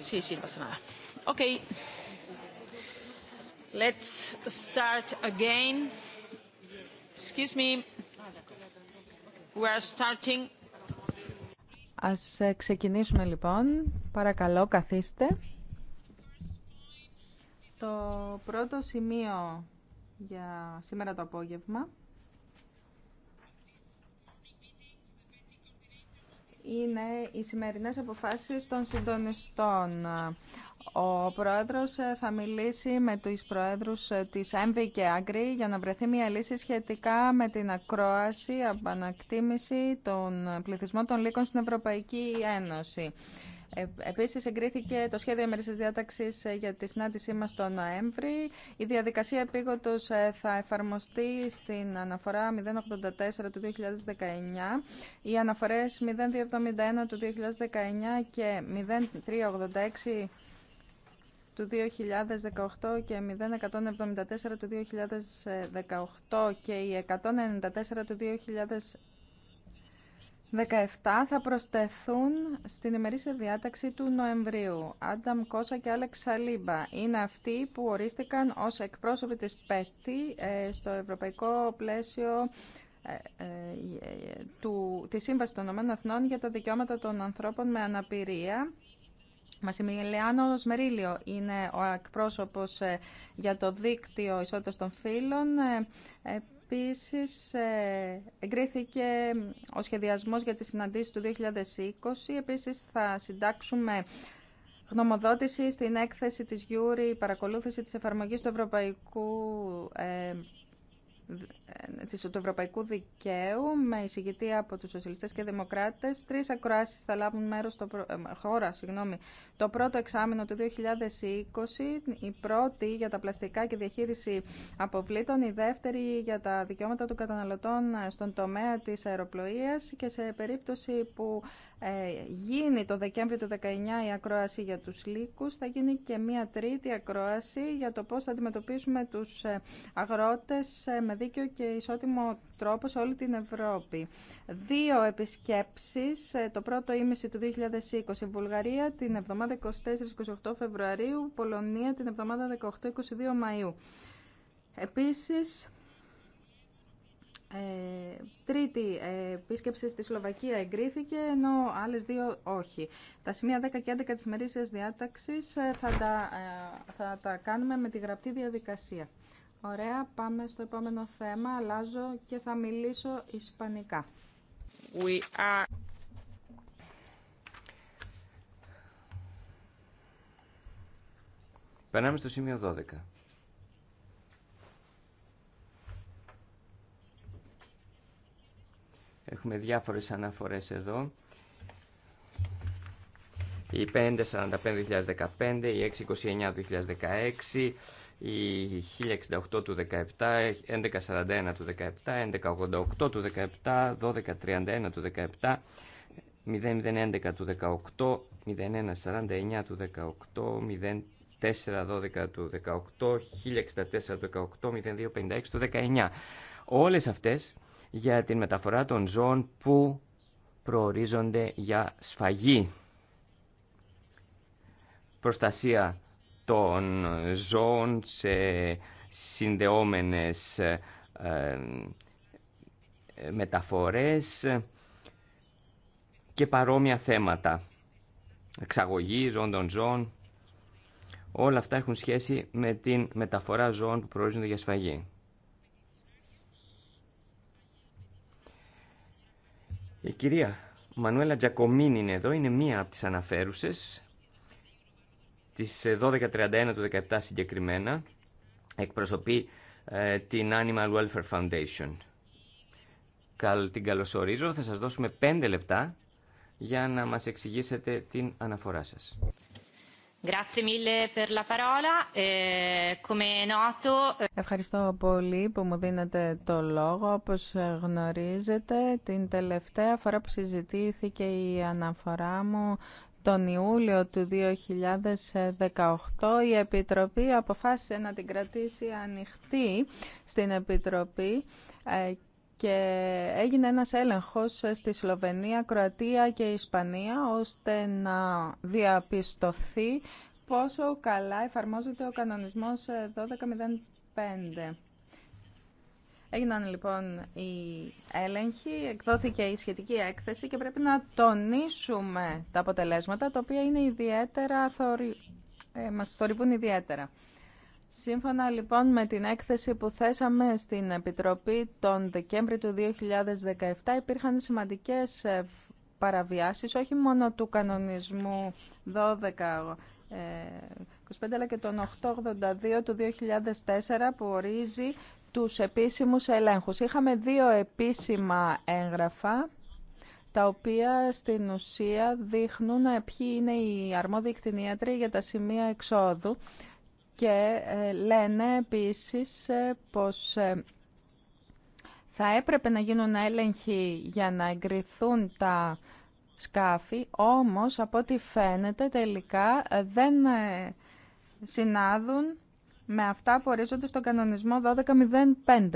Sí, sí, pasa nada. Okay. Let's start again. Excuse me. We are starting. Ας ε, ξεκινήσουμε λοιπόν. Παρακαλώ, καθίστε. Το πρώτο σημείο για σήμερα το απόγευμα είναι οι σημερινές αποφάσεις των συντονιστών. Ο Πρόεδρος ε, θα μιλήσει με τους Προέδρους ε, της ΕΜΒΗ και ΑΓΡΙ για να βρεθεί μια λύση σχετικά με την ακρόαση, απανακτήμηση των ε, πληθυσμών των λύκων στην Ευρωπαϊκή Ένωση. Ε, Επίση, εγκρίθηκε το σχέδιο ημερήσιας διάταξη ε, για τη συνάντησή μας τον Νοέμβρη. Η διαδικασία επίγοντος ε, θα εφαρμοστεί στην αναφορά 084 του 2019. Οι αναφορέ 0271 του 2019 και 0386 του 2018 και 0174 του 2018 και η 194 του 17 θα προσθεθούν στην ημερήσια διάταξη του Νοεμβρίου. Άνταμ Κόσα και Άλεξ Σαλίμπα είναι αυτοί που ορίστηκαν ως εκπρόσωποι της ΠΕΤΗ ε, στο ευρωπαϊκό πλαίσιο ε, ε, του, της Σύμβασης των Ηνωμένων Εθνών για τα δικαιώματα των ανθρώπων με αναπηρία. Μασιμιλιάνος Μερίλιο είναι ο εκπρόσωπος για το δίκτυο ισότητας των φύλων. Επίσης, ε, εγκρίθηκε ο σχεδιασμός για τις συναντήσεις του 2020. Επίσης, θα συντάξουμε γνωμοδότηση στην έκθεση της Γιούρη «Παρακολούθηση της εφαρμογής του Ευρωπαϊκού ε, του Ευρωπαϊκού Δικαίου με εισηγητή από τους Σοσιαλιστές και Δημοκράτες. Τρεις ακροάσεις θα λάβουν μέρος στο ε, χώρα, συγγνώμη, το πρώτο εξάμεινο του 2020, η πρώτη για τα πλαστικά και διαχείριση αποβλήτων, η δεύτερη για τα δικαιώματα των καταναλωτών στον τομέα της αεροπλοείας και σε περίπτωση που ε, γίνει το Δεκέμβριο του 19 η ακρόαση για τους λύκους, θα γίνει και μία τρίτη ακρόαση για το πώς θα αντιμετωπίσουμε τους ε, αγρότες ε, με δίκαιο και ισότιμο τρόπο σε όλη την Ευρώπη. Δύο επισκέψεις, το πρώτο ήμιση του 2020, Βουλγαρία την εβδομάδα 24-28 Φεβρουαρίου, Πολωνία την εβδομάδα 18-22 Μαΐου. Επίσης, ε, τρίτη ε, επίσκεψη στη Σλοβακία εγκρίθηκε, ενώ άλλες δύο όχι. Τα σημεία 10 και 11 της μερίσιας διάταξης ε, θα, τα, ε, θα τα κάνουμε με τη γραπτή διαδικασία. Ωραία, πάμε στο επόμενο θέμα. Αλλάζω και θα μιλήσω ισπανικά. We are... Περνάμε στο σημείο 12. Έχουμε διάφορες αναφορές εδώ. Η 545-2015, η 629-2016, η 1068 του 17, 1141 του 17, 1188 του 17, 1231 του 17, 0011 του 18, 0149 του 18, 0412 του 18, 1064 του 18, 0256 του 19. Όλες αυτές για την μεταφορά των ζώων που προορίζονται για σφαγή. Προστασία των ζώων σε συνδεόμενες ε, ε, μεταφορές και παρόμοια θέματα. Εξαγωγή ζώων των ζώων. Όλα αυτά έχουν σχέση με την μεταφορά ζώων που προορίζονται για σφαγή. Η κυρία Μανουέλα Τζακομίν είναι εδώ, είναι μία από τις αναφέρουσες, της 12.31 ε, του 17 συγκεκριμένα, εκπροσωπεί ε, την Animal Welfare Foundation. Καλ, την καλωσορίζω, θα σας δώσουμε πέντε λεπτά για να μας εξηγήσετε την αναφορά σας. Eh, eh, Ευχαριστώ πολύ που μου δίνετε το λόγο. όπω γνωρίζετε, την τελευταία φορά που συζητήθηκε η αναφορά μου τον Ιούλιο του 2018 η Επιτροπή αποφάσισε να την κρατήσει ανοιχτή στην Επιτροπή ε, και έγινε ένας έλεγχος στη Σλοβενία, Κροατία και Ισπανία ώστε να διαπιστωθεί πόσο καλά εφαρμόζεται ο κανονισμός 1205. Έγιναν λοιπόν οι έλεγχοι, εκδόθηκε η σχετική έκθεση και πρέπει να τονίσουμε τα αποτελέσματα, τα οποία είναι ιδιαίτερα, θορυ... ε, μας θορυβούν ιδιαίτερα. Σύμφωνα λοιπόν με την έκθεση που θέσαμε στην Επιτροπή τον Δεκέμβρη του 2017 υπήρχαν σημαντικές ε, παραβιάσεις όχι μόνο του κανονισμού 12 25 ε, αλλά και τον 882 του 2004 που ορίζει τους επίσημους ελέγχους. Είχαμε δύο επίσημα έγγραφα τα οποία στην ουσία δείχνουν ε, ποιοι είναι οι αρμόδιοι κτηνίατροι για τα σημεία εξόδου και ε, λένε επίσης ε, πως ε, θα έπρεπε να γίνουν έλεγχοι για να εγκριθούν τα σκάφη, όμως από ό,τι φαίνεται τελικά δεν συνάδουν με αυτά που ορίζονται στον κανονισμό 1205.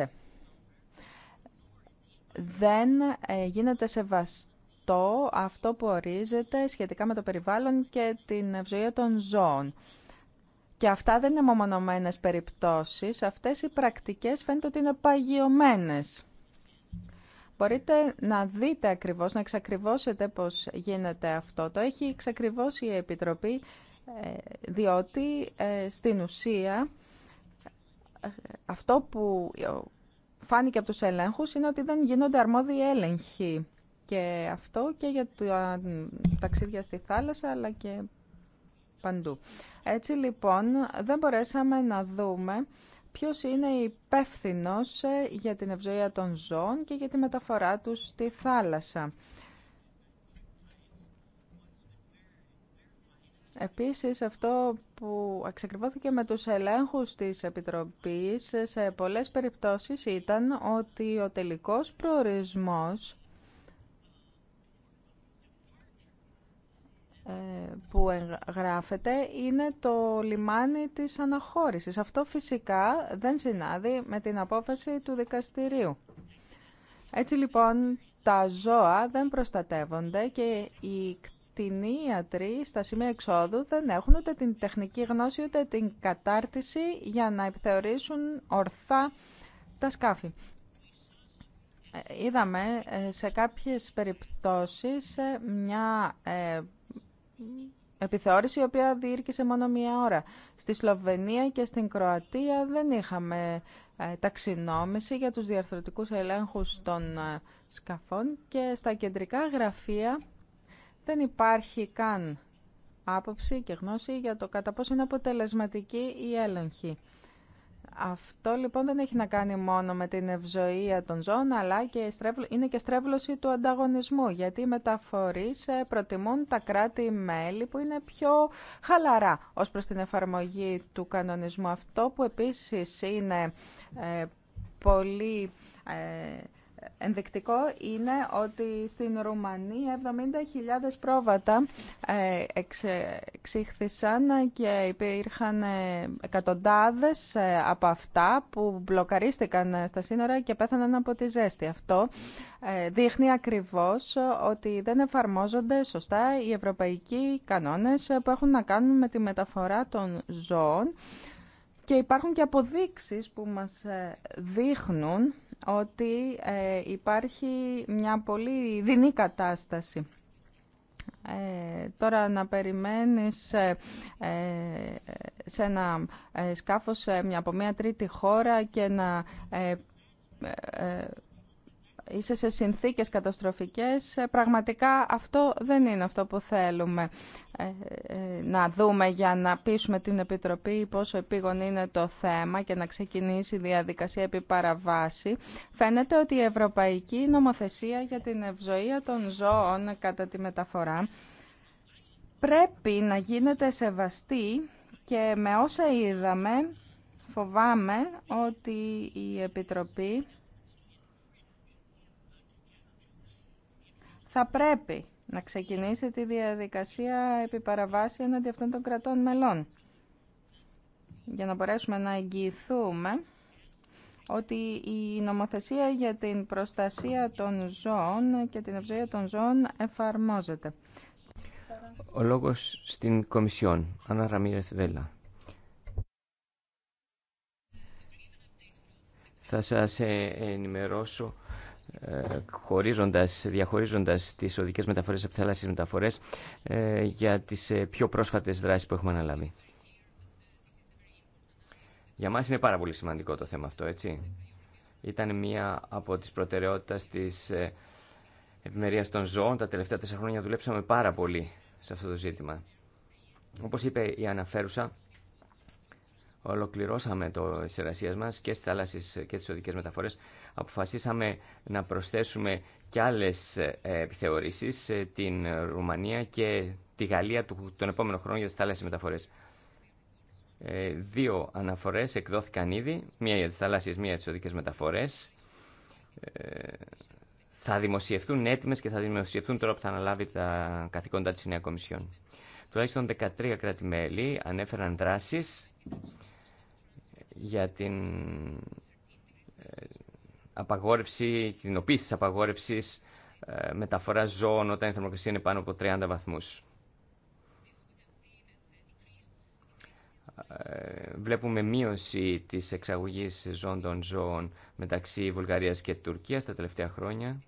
Δεν γίνεται σεβαστό αυτό που ορίζεται σχετικά με το περιβάλλον και την ευζοία των ζώων. Και αυτά δεν είναι μεμονωμένες περιπτώσεις, αυτές οι πρακτικές φαίνεται ότι είναι παγιωμένες. Μπορείτε να δείτε ακριβώς, να εξακριβώσετε πώς γίνεται αυτό. Το έχει εξακριβώσει η Επιτροπή, ε, διότι ε, στην ουσία αυτό που ε, φάνηκε από τους ελέγχους είναι ότι δεν γίνονται αρμόδιοι έλεγχοι. Και αυτό και για τα ταξίδια στη θάλασσα, αλλά και έτσι λοιπόν δεν μπορέσαμε να δούμε ποιος είναι υπεύθυνο ε, για την ευζοία των ζώων και για τη μεταφορά τους στη θάλασσα. Επίσης αυτό που εξακριβώθηκε με τους ελέγχους της Επιτροπής ε, σε πολλές περιπτώσεις ήταν ότι ο τελικός προορισμός Ε, που εγγράφεται είναι το λιμάνι της αναχώρησης. Αυτό φυσικά δεν συνάδει με την απόφαση του δικαστηρίου. Έτσι λοιπόν τα ζώα δεν προστατεύονται και οι κτηνίατροι στα σημεία εξόδου δεν έχουν ούτε την τεχνική γνώση ούτε την κατάρτιση για να επιθεωρήσουν ορθά τα σκάφη. Ε, είδαμε ε, σε κάποιες περιπτώσεις μια επιθεώρηση η οποία διήρκησε μόνο μία ώρα. Στη Σλοβενία και στην Κροατία δεν είχαμε ε, ταξινόμηση για τους διαρθρωτικούς ελέγχους των ε, σκαφών και στα κεντρικά γραφεία δεν υπάρχει καν άποψη και γνώση για το κατά πόσο είναι αποτελεσματική η έλεγχη. Αυτό λοιπόν δεν έχει να κάνει μόνο με την ευζοία των ζώων, αλλά και είναι και στρέβλωση του ανταγωνισμού, γιατί οι μεταφορείς ε, προτιμούν τα κράτη-μέλη που είναι πιο χαλαρά ως προς την εφαρμογή του κανονισμού. Αυτό που επίσης είναι ε, πολύ ε, Ενδεικτικό είναι ότι στην Ρουμανία 70.000 πρόβατα ε, εξήχθησαν και υπήρχαν ε, εκατοντάδες ε, από αυτά που μπλοκαρίστηκαν στα σύνορα και πέθαναν από τη ζέστη. Αυτό δείχνει ακριβώς ότι δεν εφαρμόζονται σωστά οι ευρωπαϊκοί κανόνες που έχουν να κάνουν με τη μεταφορά των ζώων και υπάρχουν και αποδείξεις που μας δείχνουν ότι ε, υπάρχει μια πολύ δεινή κατάσταση. Ε, τώρα να περιμένεις ε, σε ένα σκάφος μια, από μια τρίτη χώρα και να είσαι σε συνθήκες καταστροφικές, ε, πραγματικά αυτό δεν είναι αυτό που θέλουμε ε, ε, να δούμε για να πείσουμε την Επιτροπή πόσο επίγον είναι το θέμα και να ξεκινήσει η διαδικασία επί παραβάση. Φαίνεται ότι η Ευρωπαϊκή Νομοθεσία για την Ευζωία των Ζώων κατά τη μεταφορά πρέπει να γίνεται σεβαστή και με όσα είδαμε φοβάμαι ότι η Επιτροπή θα πρέπει να ξεκινήσει τη διαδικασία επί παραβάση εναντί αυτών των κρατών μελών για να μπορέσουμε να εγγυηθούμε ότι η νομοθεσία για την προστασία των ζώων και την ευζοία των ζώων εφαρμόζεται. Ο λόγος στην Κομισιόν. Άννα Ραμίρεθ Βέλα. Θα σας ε, ενημερώσω ε, χωρίζοντας, διαχωρίζοντας τις οδικές μεταφορές από θάλασσες μεταφορές ε, για τις ε, πιο πρόσφατες δράσεις που έχουμε αναλάβει. Για μας είναι πάρα πολύ σημαντικό το θέμα αυτό, έτσι. Ήταν μία από τις προτεραιότητες της επιμερίας των ζώων. Τα τελευταία τέσσερα χρόνια δουλέψαμε πάρα πολύ σε αυτό το ζήτημα. Όπως είπε η αναφέρουσα, ολοκληρώσαμε το εισερασίας μας και στις θάλασσες και τις οδικές μεταφορές αποφασίσαμε να προσθέσουμε και άλλες ε, επιθεωρήσεις την Ρουμανία και τη Γαλλία τον επόμενο χρόνο για τις θαλάσσιες μεταφορές. Ε, δύο αναφορές εκδόθηκαν ήδη, μία για τις θαλάσσιες, μία για τις οδικές μεταφορές. Ε, θα δημοσιευθούν έτοιμε και θα δημοσιευθούν τώρα που θα αναλάβει τα καθηκόντα της Νέα Κομισιόν. Τουλάχιστον 13 κράτη-μέλη ανέφεραν δράσεις για την απαγόρευση, κοινοποίηση της απαγόρευσης ε, μεταφορά ζώων όταν η θερμοκρασία είναι πάνω από 30 βαθμούς. Ε, βλέπουμε μείωση της εξαγωγής ζών των ζώων μεταξύ Βουλγαρίας και Τουρκίας τα τελευταία χρόνια.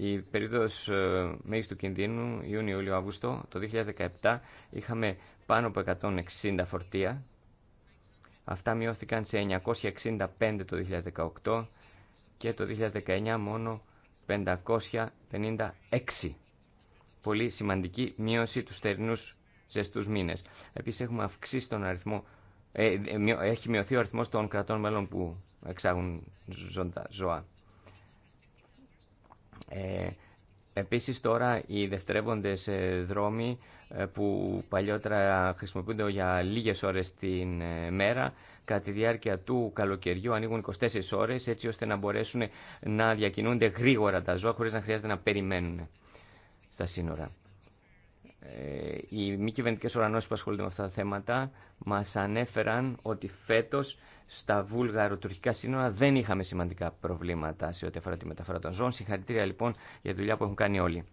Η περίοδος μεγιστο μέγιστου κινδύνου, Ιούνιο, Ιούλιο, Αύγουστο, το 2017 είχαμε πάνω από 160 φορτία Αυτά μειώθηκαν σε 965 το 2018 και το 2019 μόνο 556. Πολύ σημαντική μείωση του στερινούς ζεστούς μήνες. Επίσης έχουμε αυξήσει τον αριθμό, ε, ε, έχει μειωθεί ο αριθμός των κρατών μέλων που εξάγουν ζώα. Ε, Επίσης τώρα οι δευτερεύοντες ε, δρόμοι ε, που παλιότερα χρησιμοποιούνται για λίγες ώρες την ε, μέρα κατά τη διάρκεια του καλοκαιριού ανοίγουν 24 ώρες έτσι ώστε να μπορέσουν να διακινούνται γρήγορα τα ζώα χωρίς να χρειάζεται να περιμένουν στα σύνορα. Ε, οι μη κυβερνητικέ οργανώσει που ασχολούνται με αυτά τα θέματα μα ανέφεραν ότι φέτο στα βούλγαρο-τουρκικά σύνορα δεν είχαμε σημαντικά προβλήματα σε ό,τι αφορά τη μεταφορά των ζώων. Συγχαρητήρια λοιπόν για τη δουλειά που έχουν κάνει όλοι.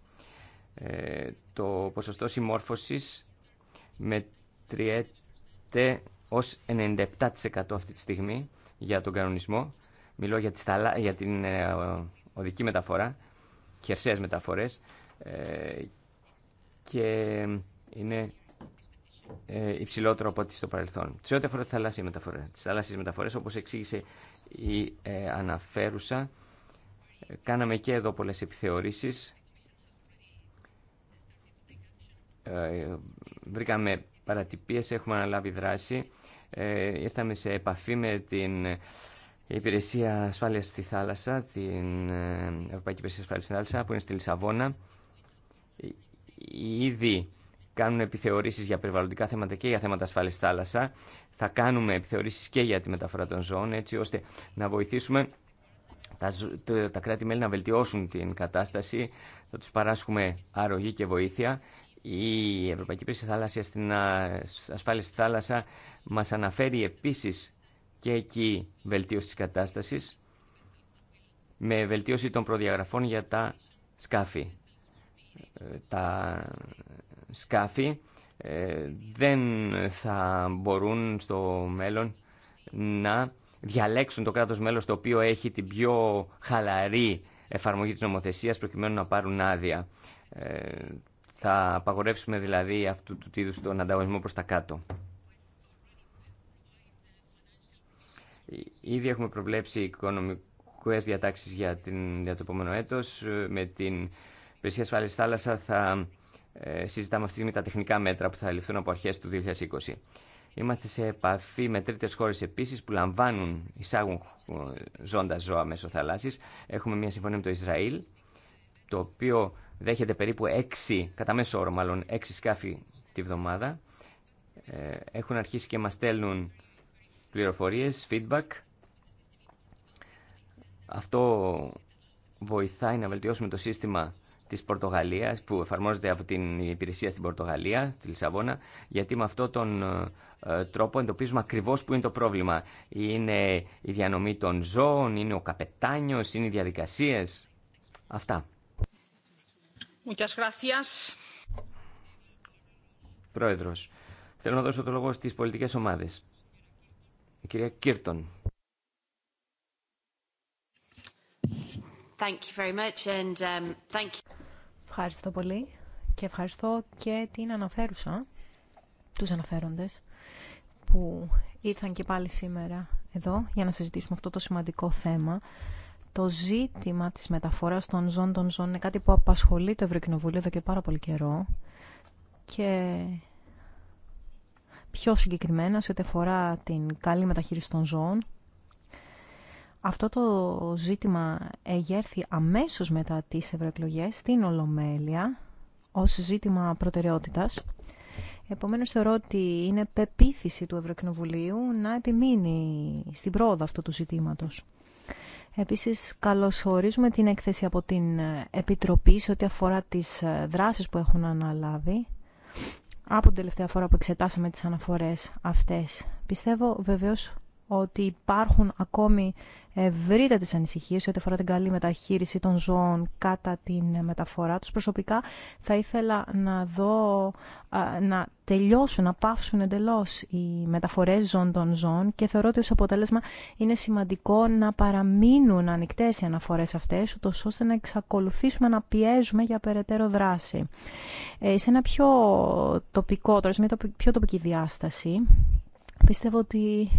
Ε, το ποσοστό συμμόρφωση μετριέται ω 97% αυτή τη στιγμή για τον κανονισμό. Μιλώ για, για την ε, οδική μεταφορά, χερσαίες μεταφορές ε, και είναι ε, υψηλότερο από ό,τι στο παρελθόν. Σε ό,τι αφορά τις θαλάσσιες μεταφορές, Τι θαλάσσιε μεταφορές όπως εξήγησε η ε, αναφέρουσα, ε, κάναμε και εδώ πολλέ επιθεωρήσεις. Ε, βρήκαμε παρατυπίες, έχουμε αναλάβει δράση. Ε, ήρθαμε σε επαφή με την Υπηρεσία Ασφάλεια στη Θάλασσα, την Ευρωπαϊκή Υπηρεσία Ασφάλεια στη Θάλασσα, που είναι στη Λισαβόνα ήδη κάνουν επιθεωρήσεις για περιβαλλοντικά θέματα και για θέματα ασφάλειας θάλασσα. Θα κάνουμε επιθεωρήσεις και για τη μεταφορά των ζώων, έτσι ώστε να βοηθήσουμε τα, τα κράτη-μέλη να βελτιώσουν την κατάσταση. Θα τους παράσχουμε αρρωγή και βοήθεια. Η Ευρωπαϊκή Πρίση Θάλασσα στην ασφάλεια στη θάλασσα μας αναφέρει επίσης και εκεί βελτίωση της κατάστασης με βελτίωση των προδιαγραφών για τα σκάφη τα σκάφη δεν θα μπορούν στο μέλλον να διαλέξουν το κράτος μέλος το οποίο έχει την πιο χαλαρή εφαρμογή της νομοθεσίας προκειμένου να πάρουν άδεια. Θα απαγορεύσουμε δηλαδή αυτού του είδους τον ανταγωνισμό προς τα κάτω. Ήδη έχουμε προβλέψει οικονομικές διατάξεις για, την, για το επόμενο έτος με την υπηρεσία ασφάλεια θάλασσα θα ε, συζητάμε αυτή τη στιγμή τα τεχνικά μέτρα που θα ληφθούν από αρχέ του 2020. Είμαστε σε επαφή με τρίτε χώρε επίση που λαμβάνουν, εισάγουν ε, ζώντα ζώα μέσω θαλάσση. Έχουμε μια συμφωνία με το Ισραήλ, το οποίο δέχεται περίπου 6, κατά μέσο όρο μάλλον, 6 σκάφη τη βδομάδα. Ε, έχουν αρχίσει και μα στέλνουν πληροφορίε, feedback. Αυτό βοηθάει να βελτιώσουμε το σύστημα της Πορτογαλίας που εφαρμόζεται από την υπηρεσία στην Πορτογαλία, στη Λισαβόνα, γιατί με αυτόν τον ε, τρόπο εντοπίζουμε ακριβώς που είναι το πρόβλημα. Είναι η διανομή των ζώων, είναι ο καπετάνιος, είναι οι διαδικασίες. Αυτά. Πρόεδρος, θέλω να δώσω το λόγο στις πολιτικές ομάδες. Η κυρία Κίρτον. Thank you very much and, um, thank you. Ευχαριστώ πολύ και ευχαριστώ και την αναφέρουσα, τους αναφέροντες που ήρθαν και πάλι σήμερα εδώ για να συζητήσουμε αυτό το σημαντικό θέμα. Το ζήτημα της μεταφοράς των ζών των ζών είναι κάτι που απασχολεί το Ευρωκοινοβούλιο εδώ και πάρα πολύ καιρό και πιο συγκεκριμένα σε ό,τι αφορά την καλή μεταχείριση των ζώων αυτό το ζήτημα εγέρθη αμέσως μετά τις ευρωεκλογέ στην Ολομέλεια ως ζήτημα προτεραιότητας. Επομένως θεωρώ ότι είναι πεποίθηση του Ευρωκοινοβουλίου να επιμείνει στην πρόοδο αυτού του ζητήματος. Επίσης καλωσορίζουμε την έκθεση από την Επιτροπή σε ό,τι αφορά τις δράσεις που έχουν αναλάβει από την τελευταία φορά που εξετάσαμε τις αναφορές αυτές. Πιστεύω βεβαίως ότι υπάρχουν ακόμη ευρύτατες ανησυχίες ό,τι αφορά την καλή μεταχείριση των ζώων κατά την μεταφορά τους. Προσωπικά θα ήθελα να δω να τελειώσουν, να πάυσουν εντελώς οι μεταφορές ζών των ζώων και θεωρώ ότι ως αποτέλεσμα είναι σημαντικό να παραμείνουν ανοιχτέ οι αναφορές αυτές ώστε να εξακολουθήσουμε να πιέζουμε για περαιτέρω δράση. Ε, σε ένα πιο τοπικό, τώρα σε μια πιο τοπική διάσταση πιστεύω ότι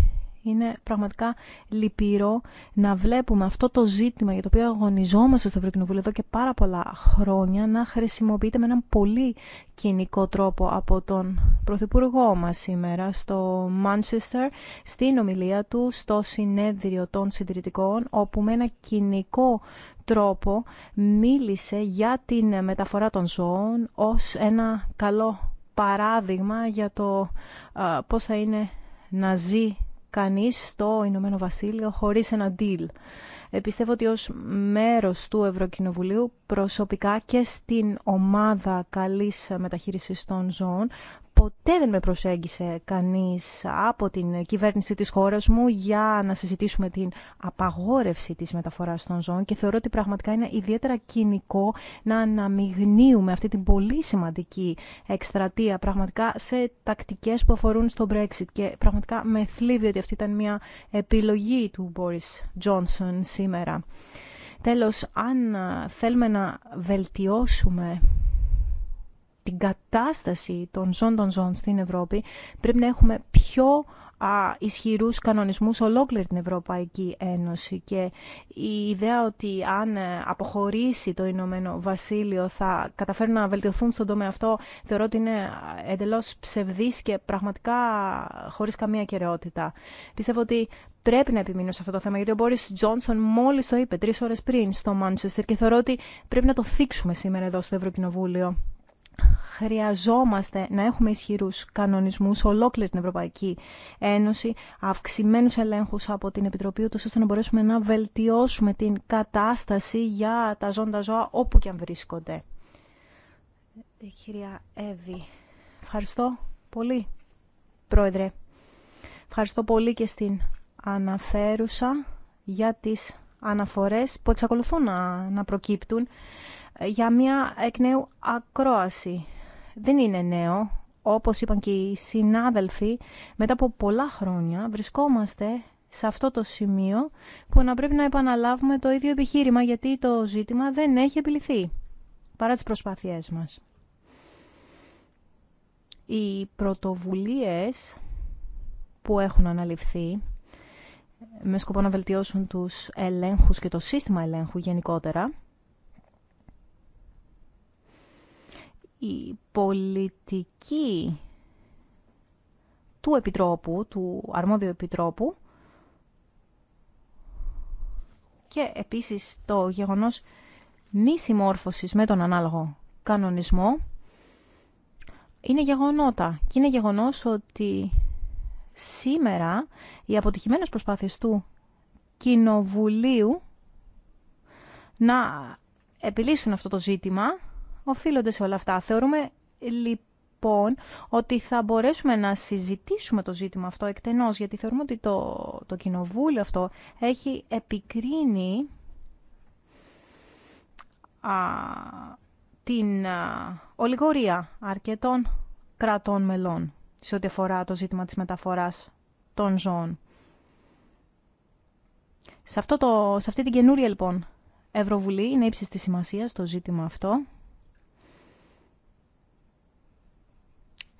είναι πραγματικά λυπηρό να βλέπουμε αυτό το ζήτημα για το οποίο αγωνιζόμαστε στο Ευρωκοινοβούλιο εδώ και πάρα πολλά χρόνια να χρησιμοποιείται με έναν πολύ κοινικό τρόπο από τον Πρωθυπουργό μας σήμερα στο Manchester στην ομιλία του στο συνέδριο των συντηρητικών όπου με ένα κοινικό τρόπο μίλησε για την μεταφορά των ζώων ως ένα καλό παράδειγμα για το πώς θα είναι να ζει κανείς στο Ηνωμένο Βασίλειο χωρίς ένα deal. Επιστεύω ότι ως μέρος του Ευρωκοινοβουλίου προσωπικά και στην ομάδα καλής μεταχείρισης των ζώων ποτέ δεν με προσέγγισε κανείς από την κυβέρνηση της χώρας μου για να συζητήσουμε την απαγόρευση της μεταφοράς των ζώων και θεωρώ ότι πραγματικά είναι ιδιαίτερα κοινικό να αναμειγνύουμε αυτή την πολύ σημαντική εκστρατεία πραγματικά σε τακτικές που αφορούν στο Brexit και πραγματικά με θλίβει ότι αυτή ήταν μια επιλογή του Boris Johnson σήμερα. Τέλος, αν θέλουμε να βελτιώσουμε την κατάσταση των ζών των ζών στην Ευρώπη, πρέπει να έχουμε πιο α, ισχυρούς κανονισμούς ολόκληρη την Ευρωπαϊκή Ένωση και η ιδέα ότι αν ε, αποχωρήσει το Ηνωμένο Βασίλειο θα καταφέρουν να βελτιωθούν στον τομέα αυτό θεωρώ ότι είναι ε, εντελώς ψευδής και πραγματικά χωρίς καμία κεραιότητα. Πιστεύω ότι πρέπει να επιμείνω σε αυτό το θέμα γιατί ο Μπόρις Τζόνσον μόλις το είπε τρεις ώρες πριν στο Μάντσεστερ και θεωρώ ότι πρέπει να το θίξουμε σήμερα εδώ στο Ευρωκοινοβούλιο χρειαζόμαστε να έχουμε ισχυρού κανονισμούς σε ολόκληρη την Ευρωπαϊκή Ένωση, αυξημένου ελέγχου από την Επιτροπή, ώστε να μπορέσουμε να βελτιώσουμε την κατάσταση για τα ζώντα ζώα όπου και αν βρίσκονται. Η ε, κυρία ευχαριστώ πολύ, Πρόεδρε. Ευχαριστώ πολύ και στην αναφέρουσα για τις αναφορές που εξακολουθούν να, να προκύπτουν για μια εκ νέου ακρόαση. Δεν είναι νέο. Όπως είπαν και οι συνάδελφοι, μετά από πολλά χρόνια βρισκόμαστε σε αυτό το σημείο που να πρέπει να επαναλάβουμε το ίδιο επιχείρημα γιατί το ζήτημα δεν έχει επιληθεί παρά τις προσπάθειές μας. Οι πρωτοβουλίες που έχουν αναλυφθεί με σκοπό να βελτιώσουν τους ελέγχους και το σύστημα ελέγχου γενικότερα η πολιτική του Επιτρόπου, του αρμόδιου Επιτρόπου και επίσης το γεγονός μη συμμόρφωσης με τον ανάλογο κανονισμό είναι γεγονότα και είναι γεγονός ότι σήμερα οι αποτυχημένες προσπάθειες του Κοινοβουλίου να επιλύσουν αυτό το ζήτημα οφείλονται σε όλα αυτά. Θεωρούμε λοιπόν ότι θα μπορέσουμε να συζητήσουμε το ζήτημα αυτό εκτενώς, γιατί θεωρούμε ότι το, το κοινοβούλιο αυτό έχει επικρίνει την α, ολιγορία αρκετών κρατών μελών σε ό,τι αφορά το ζήτημα της μεταφοράς των ζώων. Σε, αυτό το, σε αυτή την καινούρια λοιπόν Ευρωβουλή είναι ύψης της σημασίας το ζήτημα αυτό.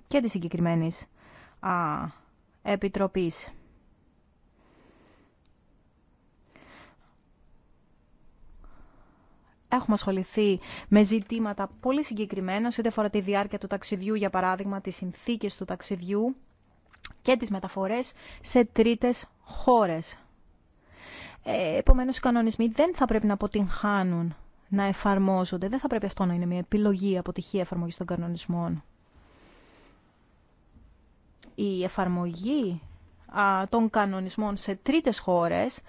και της συγκεκριμένη επιτροπής. Έχουμε ασχοληθεί με ζητήματα πολύ συγκεκριμένα σε ό,τι αφορά τη διάρκεια του ταξιδιού, για παράδειγμα, τις συνθήκες του ταξιδιού και τις μεταφορές σε τρίτες χώρες. Ε, επομένως, οι κανονισμοί δεν θα πρέπει να αποτυγχάνουν να εφαρμόζονται. Δεν θα πρέπει αυτό να είναι μια επιλογή αποτυχία εφαρμογής των κανονισμών η εφαρμογή των κανονισμών σε τρίτες χώρες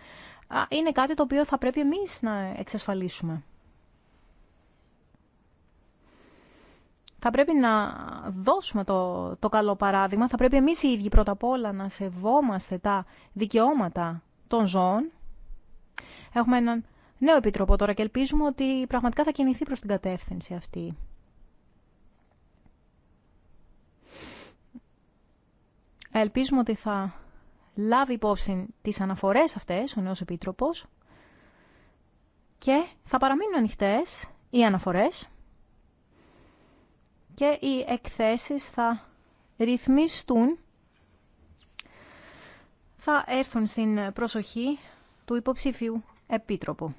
είναι κάτι το οποίο θα πρέπει εμείς να εξασφαλίσουμε. Θα πρέπει να δώσουμε το, το καλό παράδειγμα, θα πρέπει εμείς οι ίδιοι πρώτα απ' όλα να σεβόμαστε τα δικαιώματα των ζώων. Έχουμε έναν νέο επιτροπό τώρα και ελπίζουμε ότι πραγματικά θα κινηθεί προς την κατεύθυνση αυτή. Ελπίζουμε ότι θα λάβει υπόψη τις αναφορές αυτές ο νέος Επίτροπος και θα παραμείνουν ανοιχτές οι αναφορές και οι εκθέσεις θα ρυθμιστούν, θα έρθουν στην προσοχή του υποψηφίου Επίτροπου.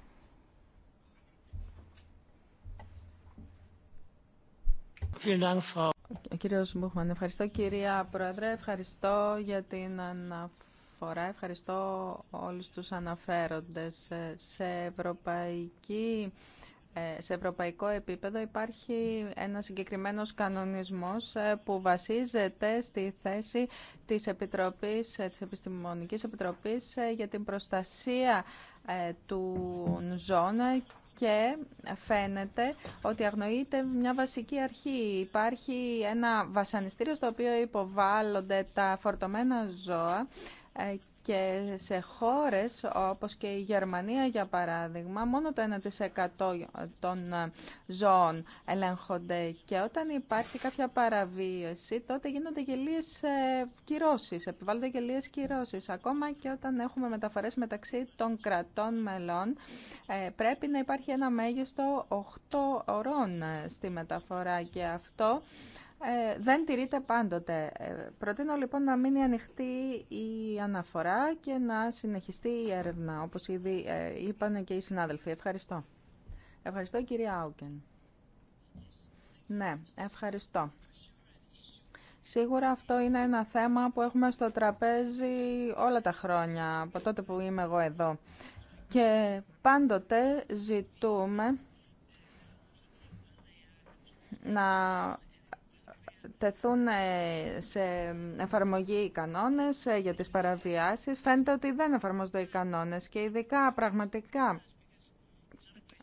Κύριε κύριος ευχαριστώ κυρία Πρόεδρε, ευχαριστώ για την αναφορά, ευχαριστώ όλους τους αναφέροντες. Σε, ευρωπαϊκή, ε, σε ευρωπαϊκό επίπεδο υπάρχει ένα συγκεκριμένος κανονισμός ε, που βασίζεται στη θέση της, Επιτροπής, ε, της Επιστημονικής Επιτροπής για την προστασία του ζώνα και φαίνεται ότι αγνοείται μια βασική αρχή. Υπάρχει ένα βασανιστήριο στο οποίο υποβάλλονται τα φορτωμένα ζώα ε, και σε χώρες όπως και η Γερμανία για παράδειγμα μόνο το 1% των ζώων ελέγχονται και όταν υπάρχει κάποια παραβίαση τότε γίνονται γελίες ε, κυρώσεις, επιβάλλονται γελίες κυρώσεις ακόμα και όταν έχουμε μεταφορές μεταξύ των κρατών μελών ε, πρέπει να υπάρχει ένα μέγιστο 8 ωρών ε, στη μεταφορά και αυτό ε, δεν τηρείται πάντοτε. Ε, προτείνω λοιπόν να μείνει ανοιχτή η αναφορά και να συνεχιστεί η έρευνα, όπως ήδη ε, είπαν και οι συνάδελφοι. Ευχαριστώ. Ευχαριστώ κυρία Άουκεν. Ναι, ευχαριστώ. Σίγουρα αυτό είναι ένα θέμα που έχουμε στο τραπέζι όλα τα χρόνια, από τότε που είμαι εγώ εδώ. Και πάντοτε ζητούμε να τεθούν ε, σε εφαρμογή οι κανόνες ε, για τις παραβιάσεις. Φαίνεται ότι δεν εφαρμόζονται οι κανόνες και ειδικά πραγματικά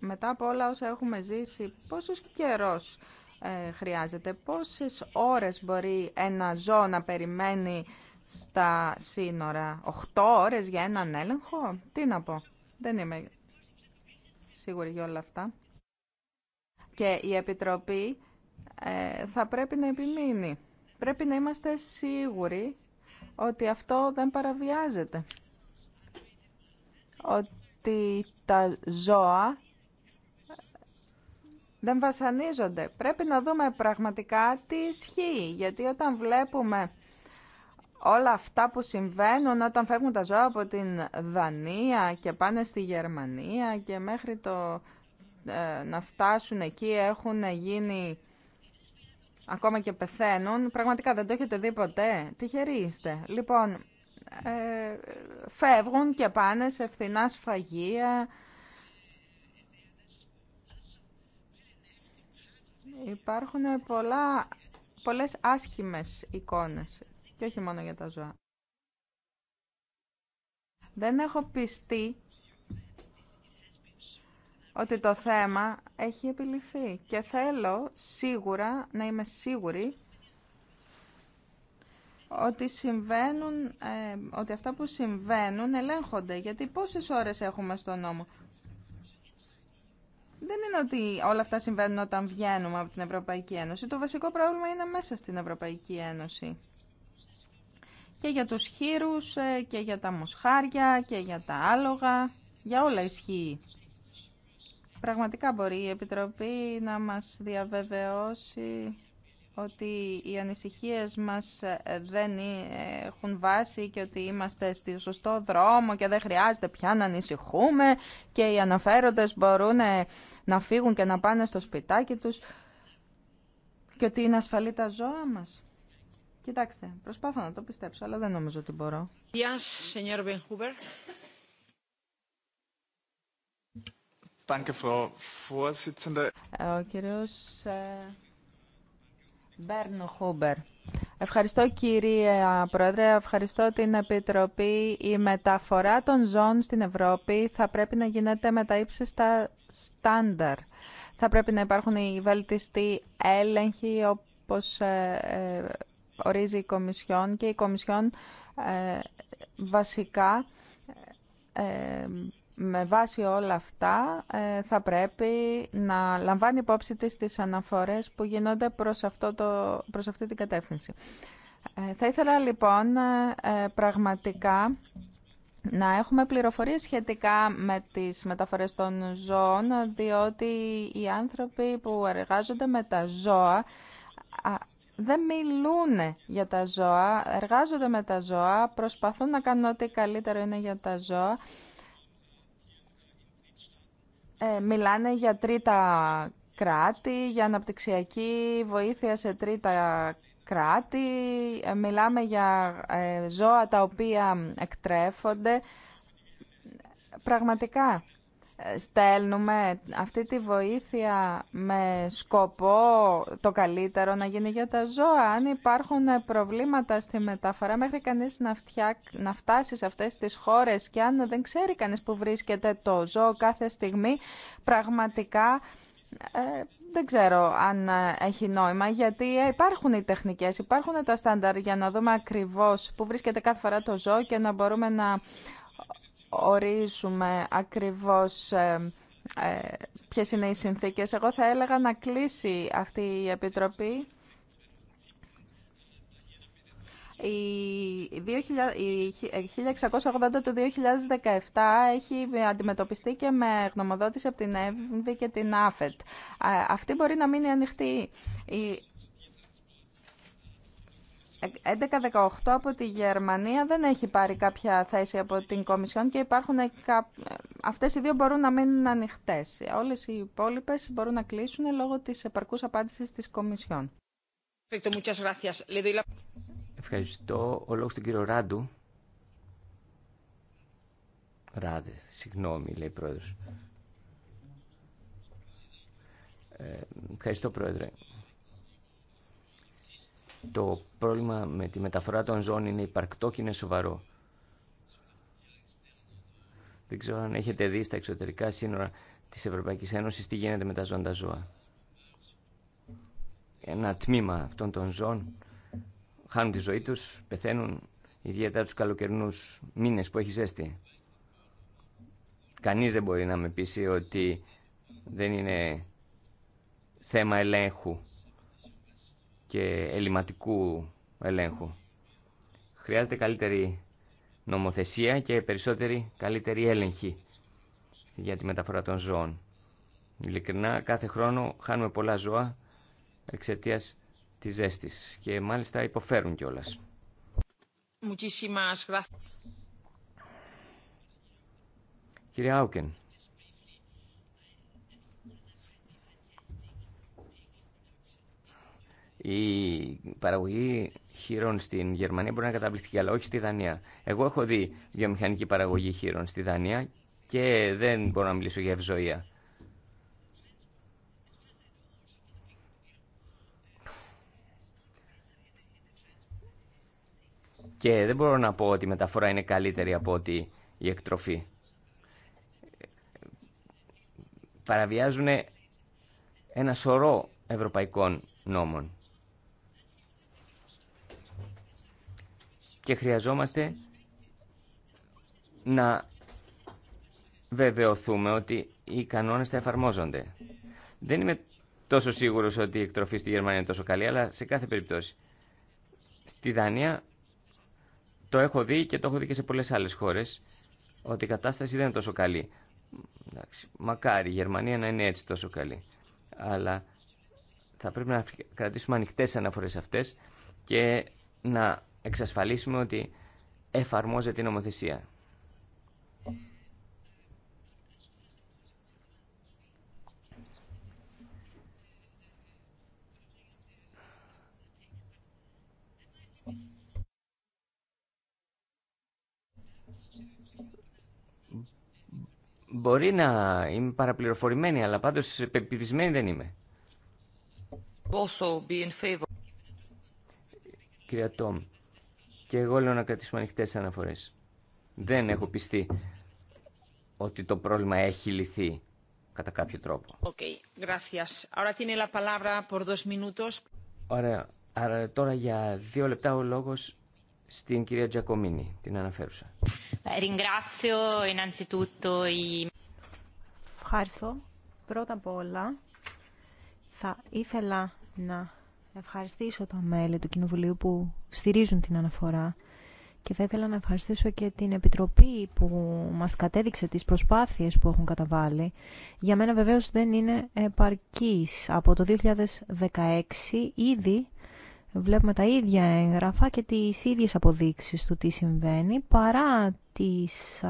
μετά από όλα όσα έχουμε ζήσει, πόσος καιρός ε, χρειάζεται, πόσες ώρες μπορεί ένα ζώο να περιμένει στα σύνορα, 8 ώρες για έναν έλεγχο, τι να πω, δεν είμαι σίγουρη για όλα αυτά. Και η Επιτροπή ε, θα πρέπει να επιμείνει. Πρέπει να είμαστε σίγουροι ότι αυτό δεν παραβιάζεται. Ότι τα ζώα δεν βασανίζονται. Πρέπει να δούμε πραγματικά τι ισχύει, γιατί όταν βλέπουμε όλα αυτά που συμβαίνουν όταν φεύγουν τα ζώα από την Δανία και πάνε στη Γερμανία και μέχρι το, ε, να φτάσουν εκεί έχουν γίνει ακόμα και πεθαίνουν. Πραγματικά δεν το έχετε δει ποτέ. Τυχεροί είστε. Λοιπόν, ε, φεύγουν και πάνε σε φθηνά σφαγεία. Υπάρχουν πολλά, πολλές άσχημες εικόνες και όχι μόνο για τα ζώα. Δεν έχω πιστεί ότι το θέμα έχει επιληθεί και θέλω σίγουρα να είμαι σίγουρη ότι συμβαίνουν, ε, ότι αυτά που συμβαίνουν ελέγχονται. Γιατί πόσες ώρες έχουμε στο νόμο. Δεν είναι ότι όλα αυτά συμβαίνουν όταν βγαίνουμε από την Ευρωπαϊκή Ένωση. Το βασικό πρόβλημα είναι μέσα στην Ευρωπαϊκή Ένωση. Και για τους χείρους, ε, και για τα μοσχάρια, και για τα άλογα. Για όλα ισχύει. Πραγματικά μπορεί η Επιτροπή να μας διαβεβαιώσει ότι οι ανησυχίες μας ε, δεν ε, έχουν βάση και ότι είμαστε στη σωστό δρόμο και δεν χρειάζεται πια να ανησυχούμε και οι αναφέροντες μπορούν ε, να φύγουν και να πάνε στο σπιτάκι τους και ότι είναι ασφαλή τα ζώα μας. Κοιτάξτε, προσπάθω να το πιστέψω, αλλά δεν νομίζω ότι μπορώ. Ο ε, Χούμπερ. Ευχαριστώ κύριε Πρόεδρε, ευχαριστώ την Επιτροπή. Η μεταφορά των ζώων στην Ευρώπη θα πρέπει να γίνεται με τα ύψιστα στάνταρ. Θα πρέπει να υπάρχουν οι βελτιστοί έλεγχοι όπως ε, ε, ορίζει η Κομισιόν και η Κομισιόν βασικά με βάση όλα αυτά ε, θα πρέπει να λαμβάνει υπόψη της τις αναφορές που γίνονται προς, αυτό το, προς αυτή την κατεύθυνση. Ε, θα ήθελα λοιπόν ε, πραγματικά να έχουμε πληροφορίες σχετικά με τις μεταφορές των ζώων, διότι οι άνθρωποι που εργάζονται με τα ζώα δεν μιλούν για τα ζώα, εργάζονται με τα ζώα, προσπαθούν να κάνουν ό,τι καλύτερο είναι για τα ζώα ε, μιλάνε για τρίτα κράτη, για αναπτυξιακή βοήθεια σε τρίτα κράτη. Ε, μιλάμε για ε, ζώα τα οποία εκτρέφονται. Πραγματικά ε, στέλνουμε αυτή τη βοήθεια με σκοπό το καλύτερο να γίνει για τα ζώα. Αν υπάρχουν προβλήματα στη μεταφορά μέχρι κανείς να, να φτάσει σε αυτές τις χώρες και αν δεν ξέρει κανείς που βρίσκεται το ζώο κάθε στιγμή, πραγματικά ε, δεν ξέρω αν ε, έχει νόημα, γιατί υπάρχουν οι τεχνικές, υπάρχουν τα στάνταρ για να δούμε ακριβώς που βρίσκεται κάθε φορά το ζώο και να μπορούμε να ορίζουμε ακριβώς ε, ε, ποιες είναι οι συνθήκες. Εγώ θα έλεγα να κλείσει αυτή η Επιτροπή. Η 1680 ε, του 2017 έχει αντιμετωπιστεί και με γνωμοδότηση από την ΕΒΒ και την ΑΦΕΤ. Αυτή μπορεί να μείνει ανοιχτή. 11-18 από τη Γερμανία δεν έχει πάρει κάποια θέση από την Κομισιόν και υπάρχουν κα... αυτές οι δύο μπορούν να μείνουν ανοιχτές. Όλες οι υπόλοιπε μπορούν να κλείσουν λόγω της επαρκούς απάντησης της Κομισιόν. Ευχαριστώ. Ο λόγος του κύριο Ράντου. Ράδε, συγγνώμη, λέει πρόεδρος. Ε, ευχαριστώ, πρόεδρε το πρόβλημα με τη μεταφορά των ζώων είναι υπαρκτό και είναι σοβαρό. Δεν ξέρω αν έχετε δει στα εξωτερικά σύνορα της Ευρωπαϊκής Ένωσης τι γίνεται με τα ζώντα ζώα. Ένα τμήμα αυτών των ζώων χάνουν τη ζωή τους, πεθαίνουν ιδιαίτερα τους καλοκαιρινούς μήνες που έχει ζέστη. Κανείς δεν μπορεί να με πείσει ότι δεν είναι θέμα ελέγχου και ελληματικού ελέγχου. Χρειάζεται καλύτερη νομοθεσία και περισσότερη καλύτερη έλεγχη για τη μεταφορά των ζώων. Ειλικρινά, κάθε χρόνο χάνουμε πολλά ζώα εξαιτία τη ζέστης και μάλιστα υποφέρουν κιόλα. Κυρία Άουκεν. η παραγωγή χείρων στην Γερμανία μπορεί να αλλά όχι στη Δανία. Εγώ έχω δει βιομηχανική παραγωγή χείρων στη Δανία και δεν μπορώ να μιλήσω για ευζοία. Και δεν μπορώ να πω ότι η μεταφορά είναι καλύτερη από ότι η εκτροφή. Παραβιάζουν ένα σωρό ευρωπαϊκών νόμων. και χρειαζόμαστε να βεβαιωθούμε ότι οι κανόνες θα εφαρμόζονται. Δεν είμαι τόσο σίγουρος ότι η εκτροφή στη Γερμανία είναι τόσο καλή, αλλά σε κάθε περίπτωση. Στη Δανία το έχω δει και το έχω δει και σε πολλές άλλες χώρες ότι η κατάσταση δεν είναι τόσο καλή. Εντάξει, μακάρι η Γερμανία να είναι έτσι τόσο καλή. Αλλά θα πρέπει να κρατήσουμε ανοιχτές αναφορές αυτές και να εξασφαλίσουμε ότι εφαρμόζεται η νομοθεσία. Μπορεί να είμαι παραπληροφορημένη, αλλά πάντως πεπιπισμένη δεν είμαι. Also be Κυρία Τόμ, και εγώ λέω να κρατήσουμε ανοιχτέ αναφορέ. Δεν έχω πιστεί ότι το πρόβλημα έχει λυθεί κατά κάποιο τρόπο. ΟΚ. Ωραία. Άρα τώρα για δύο λεπτά ο λόγο στην κυρία Τζακομίνη, την αναφέρουσα. Ευχαριστώ. Πρώτα απ' όλα θα ήθελα να ευχαριστήσω τα μέλη του Κοινοβουλίου που στηρίζουν την αναφορά και θα ήθελα να ευχαριστήσω και την Επιτροπή που μας κατέδειξε τις προσπάθειες που έχουν καταβάλει. Για μένα βεβαίως δεν είναι επαρκής. Από το 2016 ήδη βλέπουμε τα ίδια έγγραφα και τις ίδιες αποδείξεις του τι συμβαίνει παρά τις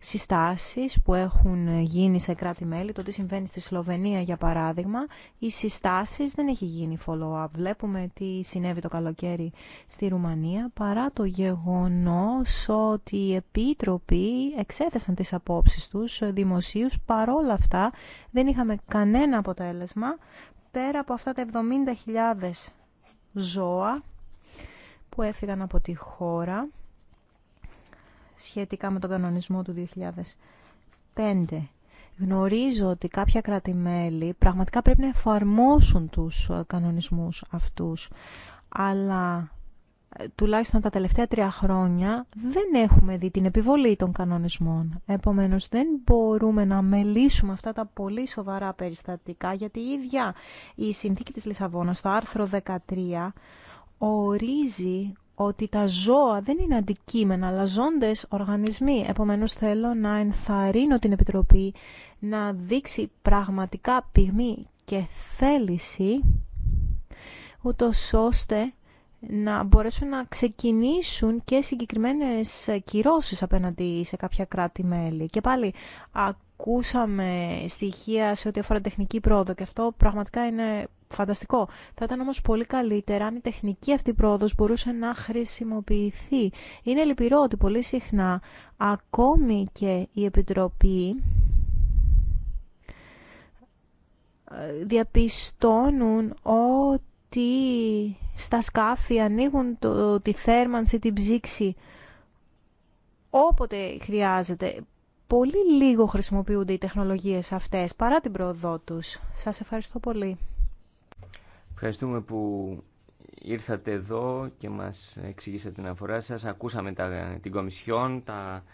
συστάσεις που έχουν γίνει σε κράτη-μέλη, το τι συμβαίνει στη Σλοβενία για παράδειγμα, οι συστάσεις δεν έχει γίνει follow-up. Βλέπουμε τι συνέβη το καλοκαίρι στη Ρουμανία παρά το γεγονός ότι οι επίτροποι εξέθεσαν τις απόψεις τους δημοσίους, παρόλα αυτά δεν είχαμε κανένα αποτέλεσμα πέρα από αυτά τα 70.000 ζώα που έφυγαν από τη χώρα σχετικά με τον κανονισμό του 2005. Γνωρίζω ότι κρατημέλη πραγματικά πρέπει να εφαρμόσουν τους κανονισμούς αυτούς, αλλά ε, τουλάχιστον τα τελευταία τρία χρόνια δεν έχουμε δει την επιβολή των κανονισμών. Επομένως δεν μπορούμε να μελήσουμε αυτά τα πολύ σοβαρά περιστατικά γιατί η ίδια η συνθήκη της Λισαβόνας το άρθρο 13 ορίζει ότι τα ζώα δεν είναι αντικείμενα, αλλά ζώντες οργανισμοί. Επομένως θέλω να ενθαρρύνω την Επιτροπή να δείξει πραγματικά πυγμή και θέληση, ούτω ώστε να μπορέσουν να ξεκινήσουν και συγκεκριμένες κυρώσεις απέναντι σε κάποια κράτη-μέλη. Και πάλι ακούσαμε στοιχεία σε ό,τι αφορά τεχνική πρόοδο και αυτό πραγματικά είναι φανταστικό. Θα ήταν όμως πολύ καλύτερα αν η τεχνική αυτή πρόοδος μπορούσε να χρησιμοποιηθεί. Είναι λυπηρό ότι πολύ συχνά ακόμη και η Επιτροπή ε, διαπιστώνουν ότι τι στα σκάφη ανοίγουν το, τη θέρμανση, την ψήξη όποτε χρειάζεται. Πολύ λίγο χρησιμοποιούνται οι τεχνολογίες αυτές παρά την προοδό τους. Σας ευχαριστώ πολύ. Ευχαριστούμε που ήρθατε εδώ και μας εξηγήσατε την αφορά σας. Ακούσαμε τα, την Κομισιόν, τα,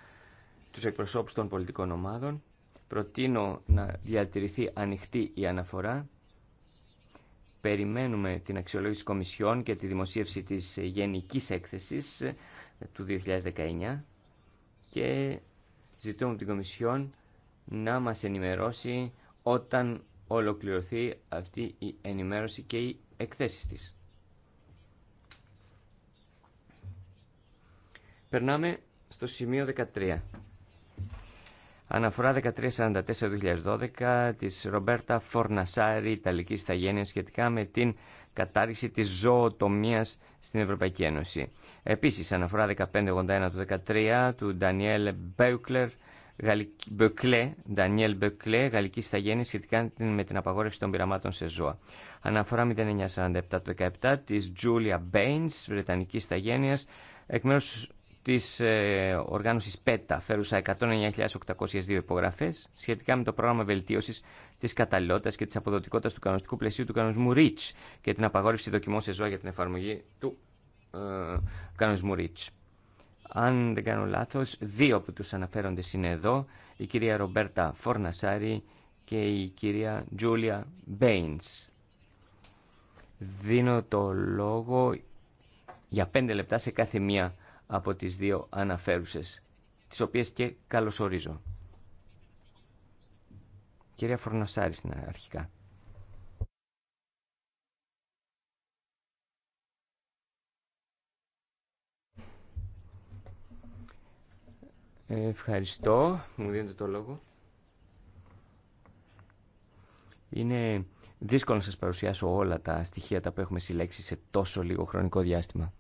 τους εκπροσώπους των πολιτικών ομάδων. Προτείνω να διατηρηθεί ανοιχτή η αναφορά Περιμένουμε την αξιολόγηση της και τη δημοσίευση της γενικής έκθεσης ε, του 2019 και ζητούμε την Κομισιόν να μας ενημερώσει όταν ολοκληρωθεί αυτή η ενημέρωση και οι εκθέσεις της. Περνάμε στο σημείο 13. Αναφορά 1344-2012 της Ρομπέρτα Φορνασάρη, Ιταλική Σταγένεια, σχετικά με την κατάργηση της ζωοτομίας στην Ευρωπαϊκή Ένωση. Επίσης, αναφορά 1581 του 13 του Ντανιέλ Μπέουκλερ, Μπεκλέ, Ντανιέλ Γαλλική Σταγέννη, σχετικά με την απαγόρευση των πειραμάτων σε ζώα. Αναφορά 0947 το 17 τη Τζούλια Μπέιν, Βρετανική Σταγένεια, εκ μέρου Τη ε, οργάνωσης ΠΕΤΑ φέρουσα 109.802 υπογραφέ σχετικά με το πρόγραμμα βελτίωση τη καταλληλότητα και τη αποδοτικότητα του κανονιστικού πλαισίου του κανονισμού REACH και την απαγόρευση δοκιμών σε ζώα για την εφαρμογή του ε, κανονισμού REACH. Αν δεν κάνω λάθο, δύο από του αναφέροντε είναι εδώ, η κυρία Ρομπέρτα Φορνασάρη και η κυρία Τζούλια Μπέιν. Δίνω το λόγο για πέντε λεπτά σε κάθε μία από τις δύο αναφέρουσες, τις οποίες και καλωσορίζω. Κυρία Φορνασάρη στην αρχικά. Ευχαριστώ. Μου δίνετε το λόγο. Είναι δύσκολο να σας παρουσιάσω όλα τα στοιχεία τα που έχουμε συλλέξει σε τόσο λίγο χρονικό διάστημα.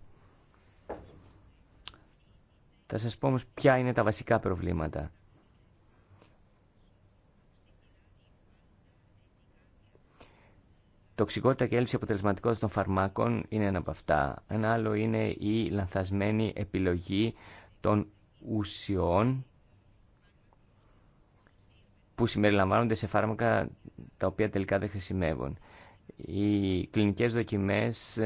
Θα σας πω όμως ποια είναι τα βασικά προβλήματα. Τοξικότητα και έλλειψη αποτελεσματικότητα των φαρμάκων είναι ένα από αυτά. Ένα άλλο είναι η λανθασμένη επιλογή των ουσιών που συμπεριλαμβάνονται σε φάρμακα τα οποία τελικά δεν χρησιμεύουν. Οι κλινικές δοκιμές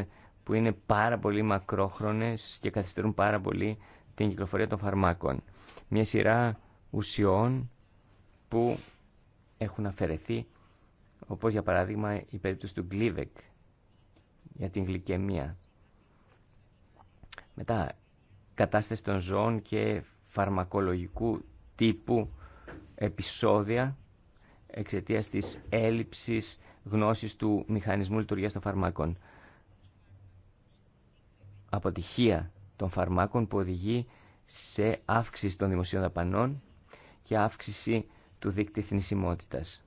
που είναι πάρα πολύ μακρόχρονες και καθυστερούν πάρα πολύ την κυκλοφορία των φαρμάκων. Μια σειρά ουσιών που έχουν αφαιρεθεί, όπως για παράδειγμα η περίπτωση του Γκλίβεκ για την γλυκαιμία. Μετά, κατάσταση των ζώων και φαρμακολογικού τύπου επεισόδια εξαιτία της έλλειψης γνώσης του μηχανισμού λειτουργίας των φαρμάκων. Αποτυχία των φαρμάκων που οδηγεί σε αύξηση των δημοσίων δαπανών και αύξηση του δείκτη θνησιμότητας.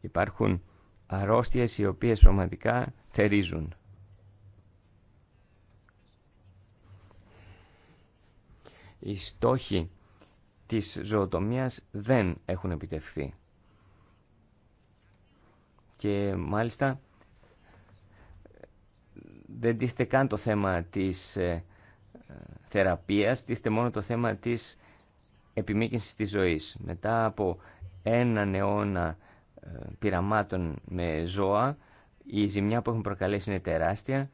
Υπάρχουν αρρώστιες οι οποίες πραγματικά θερίζουν. Οι στόχοι της ζωοτομίας δεν έχουν επιτευχθεί. Και μάλιστα δεν τίθεται καν το θέμα της ε, θεραπείας τίθεται μόνο το θέμα της επιμήκυνσης της ζωής. Μετά από έναν αιώνα ε, πειραμάτων με ζώα, η ζημιά που έχουν προκαλέσει είναι τεράστια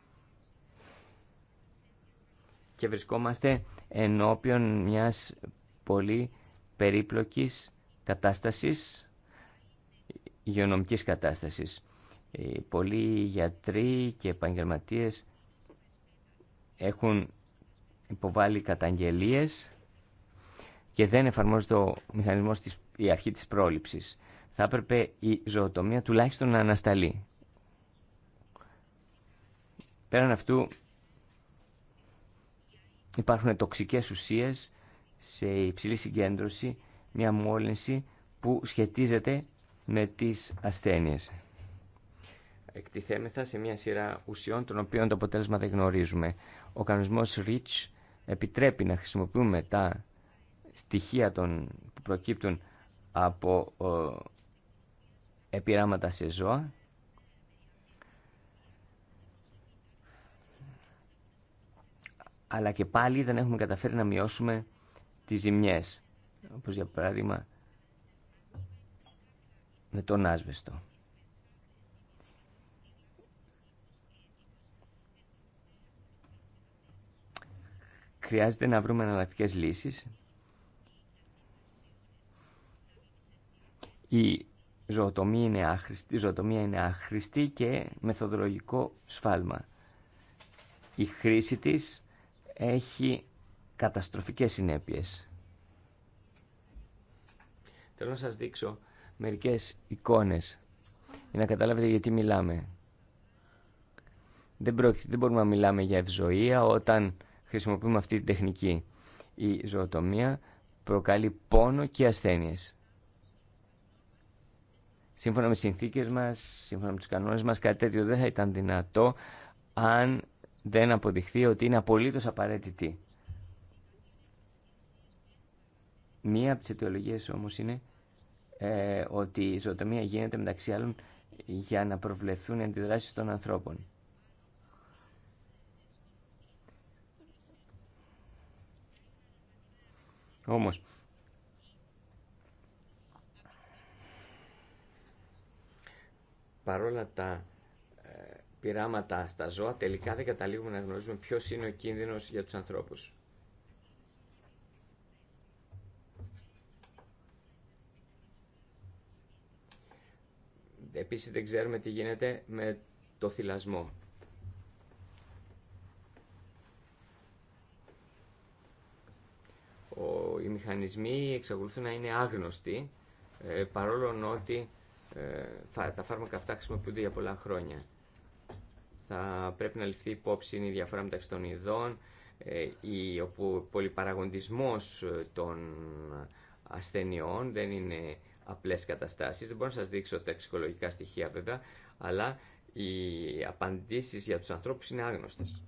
και βρισκόμαστε ενώπιον μιας πολύ περίπλοκης κατάστασης, υγειονομικής κατάστασης. Ε, πολλοί γιατροί και επαγγελματίες έχουν Υποβάλλει καταγγελίες και δεν εφαρμόζεται ο μηχανισμός της, η αρχή της πρόληψης. Θα έπρεπε η ζωοτομία τουλάχιστον να ανασταλεί. Πέραν αυτού υπάρχουν τοξικές ουσίες σε υψηλή συγκέντρωση, μια μόλυνση που σχετίζεται με τις ασθένειες. Εκτιθέμεθα σε μια σειρά ουσιών των οποίων το αποτέλεσμα δεν γνωρίζουμε. Ο κανονισμός REACH επιτρέπει να χρησιμοποιούμε τα στοιχεία των, που προκύπτουν από ε, επιράματα σε ζώα αλλά και πάλι δεν έχουμε καταφέρει να μειώσουμε τις ζημιές όπως για παράδειγμα με τον άσβεστο. Χρειάζεται να βρούμε εναλλακτικέ λύσεις. Η ζωοτομία είναι άχρηστη, η ζωοτομία είναι άχρηστη και μεθοδολογικό σφάλμα. Η χρήση της έχει καταστροφικές συνέπειες. Θέλω να σας δείξω μερικές εικόνες για να καταλάβετε γιατί μιλάμε. Δεν, δεν μπορούμε να μιλάμε για ευζοία όταν χρησιμοποιούμε αυτή την τεχνική. Η ζωοτομία προκαλεί πόνο και ασθένειες. Σύμφωνα με τις συνθήκες μας, σύμφωνα με τους κανόνες μας, κάτι τέτοιο δεν θα ήταν δυνατό αν δεν αποδειχθεί ότι είναι απολύτως απαραίτητη. Μία από τις αιτιολογίες όμως είναι ε, ότι η ζωοτομία γίνεται μεταξύ άλλων για να προβλεφθούν αντιδράσεις των ανθρώπων. Όμως, παρόλα τα ε, πειράματα στα ζώα, τελικά δεν καταλήγουμε να γνωρίζουμε ποιος είναι ο κίνδυνος για τους ανθρώπους. Επίσης δεν ξέρουμε τι γίνεται με το θυλασμό. οι μηχανισμοί εξακολουθούν να είναι άγνωστοι, ε, παρόλο ότι ε, τα φάρμακα αυτά χρησιμοποιούνται για πολλά χρόνια. Θα πρέπει να ληφθεί υπόψη η διαφορά μεταξύ των ειδών, ε, η, ο πολυπαραγοντισμός των ασθενειών δεν είναι απλές καταστάσεις. Δεν μπορώ να σας δείξω τα εξοικολογικά στοιχεία βέβαια, αλλά οι απαντήσεις για τους ανθρώπους είναι άγνωστες.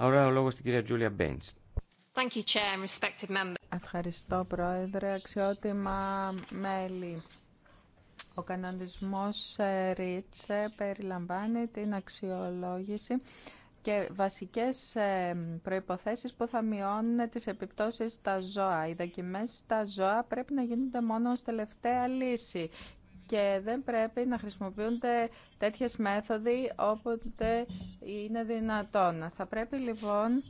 Άρα ο λόγος στην κυρία Τζούλια Μπέιντς. Ευχαριστώ, Πρόεδρε. Αξιότιμα μέλη. Ο κανονισμός ΡΙΤΣΕ ε, περιλαμβάνει την αξιολόγηση και βασικές ε, προϋποθέσεις που θα μειώνουν τις επιπτώσεις στα ζώα. Οι δοκιμές στα ζώα πρέπει να γίνονται μόνο ως τελευταία λύση και δεν πρέπει να χρησιμοποιούνται τέτοιες μέθοδοι όποτε είναι δυνατόν. Θα πρέπει λοιπόν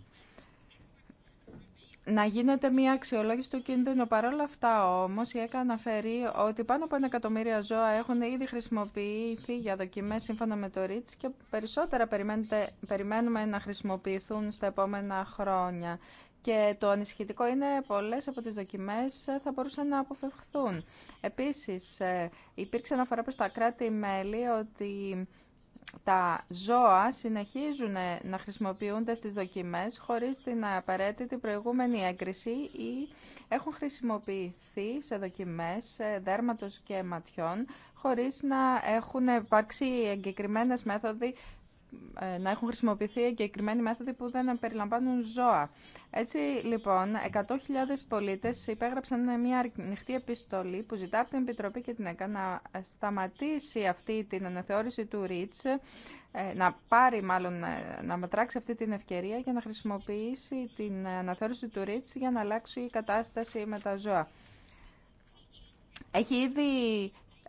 να γίνεται μια αξιολόγηση του κίνδυνου. Παρ' όλα αυτά όμως η ΕΚΑ αναφέρει ότι πάνω από ένα εκατομμύρια ζώα έχουν ήδη χρησιμοποιηθεί για δοκιμές σύμφωνα με το ΡΙΤΣ και περισσότερα περιμένουμε να χρησιμοποιηθούν στα επόμενα χρόνια και το ανησυχητικό είναι πολλές από τις δοκιμές ε, θα μπορούσαν να αποφευχθούν. Επίσης, ε, υπήρξε αναφορά προς τα κράτη-μέλη ότι τα ζώα συνεχίζουν ε, να χρησιμοποιούνται στις δοκιμές χωρίς την απαραίτητη προηγούμενη έγκριση ή έχουν χρησιμοποιηθεί σε δοκιμές δέρματος και ματιών χωρίς να έχουν υπάρξει εγκεκριμένες μέθοδοι ε, να έχουν χρησιμοποιηθεί εγκεκριμένοι μέθοδοι που δεν περιλαμβάνουν ζώα. Έτσι λοιπόν, 100.000 πολίτες υπέγραψαν μια ανοιχτή επιστολή που ζητά από την Επιτροπή και την ΕΚΑ να σταματήσει αυτή την αναθεώρηση του ΡΙΤΣ, ε, να πάρει μάλλον, ε, να μετράξει αυτή την ευκαιρία για να χρησιμοποιήσει την αναθεώρηση του ΡΙΤΣ για να αλλάξει η κατάσταση με τα ζώα. Έχει ήδη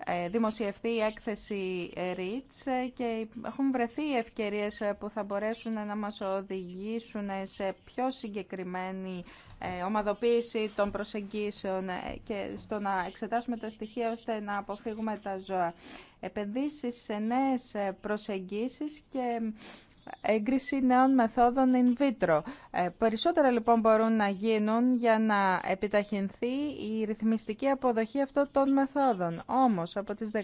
ε, δημοσιευτεί η έκθεση REACH ε, ε, και έχουν βρεθεί ευκαιρίες που θα μπορέσουν να μας οδηγήσουν σε πιο συγκεκριμένη ομαδοποίηση των προσεγγίσεων και στο να εξετάσουμε τα στοιχεία ώστε να αποφύγουμε τα ζώα. Επενδύσεις σε νέες προσεγγίσεις και έγκριση νέων μεθόδων in vitro. Ε, περισσότερα λοιπόν μπορούν να γίνουν για να επιταχυνθεί η ρυθμιστική αποδοχή αυτών των μεθόδων. Όμως, από τις 16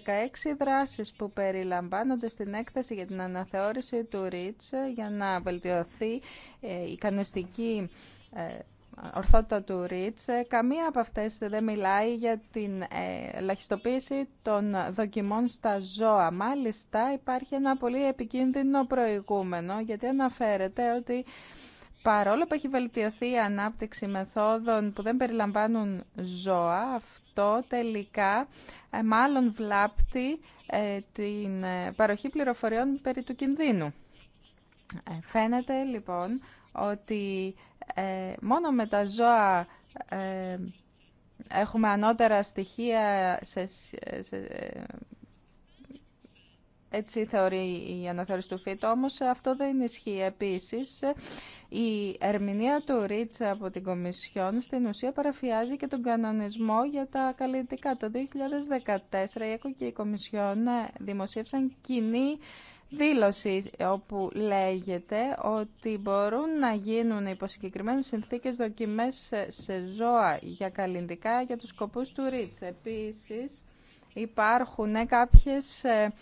δράσεις που περιλαμβάνονται στην έκθεση για την αναθεώρηση του REACH ε, για να βελτιωθεί ε, η κανονιστική ορθότητα του ΡΙΤΣ, ε, καμία από αυτές δεν μιλάει για την ε, ελαχιστοποίηση των δοκιμών στα ζώα. Μάλιστα υπάρχει ένα πολύ επικίνδυνο προηγούμενο, γιατί αναφέρεται ότι παρόλο που έχει βελτιωθεί η ανάπτυξη μεθόδων που δεν περιλαμβάνουν ζώα, αυτό τελικά ε, μάλλον βλάπτει την παροχή πληροφοριών περί του κινδύνου. Φαίνεται λοιπόν ότι ε, μόνο με τα ζώα ε, έχουμε ανώτερα στοιχεία σε, ε, έτσι θεωρεί η αναθεώρηση του ΦΙΤ, όμως αυτό δεν ισχύει. Επίσης, η ερμηνεία του Ρίτσα από την Κομισιόν στην ουσία παραφιάζει και τον κανονισμό για τα καλλιτικά. Το 2014 η ΕΚΟ και η Κομισιόν δημοσίευσαν κοινή δήλωση όπου λέγεται ότι μπορούν να γίνουν υπό συγκεκριμένε συνθήκες δοκιμές σε ζώα για καλλιντικά για τους σκοπούς του ΡΙΤΣ. Επίσης υπάρχουν ε, κάποιες ε,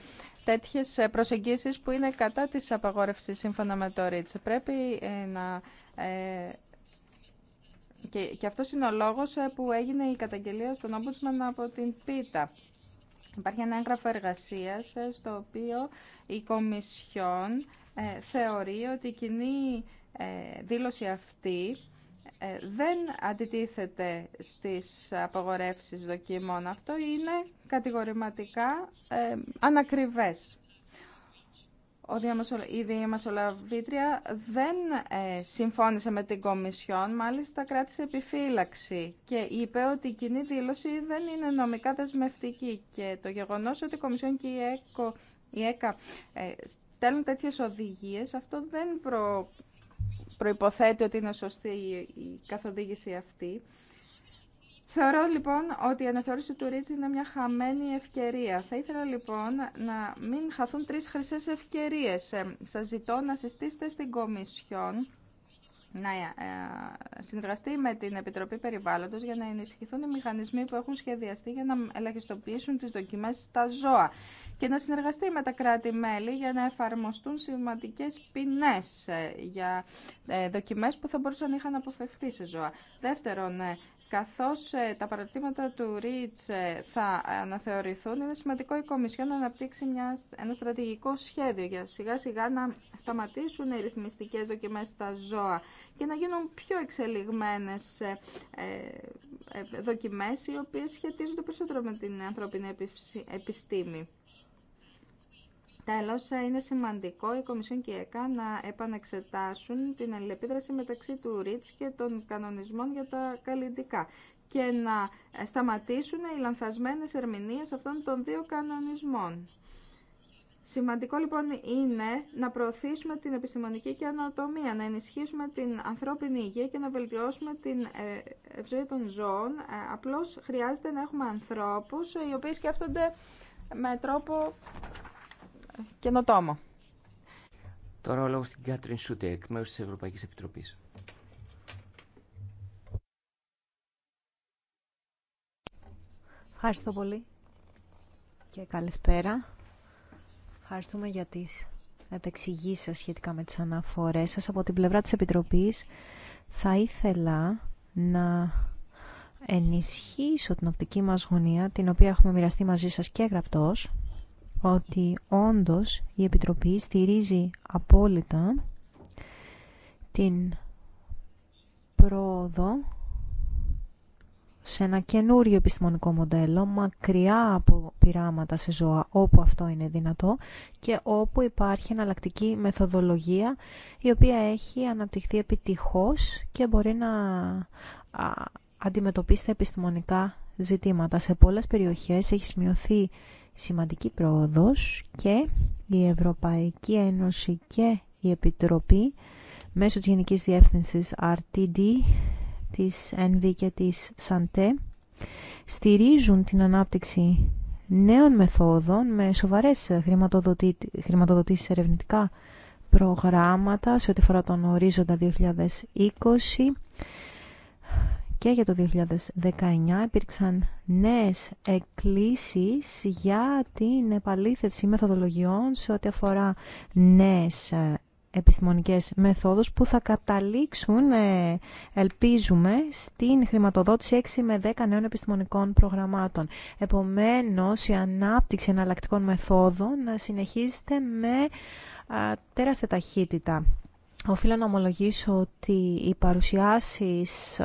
τέτοιες ε, προσεγγίσεις που είναι κατά της απαγόρευσης σύμφωνα με το ΡΙΤΣ. Πρέπει να... Και, και αυτός είναι ο λόγος που έγινε η καταγγελία στον Ομπούτσμαν από την ΠΙΤΑ. Υπάρχει ένα έγγραφο εργασίας ε, στο οποίο η Κομισιόν ε, θεωρεί ότι η κοινή ε, δήλωση αυτή δεν αντιτίθεται στις απογορεύσεις δοκιμών. Αυτό είναι κατηγορηματικά ανακριβές η διαμεσολαβήτρια δεν ε, συμφώνησε με την Κομισιόν, μάλιστα κράτησε επιφύλαξη και είπε ότι η κοινή δήλωση δεν είναι νομικά δεσμευτική και το γεγονός ότι η Κομισιόν και η, ΕΚΟ, η ΕΚΑ ε, στέλνουν τέτοιες οδηγίες, αυτό δεν προ, προϋποθέτει ότι είναι σωστή η καθοδήγηση αυτή. Θεωρώ λοιπόν ότι η αναθεώρηση του Ρίτζ είναι μια χαμένη ευκαιρία. Θα ήθελα λοιπόν να μην χαθούν τρεις χρυσές ευκαιρίες. Ε, σας ζητώ να συστήσετε στην Κομισιόν να ε, ε, συνεργαστεί με την Επιτροπή Περιβάλλοντος για να ενισχυθούν οι μηχανισμοί που έχουν σχεδιαστεί για να ελαχιστοποιήσουν τις δοκιμές στα ζώα και να συνεργαστεί με τα κράτη-μέλη για να εφαρμοστούν σημαντικές ποινές για δοκιμές που θα μπορούσαν να είχαν αποφευθεί σε ζώα. Δεύτερον, Καθώς ε, τα παρατήματα του ΡΙΤΣ ε, θα αναθεωρηθούν, είναι σημαντικό η Κομισιόν να αναπτύξει μια, ένα στρατηγικό σχέδιο για σιγά σιγά να σταματήσουν οι ρυθμιστικές δοκιμές στα ζώα και να γίνουν πιο εξελιγμένες ε, δοκιμές οι οποίες σχετίζονται περισσότερο με την ανθρώπινη επιστήμη. Τέλος, ε, είναι σημαντικό η Κομισιόν και η ΕΚΑ να επανεξετάσουν την αλληλεπίδραση μεταξύ του ΡΙΤΣ και των κανονισμών για τα καλλιντικά και να ε, σταματήσουν οι λανθασμένες ερμηνείες αυτών των δύο κανονισμών. Σημαντικό λοιπόν είναι να προωθήσουμε την επιστημονική και ανατομία, να ενισχύσουμε την ανθρώπινη υγεία και να βελτιώσουμε την ε, ευζοή των ζώων. Απλώς χρειάζεται να έχουμε ανθρώπους οι οποίοι σκέφτονται με τρόπο καινοτόμο. Τώρα ο λόγος στην Κάτριν Σούτεκ, εκ της Ευρωπαϊκής Επιτροπής. Ευχαριστώ πολύ και καλησπέρα. Ευχαριστούμε για τις επεξηγήσεις σας σχετικά με τις αναφορές σας. Από την πλευρά της Επιτροπής θα ήθελα να ενισχύσω την οπτική μας γωνία, την οποία έχουμε μοιραστεί μαζί σας και γραπτός, ότι όντως η Επιτροπή στηρίζει απόλυτα την πρόοδο σε ένα καινούριο επιστημονικό μοντέλο, μακριά από πειράματα σε ζώα, όπου αυτό είναι δυνατό και όπου υπάρχει εναλλακτική μεθοδολογία, η οποία έχει αναπτυχθεί επιτυχώς και μπορεί να αντιμετωπίσει τα επιστημονικά ζητήματα. Σε πολλές περιοχές έχει σημειωθεί σημαντική πρόοδος και η Ευρωπαϊκή Ένωση και η Επιτροπή μέσω της Γενικής Διεύθυνσης RTD, της ΕΝΒ και της ΣΑΝΤΕ στηρίζουν την ανάπτυξη νέων μεθόδων με σοβαρές χρηματοδοτή, χρηματοδοτήσεις ερευνητικά προγράμματα σε ό,τι φορά τον ορίζοντα 2020 και για το 2019 υπήρξαν νέες εκκλήσεις για την επαλήθευση μεθοδολογιών σε ό,τι αφορά νέες ε, επιστημονικές μεθόδους που θα καταλήξουν, ε, ελπίζουμε, στην χρηματοδότηση 6 με 10 νέων επιστημονικών προγραμμάτων. Επομένως, η ανάπτυξη εναλλακτικών μεθόδων συνεχίζεται με τεράστια ταχύτητα. Οφείλω να ομολογήσω ότι οι παρουσιάσεις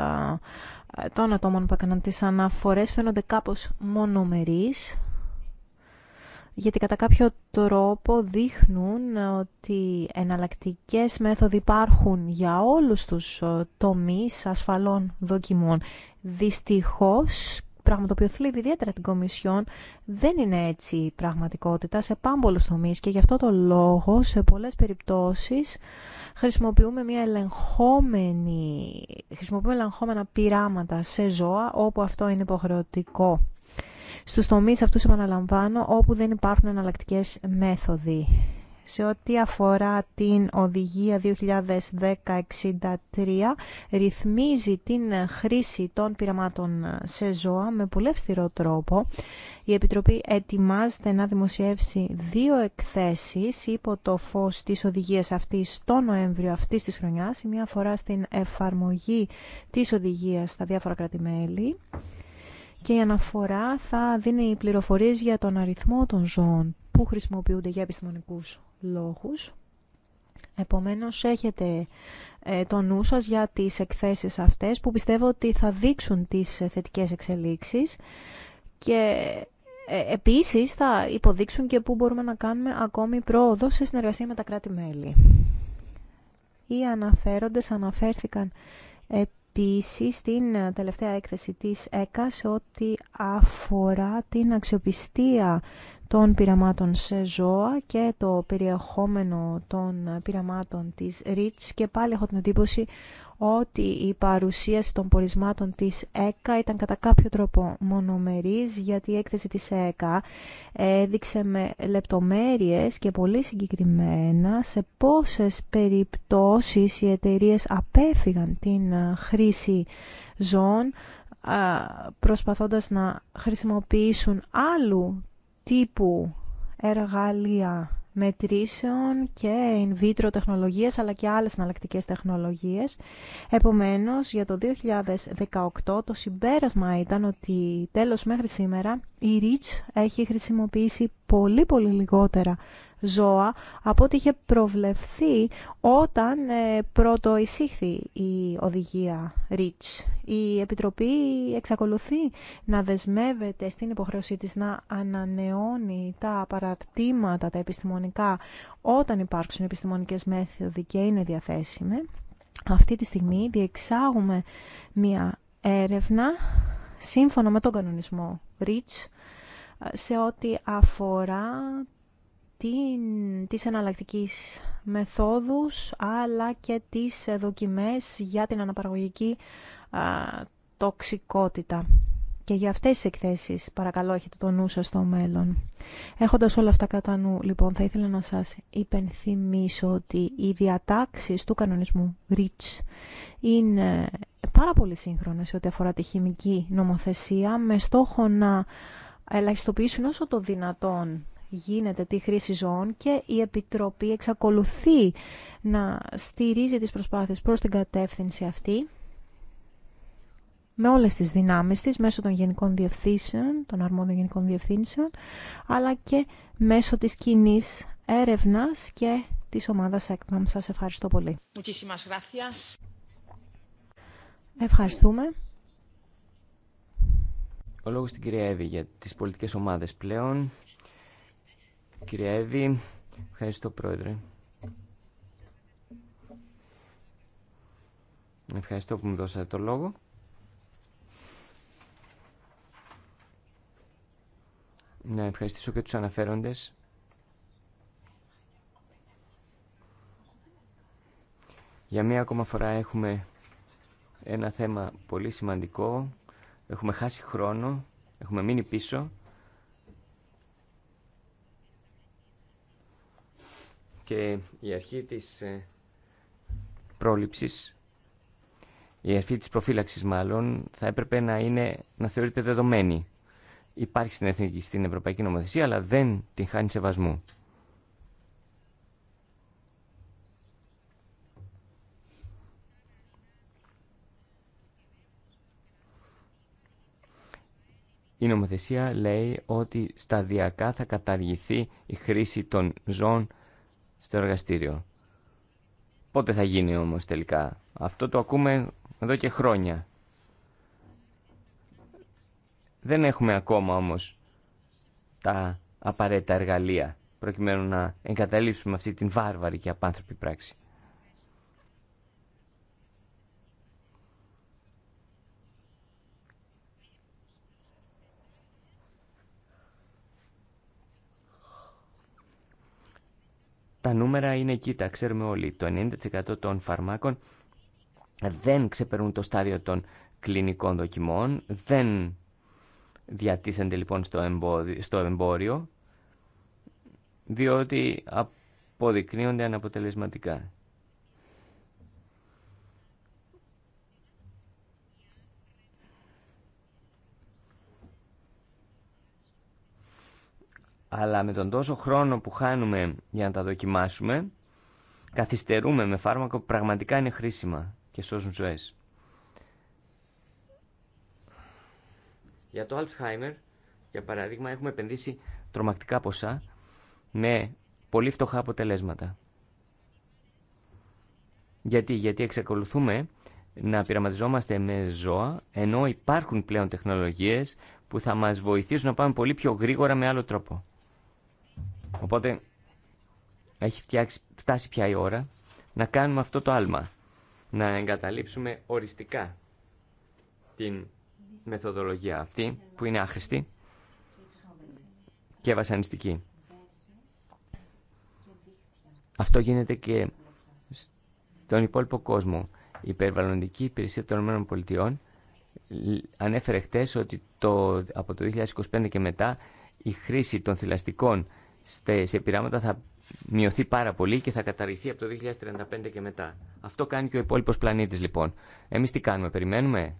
των ατόμων που έκαναν τις αναφορές φαίνονται κάπως μονομερείς γιατί κατά κάποιο τρόπο δείχνουν ότι εναλλακτικέ μέθοδοι υπάρχουν για όλους τους τομείς ασφαλών δοκιμών. Δυστυχώς πράγμα το οποίο θλίβει ιδιαίτερα την Κομισιόν, δεν είναι έτσι η πραγματικότητα σε πάμπολους τομείς και γι' αυτό το λόγο σε πολλές περιπτώσεις χρησιμοποιούμε μια ελεγχόμενη, χρησιμοποιούμε ελεγχόμενα πειράματα σε ζώα όπου αυτό είναι υποχρεωτικό. Στους τομείς αυτούς επαναλαμβάνω όπου δεν υπάρχουν εναλλακτικέ μέθοδοι. Σε ό,τι αφορά την Οδηγία 2010-63, ρυθμίζει την χρήση των πειραμάτων σε ζώα με πολύ αυστηρό τρόπο. Η Επιτροπή ετοιμάζεται να δημοσιεύσει δύο εκθέσεις υπό το φως της οδηγίας αυτής το Νοέμβριο αυτής της χρονιάς, η μία αφορά στην εφαρμογή της οδηγίας στα διάφορα κρατημέλη και η αναφορά θα δίνει πληροφορίες για τον αριθμό των ζώων που χρησιμοποιούνται για επιστημονικούς λόγους. Επομένως έχετε ε, το νου σας για τις εκθέσεις αυτές που πιστεύω ότι θα δείξουν τις ε, θετικές εξελίξεις και ε, επίσης θα υποδείξουν και πού μπορούμε να κάνουμε ακόμη πρόοδο σε συνεργασία με τα κράτη-μέλη. Οι αναφέροντες αναφέρθηκαν επίσης στην τελευταία έκθεση της ΕΚΑ ό,τι αφορά την αξιοπιστία των πειραμάτων σε ζώα και το περιεχόμενο των πειραμάτων της Ριτς και πάλι έχω την εντύπωση ότι η παρουσίαση των πορισμάτων της ΕΚΑ ήταν κατά κάποιο τρόπο μονομερής γιατί η έκθεση της ΕΚΑ έδειξε με λεπτομέρειες και πολύ συγκεκριμένα σε πόσες περιπτώσεις οι εταιρείε απέφυγαν την χρήση ζώων προσπαθώντας να χρησιμοποιήσουν άλλου τύπου εργαλεία μετρήσεων και in vitro τεχνολογίες αλλά και άλλες εναλλακτικές τεχνολογίες. Επομένως, για το 2018 το συμπέρασμα ήταν ότι τέλος μέχρι σήμερα η REACH έχει χρησιμοποιήσει πολύ πολύ λιγότερα ζώα από ό,τι είχε προβλεφθεί όταν ε, πρώτο εισήχθη η οδηγία REACH. Η Επιτροπή εξακολουθεί να δεσμεύεται στην υποχρέωσή της να ανανεώνει τα παρατήματα τα επιστημονικά, όταν υπάρξουν επιστημονικές μέθοδοι και είναι διαθέσιμε. Αυτή τη στιγμή διεξάγουμε μία έρευνα σύμφωνα με τον κανονισμό REACH ε, σε ό,τι αφορά την, τις εναλλακτικής μεθόδους αλλά και τις δοκιμές για την αναπαραγωγική τοξικότητα. Και για αυτές τις εκθέσεις παρακαλώ έχετε το νου σας στο μέλλον. Έχοντας όλα αυτά κατά νου, λοιπόν, θα ήθελα να σας υπενθυμίσω ότι οι διατάξεις του κανονισμού REACH είναι πάρα πολύ σύγχρονες ό,τι αφορά τη χημική νομοθεσία με στόχο να ελαχιστοποιήσουν όσο το δυνατόν γίνεται τη χρήση ζώων και η Επιτροπή εξακολουθεί να στηρίζει τις προσπάθειες προς την κατεύθυνση αυτή με όλες τις δυνάμεις της, μέσω των γενικών διευθύνσεων, των αρμόδιων γενικών διευθύνσεων, αλλά και μέσω της κοινή έρευνας και της ομάδας ΕΚΠΑΜ. Σας ευχαριστώ πολύ. Ευχαριστούμε. Ο λόγος στην κυρία Εύη για τις πολιτικές ομάδες πλέον. Κύριε Εύη, ευχαριστώ πρόεδρε. Ευχαριστώ που μου δώσατε το λόγο. Να ευχαριστήσω και τους αναφέροντες. Για μία ακόμα φορά έχουμε ένα θέμα πολύ σημαντικό. Έχουμε χάσει χρόνο, έχουμε μείνει πίσω. και η αρχή της ε, πρόληψης, η αρχή της προφύλαξης μάλλον, θα έπρεπε να, είναι, να θεωρείται δεδομένη. Υπάρχει στην, εθνική, στην Ευρωπαϊκή Νομοθεσία, αλλά δεν την χάνει σεβασμού. Η νομοθεσία λέει ότι σταδιακά θα καταργηθεί η χρήση των ζώων στο εργαστήριο. Πότε θα γίνει όμως τελικά. Αυτό το ακούμε εδώ και χρόνια. Δεν έχουμε ακόμα όμως τα απαραίτητα εργαλεία προκειμένου να εγκαταλείψουμε αυτή την βάρβαρη και απάνθρωπη πράξη. Τα νούμερα είναι εκεί, τα ξέρουμε όλοι. Το 90% των φαρμάκων δεν ξεπερνούν το στάδιο των κλινικών δοκιμών, δεν διατίθενται λοιπόν στο, στο εμπόριο, διότι αποδεικνύονται αναποτελεσματικά. αλλά με τον τόσο χρόνο που χάνουμε για να τα δοκιμάσουμε, καθυστερούμε με φάρμακο που πραγματικά είναι χρήσιμα και σώζουν ζωές. Για το Alzheimer, για παράδειγμα, έχουμε επενδύσει τρομακτικά ποσά με πολύ φτωχά αποτελέσματα. Γιατί, γιατί εξακολουθούμε να πειραματιζόμαστε με ζώα, ενώ υπάρχουν πλέον τεχνολογίες που θα μας βοηθήσουν να πάμε πολύ πιο γρήγορα με άλλο τρόπο. Οπότε έχει φτιάξει, φτάσει πια η ώρα να κάνουμε αυτό το άλμα. Να εγκαταλείψουμε οριστικά την μεθοδολογία αυτή που είναι άχρηστη και βασανιστική. Αυτό γίνεται και στον υπόλοιπο κόσμο. Η περιβαλλοντική υπηρεσία των ΗΠΑ ανέφερε χτες ότι το, από το 2025 και μετά η χρήση των θηλαστικών σε πειράματα θα μειωθεί πάρα πολύ και θα καταρριφθεί από το 2035 και μετά. Αυτό κάνει και ο υπόλοιπο πλανήτη λοιπόν. Εμεί τι κάνουμε, περιμένουμε.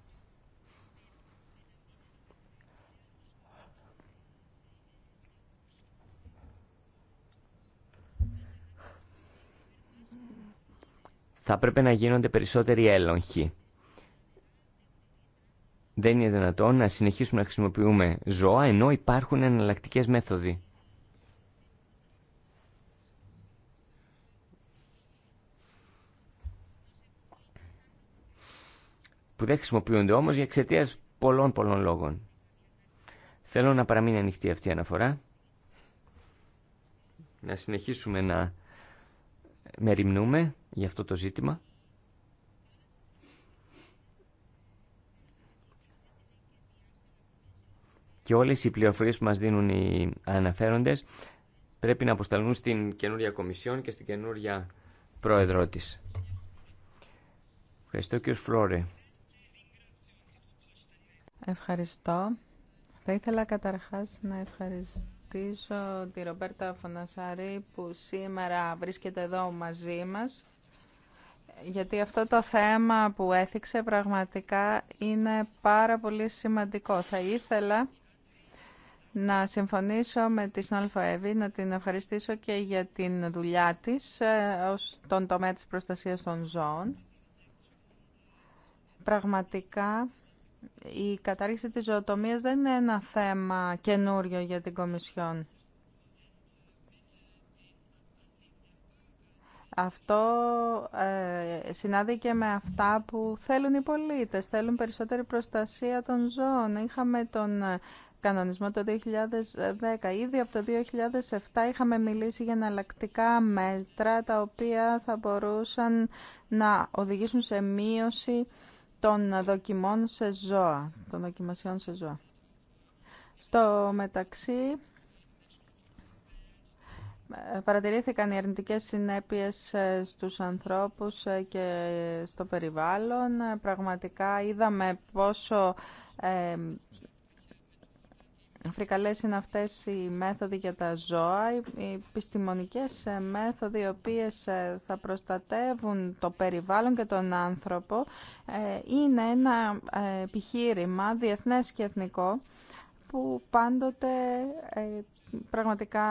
Θα πρέπει να γίνονται περισσότεροι έλεγχοι. Δεν είναι δυνατόν να συνεχίσουμε να χρησιμοποιούμε ζώα ενώ υπάρχουν εναλλακτικές μέθοδοι. που δεν χρησιμοποιούνται όμως για εξαιτία πολλών πολλών λόγων. Θέλω να παραμείνει ανοιχτή αυτή η αναφορά, να συνεχίσουμε να μεριμνούμε για αυτό το ζήτημα. Και όλες οι πληροφορίες που μας δίνουν οι αναφέροντες πρέπει να αποσταλούν στην καινούρια Κομισιόν και στην καινούρια Πρόεδρό της. Ευχαριστώ ως Φλόρε. Ευχαριστώ. Θα ήθελα καταρχάς να ευχαριστήσω τη Ρομπέρτα Φωνασάρη που σήμερα βρίσκεται εδώ μαζί μας γιατί αυτό το θέμα που έθιξε πραγματικά είναι πάρα πολύ σημαντικό. Θα ήθελα να συμφωνήσω με τη Σνάλφα να την ευχαριστήσω και για την δουλειά της ε, ως τον τομέα της προστασίας των ζώων. Πραγματικά η κατάργηση της ζωοτομίας δεν είναι ένα θέμα καινούριο για την Κομισιόν. Αυτό ε, συνάδει και με αυτά που θέλουν οι πολίτες. Θέλουν περισσότερη προστασία των ζώων. Είχαμε τον ε, κανονισμό το 2010. Ήδη από το 2007 είχαμε μιλήσει για εναλλακτικά μέτρα τα οποία θα μπορούσαν να οδηγήσουν σε μείωση των δοκιμών σε ζώα, των δοκιμασιών σε ζώα. Στο μεταξύ, ε, παρατηρήθηκαν οι αρνητικές συνέπειες ε, στους ανθρώπους ε, και στο περιβάλλον. Πραγματικά είδαμε πόσο Φρικαλές είναι αυτές οι μέθοδοι για τα ζώα, οι επιστημονικές ε, μέθοδοι οι οποίες ε, θα προστατεύουν το περιβάλλον και τον άνθρωπο. Ε, είναι ένα επιχείρημα διεθνές και εθνικό που πάντοτε πραγματικά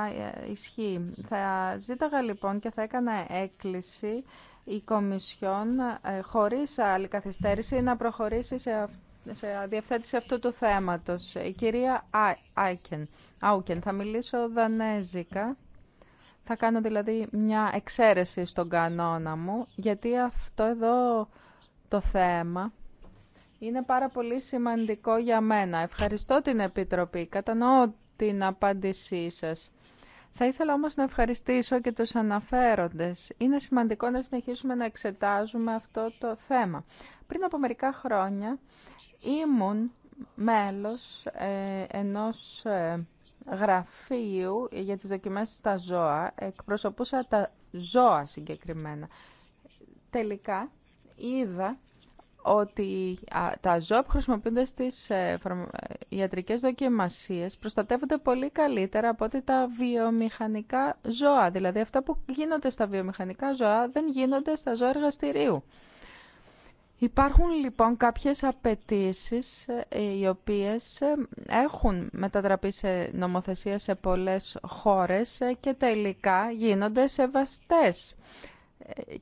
ισχύει. Θα ζήταγα λοιπόν και θα έκανα έκκληση η Κομισιόν χωρίς άλλη καθυστέρηση να προχωρήσει σε αυτό σε διευθέτηση αυτού του θέματος. Η κυρία Άουκεν, θα μιλήσω δανέζικα. Θα κάνω δηλαδή μια εξαίρεση στον κανόνα μου, γιατί αυτό εδώ το θέμα είναι πάρα πολύ σημαντικό για μένα. Ευχαριστώ την Επιτροπή, κατανοώ την απάντησή σας. Θα ήθελα όμως να ευχαριστήσω και τους αναφέροντες. Είναι σημαντικό να συνεχίσουμε να εξετάζουμε αυτό το θέμα. Πριν από μερικά χρόνια ήμουν μέλος ε, ενός ε, γραφείου για τις δοκιμές στα ζώα. Εκπροσωπούσα τα ζώα συγκεκριμένα. Τελικά είδα ότι τα ζώα που χρησιμοποιούνται στις ε, ιατρικές δοκιμασίες προστατεύονται πολύ καλύτερα από ότι τα βιομηχανικά ζώα. Δηλαδή αυτά που γίνονται στα βιομηχανικά ζώα δεν γίνονται στα ζώα εργαστηρίου. Υπάρχουν λοιπόν κάποιες απαιτήσει ε, οι οποίες ε, έχουν μετατραπεί σε νομοθεσία σε πολλές χώρες ε, και τελικά γίνονται σεβαστές.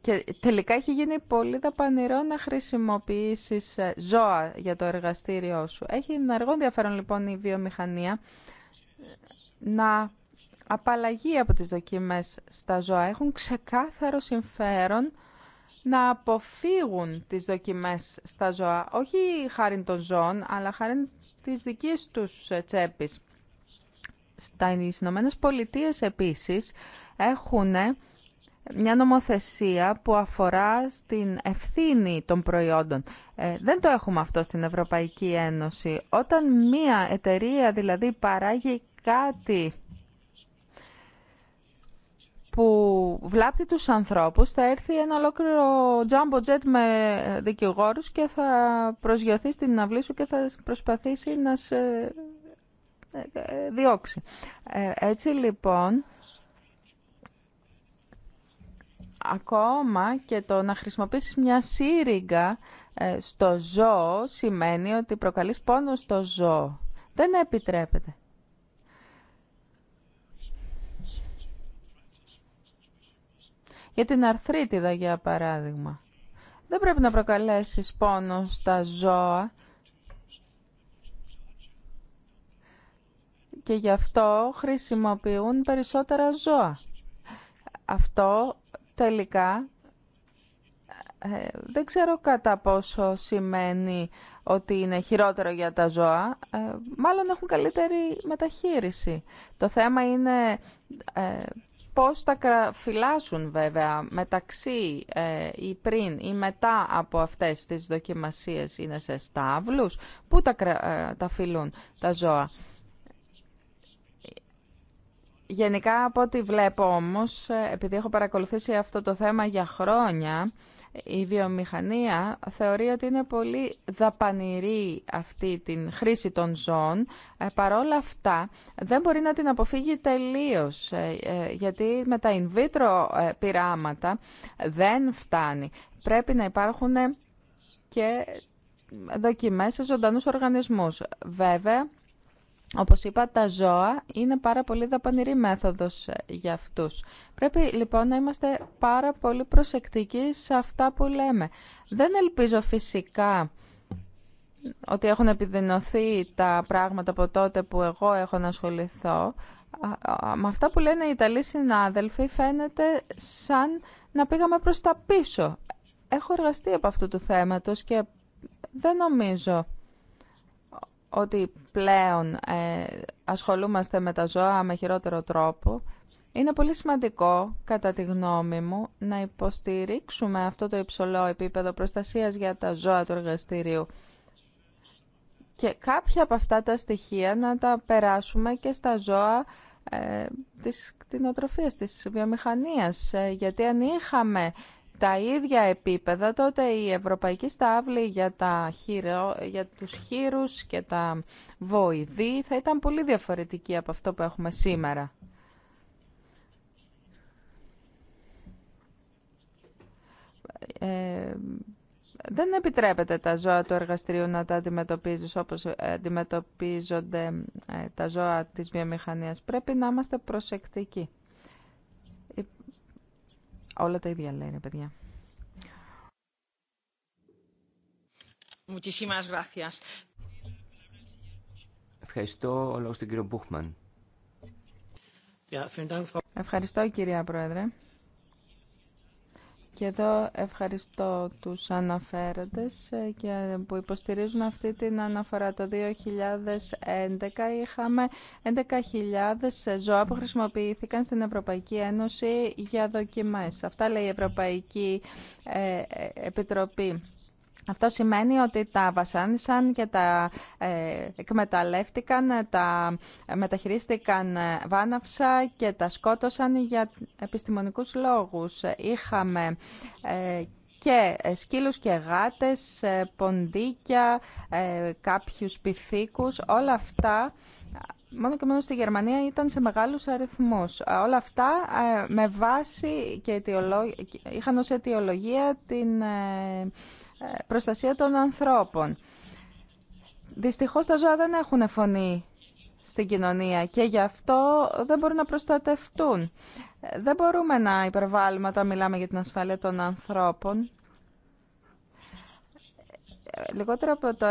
Και τελικά έχει γίνει πολύ δαπανηρό να χρησιμοποιήσεις ζώα για το εργαστήριό σου. Έχει ενεργό ενδιαφέρον λοιπόν η βιομηχανία να απαλλαγεί από τις δοκιμές στα ζώα. Έχουν ξεκάθαρο συμφέρον να αποφύγουν τις δοκιμές στα ζώα, όχι χάρη των ζώων, αλλά χάρη της δικής τους ε, τσέπης. Στα Ηνωμένε Πολιτείε επίσης έχουν μια νομοθεσία που αφορά στην ευθύνη των προϊόντων. Ε, δεν το έχουμε αυτό στην Ευρωπαϊκή Ένωση. Όταν μια εταιρεία δηλαδή παράγει κάτι που βλάπτει τους ανθρώπους θα έρθει ένα ολόκληρο jumbo jet με δικηγόρους και θα προσγειωθεί στην αυλή σου και θα προσπαθήσει να σε ε, ε, διώξει. Ε, έτσι λοιπόν, ακόμα και το να χρησιμοποιήσεις μια σύριγγα στο ζώο σημαίνει ότι προκαλείς πόνο στο ζώο. Δεν επιτρέπεται. για την αρθρίτιδα για παράδειγμα. Δεν πρέπει να προκαλέσεις πόνο στα ζώα και γι' αυτό χρησιμοποιούν περισσότερα ζώα. Αυτό τελικά ε, δεν ξέρω κατά πόσο σημαίνει ότι είναι χειρότερο για τα ζώα, ε, μάλλον έχουν καλύτερη μεταχείριση. Το θέμα είναι ε, πώς θα φυλάσσουν βέβαια μεταξύ ε, ή πριν ή μετά από αυτές τις δοκιμασίες είναι σε στάβλους, πού τα, ε, τα φυλούν τα ζώα. Γενικά από ό,τι βλέπω όμως, ε, επειδή έχω παρακολουθήσει αυτό το θέμα για χρόνια, η βιομηχανία θεωρεί ότι είναι πολύ δαπανηρή αυτή την χρήση των ζώων. Ε, παρόλα αυτά δεν μπορεί να την αποφύγει τελείως, ε, ε, γιατί με τα in vitro πειράματα δεν φτάνει. Πρέπει να υπάρχουν και δοκιμές σε ζωντανούς οργανισμούς. Βέβαια, όπως είπα, τα ζώα είναι πάρα πολύ δαπανηρή μέθοδος ε, για αυτούς. Πρέπει λοιπόν να είμαστε πάρα πολύ προσεκτικοί σε αυτά που λέμε. Δεν ελπίζω φυσικά ότι έχουν επιδεινωθεί τα πράγματα από τότε που εγώ έχω να ασχοληθώ. Με αυτά που λένε οι Ιταλοί συνάδελφοι φαίνεται σαν να πήγαμε προς τα πίσω. Έχω εργαστεί από αυτού του θέματος και δεν νομίζω ότι πλέον ε, ασχολούμαστε με τα ζώα με χειρότερο τρόπο, είναι πολύ σημαντικό, κατά τη γνώμη μου, να υποστηρίξουμε αυτό το υψηλό επίπεδο προστασίας για τα ζώα του εργαστηρίου και κάποια από αυτά τα στοιχεία να τα περάσουμε και στα ζώα ε, της κτηνοτροφίας, της βιομηχανίας. Ε, γιατί αν είχαμε τα ίδια επίπεδα, τότε η Ευρωπαϊκή Στάβλη για, τα χείρο, για τους χείρους και τα βοηδή θα ήταν πολύ διαφορετική από αυτό που έχουμε σήμερα. Ε, δεν επιτρέπεται τα ζώα του εργαστηρίου να τα αντιμετωπίζεις όπως ε, αντιμετωπίζονται ε, τα ζώα της βιομηχανίας. Πρέπει να είμαστε προσεκτικοί. Όλα τα ίδια λένε, παιδιά. Ευχαριστώ ο τον κύριο Μπούχμαν. Ευχαριστώ κυρία Πρόεδρε. Και εδώ ευχαριστώ τους αναφέροντες ε, και ε, που υποστηρίζουν αυτή την αναφορά. Το 2011 είχαμε 11.000 ε, ζώα που χρησιμοποιήθηκαν στην Ευρωπαϊκή Ένωση για δοκιμές. Αυτά λέει η Ευρωπαϊκή Επιτροπή. Αυτό σημαίνει ότι τα βασάνισαν και τα ε, εκμεταλλεύτηκαν, τα μεταχειρίστηκαν ε, βάναυσα και τα σκότωσαν για επιστημονικούς λόγους. Είχαμε ε, και σκύλους και γάτες, ποντίκια, κάποιους πυθίκους, όλα αυτά μόνο και μόνο στη Γερμανία ήταν σε μεγάλους αριθμούς. Όλα αυτά με βάση και είχαν ως αιτιολογία την προστασία των ανθρώπων. Δυστυχώς τα ζώα δεν έχουν φωνή στην κοινωνία και γι' αυτό δεν μπορούν να προστατευτούν. Ε, δεν μπορούμε να υπερβάλλουμε όταν μιλάμε για την ασφάλεια των ανθρώπων λιγότερο από το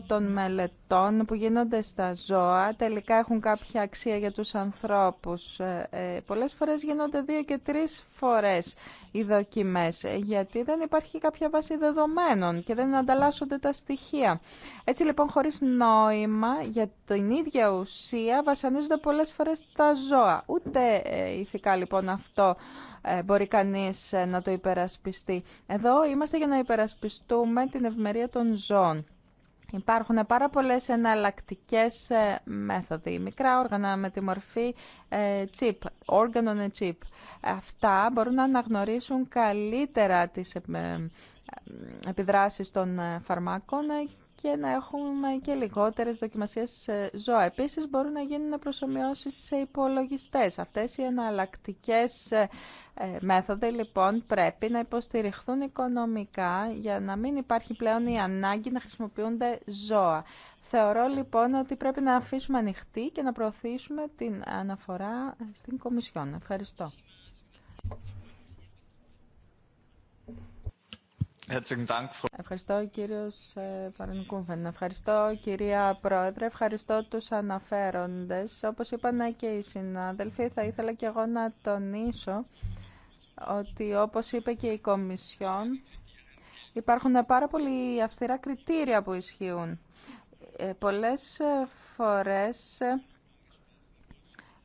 1% των μελετών που γίνονται στα ζώα τελικά έχουν κάποια αξία για τους ανθρώπους. Ε, ε, πολλές φορές γίνονται δύο και τρεις φορές οι δοκιμές, ε, γιατί δεν υπάρχει κάποια βάση δεδομένων και δεν ανταλλάσσονται τα στοιχεία. Έτσι λοιπόν χωρίς νόημα για την ίδια ουσία βασανίζονται πολλές φορές τα ζώα. Ούτε ηθικά λοιπόν αυτό ε, μπορεί κανείς ε, να το υπερασπιστεί. Εδώ είμαστε για να υπερασπιστούμε την ευμερία των ζώων. Υπάρχουν πάρα πολλές εναλλακτικέ ε, μέθοδοι, μικρά όργανα με τη μορφή chip, organ on a chip. Αυτά μπορούν να αναγνωρίσουν καλύτερα τις επιδράσεις των φαρμάκων και να έχουμε και λιγότερες δοκιμασίες ζώα. Επίσης μπορούν να γίνουν προσωμιώσεις σε υπολογιστές. Αυτές οι εναλλακτικέ ε, ε, μέθοδοι λοιπόν πρέπει να υποστηριχθούν οικονομικά για να μην υπάρχει πλέον η ανάγκη να χρησιμοποιούνται ζώα. Θεωρώ λοιπόν ότι πρέπει να αφήσουμε ανοιχτή και να προωθήσουμε την αναφορά στην Κομισιόν. Ευχαριστώ. Ευχαριστώ κύριος ε, Παρανικούμφεν. Ευχαριστώ κυρία Πρόεδρε. Ευχαριστώ τους αναφέροντες. Όπως είπαν και οι συνάδελφοι, θα ήθελα και εγώ να τονίσω ότι όπως είπε και η Κομισιόν, υπάρχουν πάρα πολύ αυστηρά κριτήρια που ισχύουν. Ε, πολλές φορές ε,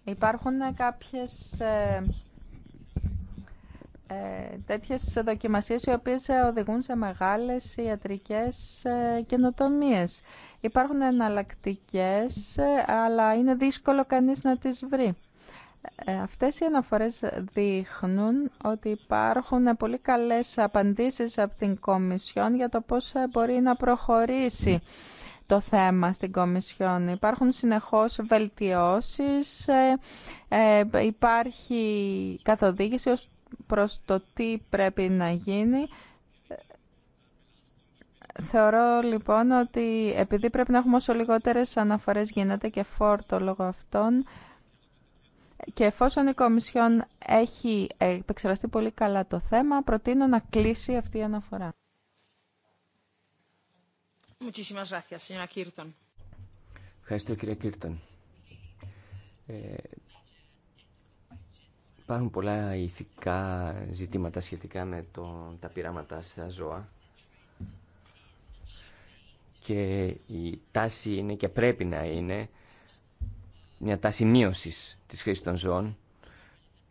υπάρχουν κάποιες ε, τέτοιες δοκιμασίες οι οποίες οδηγούν σε μεγάλες ιατρικές ε, καινοτομίες. Υπάρχουν εναλλακτικέ, ε, αλλά είναι δύσκολο κανείς να τις βρει. Αυτές οι αναφορές δείχνουν ότι υπάρχουν πολύ καλές απαντήσεις από την Κομισιόν για το πώς μπορεί να προχωρήσει το θέμα στην Κομισιόν. Υπάρχουν συνεχώς βελτιώσεις, υπάρχει καθοδήγηση ως προς το τι πρέπει να γίνει. Θεωρώ λοιπόν ότι επειδή πρέπει να έχουμε όσο λιγότερες αναφορές γίνεται και φόρτο λόγω αυτών και εφόσον η Κομισιόν έχει επεξεργαστεί πολύ καλά το θέμα, προτείνω να κλείσει αυτή η αναφορά. Ευχαριστώ Υπάρχουν πολλά ηθικά ζητήματα σχετικά με το, τα πειράματα στα ζώα και η τάση είναι και πρέπει να είναι μια τάση μείωσης της χρήσης των ζώων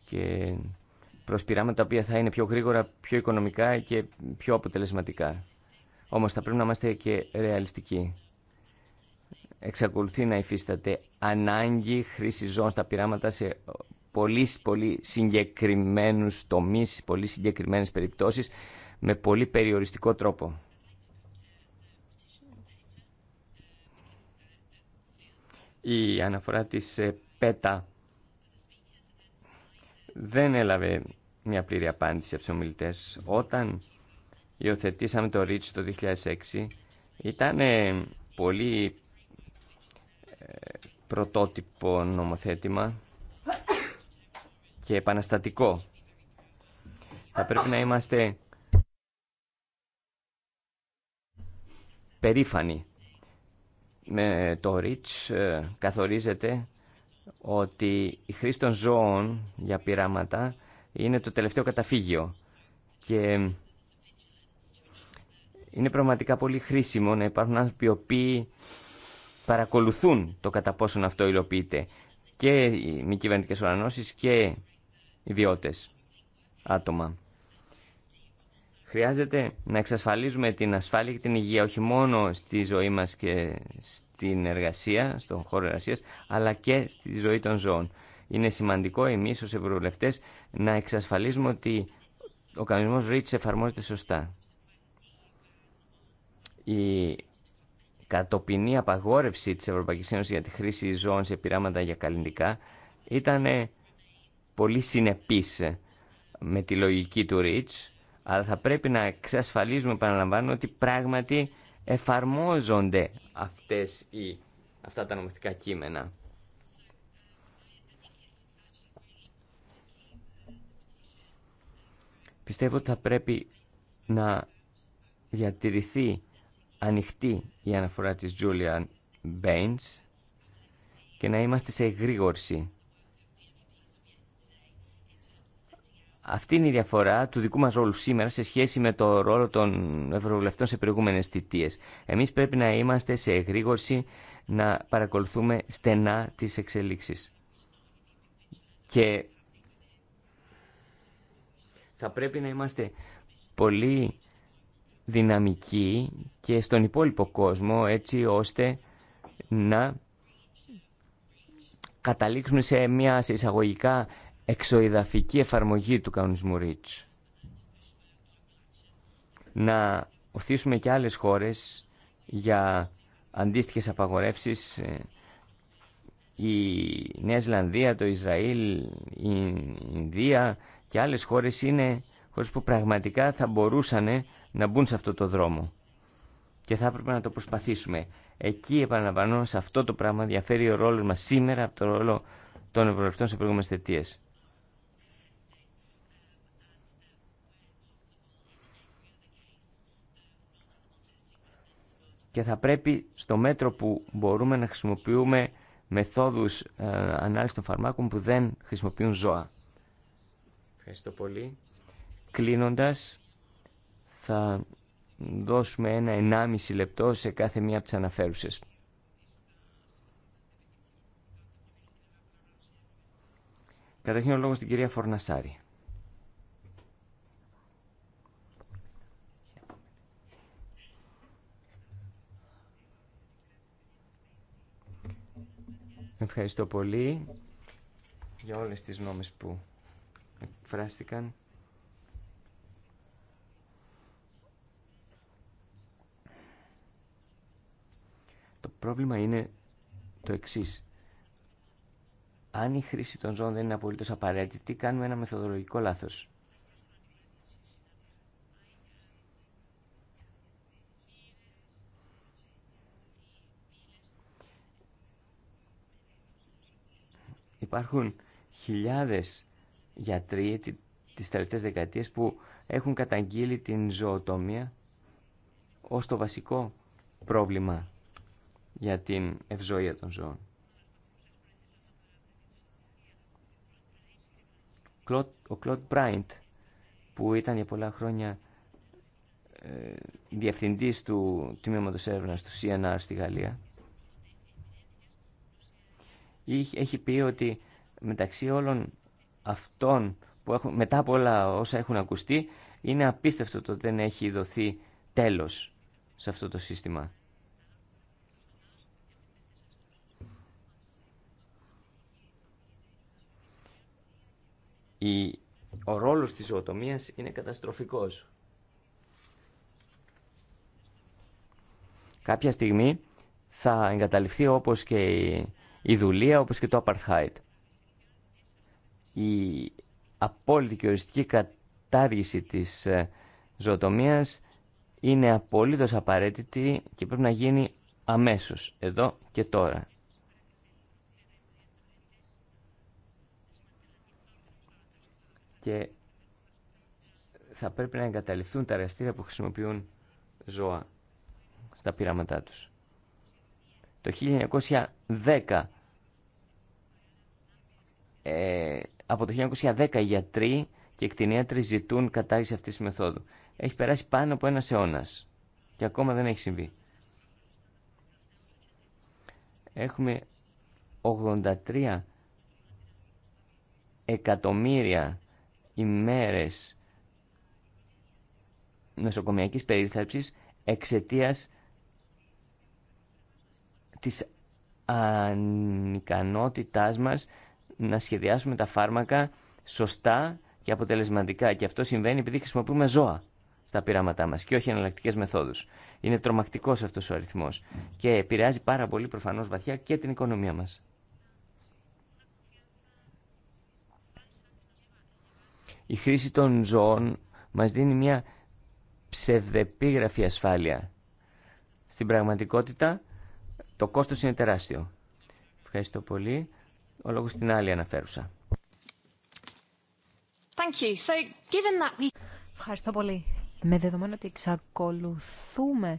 και προς πειράματα τα θα είναι πιο γρήγορα, πιο οικονομικά και πιο αποτελεσματικά. Όμως θα πρέπει να είμαστε και ρεαλιστικοί. Εξακολουθεί να υφίσταται ανάγκη χρήση ζώων στα πειράματα σε πολύ, πολύ συγκεκριμένους τομείς, πολύ συγκεκριμένες περιπτώσεις με πολύ περιοριστικό τρόπο. Η αναφορά της ε, ΠΕΤΑ δεν έλαβε μια πλήρη απάντηση από τους ομιλητές. Όταν υιοθετήσαμε το REACH το 2006 ήταν ε, πολύ ε, πρωτότυπο νομοθέτημα και επαναστατικό. Θα πρέπει να είμαστε περήφανοι. Με το ΡΙΤΣ ε, καθορίζεται ότι η χρήση των ζώων για πειράματα είναι το τελευταίο καταφύγιο και είναι πραγματικά πολύ χρήσιμο να υπάρχουν άνθρωποι οι οποίοι παρακολουθούν το κατά πόσον αυτό υλοποιείται και οι μη κυβερνητικέ οργανώσει και ιδιώτες, άτομα. Χρειάζεται να εξασφαλίζουμε την ασφάλεια και την υγεία όχι μόνο στη ζωή μας και στην εργασία, στον χώρο εργασίας, αλλά και στη ζωή των ζώων. Είναι σημαντικό εμείς ως ευρωβουλευτές να εξασφαλίζουμε ότι ο κανονισμός REACH εφαρμόζεται σωστά. Η κατοπινή απαγόρευση της Ευρωπαϊκής Ένωσης για τη χρήση ζώων σε πειράματα για καλλιντικά ήταν πολύ συνεπής ε, με τη λογική του Ρίτς, αλλά θα πρέπει να εξασφαλίζουμε, επαναλαμβάνω, ότι πράγματι εφαρμόζονται αυτές οι, αυτά τα νομοθετικά κείμενα. Πιστεύω ότι θα πρέπει να διατηρηθεί ανοιχτή η αναφορά της Julian Baines και να είμαστε σε εγρήγορση Αυτή είναι η διαφορά του δικού μας ρόλου σήμερα σε σχέση με το ρόλο των ευρωβουλευτών σε προηγούμενες θητείες. Εμείς πρέπει να είμαστε σε εγρήγορση να παρακολουθούμε στενά τις εξελίξεις. Και θα πρέπει να είμαστε πολύ δυναμικοί και στον υπόλοιπο κόσμο έτσι ώστε να καταλήξουμε σε μια σε εισαγωγικά εξοειδαφική εφαρμογή του κανονισμού REACH. Να οθήσουμε και άλλες χώρες για αντίστοιχες απαγορεύσεις ε, η Νέα Ζηλανδία, το Ισραήλ, η Ινδία και άλλες χώρες είναι χώρες που πραγματικά θα μπορούσαν να μπουν σε αυτό το δρόμο. Και θα έπρεπε να το προσπαθήσουμε. Εκεί, επαναλαμβάνω, σε αυτό το πράγμα διαφέρει ο ρόλος μας σήμερα από το ρόλο των ευρωβουλευτών σε προηγούμενες θετίες. και θα πρέπει στο μέτρο που μπορούμε να χρησιμοποιούμε μεθόδους ε, ανάλυσης των φαρμάκων που δεν χρησιμοποιούν ζώα. Ευχαριστώ πολύ. Κλείνοντας, θα δώσουμε ένα ενάμιση λεπτό σε κάθε μία από τις αναφέρουσες. Καταρχήν ο λόγος στην κυρία Φορνασάρη. Ευχαριστώ πολύ για όλες τις νόμες που εκφράστηκαν. Το πρόβλημα είναι το εξής. Αν η χρήση των ζώων δεν είναι απολύτως απαραίτητη, κάνουμε ένα μεθοδολογικό λάθος. Υπάρχουν χιλιάδες γιατροί τις τελευταίες δεκαετίες που έχουν καταγγείλει την ζωοτομία ως το βασικό πρόβλημα για την ευζοία των ζώων. Ο Κλοντ Μπράιντ που ήταν για πολλά χρόνια ε, διευθυντής του Τμήματος Έρευνας του CNR στη Γαλλία έχει πει ότι μεταξύ όλων αυτών που έχουν, μετά από όλα όσα έχουν ακουστεί είναι απίστευτο το ότι δεν έχει δοθεί τέλος σε αυτό το σύστημα. Η, ο ρόλος της ζωοτομίας είναι καταστροφικός. Κάποια στιγμή θα εγκαταλειφθεί όπως και η η δουλεία όπως και το apartheid. Η απόλυτη και οριστική κατάργηση της ε, ζωοτομίας είναι απολύτως απαραίτητη και πρέπει να γίνει αμέσως, εδώ και τώρα. Και θα πρέπει να εγκαταλειφθούν τα εργαστήρια που χρησιμοποιούν ζώα στα πειράματά τους. Το 1910 ε, από το 1910 οι γιατροί και οι κτηνίατροι ζητούν κατάργηση αυτής της μεθόδου. Έχει περάσει πάνω από ένα αιώνα και ακόμα δεν έχει συμβεί. Έχουμε 83 εκατομμύρια ημέρες νοσοκομιακής περίθαλψης εξαιτίας της ανικανότητάς μας να σχεδιάσουμε τα φάρμακα σωστά και αποτελεσματικά. Και αυτό συμβαίνει επειδή χρησιμοποιούμε ζώα στα πειράματά μας και όχι εναλλακτικές μεθόδους. Είναι τρομακτικός αυτός ο αριθμός και επηρεάζει πάρα πολύ προφανώς βαθιά και την οικονομία μας. Η χρήση των ζώων μας δίνει μια ψευδεπίγραφη ασφάλεια. Στην πραγματικότητα το κόστος είναι τεράστιο. Ευχαριστώ πολύ. Ο λόγο στην άλλη αναφέρουσα. Ευχαριστώ πολύ. Με δεδομένο ότι εξακολουθούμε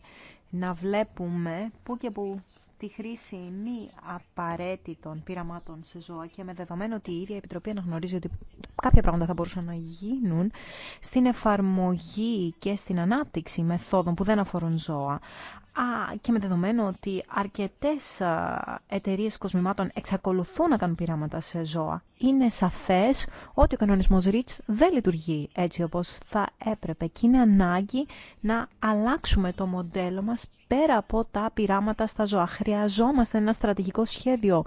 να βλέπουμε που και που τη χρήση μη απαραίτητων πειραμάτων σε ζώα και με δεδομένο ότι η ίδια η Επιτροπή αναγνωρίζει ότι κάποια πράγματα θα μπορούσαν να γίνουν στην εφαρμογή και στην ανάπτυξη μεθόδων που δεν αφορούν ζώα. Α, και με δεδομένο ότι αρκετές εταιρείες κοσμημάτων εξακολουθούν να κάνουν πειράματα σε ζώα, είναι σαφές ότι ο κανονισμός REACH δεν λειτουργεί έτσι όπως θα έπρεπε και είναι ανάγκη να αλλάξουμε το μοντέλο μας πέρα από τα πειράματα στα ζώα. Χρειαζόμαστε ένα στρατηγικό σχέδιο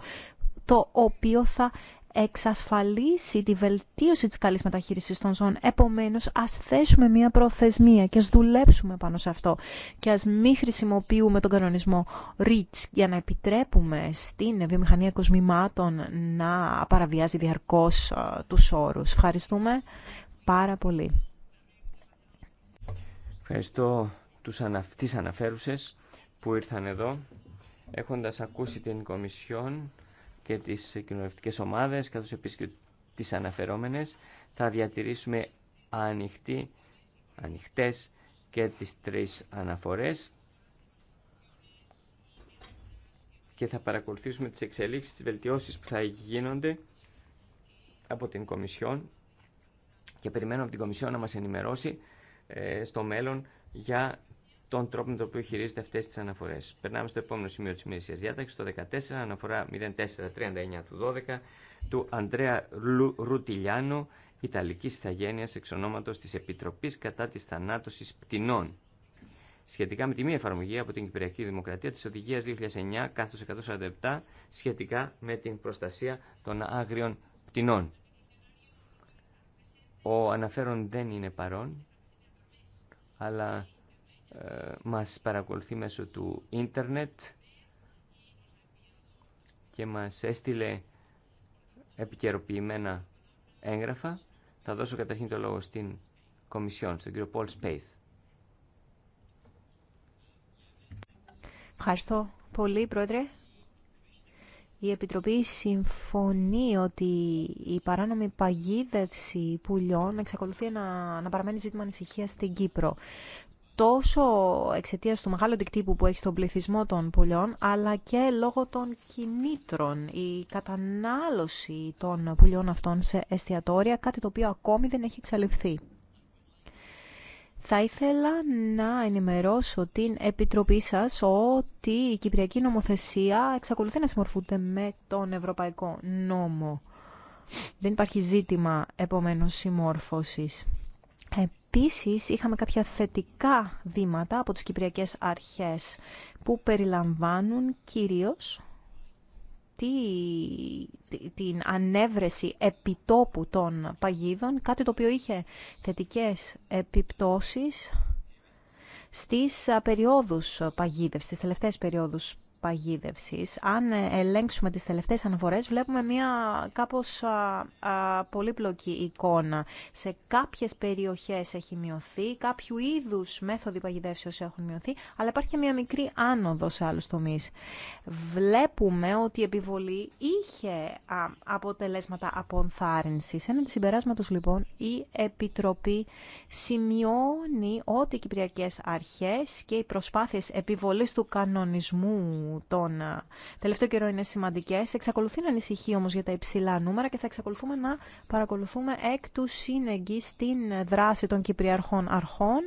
το οποίο θα εξασφαλίσει τη βελτίωση της καλής μεταχείρισης των ζώων. Επομένως, ας θέσουμε μία προθεσμία και ας δουλέψουμε πάνω σε αυτό και ας μη χρησιμοποιούμε τον κανονισμό REACH για να επιτρέπουμε στην βιομηχανία κοσμημάτων να παραβιάζει διαρκώς τους όρους. Ευχαριστούμε πάρα πολύ. Ευχαριστώ τους ανα... τις αναφέρουσες που ήρθαν εδώ έχοντας ακούσει την Κομισιόν και τις κοινωνικές ομάδες, καθώς επίσης και τις αναφερόμενες. Θα διατηρήσουμε ανοιχτή, ανοιχτές και τις τρεις αναφορές και θα παρακολουθήσουμε τις εξελίξεις, τις βελτιώσεις που θα γίνονται από την Κομισιόν και περιμένω από την Κομισιόν να μας ενημερώσει ε, στο μέλλον για τον τρόπο με τον οποίο χειρίζεται αυτέ τι αναφορέ. Περνάμε στο επόμενο σημείο τη ημερησία διάταξη, το 14, αναφορά 0439 του 12, του Αντρέα Ρουτιλιάνο, Ιταλική Ιθαγένεια, εξ ονόματο τη Επιτροπή κατά τη Θανάτωση Πτηνών. Σχετικά με τη μία εφαρμογή από την Κυπριακή Δημοκρατία τη Οδηγία 2009-147 σχετικά με την προστασία των άγριων πτηνών. Ο αναφέρον δεν είναι παρόν, αλλά ε, μας παρακολουθεί μέσω του ίντερνετ και μας έστειλε επικαιροποιημένα έγγραφα. Θα δώσω καταρχήν το λόγο στην Κομισιόν, στον κύριο Πολ Σπέιθ. Ευχαριστώ πολύ, Πρόεδρε. Η Επιτροπή συμφωνεί ότι η παράνομη παγίδευση πουλιών εξακολουθεί να, να παραμένει ζήτημα ανησυχία στην Κύπρο τόσο εξαιτίας του μεγάλου δικτύπου που έχει στον πληθυσμό των πουλιών, αλλά και λόγω των κινήτρων, η κατανάλωση των πουλιών αυτών σε εστιατόρια, κάτι το οποίο ακόμη δεν έχει εξαλειφθεί. Θα ήθελα να ενημερώσω την Επιτροπή σας ότι η Κυπριακή νομοθεσία εξακολουθεί να συμμορφούνται με τον Ευρωπαϊκό νόμο. Δεν υπάρχει ζήτημα επομένως συμμόρφωσης. Επίσης, είχαμε κάποια θετικά βήματα από τις Κυπριακές Αρχές που περιλαμβάνουν κυρίως την ανέβρεση επιτόπου των παγίδων, κάτι το οποίο είχε θετικές επιπτώσεις στις περιόδους παγίδευσης, στις τελευταίες περιόδους παγίδευσης. Αν ε, ελέγξουμε τις τελευταίες αναφορές βλέπουμε μια κάπως πολύπλοκη εικόνα. Σε κάποιες περιοχές έχει μειωθεί, κάποιου είδους μέθοδοι παγιδεύσεως έχουν μειωθεί, αλλά υπάρχει και μια μικρή άνοδο σε άλλους τομείς. Βλέπουμε ότι η επιβολή είχε αποτελέσματα αποτελέσματα απονθάρρυνσης. Έναν συμπεράσματος λοιπόν η Επιτροπή σημειώνει ότι οι Κυπριακές Αρχές και οι προσπάθειες επιβολής του κανονισμού τον τελευταίο καιρό είναι σημαντικέ. Εξακολουθεί να ανησυχεί όμω για τα υψηλά νούμερα και θα εξακολουθούμε να παρακολουθούμε εκ του σύνεγγυ στην δράση των κυπριαρχών αρχών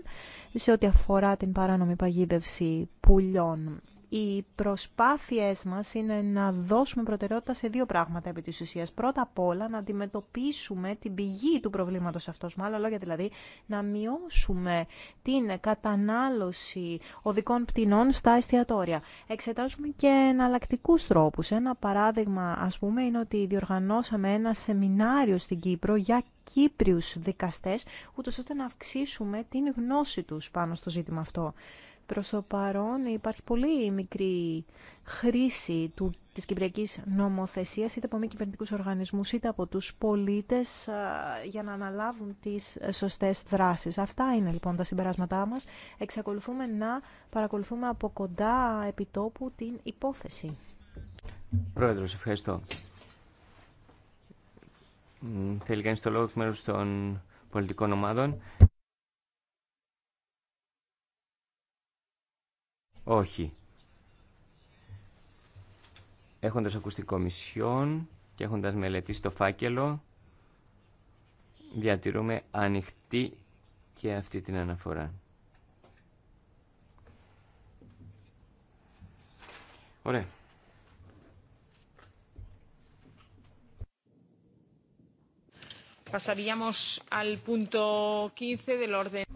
σε ό,τι αφορά την παράνομη παγίδευση πουλιών οι προσπάθειές μας είναι να δώσουμε προτεραιότητα σε δύο πράγματα επί της ουσίας. Πρώτα απ' όλα να αντιμετωπίσουμε την πηγή του προβλήματος αυτός, με άλλα λόγια δηλαδή να μειώσουμε την κατανάλωση οδικών πτηνών στα εστιατόρια. Εξετάζουμε και εναλλακτικού τρόπους. Ένα παράδειγμα ας πούμε είναι ότι διοργανώσαμε ένα σεμινάριο στην Κύπρο για Κύπριους δικαστές, ούτως ώστε να αυξήσουμε την γνώση τους πάνω στο ζήτημα αυτό. Προς το παρόν υπάρχει πολύ μικρή χρήση του, της κυπριακής νομοθεσίας είτε από μη κυβερνητικούς οργανισμούς είτε από τους πολίτες για να αναλάβουν τις σωστές δράσεις. Αυτά είναι λοιπόν τα συμπεράσματά μας. Εξακολουθούμε να παρακολουθούμε από κοντά επιτόπου την υπόθεση. Πρόεδρος, ευχαριστώ. Θέλει κανείς το λόγο εκ μέρους των πολιτικών ομάδων. Όχι. Έχοντας ακουστεί κομισιόν και έχοντας μελετήσει το φάκελο, διατηρούμε ανοιχτή και αυτή την αναφορά. Ωραία.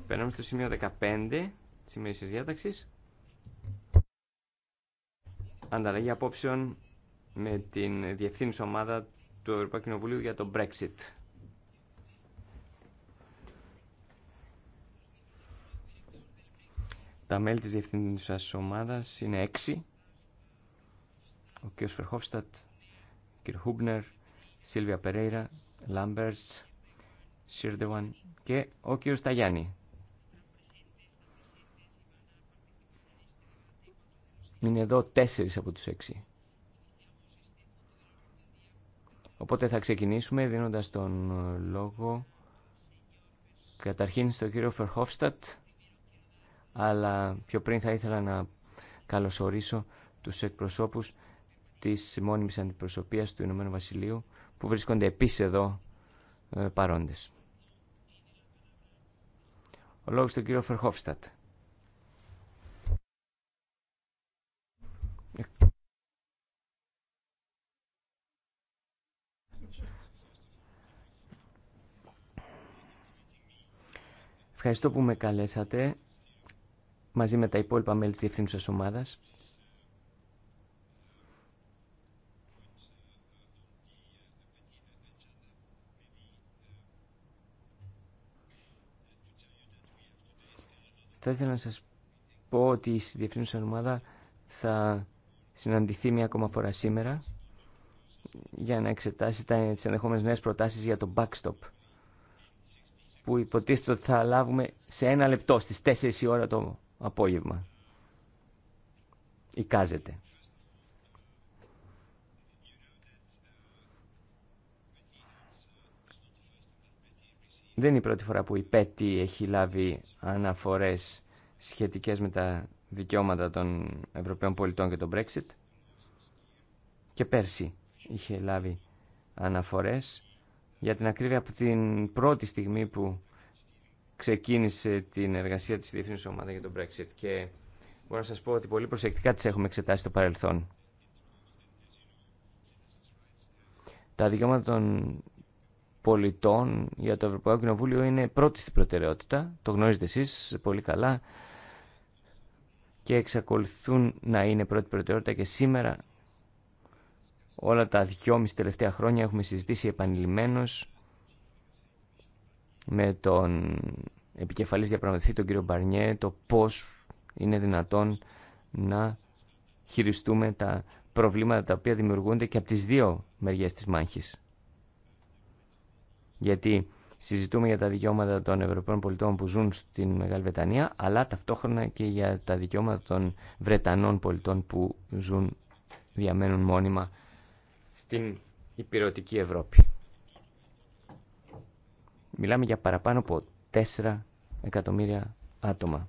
Περνάμε στο σημείο 15 της ημερήσιας διάταξης ανταλλαγή απόψεων με την διευθύνουσα ομάδα του Ευρωπαϊκού Κοινοβουλίου για το Brexit. Τα μέλη της διευθύνουσας ομάδας είναι έξι. Ο κ. Φερχόφστατ, κ. Χούμπνερ, Σίλβια Περέιρα, Λάμπερς, Σιρδεουάν και ο κ. Σταγιάννη. Είναι εδώ τέσσερις από τους έξι. Οπότε θα ξεκινήσουμε δίνοντας τον λόγο καταρχήν στον κύριο Φερχόφστατ, αλλά πιο πριν θα ήθελα να καλωσορίσω τους εκπροσώπους της μόνιμης αντιπροσωπείας του Ηνωμένου Βασιλείου που βρίσκονται επίσης εδώ ε, παρόντες. Ο λόγος του κύριο Φερχόφστατ. Ευχαριστώ που με καλέσατε μαζί με τα υπόλοιπα μέλη της διευθύνουσα Ομάδας. Θα ήθελα να σας πω ότι η Διευθύνουσα Ομάδα θα συναντηθεί μία ακόμα φορά σήμερα για να εξετάσει τις ενδεχόμενες νέες προτάσεις για το backstop που υποτίθεται ότι θα λάβουμε σε ένα λεπτό, στις 4 η ώρα το απόγευμα. Εικάζεται. Δεν είναι η πρώτη φορά που η ΠΕΤΗ έχει λάβει αναφορές σχετικές με τα δικαιώματα των Ευρωπαίων πολιτών και τον Brexit. Και πέρσι είχε λάβει αναφορές για την ακρίβεια από την πρώτη στιγμή που ξεκίνησε την εργασία της Διεθνής Ομάδα για τον Brexit και μπορώ να σας πω ότι πολύ προσεκτικά τις έχουμε εξετάσει στο παρελθόν. Τα δικαιώματα των πολιτών για το Ευρωπαϊκό Κοινοβούλιο είναι πρώτη στην προτεραιότητα, το γνωρίζετε εσείς πολύ καλά και εξακολουθούν να είναι πρώτη προτεραιότητα και σήμερα όλα τα δυόμιση τελευταία χρόνια έχουμε συζητήσει επανειλημμένως με τον επικεφαλής διαπραγματευτή τον κύριο Μπαρνιέ το πώς είναι δυνατόν να χειριστούμε τα προβλήματα τα οποία δημιουργούνται και από τις δύο μεριές της μάχης. Γιατί συζητούμε για τα δικαιώματα των Ευρωπαίων πολιτών που ζουν στην Μεγάλη Βρετανία, αλλά ταυτόχρονα και για τα δικαιώματα των Βρετανών πολιτών που ζουν, διαμένουν μόνιμα στην υπηρετική Ευρώπη. Μιλάμε για παραπάνω από 4 εκατομμύρια άτομα.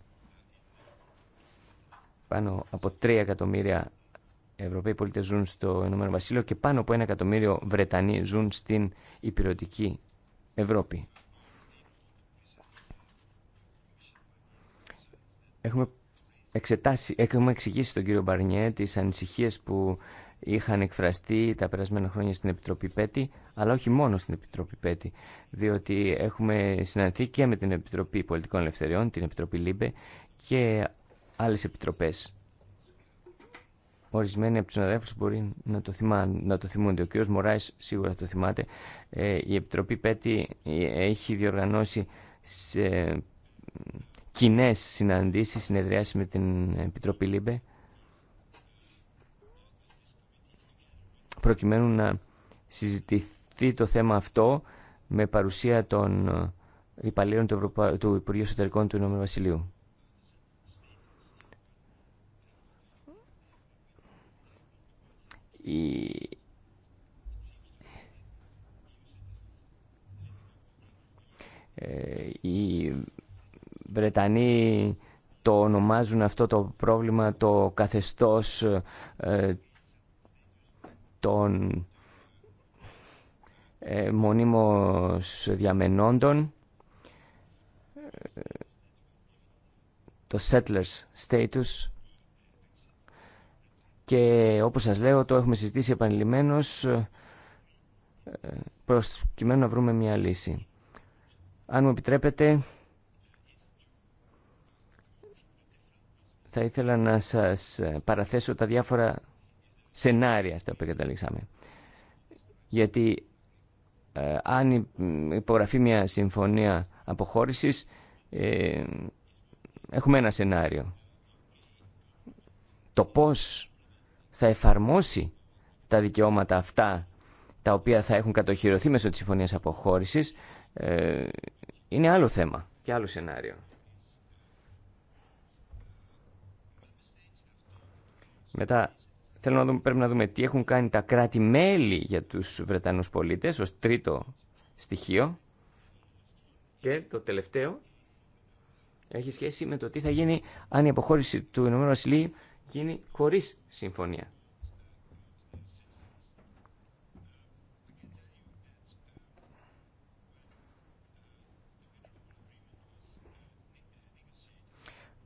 Πάνω από 3 εκατομμύρια Ευρωπαίοι πολίτες ζουν στο Ηνωμένο Βασίλειο και πάνω από 1 εκατομμύριο Βρετανοί ζουν στην υπηρετική Ευρώπη. Έχουμε, εξετάσει, έχουμε εξηγήσει στον κύριο Μπαρνιέ τις ανησυχίες που είχαν εκφραστεί τα περασμένα χρόνια στην Επιτροπή Πέτη, αλλά όχι μόνο στην Επιτροπή Πέτη, διότι έχουμε συναντηθεί και με την Επιτροπή Πολιτικών Ελευθεριών, την Επιτροπή ΛΥΜΠΕ και άλλες επιτροπές. Ορισμένοι από τους αδέρφους μπορεί να το, θυμά, να το θυμούνται. Ο κ. Μωράης σίγουρα το θυμάται. Ε, η Επιτροπή Πέτη ε, έχει διοργανώσει σε κοινέ συναντήσεις, συνεδριάσεις με την Επιτροπή ΛΥΜΠΕ προκειμένου να συζητηθεί το θέμα αυτό με παρουσία των ε, υπαλλήλων του, Ευρωπα... του Υπουργείου Εσωτερικών του Ηνωμένου Βασιλείου. Η... Ε, οι Βρετανοί το ονομάζουν αυτό το πρόβλημα το καθεστώς ε, των ε, μονίμως διαμενόντων, το settlers status και όπως σας λέω το έχουμε συζητήσει επανειλημμένως ε, προκειμένου να βρούμε μια λύση. Αν μου επιτρέπετε θα ήθελα να σας παραθέσω τα διάφορα σενάρια στα οποία καταλήξαμε. Γιατί ε, αν υπογραφεί μια συμφωνία αποχώρησης, ε, έχουμε ένα σενάριο. Το πώς θα εφαρμόσει τα δικαιώματα αυτά, τα οποία θα έχουν κατοχυρωθεί μέσω της συμφωνίας αποχώρησης, ε, είναι άλλο θέμα και άλλο σενάριο. Μετά Θέλω να δούμε, πρέπει να δούμε τι έχουν κάνει τα κράτη-μέλη για τους Βρετανούς πολίτες ως τρίτο στοιχείο. Και το τελευταίο έχει σχέση με το τι θα γίνει αν η αποχώρηση του Ηνωμένου Βασιλείου γίνει χωρίς συμφωνία.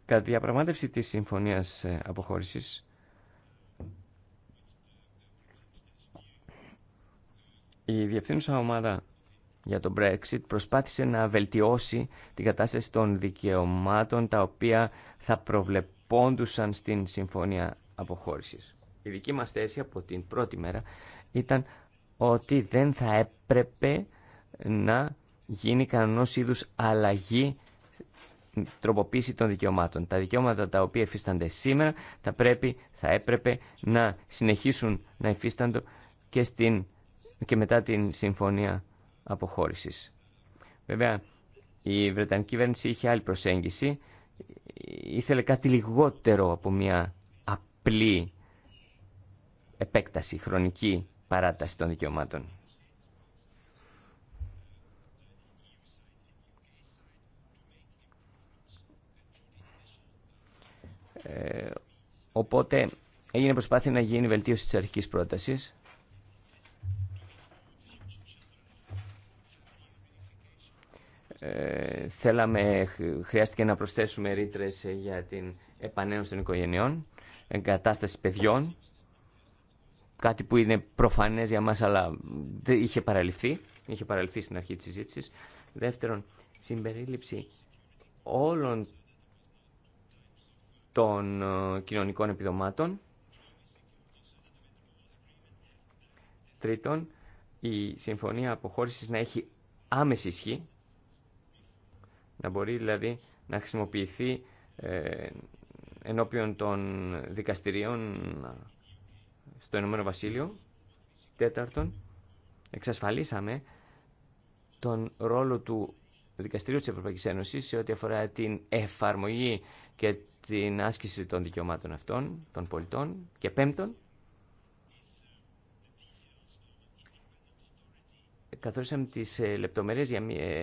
Κατά τη διαπραγμάτευση της συμφωνίας ε, αποχώρησης, Η διευθύνουσα ομάδα για το Brexit προσπάθησε να βελτιώσει την κατάσταση των δικαιωμάτων τα οποία θα προβλεπόντουσαν στην Συμφωνία Αποχώρησης. Η δική μας θέση από την πρώτη μέρα ήταν ότι δεν θα έπρεπε να γίνει κανένας είδους αλλαγή τροποποίηση των δικαιωμάτων. Τα δικαιώματα τα οποία εφίστανται σήμερα θα πρέπει, θα έπρεπε να συνεχίσουν να εφίστανται και στην και μετά την συμφωνία αποχώρησης. Βέβαια, η Βρετανική κυβέρνηση είχε άλλη προσέγγιση. Ήθελε κάτι λιγότερο από μια απλή επέκταση, χρονική παράταση των δικαιωμάτων. Ε, οπότε έγινε προσπάθεια να γίνει βελτίωση της αρχικής πρότασης Ε, θέλαμε, χρειάστηκε να προσθέσουμε ρήτρε για την επανένωση των οικογενειών, εγκατάσταση παιδιών, κάτι που είναι προφανές για μα, αλλά είχε παραλυφθεί, είχε παραλυφθεί στην αρχή τη συζήτηση. Δεύτερον, συμπερίληψη όλων των ε, κοινωνικών επιδομάτων. Τρίτον, η συμφωνία αποχώρησης να έχει άμεση ισχύ να μπορεί δηλαδή να χρησιμοποιηθεί ε, ενώπιον των δικαστηρίων στο Ηνωμένο Βασίλειο. Τέταρτον, εξασφαλίσαμε τον ρόλο του Δικαστηρίου της Ευρωπαϊκής Ένωσης σε ό,τι αφορά την εφαρμογή και την άσκηση των δικαιωμάτων αυτών των πολιτών. Και πέμπτον, καθόρισαμε τις ε, λεπτομέρειες ε,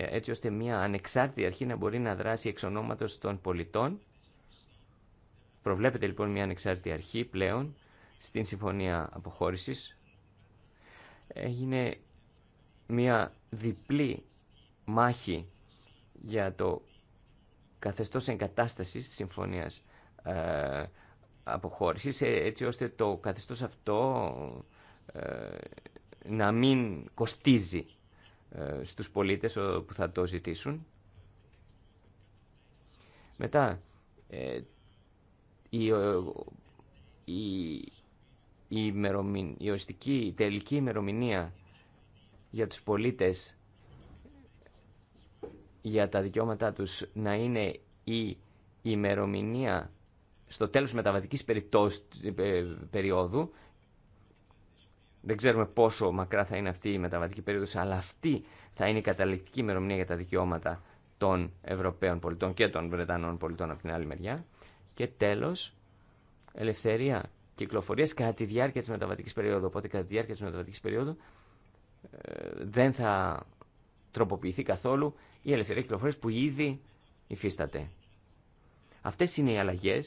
έτσι ώστε μια ανεξάρτητη αρχή να μπορεί να δράσει εξ ονόματος των πολιτών. Προβλέπεται λοιπόν μια ανεξάρτητη αρχή πλέον στην Συμφωνία Αποχώρησης. Έγινε μια διπλή μάχη για το καθεστώς εγκατάστασης της Συμφωνίας ε, Αποχώρησης, ε, έτσι ώστε το καθεστώς αυτό ε, να μην κοστίζει ε, στους πολίτες που θα το ζητήσουν. Μετά, ε, η, η, η, η οριστική, η τελική ημερομηνία για τους πολίτες για τα δικαιώματά τους να είναι η ημερομηνία στο τέλος μεταβατικής περιπτώσης, ε, περίοδου δεν ξέρουμε πόσο μακρά θα είναι αυτή η μεταβατική περίοδος, αλλά αυτή θα είναι η καταληκτική ημερομηνία για τα δικαιώματα των Ευρωπαίων πολιτών και των Βρετανών πολιτών από την άλλη μεριά. Και τέλος, ελευθερία κυκλοφορία κατά τη διάρκεια τη μεταβατική περίοδου. Οπότε κατά τη διάρκεια τη μεταβατικής περίοδου ε, δεν θα τροποποιηθεί καθόλου η ελευθερία κυκλοφορία που ήδη υφίσταται. Αυτέ είναι οι αλλαγέ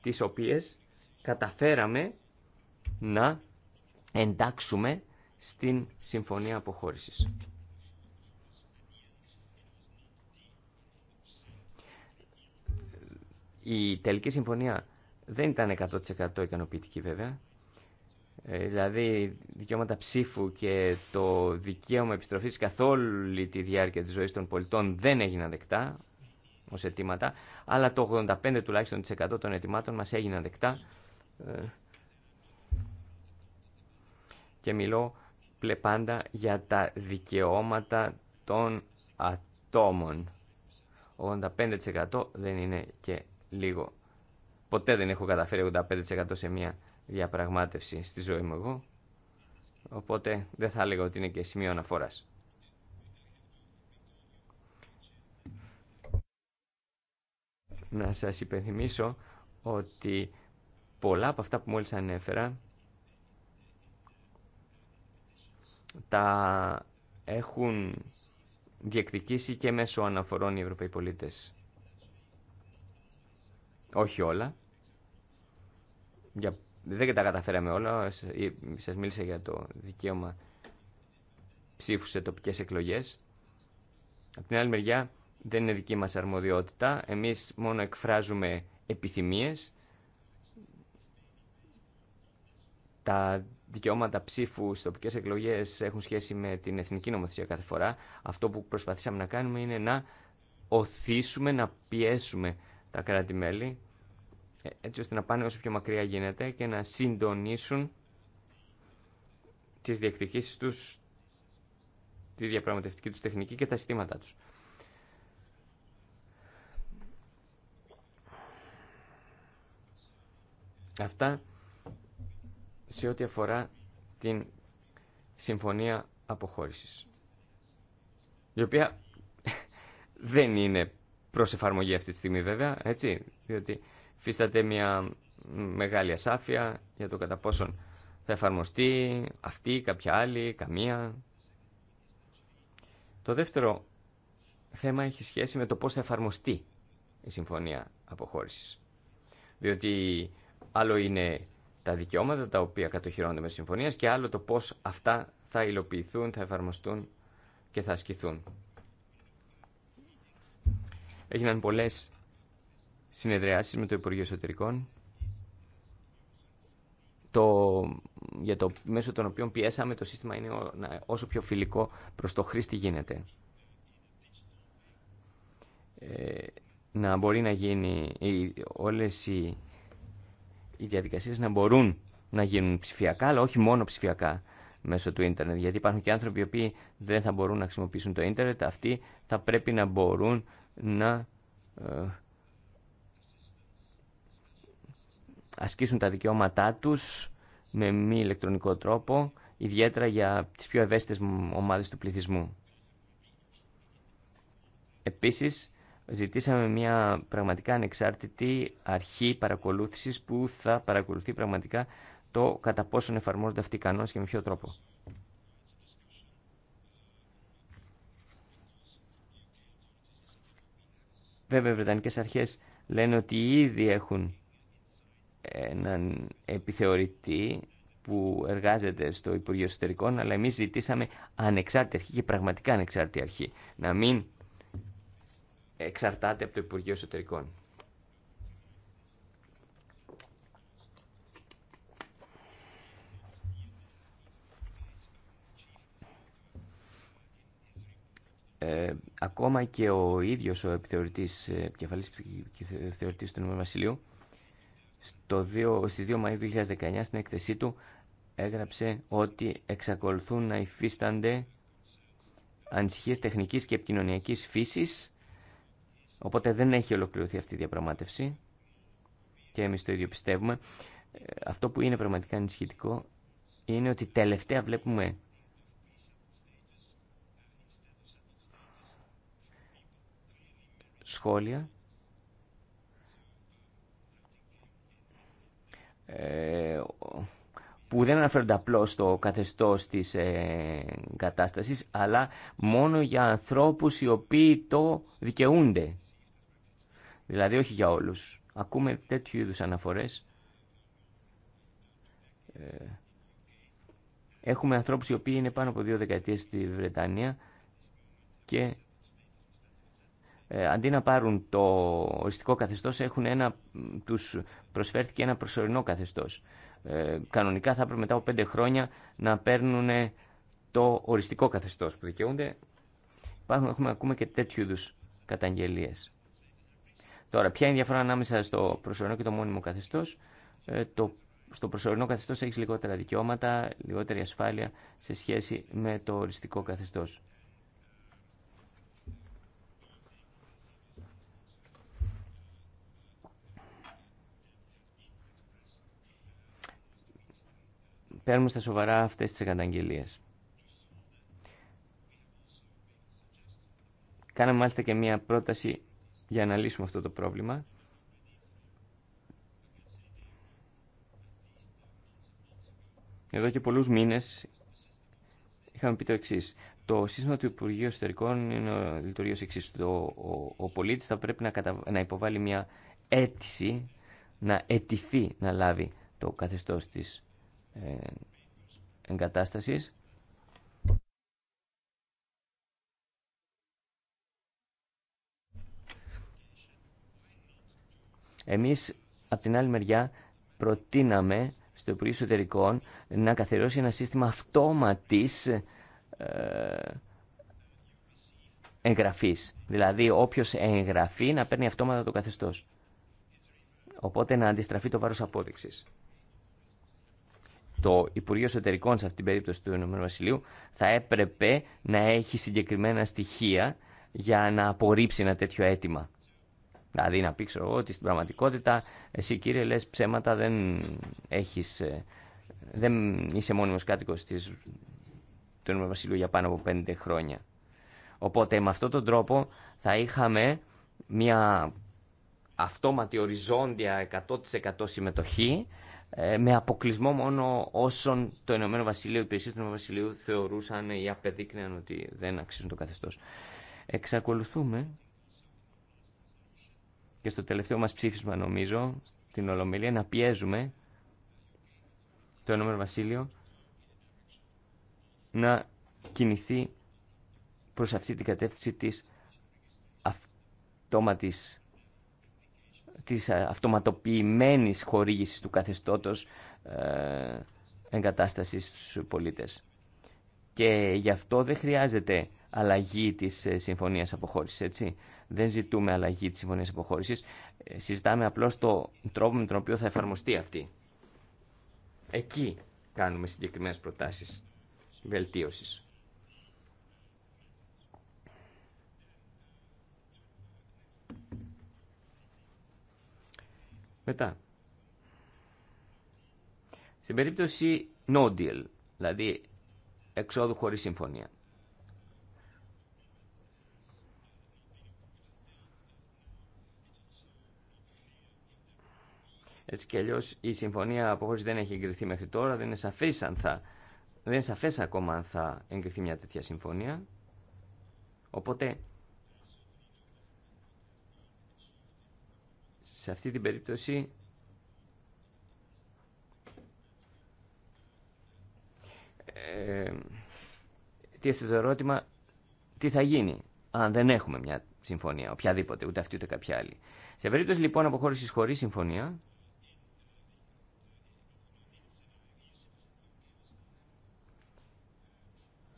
τι οποίε καταφέραμε να εντάξουμε στην Συμφωνία Αποχώρησης. Η τελική συμφωνία δεν ήταν 100% ικανοποιητική βέβαια. Ε, δηλαδή δικαιώματα ψήφου και το δικαίωμα επιστροφής καθ' όλη τη διάρκεια της ζωής των πολιτών δεν έγιναν δεκτά ως αιτήματα, αλλά το 85% τουλάχιστον των αιτημάτων μας έγιναν δεκτά ε, και μιλώ πλεπάντα για τα δικαιώματα των ατόμων. 85% δεν είναι και λίγο. Ποτέ δεν έχω καταφέρει 85% σε μια διαπραγμάτευση στη ζωή μου εγώ. Οπότε δεν θα έλεγα ότι είναι και σημείο αναφοράς. Να σας υπενθυμίσω ότι πολλά από αυτά που μόλις ανέφερα τα έχουν διεκδικήσει και μέσω αναφορών οι Ευρωπαίοι πολίτες. Όχι όλα. Για... Δεν τα καταφέραμε όλα. Σας ε, μίλησα για το δικαίωμα ψήφου σε τοπικές εκλογές. Από την άλλη μεριά δεν είναι δική μας αρμοδιότητα. Εμείς μόνο εκφράζουμε επιθυμίες. Τα δικαιώματα ψήφου στι τοπικέ εκλογέ έχουν σχέση με την εθνική νομοθεσία κάθε φορά. Αυτό που προσπαθήσαμε να κάνουμε είναι να οθήσουμε, να πιέσουμε τα κράτη-μέλη ε, έτσι ώστε να πάνε όσο πιο μακριά γίνεται και να συντονίσουν τις διεκδικήσεις τους, τη διαπραγματευτική τους τεχνική και τα συστήματά τους. Αυτά σε ό,τι αφορά την συμφωνία αποχώρησης. Η οποία δεν είναι προς εφαρμογή αυτή τη στιγμή βέβαια, έτσι, διότι φύσταται μια μεγάλη ασάφεια για το κατά πόσον θα εφαρμοστεί αυτή, κάποια άλλη, καμία. Το δεύτερο θέμα έχει σχέση με το πώς θα εφαρμοστεί η συμφωνία αποχώρησης. Διότι άλλο είναι τα δικαιώματα τα οποία κατοχυρώνονται με συμφωνίες και άλλο το πώς αυτά θα υλοποιηθούν, θα εφαρμοστούν και θα ασκηθούν. Έγιναν πολλές συνεδριάσεις με το Υπουργείο Εσωτερικών το, για το μέσο των οποίων πιέσαμε το σύστημα είναι όσο πιο φιλικό προς το χρήστη γίνεται. Ε, να μπορεί να γίνει όλες οι οι διαδικασίε να μπορούν να γίνουν ψηφιακά, αλλά όχι μόνο ψηφιακά μέσω του ίντερνετ. Γιατί υπάρχουν και άνθρωποι οι οποίοι δεν θα μπορούν να χρησιμοποιήσουν το ίντερνετ, αυτοί θα πρέπει να μπορούν να ε, ασκήσουν τα δικαιώματά τους με μη ηλεκτρονικό τρόπο, ιδιαίτερα για τις πιο ευαίσθητες ομάδες του πληθυσμού. Επίσης, ζητήσαμε μια πραγματικά ανεξάρτητη αρχή παρακολούθησης που θα παρακολουθεί πραγματικά το κατά πόσον εφαρμόζονται αυτοί οι κανόνες και με ποιο τρόπο. Βέβαια, οι Βρετανικές αρχές λένε ότι ήδη έχουν έναν επιθεωρητή που εργάζεται στο Υπουργείο Εσωτερικών, αλλά εμείς ζητήσαμε ανεξάρτητη αρχή και πραγματικά ανεξάρτητη αρχή. Να μην εξαρτάται από το Υπουργείο Εσωτερικών. Ε, ακόμα και ο ίδιος ο επιθεωρητής, ε, επικεφαλής επιθεωρητής του Νομού Βασιλείου, στο 2, στις 2 Μαΐου 2019 στην έκθεσή του έγραψε ότι εξακολουθούν να υφίστανται ανησυχίες τεχνικής και επικοινωνιακής φύσης Οπότε δεν έχει ολοκληρωθεί αυτή η διαπραγμάτευση και εμείς το ίδιο πιστεύουμε. Ε, αυτό που είναι πραγματικά ενισχυτικό είναι ότι τελευταία βλέπουμε σχόλια ε, που δεν αναφέρονται απλώ στο καθεστώς της ε, κατάστασης αλλά μόνο για ανθρώπους οι οποίοι το δικαιούνται Δηλαδή όχι για όλους. Ακούμε τέτοιου είδους αναφορές. Ε, έχουμε ανθρώπους οι οποίοι είναι πάνω από δύο δεκαετίες στη Βρετανία και ε, αντί να πάρουν το οριστικό καθεστώς έχουν ένα, τους προσφέρθηκε ένα προσωρινό καθεστώς. Ε, κανονικά θα έπρεπε μετά από πέντε χρόνια να παίρνουν το οριστικό καθεστώς που δικαιούνται. έχουμε ακούμε και τέτοιου είδου καταγγελίες. Τώρα, ποια είναι η διαφορά ανάμεσα στο προσωρινό και το μόνιμο καθεστώ. Ε, στο προσωρινό καθεστώ έχει λιγότερα δικαιώματα, λιγότερη ασφάλεια σε σχέση με το οριστικό καθεστώ. Παίρνουμε στα σοβαρά αυτές τις καταγγελίες. Κάναμε μάλιστα και μία πρόταση για να λύσουμε αυτό το πρόβλημα. Εδώ και πολλούς μήνες είχαμε πει το εξή. Το σύστημα του Υπουργείου Εσωτερικών λειτουργεί ω εξή. Ο, ο, θα πρέπει να, κατα... να υποβάλει μια αίτηση, να αιτηθεί να λάβει το καθεστώς της ε, Εμείς, από την άλλη μεριά, προτείναμε στο Υπουργείο Εσωτερικών να καθιερώσει ένα σύστημα αυτόματης ε, εγγραφής. Δηλαδή, όποιο εγγραφεί να παίρνει αυτόματα το καθεστώς. Οπότε να αντιστραφεί το βάρος απόδειξης. Το Υπουργείο Εσωτερικών, σε αυτή την περίπτωση του Ηνωμένου Βασιλείου, θα έπρεπε να έχει συγκεκριμένα στοιχεία για να απορρίψει ένα τέτοιο αίτημα. Δηλαδή να πει ξέρω εγώ ότι στην πραγματικότητα εσύ κύριε λες ψέματα δεν έχεις, ε, δεν είσαι μόνιμος κάτοικος της, του Ηνωμένου Βασιλείου για πάνω από πέντε χρόνια. Οπότε με αυτόν τον τρόπο θα είχαμε μια αυτόματη οριζόντια 100% συμμετοχή ε, με αποκλεισμό μόνο όσων το Ηνωμένο Βασίλειο, οι υπηρεσίες του Ηνωμένου Βασιλείου θεωρούσαν ή απεδείκνυαν ότι δεν αξίζουν το καθεστώς. Εξακολουθούμε και στο τελευταίο μας ψήφισμα νομίζω, την Ολομέλεια, να πιέζουμε το Ενώμενο Βασίλειο να κινηθεί προς αυτή την κατεύθυνση της αυτόματης της αυτοματοποιημένης χορήγησης του καθεστώτος ε, εγκατάστασης στους Και γι' αυτό δεν χρειάζεται αλλαγή της ε, συμφωνίας αποχώρησης, έτσι. Δεν ζητούμε αλλαγή τη συμφωνία υποχώρηση. Ε, συζητάμε απλώς το τρόπο με τον οποίο θα εφαρμοστεί αυτή. Εκεί κάνουμε συγκεκριμένες προτάσεις βελτίωση. Μετά. Στην περίπτωση no deal, δηλαδή εξόδου χωρίς συμφωνία. Έτσι κι αλλιώ η συμφωνία αποχώρηση δεν έχει εγκριθεί μέχρι τώρα, δεν είναι σαφές, αν θα, δεν είναι σαφές ακόμα αν θα εγκριθεί μια τέτοια συμφωνία. Οπότε, σε αυτή την περίπτωση ε, το ερώτημα τι θα γίνει αν δεν έχουμε μια συμφωνία, οποιαδήποτε, ούτε αυτή ούτε κάποια άλλη. Σε περίπτωση λοιπόν αποχώρησης χωρίς συμφωνία,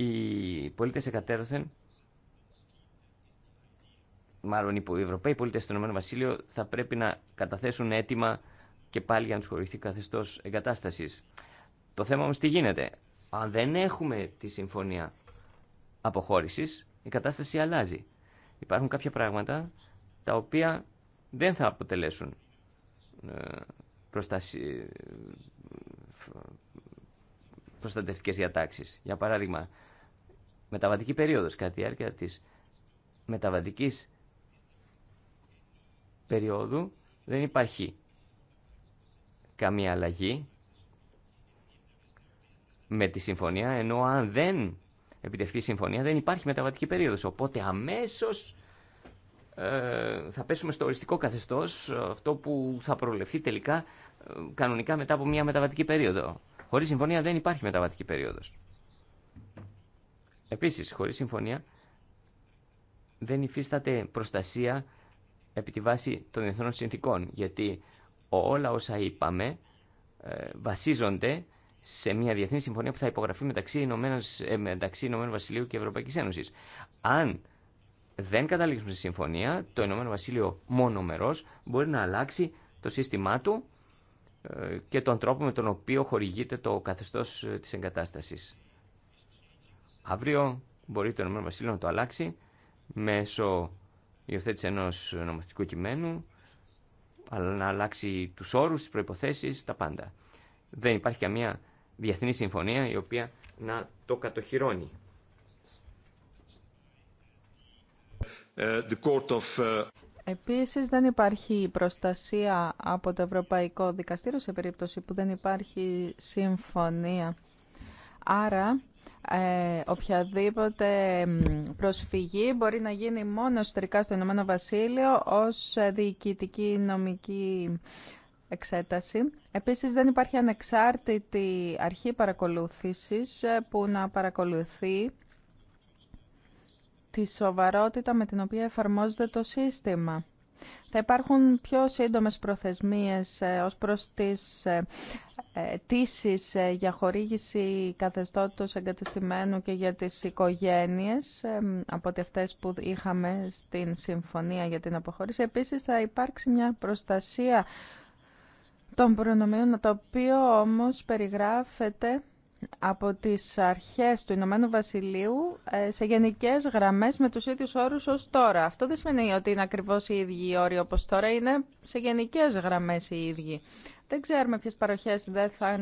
Οι πολίτε εκατέρωθεν, μάλλον οι Ευρωπαίοι πολίτες του ΕΒ Βασίλειο, θα πρέπει να καταθέσουν αίτημα και πάλι για να τους χορηγηθεί καθεστώς εγκατάστασης. Το θέμα όμως τι γίνεται. Αν δεν έχουμε τη συμφωνία αποχώρησης, η κατάσταση αλλάζει. Υπάρχουν κάποια πράγματα τα οποία δεν θα αποτελέσουν ε, προστασία προστατευτικές διατάξεις. Για παράδειγμα, μεταβατική περίοδος. Κατά τη διάρκεια της μεταβατικής περίοδου δεν υπάρχει καμία αλλαγή με τη συμφωνία, ενώ αν δεν επιτευχθεί η συμφωνία δεν υπάρχει μεταβατική περίοδος. Οπότε αμέσως ε, θα πέσουμε στο οριστικό καθεστώς, αυτό που θα προβλεφθεί τελικά ε, κανονικά μετά από μια μεταβατική περίοδο. Χωρίς συμφωνία δεν υπάρχει μεταβατική περίοδος. Επίσης, χωρίς συμφωνία δεν υφίσταται προστασία επί τη βάση των διεθνών συνθήκων, γιατί όλα όσα είπαμε ε, βασίζονται σε μια διεθνή συμφωνία που θα υπογραφεί μεταξύ, Ηνωμένας, ε, μεταξύ Ηνωμένου Βασιλείου και Ευρωπαϊκής Ένωσης. Αν δεν καταλήξουμε στη συμφωνία, το Ηνωμένο Βασίλειο μόνο μερός μπορεί να αλλάξει το σύστημά του ε, και τον τρόπο με τον οποίο χορηγείται το καθεστώς της εγκατάστασης. Αύριο μπορεί το νομικό Βασίλειο να το αλλάξει μέσω υιοθέτηση ενό νομοθετικού κειμένου, αλλά να αλλάξει του όρου, τι προποθέσει, τα πάντα. Δεν υπάρχει καμία διεθνή συμφωνία η οποία να το κατοχυρώνει. Ε, ε, Επίσης δεν υπάρχει προστασία από το Ευρωπαϊκό Δικαστήριο σε περίπτωση που δεν υπάρχει συμφωνία. Άρα ε, οποιαδήποτε προσφυγή μπορεί να γίνει μόνο εσωτερικά στο Ηνωμένο Βασίλειο ως ε, διοικητική νομική εξέταση. Επίσης δεν υπάρχει ανεξάρτητη αρχή παρακολούθησης ε, που να παρακολουθεί τη σοβαρότητα με την οποία εφαρμόζεται το σύστημα. Θα υπάρχουν πιο σύντομες προθεσμίες ε, ως προς τις ε, ε, τήσεις για χορήγηση καθεστώτος εγκατεστημένου και για τις οικογένειες από αυτές που είχαμε στην Συμφωνία για την Αποχώρηση. Επίσης θα υπάρξει μια προστασία των προνομίων, το οποίο όμως περιγράφεται από τις αρχές του Ηνωμένου Βασιλείου ε, σε γενικές γραμμές με τους ίδιους όρους ως τώρα. Αυτό δεν σημαίνει ότι είναι ακριβώς οι ίδιοι οι όροι όπως τώρα, είναι σε γενικές γραμμές οι ίδιοι. Δεν ξέρουμε ποιες παροχές δεν θα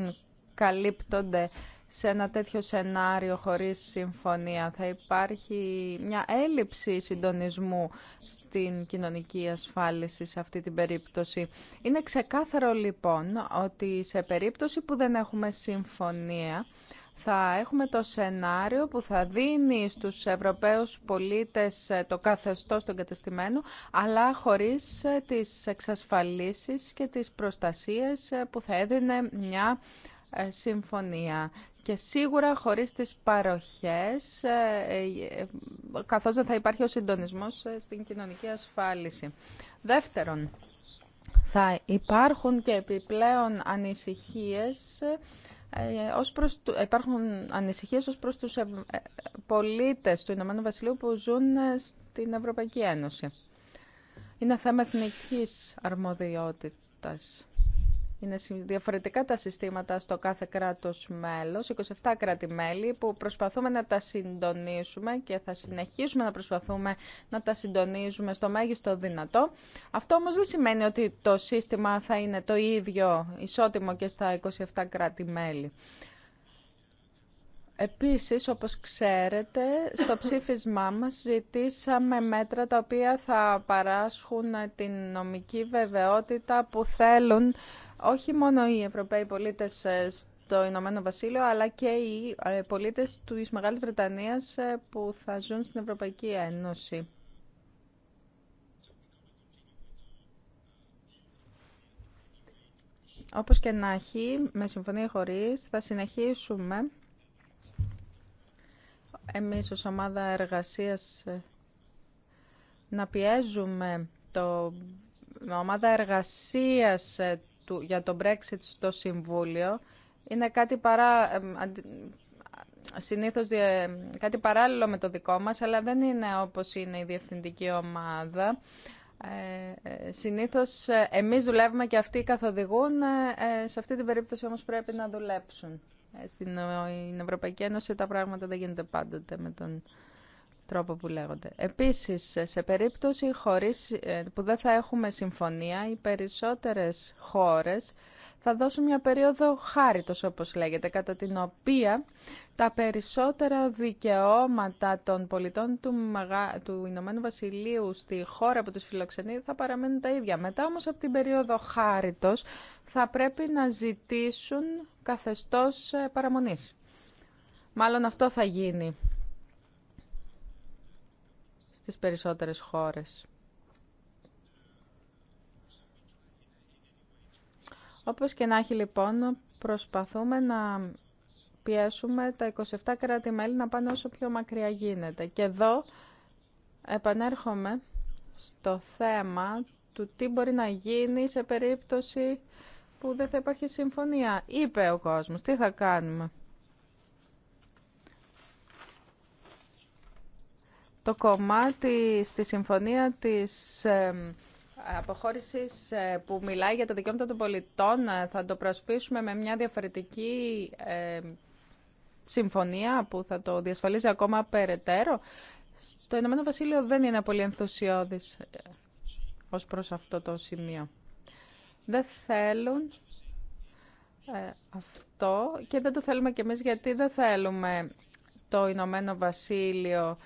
καλύπτονται σε ένα τέτοιο σενάριο χωρίς συμφωνία. Θα υπάρχει μια έλλειψη συντονισμού στην κοινωνική ασφάλιση σε αυτή την περίπτωση. Είναι ξεκάθαρο λοιπόν ότι σε περίπτωση που δεν έχουμε συμφωνία θα έχουμε το σενάριο που θα δίνει στους Ευρωπαίους πολίτες το καθεστώς των κατεστημένων, αλλά χωρίς τις εξασφαλίσεις και τις προστασίες που θα έδινε μια ε, συμφωνία. Και σίγουρα χωρίς τις παροχές, ε, ε, καθώς δεν θα υπάρχει ο συντονισμός ε, στην κοινωνική ασφάλιση. Δεύτερον, θα υπάρχουν και επιπλέον ανησυχίες ως προς, υπάρχουν ανησυχίες ως προς τους πολίτες του Ηνωμένου Βασιλείου που ζουν στην Ευρωπαϊκή Ένωση. Είναι θέμα εθνικής αρμοδιότητας. Είναι διαφορετικά τα συστήματα στο κάθε κράτος μέλος, 27 κράτη-μέλη που προσπαθούμε να τα συντονίσουμε και θα συνεχίσουμε να προσπαθούμε να τα συντονίζουμε στο μέγιστο δυνατό. Αυτό όμως δεν σημαίνει ότι το σύστημα θα είναι το ίδιο ισότιμο και στα 27 κράτη-μέλη. Επίσης, όπως ξέρετε, στο ψήφισμά μας ζητήσαμε μέτρα τα οποία θα παράσχουν την νομική βεβαιότητα που θέλουν όχι μόνο οι Ευρωπαίοι πολίτες ε, στο Ηνωμένο Βασίλειο, αλλά και οι ε, πολίτες τη Μεγάλης Βρετανίας ε, που θα ζουν στην Ευρωπαϊκή Ένωση. Όπως και να έχει, με συμφωνία χωρίς, θα συνεχίσουμε εμείς ως ομάδα εργασίας να πιέζουμε το ομάδα εργασίας για το Brexit στο Συμβούλιο είναι κάτι παρά, συνήθως κάτι παράλληλο με το δικό μας, αλλά δεν είναι όπως είναι η διευθυντική ομάδα. Ε, ε συνήθως ε, εμείς δουλεύουμε και αυτοί καθοδηγούν, ε, σε αυτή την περίπτωση όμως πρέπει να δουλέψουν. Στην Ευρωπαϊκή Ένωση τα πράγματα δεν γίνονται πάντοτε με τον τρόπο που λέγονται. Επίσης, σε περίπτωση χωρίς, ε, που δεν θα έχουμε συμφωνία, οι περισσότερες χώρες θα δώσουν μια περίοδο χάριτος, όπως λέγεται, κατά την οποία τα περισσότερα δικαιώματα των πολιτών του, Μαγα... του Ηνωμένου Βασιλείου στη χώρα που τους φιλοξενεί θα παραμένουν τα ίδια. Μετά όμως από την περίοδο χάριτος θα πρέπει να ζητήσουν καθεστώς ε, παραμονής. Μάλλον αυτό θα γίνει στις περισσότερες χώρες. Όπως και να έχει λοιπόν, προσπαθούμε να πιέσουμε τα 27 κράτη-μέλη να πάνε όσο πιο μακριά γίνεται. Και εδώ επανέρχομαι στο θέμα του τι μπορεί να γίνει σε περίπτωση που δεν θα υπάρχει συμφωνία. Είπε ο κόσμος, τι θα κάνουμε. το κομμάτι στη συμφωνία της αποχώρησης ε, που μιλάει για τα δικαιώματα των πολιτών ε, θα το προσπίσουμε με μια διαφορετική συμφωνία που θα το διασφαλίζει ακόμα περαιτέρω. Το Ηνωμένο Βασίλειο δεν είναι πολύ ενθουσιώδης ε, ως προς αυτό το σημείο. Δεν θέλουν αυτό και δεν το θέλουμε κι εμείς γιατί δεν θέλουμε το Ηνωμένο Βασίλειο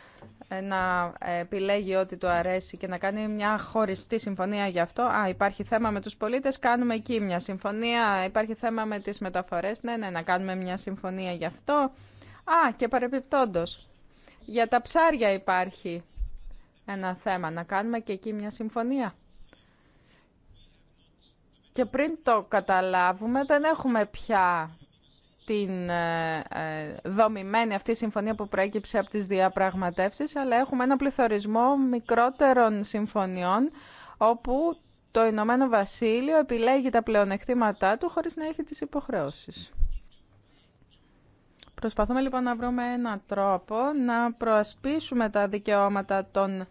ε, να επιλέγει ό,τι του αρέσει και να κάνει μια χωριστή συμφωνία γι' αυτό. Α, υπάρχει θέμα με τους πολίτες, κάνουμε εκεί μια συμφωνία. Υπάρχει θέμα με τις μεταφορές, ναι, ναι, να κάνουμε μια συμφωνία γι' αυτό. Α, και παρεπιπτόντος, για τα ψάρια υπάρχει ένα θέμα, να κάνουμε και εκεί μια συμφωνία. Και πριν το καταλάβουμε δεν έχουμε πια την ε, ε, δομημένη αυτή συμφωνία που προέκυψε από τις διαπραγματεύσεις, αλλά έχουμε ένα πληθωρισμό μικρότερων συμφωνιών, όπου το Ηνωμένο Βασίλειο επιλέγει τα πλεονεκτήματά του χωρίς να έχει τις υποχρεώσεις. Προσπαθούμε λοιπόν να βρούμε έναν τρόπο να προασπίσουμε τα δικαιώματα των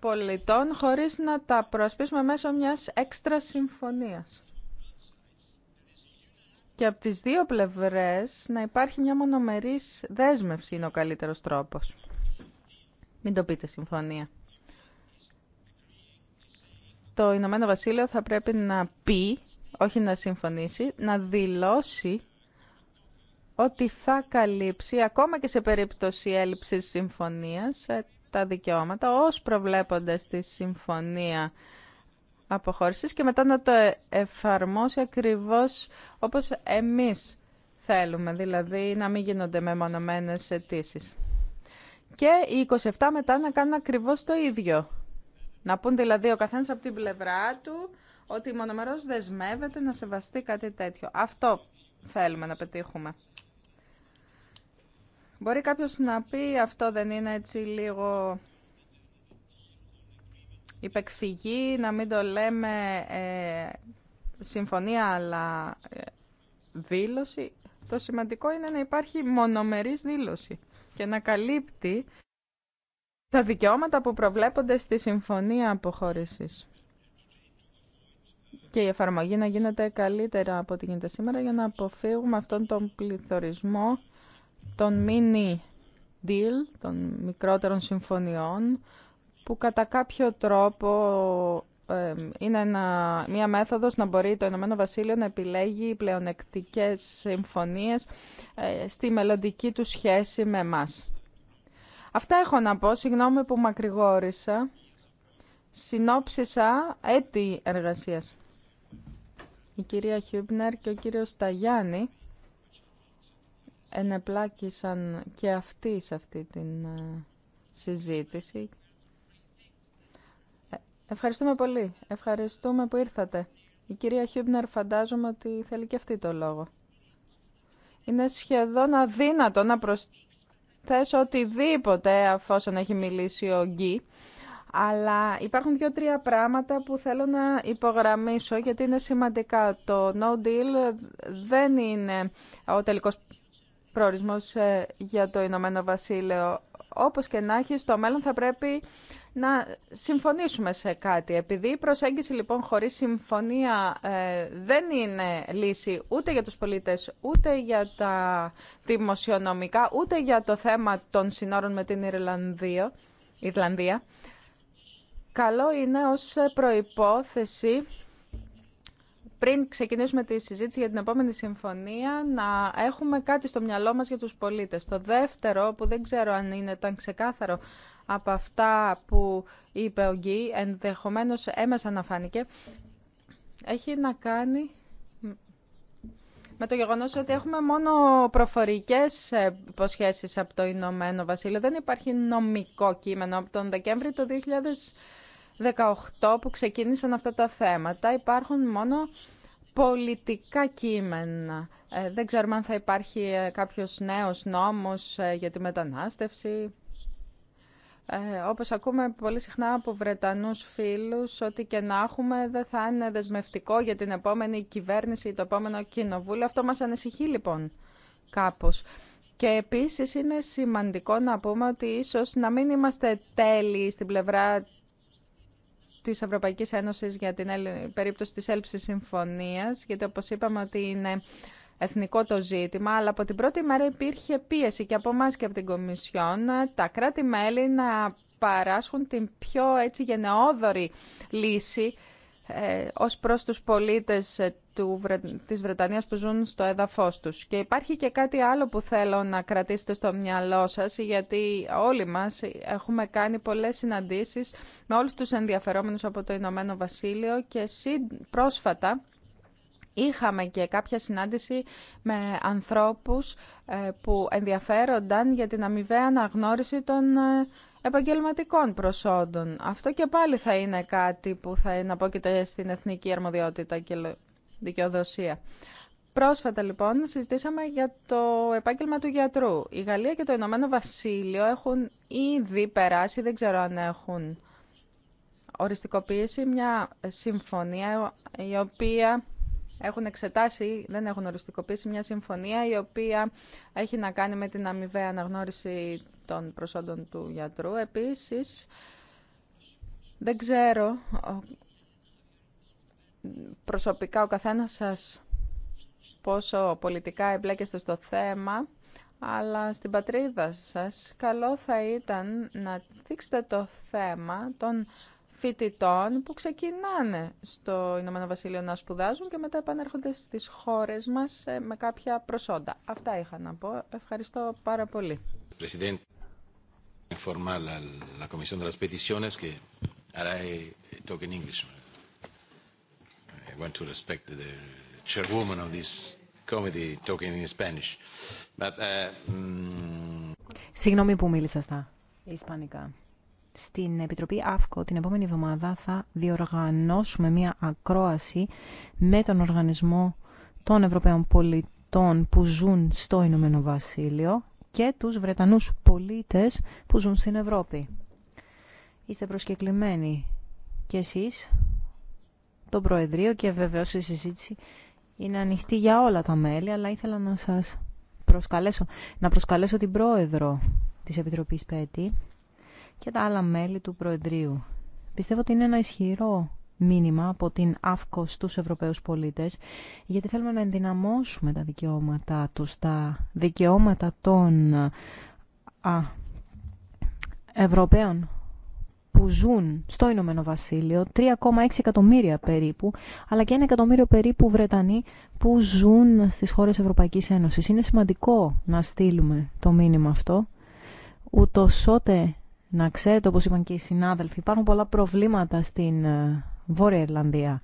πολιτών χωρίς να τα προασπίσουμε μέσω μιας έξτρα συμφωνίας και από τις δύο πλευρές να υπάρχει μια μονομερής δέσμευση είναι ο καλύτερος τρόπος. Μην το πείτε συμφωνία. Το Ηνωμένο Βασίλειο θα πρέπει να πει, όχι να συμφωνήσει, να δηλώσει ότι θα καλύψει, ακόμα και σε περίπτωση έλλειψης συμφωνίας, ε, τα δικαιώματα, ως προβλέποντας τη συμφωνία αποχώρησης και μετά να το ε, εφαρμόσει ακριβώς όπως εμείς θέλουμε, δηλαδή να μην γίνονται μεμονωμένες αιτήσει. Και οι 27 μετά να κάνουν ακριβώς το ίδιο. Να πούν δηλαδή ο καθένας από την πλευρά του ότι μονομερός δεσμεύεται να σεβαστεί κάτι τέτοιο. Αυτό θέλουμε να πετύχουμε. Μπορεί κάποιος να πει αυτό δεν είναι έτσι λίγο υπεκφυγή, να μην το λέμε ε, συμφωνία αλλά ε, δήλωση. Το σημαντικό είναι να υπάρχει μονομερής δήλωση και να καλύπτει τα δικαιώματα που προβλέπονται στη Συμφωνία Αποχώρησης. Και η εφαρμογή να γίνεται καλύτερα από ό,τι γίνεται σήμερα για να αποφύγουμε αυτόν τον πληθωρισμό των mini deal, των μικρότερων συμφωνιών που κατά κάποιο τρόπο είναι ένα, μια μέθοδος να μπορεί το Ηνωμένο Βασίλειο να επιλέγει πλεονεκτικές συμφωνίες ε, στη μελλοντική του σχέση με μας. Αυτά έχω να πω. Συγγνώμη που μακρηγόρησα. Συνόψισα έτη εργασίας. Η κυρία Χιούμπνερ και ο κύριος Σταγιάννη ενεπλάκησαν και αυτοί σε αυτή την ε, συζήτηση Ευχαριστούμε πολύ. Ευχαριστούμε που ήρθατε. Η κυρία Χιούμπνερ φαντάζομαι ότι θέλει και αυτή το λόγο. Είναι σχεδόν αδύνατο να προσθέσω οτιδήποτε αφόσον έχει μιλήσει ο Γκί. Αλλά υπάρχουν δύο-τρία πράγματα που θέλω να υπογραμμίσω γιατί είναι σημαντικά. Το no deal δεν είναι ο τελικός προορισμός ε, για το Ηνωμένο Βασίλειο. Όπως και να έχει, στο μέλλον θα πρέπει να συμφωνήσουμε σε κάτι. Επειδή η προσέγγιση λοιπόν χωρίς συμφωνία ε, δεν είναι λύση ούτε για τους πολίτες, ούτε για τα δημοσιονομικά, ούτε για το θέμα των συνόρων με την Ιρλανδία, Ιρλανδία καλό είναι ως προϋπόθεση πριν ξεκινήσουμε τη συζήτηση για την επόμενη συμφωνία, να έχουμε κάτι στο μυαλό μας για τους πολίτες. Το δεύτερο, που δεν ξέρω αν είναι ήταν ξεκάθαρο από αυτά που είπε ο Γκί, ενδεχομένως έμεσα να φάνηκε, έχει να κάνει με το γεγονός ότι έχουμε μόνο προφορικές υποσχέσεις από το Ηνωμένο Βασίλειο. Δεν υπάρχει νομικό κείμενο από τον Δεκέμβρη του 2018 που ξεκίνησαν αυτά τα θέματα. Υπάρχουν μόνο πολιτικά κείμενα. Ε, δεν ξέρουμε αν θα υπάρχει ε, κάποιος νέος νόμος ε, για τη μετανάστευση. Ε, όπως ακούμε πολύ συχνά από Βρετανούς φίλους, ότι και να έχουμε δεν θα είναι δεσμευτικό για την επόμενη κυβέρνηση ή το επόμενο κοινοβούλιο. Αυτό μας ανησυχεί λοιπόν κάπως. Και επίσης είναι σημαντικό να πούμε ότι ίσως να μην είμαστε τέλειοι στην πλευρά της Ευρωπαϊκής Ένωσης για την περίπτωση της έλψης συμφωνίας, γιατί όπως είπαμε ότι είναι εθνικό το ζήτημα, αλλά από την πρώτη μέρα υπήρχε πίεση και από εμά και από την Κομισιόν ε, τα κράτη-μέλη να παράσχουν την πιο έτσι γενναιόδορη λύση ε, ως προς τους πολίτες ε, του, της Βρετανίας που ζουν στο έδαφος τους. Και υπάρχει και κάτι άλλο που θέλω να κρατήσετε στο μυαλό σας, γιατί όλοι μας έχουμε κάνει πολλές συναντήσεις με όλους τους ενδιαφερόμενους από το Ηνωμένο Βασίλειο και πρόσφατα Είχαμε και κάποια συνάντηση με ανθρώπους ε, που ενδιαφέρονταν για την αμοιβαία αναγνώριση των ε, επαγγελματικών προσόντων. Αυτό και πάλι θα είναι κάτι που θα εναπόκειται στην εθνική αρμοδιότητα και δικαιοδοσία. Πρόσφατα λοιπόν συζητήσαμε για το επάγγελμα του γιατρού. Η Γαλλία και το Ηνωμένο Βασίλειο έχουν ήδη περάσει, δεν ξέρω αν έχουν οριστικοποιήσει μια συμφωνία η οποία έχουν εξετάσει ή δεν έχουν οριστικοποιήσει μια συμφωνία η οποία έχει να κάνει με την αμοιβαία αναγνώριση των προσόντων του γιατρού. Επίσης, δεν ξέρω προσωπικά ο καθένας σας πόσο πολιτικά εμπλέκεστε στο θέμα, αλλά στην πατρίδα σας καλό θα ήταν να δείξετε το θέμα των φοιτητών που ξεκινάνε στο Ηνωμένο Βασίλειο να σπουδάζουν και μετά επανέρχονται στις χώρες μας ε, με κάποια προσόντα. Αυτά είχα να πω. Ευχαριστώ πάρα πολύ. Uh, mm, Συγγνώμη που μίλησα στα ισπανικά. Στην Επιτροπή ΑΦΚΟ την επόμενη εβδομάδα θα διοργανώσουμε μία ακρόαση με τον Οργανισμό των Ευρωπαίων Πολιτών που ζουν στο Ηνωμένο Βασίλειο και τους Βρετανούς πολίτες που ζουν στην Ευρώπη. Είστε προσκεκλημένοι και εσείς, το Προεδρείο και βεβαίως η συζήτηση είναι ανοιχτή για όλα τα μέλη, αλλά ήθελα να σας προσκαλέσω, να προσκαλέσω την Πρόεδρο της Επιτροπής ΠΕΤΗ, και τα άλλα μέλη του Προεδρείου. Πιστεύω ότι είναι ένα ισχυρό μήνυμα από την ΑΦΚΟ στους Ευρωπαίους πολίτες, γιατί θέλουμε να ενδυναμώσουμε τα δικαιώματά τους, τα δικαιώματα των α, Ευρωπαίων που ζουν στο Ηνωμένο Βασίλειο, 3,6 εκατομμύρια περίπου, αλλά και ένα εκατομμύριο περίπου Βρετανοί που ζουν στις χώρες Ευρωπαϊκής Ένωσης. Είναι σημαντικό να στείλουμε το μήνυμα αυτό, ούτω ώστε να ξέρετε, όπως είπαν και οι συνάδελφοι, υπάρχουν πολλά προβλήματα στην ε, Βόρεια Ιρλανδία.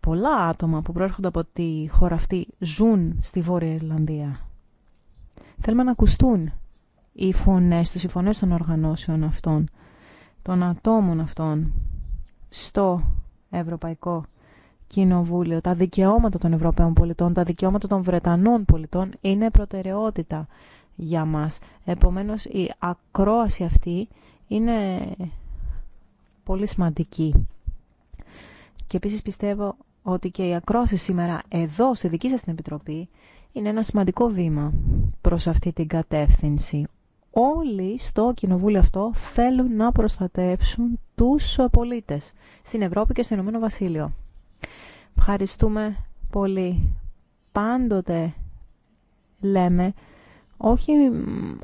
Πολλά άτομα που προέρχονται από τη χώρα αυτή ζουν στη Βόρεια Ιρλανδία. Θέλουμε να ακουστούν οι φωνές τους, οι φωνές των οργανώσεων αυτών, των ατόμων αυτών, στο Ευρωπαϊκό Κοινοβούλιο. Τα δικαιώματα των Ευρωπαίων πολιτών, τα δικαιώματα των Βρετανών πολιτών είναι προτεραιότητα για μας. Επομένως η ακρόαση αυτή είναι πολύ σημαντική. Και επίσης πιστεύω ότι και η ακρόαση σήμερα εδώ στη δική σας την Επιτροπή είναι ένα σημαντικό βήμα προς αυτή την κατεύθυνση. Όλοι στο κοινοβούλιο αυτό θέλουν να προστατεύσουν τους πολίτες στην Ευρώπη και στο Ηνωμένο Βασίλειο. Ευχαριστούμε πολύ. Πάντοτε λέμε όχι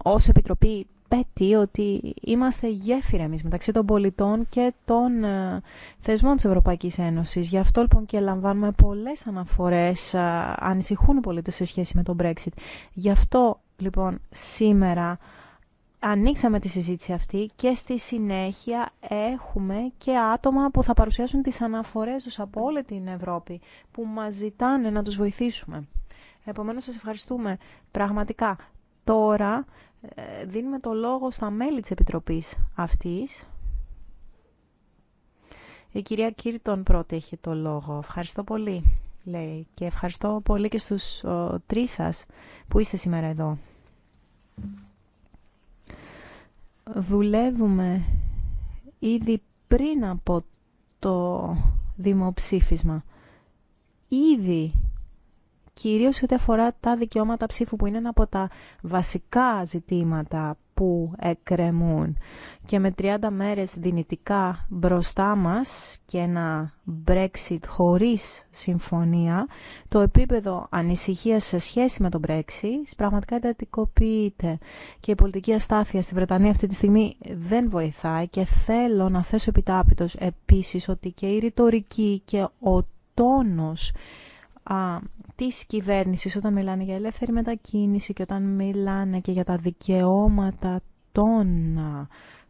ως Επιτροπή πέτει ότι είμαστε γέφυρα εμείς μεταξύ των πολιτών και των ε, θεσμών της Ευρωπαϊκής Ένωσης. Γι' αυτό λοιπόν και λαμβάνουμε πολλές αναφορές, ε, ανησυχούν οι πολίτες σε σχέση με τον Brexit. Γι' αυτό λοιπόν σήμερα ανοίξαμε τη συζήτηση αυτή και στη συνέχεια έχουμε και άτομα που θα παρουσιάσουν τις αναφορές τους από όλη την Ευρώπη που μας ζητάνε να τους βοηθήσουμε. Επομένως σας ευχαριστούμε πραγματικά τώρα ε, δίνουμε το λόγο στα μέλη της Επιτροπής αυτής. Η κυρία Κύρτον πρώτη έχει το λόγο. Ευχαριστώ πολύ, λέει. Και ευχαριστώ πολύ και στους ο, τρεις σας που είστε σήμερα εδώ. Δουλεύουμε ήδη πριν από το δημοψήφισμα. Ήδη κυρίως ό,τι αφορά τα δικαιώματα ψήφου που είναι ένα από τα βασικά ζητήματα που εκκρεμούν. Και με 30 μέρες δυνητικά μπροστά μας και ένα Brexit χωρίς συμφωνία, το επίπεδο ανησυχίας σε σχέση με τον Brexit πραγματικά εντατικοποιείται. Και η πολιτική αστάθεια στη Βρετανία αυτή τη στιγμή δεν βοηθάει και θέλω να θέσω επιτάπητος επίσης ότι και η ρητορική και ο τόνος α, της κυβέρνησης όταν μιλάνε για ελεύθερη μετακίνηση και όταν μιλάνε και για τα δικαιώματα των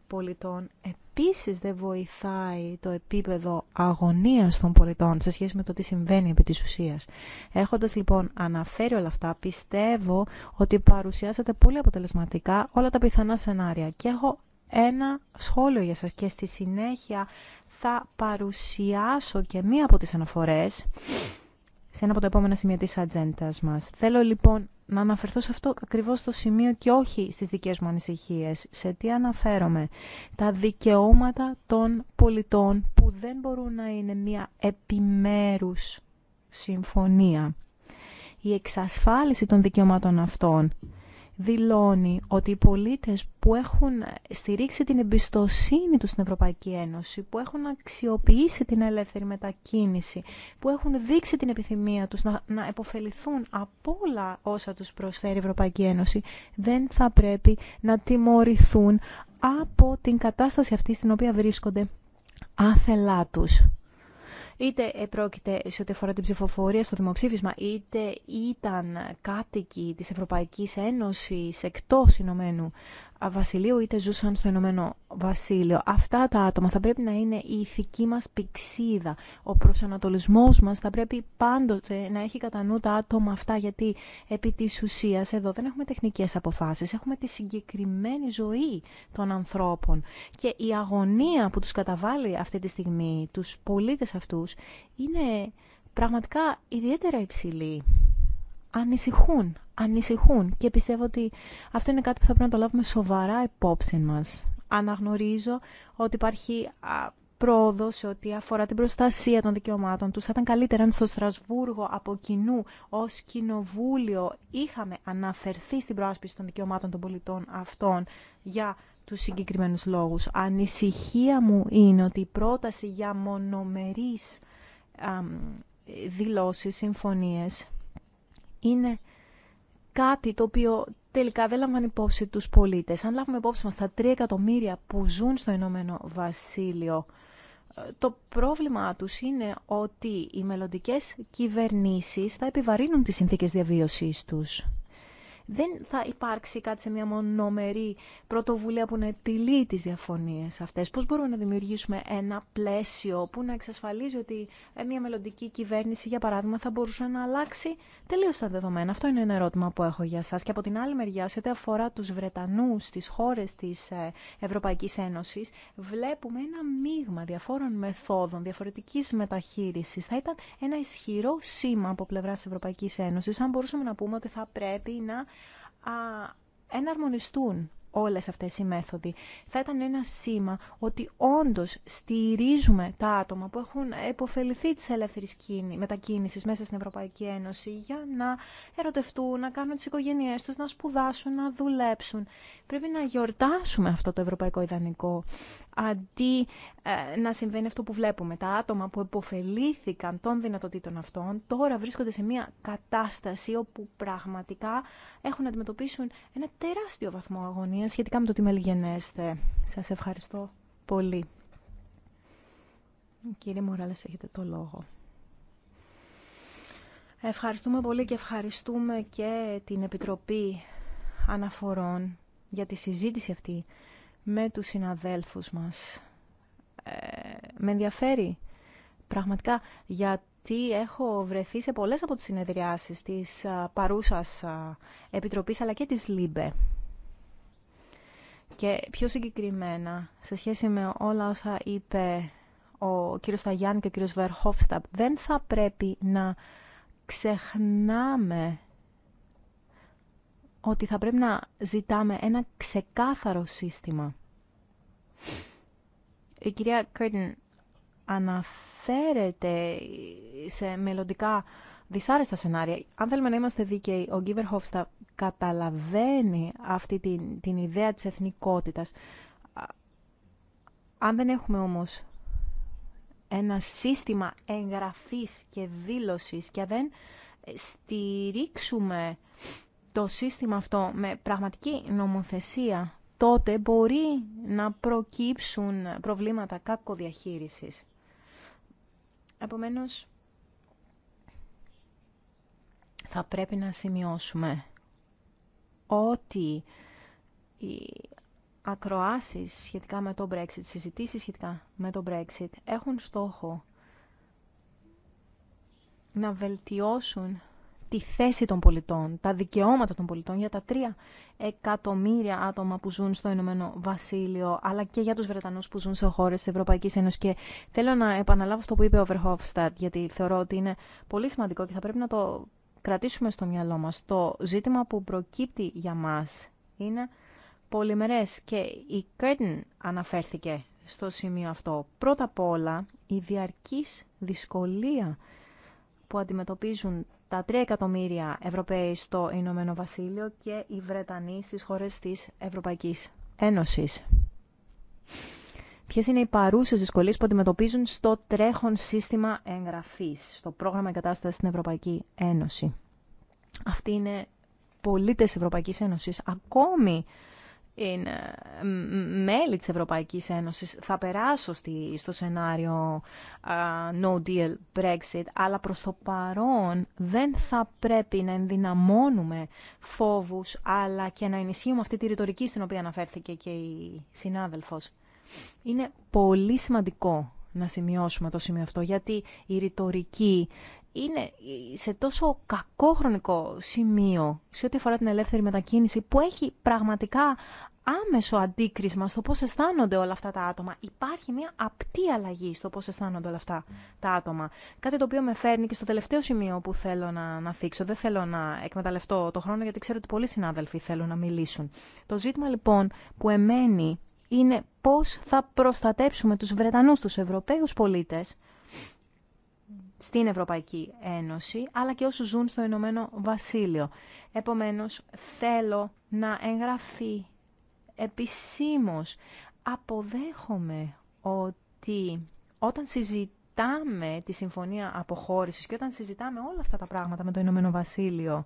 πολιτών επίσης δεν βοηθάει το επίπεδο αγωνίας των πολιτών σε σχέση με το τι συμβαίνει επί της ουσίας. Έχοντας λοιπόν αναφέρει όλα αυτά, πιστεύω ότι παρουσιάσατε πολύ αποτελεσματικά όλα τα πιθανά σενάρια και έχω ένα σχόλιο για σας και στη συνέχεια θα παρουσιάσω και μία από τις αναφορές σε ένα από τα επόμενα σημεία της ατζέντα μας. Θέλω λοιπόν να αναφερθώ σε αυτό ακριβώς το σημείο και όχι στις δικές μου ανησυχίες. Σε τι αναφέρομαι. Τα δικαιώματα των πολιτών που δεν μπορούν να είναι μια επιμέρους συμφωνία. Η εξασφάλιση των δικαιωμάτων αυτών δηλώνει ότι οι πολίτες που έχουν στηρίξει την εμπιστοσύνη τους στην Ευρωπαϊκή Ένωση, που έχουν αξιοποιήσει την ελεύθερη μετακίνηση, που έχουν δείξει την επιθυμία τους να, να επωφεληθούν από όλα όσα τους προσφέρει η Ευρωπαϊκή Ένωση, δεν θα πρέπει να τιμωρηθούν από την κατάσταση αυτή στην οποία βρίσκονται άθελά τους είτε πρόκειται σε ό,τι αφορά την ψηφοφορία στο δημοψήφισμα, είτε ήταν κάτοικοι της Ευρωπαϊκής Ένωσης εκτός Ηνωμένου Βασιλείου είτε ζούσαν στο Ηνωμένο Βασίλειο. Αυτά τα άτομα θα πρέπει να είναι η ηθική μας πηξίδα. Ο προσανατολισμός μας θα πρέπει πάντοτε να έχει κατά νου τα άτομα αυτά γιατί επί τη ουσία εδώ δεν έχουμε τεχνικές αποφάσεις, έχουμε τη συγκεκριμένη ζωή των ανθρώπων και η αγωνία που τους καταβάλει αυτή τη στιγμή τους πολίτες αυτούς είναι πραγματικά ιδιαίτερα υψηλή. Ανησυχούν, ανησυχούν και πιστεύω ότι αυτό είναι κάτι που θα πρέπει να το λάβουμε σοβαρά υπόψη μας. Αναγνωρίζω ότι υπάρχει πρόοδο σε ό,τι αφορά την προστασία των δικαιωμάτων τους. Θα ήταν καλύτερα αν στο Στρασβούργο από κοινού ως κοινοβούλιο είχαμε αναφερθεί στην προάσπιση των δικαιωμάτων των πολιτών αυτών για τους συγκεκριμένους λόγους. Ανησυχία μου είναι ότι η πρόταση για μονομερείς δηλώσεις, συμφωνίες είναι κάτι το οποίο τελικά δεν λαμβάνει υπόψη τους πολίτες. Αν λάβουμε υπόψη μας τα 3 εκατομμύρια που ζουν στο Ηνωμένο Βασίλειο, ε, το πρόβλημα τους είναι ότι οι μελλοντικέ κυβερνήσεις θα επιβαρύνουν τις συνθήκες διαβίωσής τους δεν θα υπάρξει κάτι σε μια μονομερή πρωτοβουλία που να επιλύει τις διαφωνίες αυτές. Πώς μπορούμε να δημιουργήσουμε ένα πλαίσιο που να εξασφαλίζει ότι ε, μια μελλοντική κυβέρνηση, για παράδειγμα, θα μπορούσε να αλλάξει τελείως τα δεδομένα. Αυτό είναι ένα ερώτημα που έχω για σας. Και από την άλλη μεριά, σε ό,τι αφορά τους Βρετανούς τις χώρες της ε, Ευρωπαϊκής Ένωσης, βλέπουμε ένα μείγμα διαφόρων μεθόδων, διαφορετικής μεταχείρισης. Θα ήταν ένα ισχυρό σήμα από πλευρά Ευρωπαϊκής Ένωσης, αν μπορούσαμε να πούμε ότι θα πρέπει να εναρμονιστούν όλες αυτές οι μέθοδοι. Θα ήταν ένα σήμα ότι όντως στηρίζουμε τα άτομα που έχουν επωφεληθεί της ελεύθερης μετακίνησης μέσα στην Ευρωπαϊκή Ένωση για να ερωτευτούν, να κάνουν τις οικογένειές τους, να σπουδάσουν, να δουλέψουν. Πρέπει να γιορτάσουμε αυτό το ευρωπαϊκό ιδανικό, αντί ε, να συμβαίνει αυτό που βλέπουμε. Τα άτομα που επωφελήθηκαν των δυνατοτήτων αυτών τώρα βρίσκονται σε μια κατάσταση όπου πραγματικά έχουν να αντιμετωπίσουν ένα τεράστιο βαθμό αγωνία σχετικά με το τι μελγενέστε. Σας ευχαριστώ πολύ. Κύριε Μοράλες, έχετε το λόγο. Ευχαριστούμε πολύ και ευχαριστούμε και την Επιτροπή Αναφορών για τη συζήτηση αυτή με τους συναδέλφους μας. Ε, με ενδιαφέρει πραγματικά γιατί έχω βρεθεί σε πολλές από τις συνεδριάσεις της ε, παρούσας ε, Επιτροπής αλλά και της ΛΥΜΠΕ. Και πιο συγκεκριμένα, σε σχέση με όλα όσα είπε ο κύριος Φαγιάν και ο κύριος Βερχόφσταπ, δεν θα πρέπει να ξεχνάμε ότι θα πρέπει να ζητάμε ένα ξεκάθαρο σύστημα. Η κυρία Κέρτιν αναφέρεται σε μελλοντικά δυσάρεστα σενάρια. Αν θέλουμε να είμαστε δίκαιοι, ο Γκίβερ Χόφστα καταλαβαίνει αυτή την, την ιδέα της εθνικότητας. Αν δεν έχουμε όμως ένα σύστημα εγγραφής και δήλωσης και δεν στηρίξουμε το σύστημα αυτό με πραγματική νομοθεσία, τότε μπορεί να προκύψουν προβλήματα κακοδιαχείρισης. Επομένως, θα πρέπει να σημειώσουμε ότι οι ακροάσεις σχετικά με το Brexit, συζητήσεις σχετικά με το Brexit έχουν στόχο να βελτιώσουν τη θέση των πολιτών, τα δικαιώματα των πολιτών για τα τρία εκατομμύρια άτομα που ζουν στο Ηνωμένο Βασίλειο, αλλά και για τους Βρετανούς που ζουν σε χώρες της Ευρωπαϊκής Ένωσης. Και θέλω να επαναλάβω αυτό που είπε ο Βερχόφστατ, γιατί θεωρώ ότι είναι πολύ σημαντικό και θα πρέπει να το κρατήσουμε στο μυαλό μας. Το ζήτημα που προκύπτει για μας είναι πολυμερές και η Κέρν αναφέρθηκε στο σημείο αυτό. Πρώτα απ' όλα, η διαρκής δυσκολία που αντιμετωπίζουν τα 3 εκατομμύρια Ευρωπαίοι στο Ηνωμένο Βασίλειο και οι Βρετανοί στις χώρες της Ευρωπαϊκής Ένωσης. Ποιε είναι οι παρούσε δυσκολίε που αντιμετωπίζουν στο τρέχον σύστημα εγγραφής, στο πρόγραμμα εγκατάστασης στην Ευρωπαϊκή Ένωση. Αυτοί είναι πολίτες Ευρωπαϊκής Ένωσης, ακόμη είναι μέλη της Ευρωπαϊκής Ένωσης. Θα περάσω στη, στο σενάριο no deal Brexit, αλλά προς το παρόν δεν θα πρέπει να ενδυναμώνουμε φόβους, αλλά και να ενισχύουμε αυτή τη ρητορική στην οποία αναφέρθηκε και η συνάδελφος. Είναι πολύ σημαντικό να σημειώσουμε το σημείο αυτό, γιατί η ρητορική είναι σε τόσο κακό χρονικό σημείο σε ό,τι αφορά την ελεύθερη μετακίνηση που έχει πραγματικά άμεσο αντίκρισμα στο πώς αισθάνονται όλα αυτά τα άτομα. Υπάρχει μια απτή αλλαγή στο πώς αισθάνονται όλα αυτά τα άτομα. Κάτι το οποίο με φέρνει και στο τελευταίο σημείο που θέλω να, να θίξω. Δεν θέλω να εκμεταλλευτώ το χρόνο γιατί ξέρω ότι πολλοί συνάδελφοι θέλουν να μιλήσουν. Το ζήτημα λοιπόν που εμένει είναι πώς θα προστατέψουμε τους Βρετανούς, τους Ευρωπαίους πολίτες στην Ευρωπαϊκή Ένωση, αλλά και όσους ζουν στο Ηνωμένο Βασίλειο. Επομένως, θέλω να εγγραφεί επισήμως. Αποδέχομαι ότι όταν συζητάμε τη Συμφωνία Αποχώρησης και όταν συζητάμε όλα αυτά τα πράγματα με το Ηνωμένο Βασίλειο,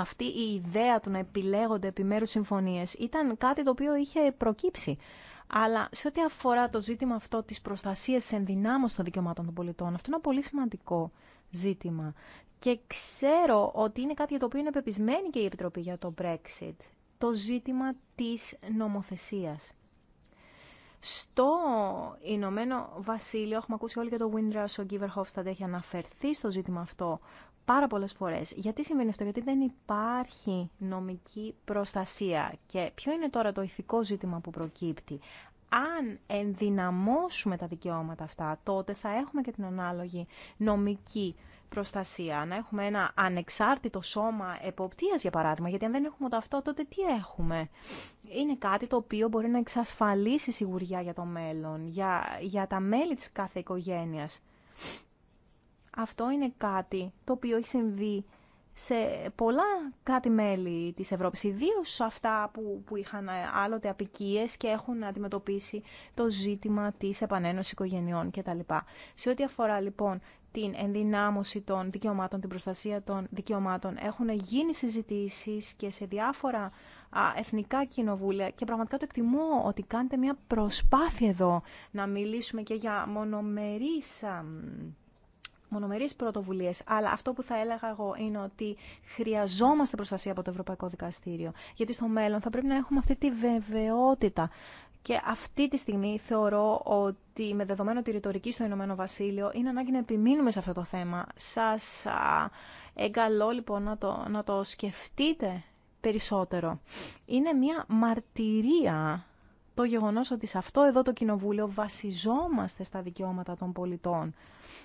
αυτή η ιδέα του να επιλέγονται επιμέρους συμφωνίες ήταν κάτι το οποίο είχε προκύψει. Αλλά σε ό,τι αφορά το ζήτημα αυτό της προστασίας σε ενδυνάμωσης των δικαιωμάτων των πολιτών, αυτό είναι ένα πολύ σημαντικό ζήτημα. Και ξέρω ότι είναι κάτι για το οποίο είναι πεπισμένη και η Επιτροπή για το Brexit. Το ζήτημα της νομοθεσίας. Στο Ηνωμένο Βασίλειο έχουμε ακούσει όλοι και το Windrush, ο Γκίβερ Χόφσταντ έχει αναφερθεί στο ζήτημα αυτό πάρα πολλές φορές. Γιατί συμβαίνει αυτό, γιατί δεν υπάρχει νομική προστασία και ποιο είναι τώρα το ηθικό ζήτημα που προκύπτει. Αν ενδυναμώσουμε τα δικαιώματα αυτά, τότε θα έχουμε και την ανάλογη νομική προστασία. Να έχουμε ένα ανεξάρτητο σώμα εποπτείας, για παράδειγμα, γιατί αν δεν έχουμε το αυτό, τότε τι έχουμε. Είναι κάτι το οποίο μπορεί να εξασφαλίσει σιγουριά για το μέλλον, για, για τα μέλη της κάθε οικογένειας. Αυτό είναι κάτι το οποίο έχει συμβεί σε πολλα κάτι κράτη-μέλη της Ευρώπης, ιδίω αυτά που, που είχαν άλλοτε απικίες και έχουν αντιμετωπίσει το ζήτημα της επανένωσης οικογενειών κτλ. Σε ό,τι αφορά λοιπόν την ενδυνάμωση των δικαιωμάτων, την προστασία των δικαιωμάτων, έχουν γίνει συζητήσεις και σε διάφορα εθνικά κοινοβούλια και πραγματικά το εκτιμώ ότι κάνετε μια προσπάθεια εδώ να μιλήσουμε και για μονομερίσα μονομερείς πρωτοβουλίες, αλλά αυτό που θα έλεγα εγώ είναι ότι χρειαζόμαστε προστασία από το Ευρωπαϊκό Δικαστήριο, γιατί στο μέλλον θα πρέπει να έχουμε αυτή τη βεβαιότητα. Και αυτή τη στιγμή θεωρώ ότι με δεδομένο τη ρητορική στο Ηνωμένο Βασίλειο είναι ανάγκη να επιμείνουμε σε αυτό το θέμα. Σας εγκαλώ λοιπόν να το, να το σκεφτείτε περισσότερο. Είναι μια μαρτυρία το γεγονός ότι σε αυτό εδώ το κοινοβούλιο βασιζόμαστε στα δικαιώματα των πολιτών.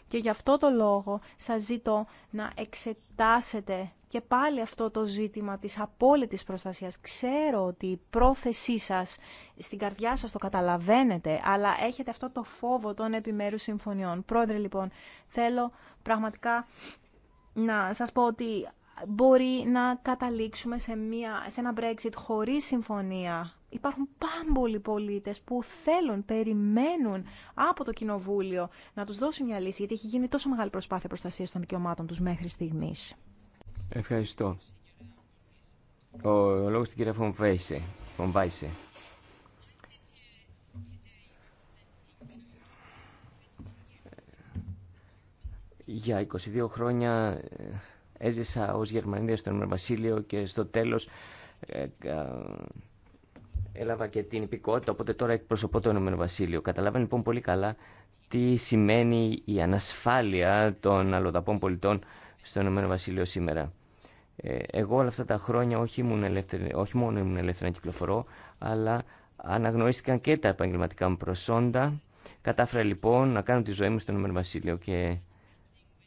Και γι' αυτό το λόγο σας ζητώ να εξετάσετε και πάλι αυτό το ζήτημα της απόλυτης προστασίας. Ξέρω ότι η πρόθεσή σας, στην καρδιά σας το καταλαβαίνετε, αλλά έχετε αυτό το φόβο των επιμέρους συμφωνιών. Πρόεδρε, λοιπόν, θέλω πραγματικά να σας πω ότι μπορεί να καταλήξουμε σε, μια, ένα Brexit χωρίς συμφωνία υπάρχουν πάμπολοι πολίτες που θέλουν, περιμένουν από το Κοινοβούλιο να τους δώσει μια λύση, γιατί έχει γίνει τόσο μεγάλη προσπάθεια προστασίας των δικαιωμάτων τους μέχρι στιγμής. Ευχαριστώ. Ο, ο λόγος του κυρία Φομβάισε. Για 22 χρόνια ε, έζησα ως Γερμανίδα στον Βασίλειο και στο τέλος ε, έλαβα και την υπηκότητα, οπότε τώρα εκπροσωπώ το Ηνωμένο Βασίλειο. Καταλαβαίνω λοιπόν πολύ καλά τι σημαίνει η ανασφάλεια των αλλοδαπών πολιτών στο Ηνωμένο Βασίλειο σήμερα. Ε, εγώ όλα αυτά τα χρόνια όχι, ήμουν ελεύθερη, όχι μόνο ήμουν ελεύθερη να κυκλοφορώ, αλλά αναγνωρίστηκαν και τα επαγγελματικά μου προσόντα. Κατάφερα λοιπόν να κάνω τη ζωή μου στο Ηνωμένο Βασίλειο και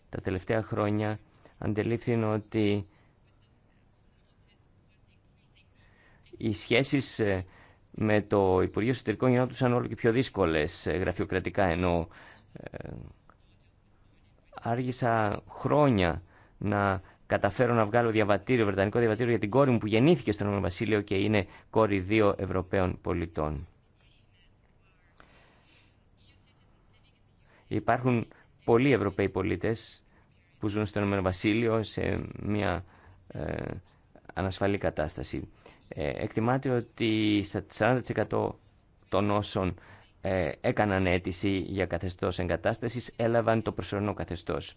τα τελευταία χρόνια αντελήφθη ότι Οι σχέσει ε, με το Υπουργείο Εσωτερικών γινόντουσαν όλο και πιο δύσκολες ε, γραφειοκρατικά ενώ ε, άργησα χρόνια να καταφέρω να βγάλω διαβατήριο, βρετανικό διαβατήριο για την κόρη μου που γεννήθηκε στον Ηνωμένο Βασίλειο και είναι κόρη δύο Ευρωπαίων πολιτών. Υπάρχουν πολλοί Ευρωπαίοι πολίτες που ζουν στον Ηνωμένο Βασίλειο σε μια ανασφαλή κατάσταση. Ε, εκτιμάται ότι 40% των όσων ε, έκαναν αίτηση για καθεστώς εγκατάστασης έλαβαν το προσωρινό καθεστώς.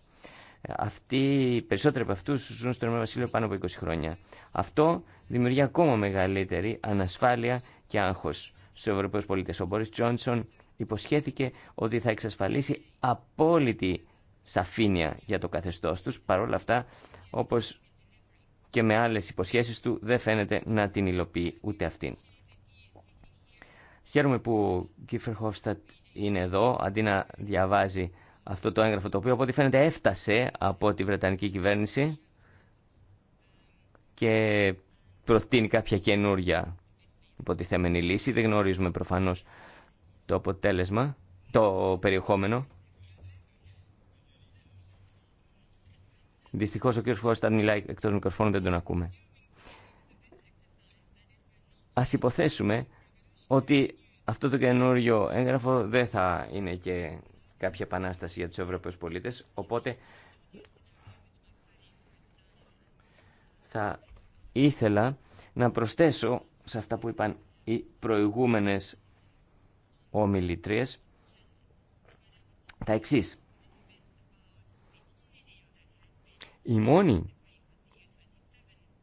Ε, αυτοί, περισσότεροι από αυτούς ζουν στον Βασίλειο πάνω από 20 χρόνια. Αυτό δημιουργεί ακόμα μεγαλύτερη ανασφάλεια και άγχος στους Ευρωπαίους πολίτες. Ο Μπόρις Τζόνσον υποσχέθηκε ότι θα εξασφαλίσει απόλυτη σαφήνεια για το καθεστώς τους. Παρ' αυτά, όπως και με άλλες υποσχέσεις του δεν φαίνεται να την υλοποιεί ούτε αυτήν. Χαίρομαι που ο Κίφερ Χόφστατ είναι εδώ, αντί να διαβάζει αυτό το έγγραφο το οποίο από ό,τι φαίνεται έφτασε από τη Βρετανική κυβέρνηση και προτείνει κάποια καινούρια υποτιθέμενη λύση. Δεν γνωρίζουμε προφανώς το αποτέλεσμα, το περιεχόμενο. Δυστυχώ, ο κύριος Φώσταν μιλάει εκτός μικροφώνου, δεν τον ακούμε. Ας υποθέσουμε ότι αυτό το καινούριο έγγραφο δεν θα είναι και κάποια επανάσταση για του Ευρωπαίου πολίτες, οπότε θα ήθελα να προσθέσω σε αυτά που είπαν οι προηγούμενες ομιλητρίες τα εξής. Η μόνη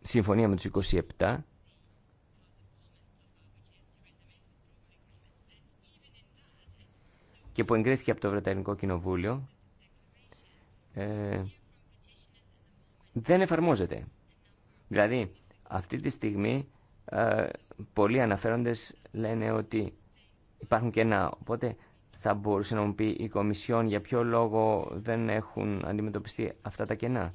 συμφωνία με τους 27 και που εγκρίθηκε από το Βρετανικό Κοινοβούλιο ε, δεν εφαρμόζεται. Δηλαδή, αυτή τη στιγμή ε, πολλοί αναφέροντες λένε ότι υπάρχουν κενά. Οπότε θα μπορούσε να μου πει η Κομισιόν για ποιο λόγο δεν έχουν αντιμετωπιστεί αυτά τα κενά.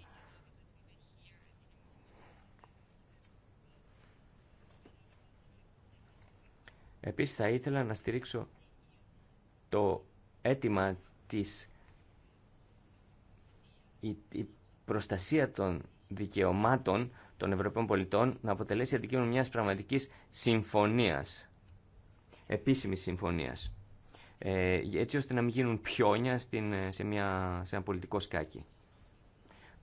Επίσης θα ήθελα να στηρίξω το αίτημα της η, προστασία των δικαιωμάτων των Ευρωπαίων πολιτών να αποτελέσει αντικείμενο μιας πραγματικής συμφωνίας, επίσημης συμφωνίας, ε, έτσι ώστε να μην γίνουν πιόνια στην, σε, μια, σε ένα πολιτικό σκάκι.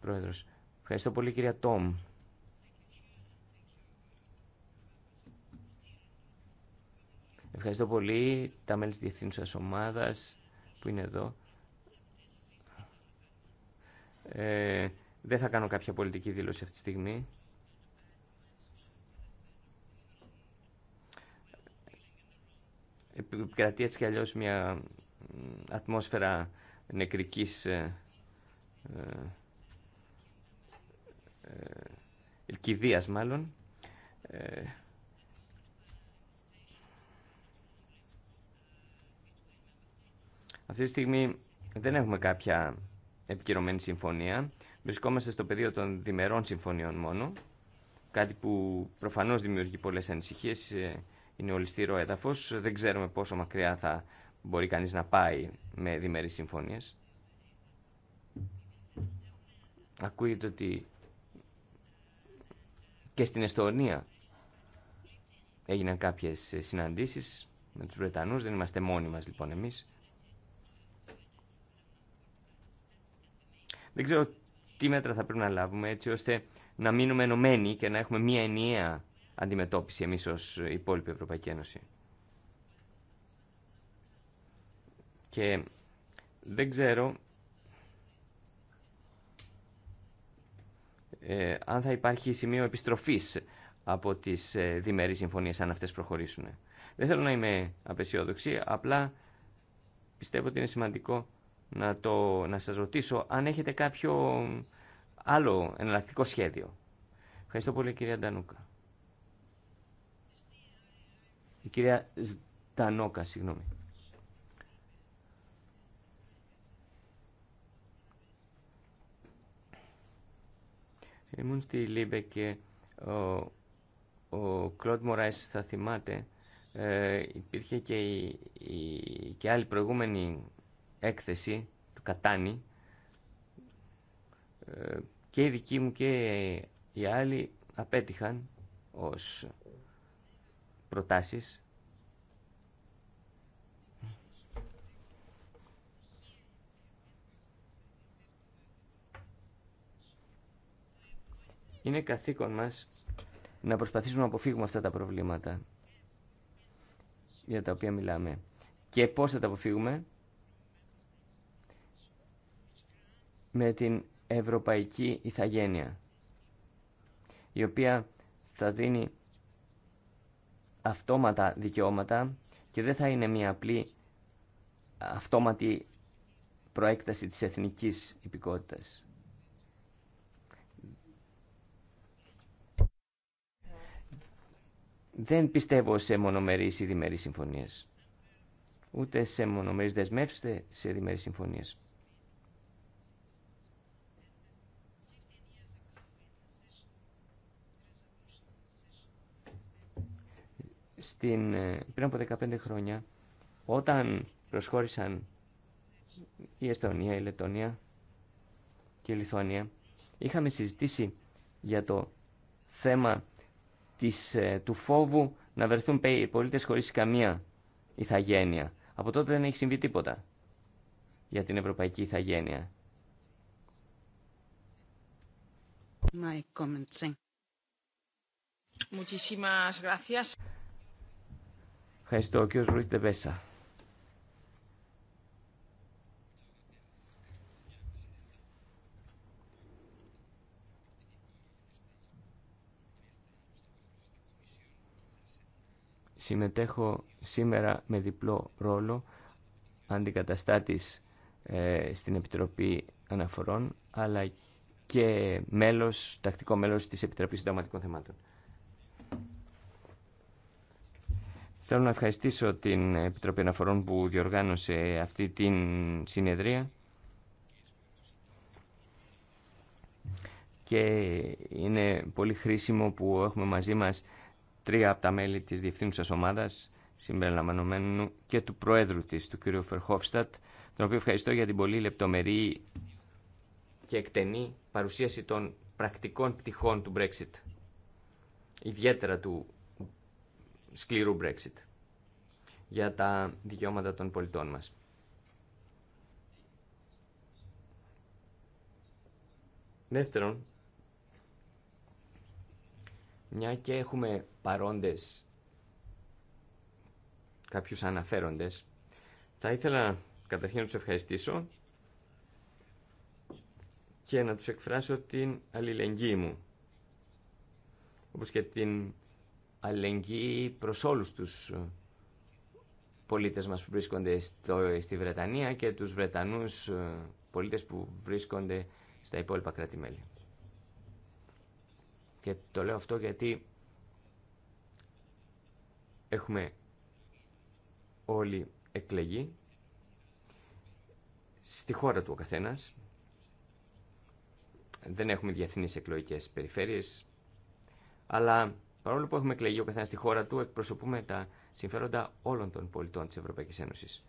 Πρόεδρος, ευχαριστώ πολύ κυρία Τόμ. Ευχαριστώ πολύ τα μέλη της διευθύνουσας ομάδας που είναι εδώ. Ε, δεν θα κάνω κάποια πολιτική δήλωση αυτή τη στιγμή. Επικρατεί έτσι κι αλλιώς μια ατμόσφαιρα νεκρικής ε, ε, ε ελκυδίας μάλλον. Αυτή τη στιγμή δεν έχουμε κάποια επικυρωμένη συμφωνία. Βρισκόμαστε στο πεδίο των διμερών συμφωνιών μόνο. Κάτι που προφανώ δημιουργεί πολλέ ανησυχίε. Ε, είναι ολιστήρο έδαφο. Δεν ξέρουμε πόσο μακριά θα μπορεί κανεί να πάει με διμερείς συμφωνίες. Ακούγεται ότι και στην Εστονία έγιναν κάποιες συναντήσεις με τους Βρετανούς. Δεν είμαστε μόνοι μας λοιπόν εμείς. Δεν ξέρω τι μέτρα θα πρέπει να λάβουμε έτσι ώστε να μείνουμε ενωμένοι και να έχουμε μία ενιαία αντιμετώπιση εμείς ως υπόλοιπη Ευρωπαϊκή Ένωση. Και δεν ξέρω ε, αν θα υπάρχει σημείο επιστροφής από τις ε, διμερείς συμφωνίες αν αυτές προχωρήσουν. Δεν θέλω να είμαι απεσιόδοξη, απλά πιστεύω ότι είναι σημαντικό να, το, να σας ρωτήσω αν έχετε κάποιο άλλο εναλλακτικό σχέδιο. Ευχαριστώ πολύ κυρία Ντανούκα. Η κυρία Στανόκα, συγγνώμη. Ήμουν στη Λίμπε και ο, ο Κλοντ Μωράης θα θυμάται ε, υπήρχε και, η, η, και άλλη προηγούμενη έκθεση του Κατάνη ε, και οι δικοί μου και οι άλλοι απέτυχαν ως προτάσεις Είναι καθήκον μας να προσπαθήσουμε να αποφύγουμε αυτά τα προβλήματα για τα οποία μιλάμε. Και πώς θα τα αποφύγουμε, με την Ευρωπαϊκή Ιθαγένεια, η οποία θα δίνει αυτόματα δικαιώματα και δεν θα είναι μια απλή αυτόματη προέκταση της εθνικής υπηκότητας. Δεν πιστεύω σε μονομερείς ή διμερείς συμφωνίες. Ούτε σε μονομερείς δεσμεύσεις, σε διμερείς συμφωνίες. Στην, ε, πριν από 15 χρόνια, όταν προσχώρησαν η Εστονία, η Λετωνία και η Λιθουανία, είχαμε συζητήσει για το θέμα της, ε, του φόβου να βρεθούν οι πολίτες χωρίς καμία ηθαγένεια. Από τότε δεν έχει συμβεί τίποτα για την ευρωπαϊκή ηθαγένεια. My Ευχαριστώ. Ο κύριος Ρουίτε Μέσα. Συμμετέχω σήμερα με διπλό ρόλο αντικαταστάτης ε, στην Επιτροπή Αναφορών αλλά και μέλος, τακτικό μέλος της Επιτροπής Συνταγματικών Θεμάτων. Θέλω να ευχαριστήσω την Επιτροπή Αναφορών που διοργάνωσε αυτή την συνεδρία και είναι πολύ χρήσιμο που έχουμε μαζί μας τρία από τα μέλη της διευθύνουσας ομάδας συμπεριλαμβανομένου και του Προέδρου της, του κ. Φερχόφστατ, τον οποίο ευχαριστώ για την πολύ λεπτομερή και εκτενή παρουσίαση των πρακτικών πτυχών του Brexit, ιδιαίτερα του σκληρού Brexit για τα δικαιώματα των πολιτών μας. Δεύτερον, μια και έχουμε παρόντες κάποιους αναφέροντες, θα ήθελα καταρχήν να τους ευχαριστήσω και να τους εκφράσω την αλληλεγγύη μου, όπως και την αλληλεγγύη προς όλους τους ε, πολίτες μας που βρίσκονται στη Βρετανία και τους Βρετανούς ε, πολίτες που βρίσκονται στα υπόλοιπα κράτη-μέλη. Και το λέω αυτό γιατί έχουμε όλοι εκλεγεί στη χώρα του ο καθένας. Δεν έχουμε διεθνείς εκλογικές περιφέρειες, αλλά Παρόλο που έχουμε εκλεγεί ο καθένα στη χώρα του, εκπροσωπούμε τα συμφέροντα όλων των πολιτών τη Ευρωπαϊκή Ένωση.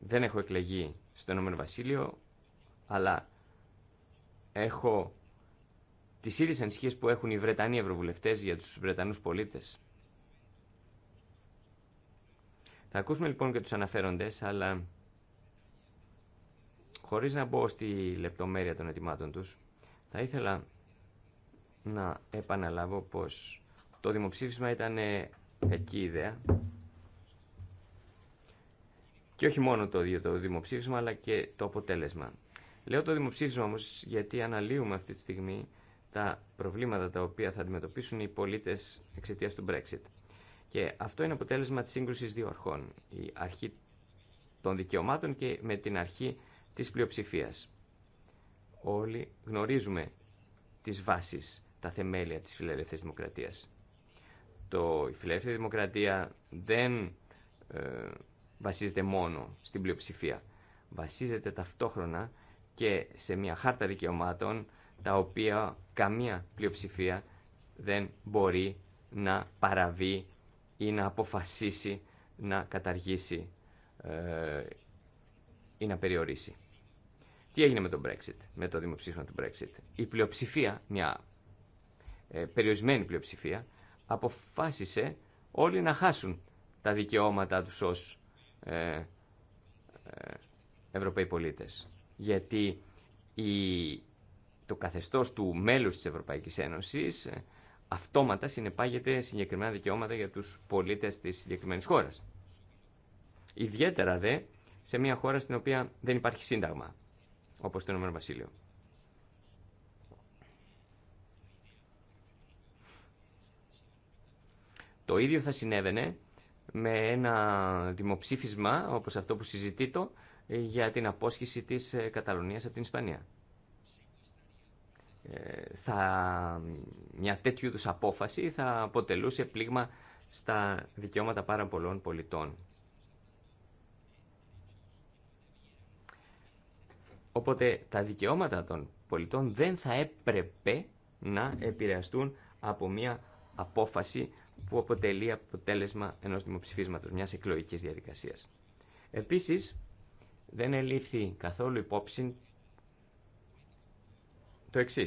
Δεν έχω εκλεγεί στο Ηνωμένο Βασίλειο, αλλά έχω τι ίδιε ανησυχίες που έχουν οι Βρετανοί Ευρωβουλευτές για του Βρετανού πολίτε. Θα ακούσουμε λοιπόν και του αναφέροντε. αλλά χωρίς να μπω στη λεπτομέρεια των ετοιμάτων τους, θα ήθελα να επαναλάβω πως το δημοψήφισμα ήταν ε, κακή ιδέα και όχι μόνο το ίδιο το δημοψήφισμα αλλά και το αποτέλεσμα. Λέω το δημοψήφισμα όμως γιατί αναλύουμε αυτή τη στιγμή τα προβλήματα τα οποία θα αντιμετωπίσουν οι πολίτες εξαιτία του Brexit. Και αυτό είναι αποτέλεσμα της σύγκρουσης δύο αρχών. Η αρχή των δικαιωμάτων και με την αρχή της πλειοψηφίας. Όλοι γνωρίζουμε τις βάσεις τα θεμέλια της φιλελεύθερης δημοκρατίας. Το, η φιλελεύθερη δημοκρατία δεν ε, βασίζεται μόνο στην πλειοψηφία. Βασίζεται ταυτόχρονα και σε μια χάρτα δικαιωμάτων τα οποία καμία πλειοψηφία δεν μπορεί να παραβεί ή να αποφασίσει να καταργήσει ε, ή να περιορίσει. Τι έγινε με το Brexit, με το δημοψήφισμα του Brexit. Η πλειοψηφία, μια ε, περιορισμένη πλειοψηφία, αποφάσισε όλοι να χάσουν τα δικαιώματά τους ως ε, ε, Ευρωπαίοι πολίτες. Γιατί η, το καθεστώς του μέλους της Ευρωπαϊκής Ένωσης ε, αυτόματα συνεπάγεται συγκεκριμένα δικαιώματα για τους πολίτες της συγκεκριμένης χώρας. Ιδιαίτερα δε σε μια χώρα στην οποία δεν υπάρχει σύνταγμα, όπως το Ηνωμένο Βασίλειο. Το ίδιο θα συνέβαινε με ένα δημοψήφισμα, όπως αυτό που συζητείτο για την απόσχηση της ε, Καταλωνίας από την Ισπανία. Ε, θα, μια τέτοιου είδους απόφαση θα αποτελούσε πλήγμα στα δικαιώματα πάρα πολλών πολιτών. Οπότε τα δικαιώματα των πολιτών δεν θα έπρεπε να επηρεαστούν από μια απόφαση που αποτελεί αποτέλεσμα ενός δημοψηφίσματος, μιας εκλογική διαδικασία. Επίσης, δεν ελήφθη καθόλου υπόψη το εξή.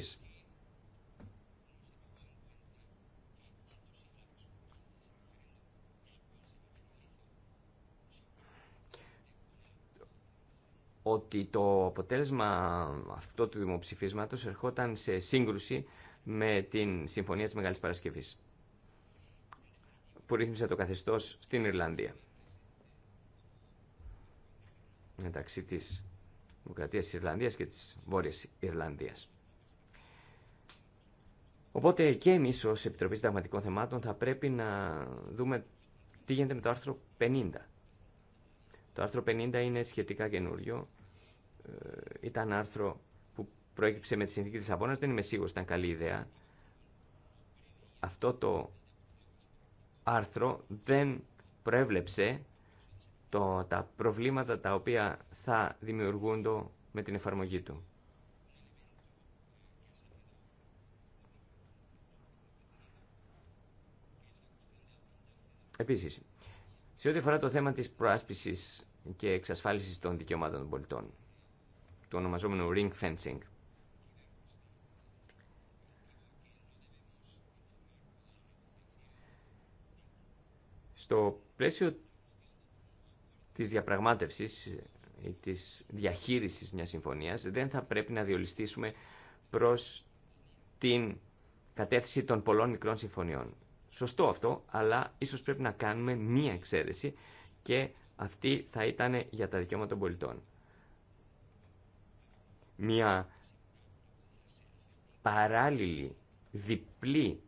ότι το αποτέλεσμα αυτό του δημοψηφίσματος ερχόταν σε σύγκρουση με την Συμφωνία της Μεγάλης Παρασκευής που ρύθμισε το καθεστώς στην Ιρλανδία. Μεταξύ της Δημοκρατίας της Ιρλανδίας και της Βόρειας Ιρλανδίας. Οπότε και εμείς ως Επιτροπή Συνταγματικών Θεμάτων θα πρέπει να δούμε τι γίνεται με το άρθρο 50. Το άρθρο 50 είναι σχετικά καινούριο. Ε, ήταν άρθρο που προέκυψε με τη συνθήκη της Αβώνας. Δεν είμαι σίγουρος ήταν καλή ιδέα. Αυτό το άρθρο δεν προέβλεψε το, τα προβλήματα τα οποία θα δημιουργούνται με την εφαρμογή του. Επίσης, σε ό,τι αφορά το θέμα της προάσπισης και εξασφάλισης των δικαιωμάτων των πολιτών, το ονομαζόμενο ring fencing, Στο πλαίσιο της διαπραγμάτευσης ή της διαχείρισης μιας συμφωνίας δεν θα πρέπει να διολυστήσουμε προς την κατεύθυνση των πολλών μικρών συμφωνιών. Σωστό αυτό, αλλά ίσως πρέπει να κάνουμε μία εξαίρεση και αυτή θα ήταν για τα δικαιώματα των πολιτών. Μία παράλληλη, διπλή,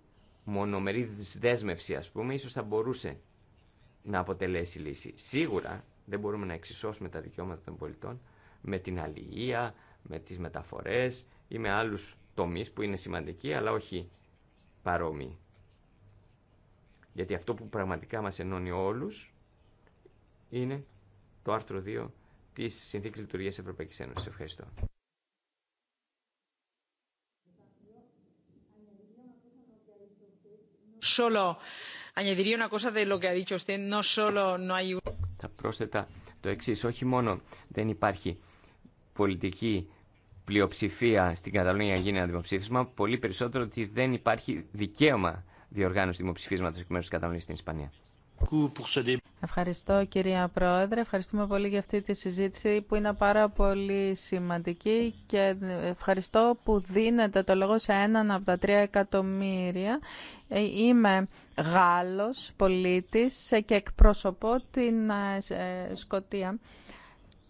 μονομερή δέσμευση, ας πούμε, ίσως θα μπορούσε να αποτελέσει λύση. Σίγουρα δεν μπορούμε να εξισώσουμε τα δικαιώματα των πολιτών με την αλληλεία, με τις μεταφορές ή με άλλους τομείς που είναι σημαντικοί αλλά όχι παρόμοιοι. Γιατί αυτό που πραγματικά μας ενώνει όλους είναι το άρθρο 2 της Συνθήκης Λειτουργίας Ευρωπαϊκής Ένωσης. Ευχαριστώ añadiría una cosa de lo que Θα πρόσθετα το εξή, όχι μόνο δεν υπάρχει πολιτική πλειοψηφία στην Καταλωνία για γίνει ένα δημοψήφισμα, πολύ περισσότερο ότι δεν υπάρχει δικαίωμα διοργάνωση δημοψηφίσματος εκ μέρους της Καταλωνία στην Ισπανία. Ευχαριστώ κυρία Πρόεδρε. Ευχαριστούμε πολύ για αυτή τη συζήτηση που είναι πάρα πολύ σημαντική και ευχαριστώ που δίνετε το λόγο σε έναν από τα τρία εκατομμύρια. Είμαι Γάλλος πολίτης και εκπροσωπώ την ε, Σκοτία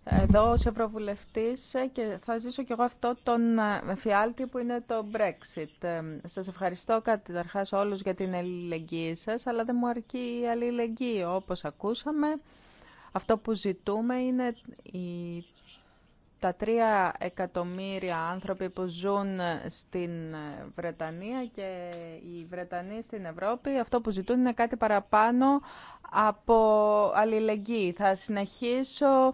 εδώ ως Ευρωβουλευτής και θα ζήσω κι εγώ αυτό τον ε, φιάλτη που είναι το Brexit. Ε, σας ευχαριστώ καταρχάς όλους για την αλληλεγγύη σας, αλλά δεν μου αρκεί η αλληλεγγύη. Όπως ακούσαμε, αυτό που ζητούμε είναι η... τα τρία εκατομμύρια άνθρωποι που ζουν στην ε, Βρετανία και οι Βρετανοί στην Ευρώπη. Αυτό που ζητούν είναι κάτι παραπάνω από αλληλεγγύη. Θα συνεχίσω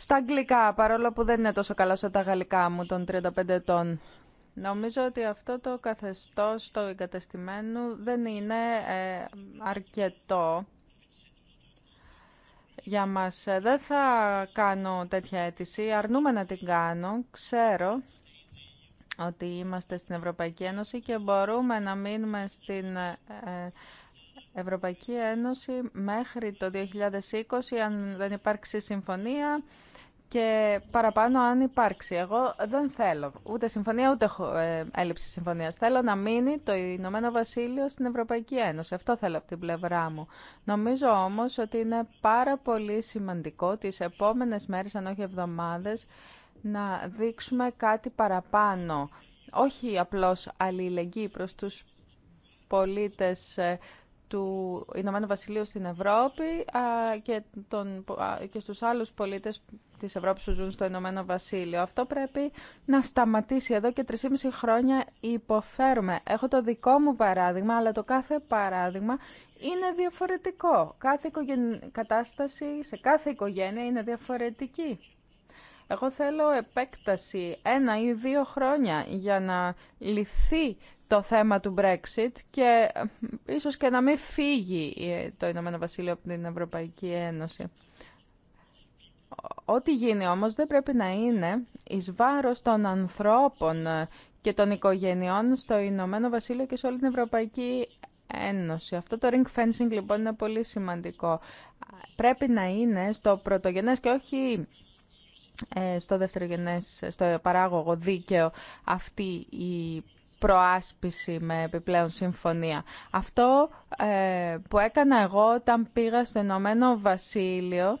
στα αγγλικά, παρόλο που δεν είναι τόσο καλά σε τα γαλλικά μου των 35 ετών. Νομίζω ότι αυτό το καθεστώς του εγκατεστημένου δεν είναι ε, αρκετό για μας. Ε, δεν θα κάνω τέτοια αίτηση, αρνούμε να την κάνω. Ξέρω ότι είμαστε στην Ευρωπαϊκή Ένωση και μπορούμε να μείνουμε στην ε, Ευρωπαϊκή Ένωση μέχρι το 2020, αν δεν υπάρξει συμφωνία και παραπάνω αν υπάρξει. Εγώ δεν θέλω ούτε συμφωνία ούτε ε, έλλειψη συμφωνίας. Θέλω να μείνει το Ηνωμένο Βασίλειο στην Ευρωπαϊκή Ένωση. Αυτό θέλω από την πλευρά μου. Νομίζω όμως ότι είναι πάρα πολύ σημαντικό τις επόμενες μέρες, αν όχι εβδομάδες, να δείξουμε κάτι παραπάνω. Όχι απλώς αλληλεγγύη προς τους πολίτες ε, του Ηνωμένου Βασιλείου στην Ευρώπη και, τον, και στους άλλους πολίτες της Ευρώπης που ζουν στο Ηνωμένο Βασίλειο. Αυτό πρέπει να σταματήσει. Εδώ και 3,5 χρόνια υποφέρουμε. Έχω το δικό μου παράδειγμα, αλλά το κάθε παράδειγμα είναι διαφορετικό. Κάθε κατάσταση σε κάθε οικογένεια είναι διαφορετική. Εγώ θέλω επέκταση ένα ή δύο χρόνια για να λυθεί το θέμα του Brexit και ε, ίσως και να μην φύγει ε, το Ηνωμένο Βασίλειο από την Ευρωπαϊκή Ένωση. Ό,τι γίνει όμως δεν πρέπει να είναι εις βάρος των ανθρώπων ε, και των οικογενειών στο Ηνωμένο Βασίλειο και σε όλη την Ευρωπαϊκή Ένωση. Αυτό το ring fencing λοιπόν είναι πολύ σημαντικό. Πρέπει να είναι στο πρωτογενές και όχι στο δευτερογενές, στο παράγωγο δίκαιο αυτή η προάσπιση με επιπλέον συμφωνία. Αυτό ε, που έκανα εγώ όταν πήγα στο Ηνωμένο Βασίλειο,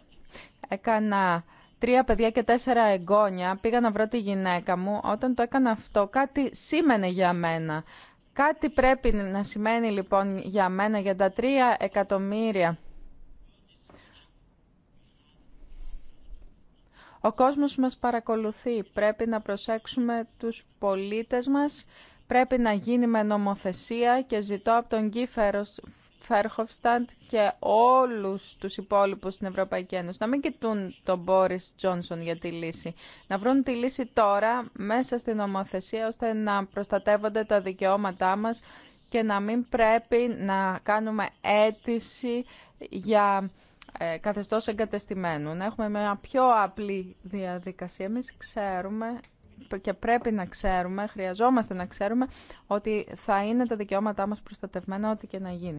έκανα τρία παιδιά και τέσσερα εγγόνια, πήγα να βρω τη γυναίκα μου. Όταν το έκανα αυτό, κάτι σήμαινε για μένα. Κάτι πρέπει να σημαίνει λοιπόν για μένα, για τα τρία εκατομμύρια. Ο κόσμος μας παρακολουθεί. Πρέπει να προσέξουμε τους πολίτες μας πρέπει να γίνει με νομοθεσία και ζητώ από τον Γκίφερος Φέρχοφσταντ και όλους τους υπόλοιπους στην Ευρωπαϊκή Ένωση να μην κοιτούν τον Μπόρις Τζόνσον για τη λύση. Να βρουν τη λύση τώρα μέσα στην νομοθεσία ώστε να προστατεύονται τα δικαιώματά μας και να μην πρέπει να κάνουμε αίτηση για ε, καθεστώς εγκατεστημένου. Να έχουμε μια πιο απλή διαδικασία. Εμείς ξέρουμε και πρέπει να ξέρουμε, χρειαζόμαστε να ξέρουμε ότι θα είναι τα δικαιώματά μας προστατευμένα ό,τι και να γίνει.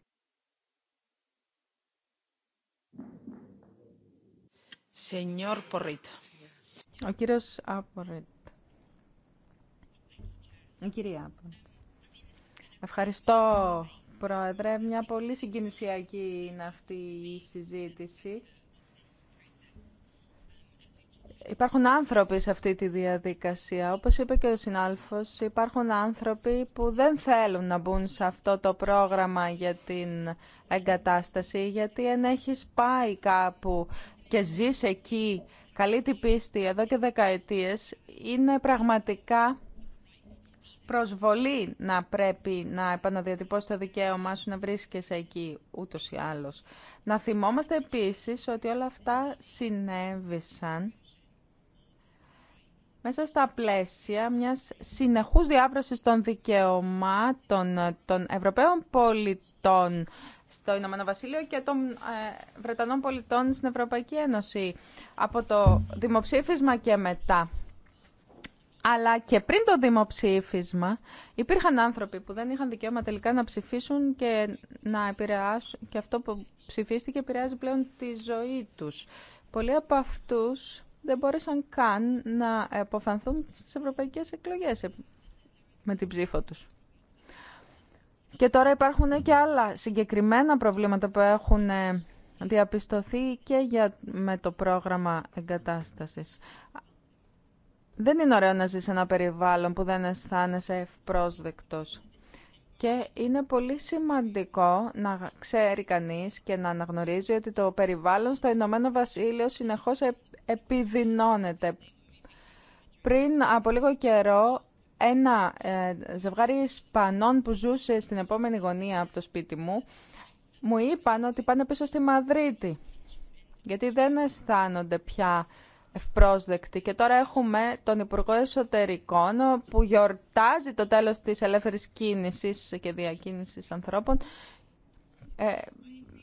Ο κύριος Η κυρία Απορίτ. Ευχαριστώ, Πρόεδρε. Μια πολύ συγκινησιακή είναι αυτή η συζήτηση. Υπάρχουν άνθρωποι σε αυτή τη διαδικασία. Όπως είπε και ο συνάλφος, υπάρχουν άνθρωποι που δεν θέλουν να μπουν σε αυτό το πρόγραμμα για την εγκατάσταση, γιατί αν έχεις πάει κάπου και ζεις εκεί, καλή την πίστη εδώ και δεκαετίες, είναι πραγματικά προσβολή να πρέπει να επαναδιατυπώσει το δικαίωμά σου να βρίσκεσαι εκεί ούτως ή άλλως. Να θυμόμαστε επίσης ότι όλα αυτά συνέβησαν μέσα στα πλαίσια μιας συνεχούς διάβρωσης των δικαιωμάτων των Ευρωπαίων πολιτών στο Ηνωμένο Βασίλειο και των ε, Βρετανών πολιτών στην Ευρωπαϊκή Ένωση από το δημοψήφισμα και μετά. Αλλά και πριν το δημοψήφισμα υπήρχαν άνθρωποι που δεν είχαν δικαίωμα τελικά να ψηφίσουν και να επηρεάσουν και αυτό που ψηφίστηκε επηρεάζει πλέον τη ζωή τους. Πολλοί από αυτούς δεν μπόρεσαν καν να αποφανθούν στις ευρωπαϊκές εκλογές με την ψήφο τους. Και τώρα υπάρχουν και άλλα συγκεκριμένα προβλήματα που έχουν ε, διαπιστωθεί και για, με το πρόγραμμα εγκατάστασης. Δεν είναι ωραίο να ζεις σε ένα περιβάλλον που δεν αισθάνεσαι ευπρόσδεκτος. Και είναι πολύ σημαντικό να ξέρει κανείς και να αναγνωρίζει ότι το περιβάλλον στο Ηνωμένο Βασίλειο συνεχώς επιδεινώνεται. Πριν από λίγο καιρό, ένα ε, ζευγάρι Ισπανών που ζούσε στην επόμενη γωνία από το σπίτι μου, μου είπαν ότι πάνε πίσω στη Μαδρίτη, γιατί δεν αισθάνονται πια ευπρόσδεκτοι. Και τώρα έχουμε τον Υπουργό Εσωτερικών που γιορτάζει το τέλος της ελεύθερης κίνησης και διακίνησης ανθρώπων. Ε,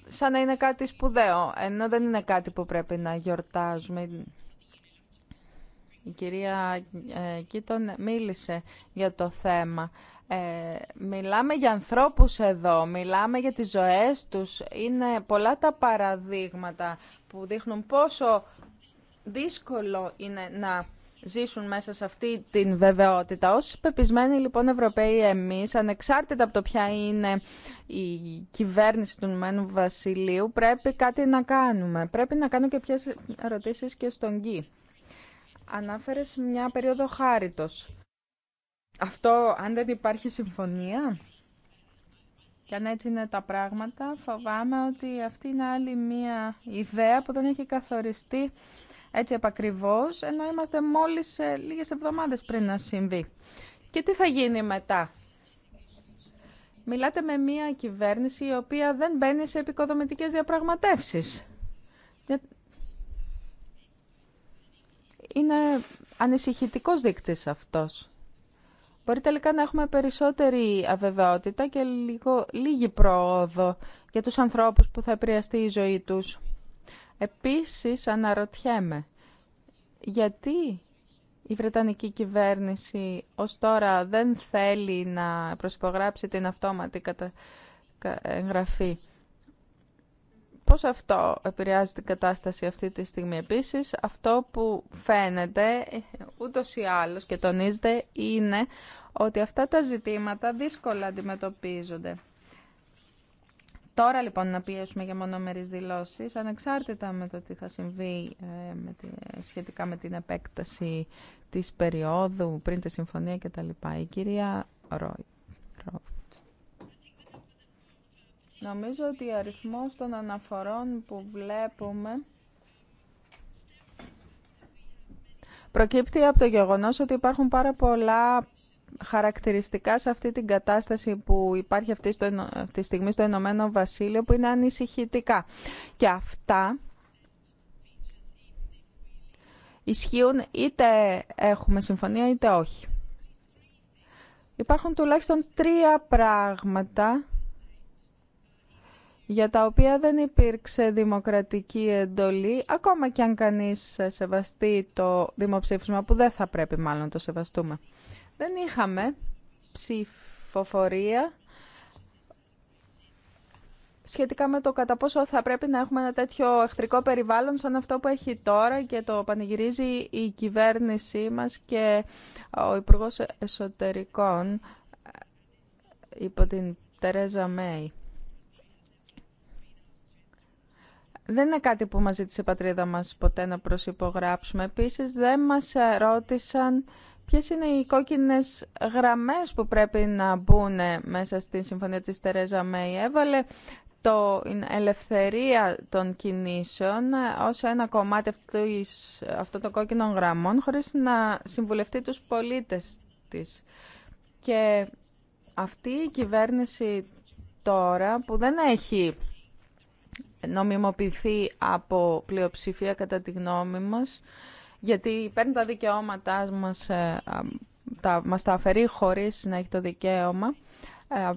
σαν να είναι κάτι σπουδαίο, ενώ δεν είναι κάτι που πρέπει να γιορτάζουμε. Η κυρία ε, Κίτον μίλησε για το θέμα. Ε, μιλάμε για ανθρώπους εδώ, μιλάμε για τις ζωές τους. Είναι πολλά τα παραδείγματα που δείχνουν πόσο δύσκολο είναι να ζήσουν μέσα σε αυτή την βεβαιότητα. Όσοι πεπισμένοι λοιπόν Ευρωπαίοι εμείς, ανεξάρτητα από το ποια είναι η κυβέρνηση του Ηνωμένου Βασιλείου, πρέπει κάτι να κάνουμε. Πρέπει να κάνω και ποιες ερωτήσεις και στον Γκί. Ανάφερες μια περίοδο χάριτος. Αυτό αν δεν υπάρχει συμφωνία... Και αν έτσι είναι τα πράγματα, φοβάμαι ότι αυτή είναι άλλη μία ιδέα που δεν έχει καθοριστεί έτσι επακριβώς, ενώ είμαστε μόλις ε, λίγες εβδομάδες πριν να συμβεί. Και τι θα γίνει μετά. Μιλάτε με μια κυβέρνηση η οποία δεν μπαίνει σε επικοδομητικές διαπραγματεύσεις. Είναι ανησυχητικός δείκτης αυτός. Μπορεί τελικά να έχουμε περισσότερη αβεβαιότητα και λίγο, λίγη πρόοδο για τους ανθρώπους που θα επηρεαστεί η ζωή τους. Επίσης αναρωτιέμαι γιατί η Βρετανική κυβέρνηση ως τώρα δεν θέλει να προσυπογράψει την αυτόματη κατα... εγγραφή. Πώς αυτό επηρεάζει την κατάσταση αυτή τη στιγμή. Επίσης, αυτό που φαίνεται ούτως ή άλλως και τονίζεται είναι ότι αυτά τα ζητήματα δύσκολα αντιμετωπίζονται. Τώρα λοιπόν να πιέσουμε για μονομερείς δηλώσεις, ανεξάρτητα με το τι θα συμβεί ε, με τη, σχετικά με την επέκταση της περίοδου πριν τη συμφωνία κτλ. Η κυρία Ρόι. Νομίζω ότι ο αριθμός των αναφορών που βλέπουμε προκύπτει από το γεγονός ότι υπάρχουν πάρα πολλά χαρακτηριστικά σε αυτή την κατάσταση που υπάρχει αυτή, στο, αυτή τη στιγμή στο Ενωμένο Βασίλειο που είναι ανησυχητικά. Και αυτά ισχύουν είτε έχουμε συμφωνία είτε όχι. Υπάρχουν τουλάχιστον τρία πράγματα για τα οποία δεν υπήρξε δημοκρατική εντολή, ακόμα και αν κανείς σεβαστεί το δημοψήφισμα, που δεν θα πρέπει μάλλον το σεβαστούμε. Δεν είχαμε ψηφοφορία σχετικά με το κατά πόσο θα πρέπει να έχουμε ένα τέτοιο εχθρικό περιβάλλον σαν αυτό που έχει τώρα και το πανηγυρίζει η κυβέρνησή μας και ο Υπουργός Εσωτερικών υπό την Τερέζα Μέη. Δεν είναι κάτι που μας ζήτησε η πατρίδα μας ποτέ να προσυπογράψουμε. Επίσης δεν μας ρώτησαν Ποιες είναι οι κόκκινες γραμμές που πρέπει να μπουν μέσα στην συμφωνία της Τερέζα Μέη. Έβαλε την ελευθερία των κινήσεων ως ένα κομμάτι αυτών των κόκκινων γραμμών χωρίς να συμβουλευτεί τους πολίτες της. Και αυτή η κυβέρνηση τώρα που δεν έχει νομιμοποιηθεί από πλειοψηφία κατά τη γνώμη μας γιατί παίρνει τα δικαιώματά μας, ε, τα, μας τα αφαιρεί χωρίς να έχει το δικαίωμα. Ε,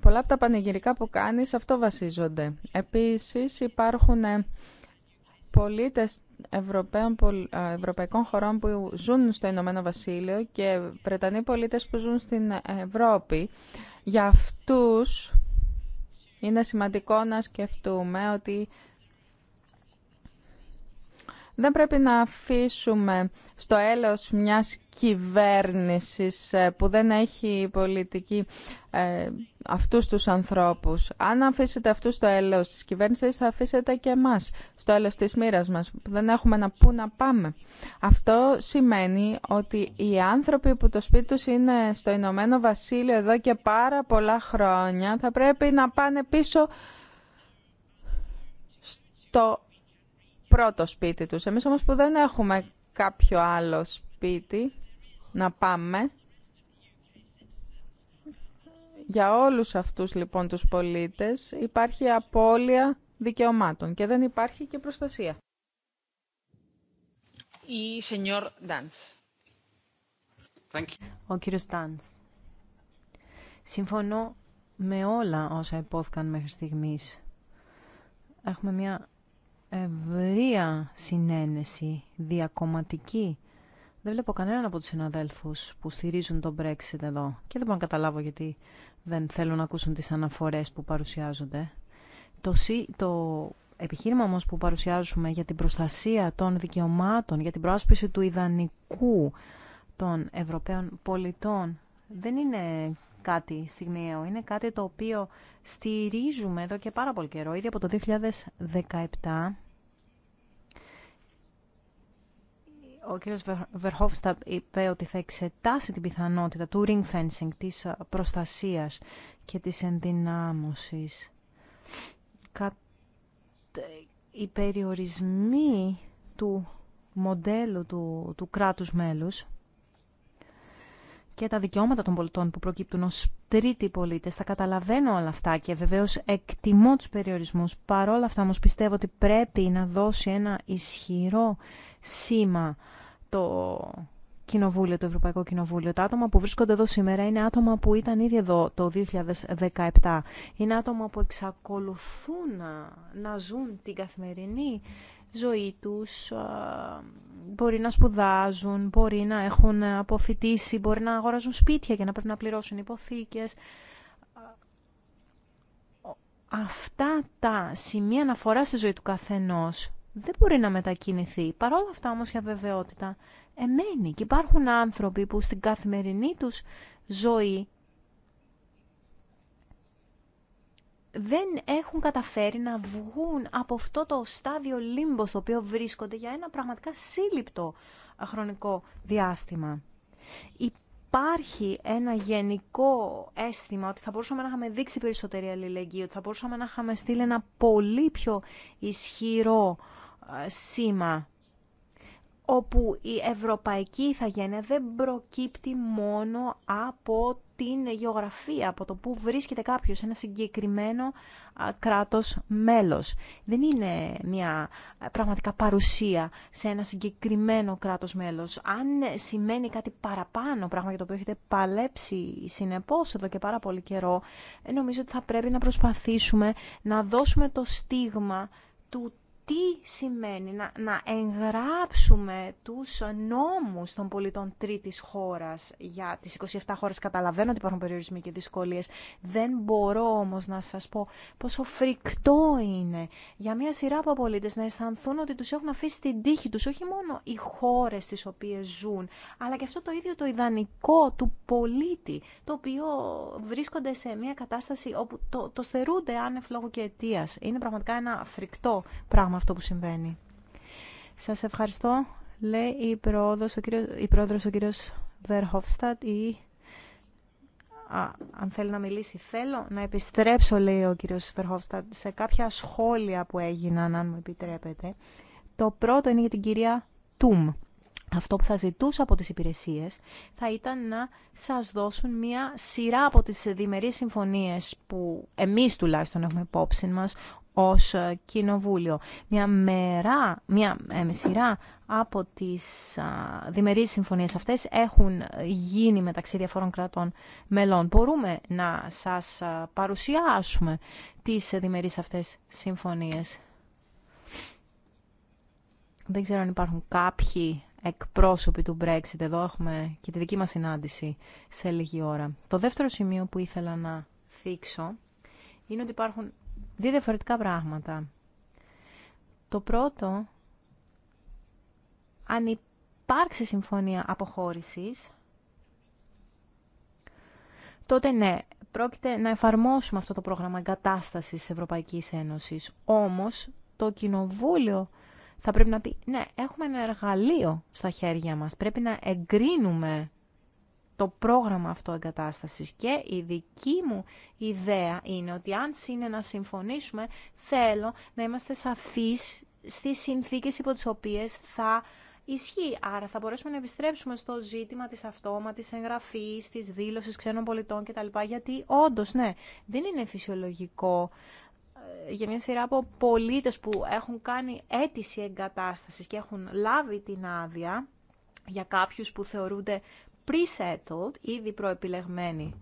πολλά από τα πανηγυρικά που κάνεις αυτό βασίζονται. Επίσης υπάρχουν ε, πολίτες ευρωπαϊκών χωρών που ζουν στο Ηνωμένο Βασίλειο και Βρετανοί πολίτες που ζουν στην Ευρώπη. Για αυτούς είναι σημαντικό να σκεφτούμε ότι δεν πρέπει να αφήσουμε στο έλεος μιας κυβέρνησης ε, που δεν έχει πολιτική ε, αυτούς τους ανθρώπους. Αν αφήσετε αυτούς στο έλεος της κυβέρνησης θα αφήσετε και εμάς στο έλεος της μοίρας μας που δεν έχουμε να πού να πάμε. Αυτό σημαίνει ότι οι άνθρωποι που το σπίτι τους είναι στο Ηνωμένο Βασίλειο εδώ και πάρα πολλά χρόνια θα πρέπει να πάνε πίσω στο πρώτο σπίτι τους. Εμείς όμως που δεν έχουμε κάποιο άλλο σπίτι να πάμε, για όλους αυτούς λοιπόν τους πολίτες υπάρχει απώλεια δικαιωμάτων και δεν υπάρχει και προστασία. Η σενιόρ Ντάνς. Ο κύριος Ντάνς. Συμφωνώ με όλα όσα υπόθηκαν μέχρι στιγμής. Έχουμε μια ευρεία συνένεση, διακομματική. Δεν βλέπω κανέναν από τους συναδέλφους που στηρίζουν τον Brexit εδώ και δεν μπορώ να καταλάβω γιατί δεν θέλουν να ακούσουν τις αναφορές που παρουσιάζονται. Το, το επιχείρημα όμως που παρουσιάζουμε για την προστασία των δικαιωμάτων, για την προάσπιση του ιδανικού των Ευρωπαίων πολιτών δεν είναι κάτι στιγμιαίο. Είναι κάτι το οποίο στηρίζουμε εδώ και πάρα πολύ καιρό, ήδη από το 2017. Ο κύριος Βερχόφστα είπε ότι θα εξετάσει την πιθανότητα του ring fencing, της προστασίας και της ενδυνάμωσης. Οι περιορισμοί του μοντέλου του, του κράτους μέλους και τα δικαιώματα των πολιτών που προκύπτουν ως τρίτοι πολίτες. Τα καταλαβαίνω όλα αυτά και βεβαίως εκτιμώ τους περιορισμούς. Παρόλα αυτά όμως πιστεύω ότι πρέπει να δώσει ένα ισχυρό σήμα το Κοινοβούλιο, το Ευρωπαϊκό Κοινοβούλιο. Τα άτομα που βρίσκονται εδώ σήμερα είναι άτομα που ήταν ήδη εδώ το 2017. Είναι άτομα που εξακολουθούν να, να ζουν την καθημερινή ζωή τους, ε, μπορεί να σπουδάζουν, μπορεί να έχουν αποφυτίσει, μπορεί να αγοράζουν σπίτια και να πρέπει να πληρώσουν υποθήκες. Ε, αυτά τα σημεία αναφορά στη ζωή του καθενός δεν μπορεί να μετακινηθεί. Παρ' όλα αυτά όμως η αβεβαιότητα εμένει και υπάρχουν άνθρωποι που στην καθημερινή τους ζωή δεν έχουν καταφέρει να βγουν από αυτό το στάδιο λίμπο στο οποίο βρίσκονται για ένα πραγματικά σύλληπτο χρονικό διάστημα. Υπάρχει ένα γενικό αίσθημα ότι θα μπορούσαμε να είχαμε δείξει περισσότερη αλληλεγγύη, ότι θα μπορούσαμε να είχαμε στείλει ένα πολύ πιο ισχυρό ε, σήμα όπου η ευρωπαϊκή ηθαγένεια δεν προκύπτει μόνο από την γεωγραφία, από το που βρίσκεται κάποιος σε ένα συγκεκριμένο κράτος μέλος. Δεν είναι μια πραγματικά παρουσία σε ένα συγκεκριμένο κράτος μέλος. Αν σημαίνει κάτι παραπάνω, πράγμα για το οποίο έχετε παλέψει συνεπώς εδώ και πάρα πολύ καιρό, ε, νομίζω ότι θα πρέπει να προσπαθήσουμε να δώσουμε το στίγμα του τι σημαίνει να, να εγγράψουμε τους νόμους των πολιτών τρίτης χώρας για τις 27 χώρες. Καταλαβαίνω ότι υπάρχουν περιορισμοί και δυσκολίες. Δεν μπορώ όμως να σας πω πόσο φρικτό είναι για μια σειρά από πολίτες να αισθανθούν ότι τους έχουν αφήσει την τύχη τους, όχι μόνο οι χώρες τις οποίες ζουν, αλλά και αυτό το ίδιο το ιδανικό του πολίτη, το οποίο βρίσκονται σε μια κατάσταση όπου το, το στερούνται άνευ λόγω και αιτίας. Είναι πραγματικά ένα φρικτό πράγμα αυτό που συμβαίνει. Σας ευχαριστώ, λέει η πρόεδρος ο κύριος, η πρόεδρος ο κύριος Βερχοφστατ ή... αν θέλει να μιλήσει, θέλω να επιστρέψω, λέει ο κύριος Βερχοφστατ, σε κάποια σχόλια που έγιναν, αν μου επιτρέπετε. Το πρώτο είναι για την κυρία Τούμ. Αυτό που θα ζητούσα από τις υπηρεσίες θα ήταν να σας δώσουν μία σειρά από τις διμερείς συμφωνίες που εμείς τουλάχιστον έχουμε υπόψη μας, ως ε, κοινοβούλιο. Μια, μερά, μια ε, σειρά από τις α, διμερείς συμφωνίες αυτές έχουν ε, γίνει μεταξύ διαφόρων κρατών μελών. Μπορούμε να σας παρουσιάσουμε τις ε, διμερείς αυτές συμφωνίες. Δεν ξέρω αν υπάρχουν κάποιοι εκπρόσωποι του Brexit. Εδώ έχουμε και τη δική μας συνάντηση σε λίγη ώρα. Το δεύτερο σημείο που ήθελα να θίξω είναι ότι υπάρχουν δύο διαφορετικά πράγματα. Το πρώτο, αν υπάρξει συμφωνία αποχώρησης, τότε ναι, πρόκειται να εφαρμόσουμε αυτό το πρόγραμμα εγκατάστασης της Ευρωπαϊκής Ένωσης. Όμως, το Κοινοβούλιο θα πρέπει να πει, ναι, έχουμε ένα εργαλείο στα χέρια μας, πρέπει να εγκρίνουμε το πρόγραμμα αυτό εγκατάστασης και η δική μου ιδέα είναι ότι αν είναι να συμφωνήσουμε θέλω να είμαστε σαφείς στις συνθήκες υπό τις οποίες θα ισχύει. Άρα θα μπορέσουμε να επιστρέψουμε στο ζήτημα της αυτόματης εγγραφής, της δήλωσης ξένων πολιτών κτλ. Γιατί όντως, ναι, δεν είναι φυσιολογικό ε, για μια σειρά από πολίτες που έχουν κάνει αίτηση εγκατάστασης και έχουν λάβει την άδεια για κάποιους που θεωρούνται pre-settled, ήδη προεπιλεγμένοι.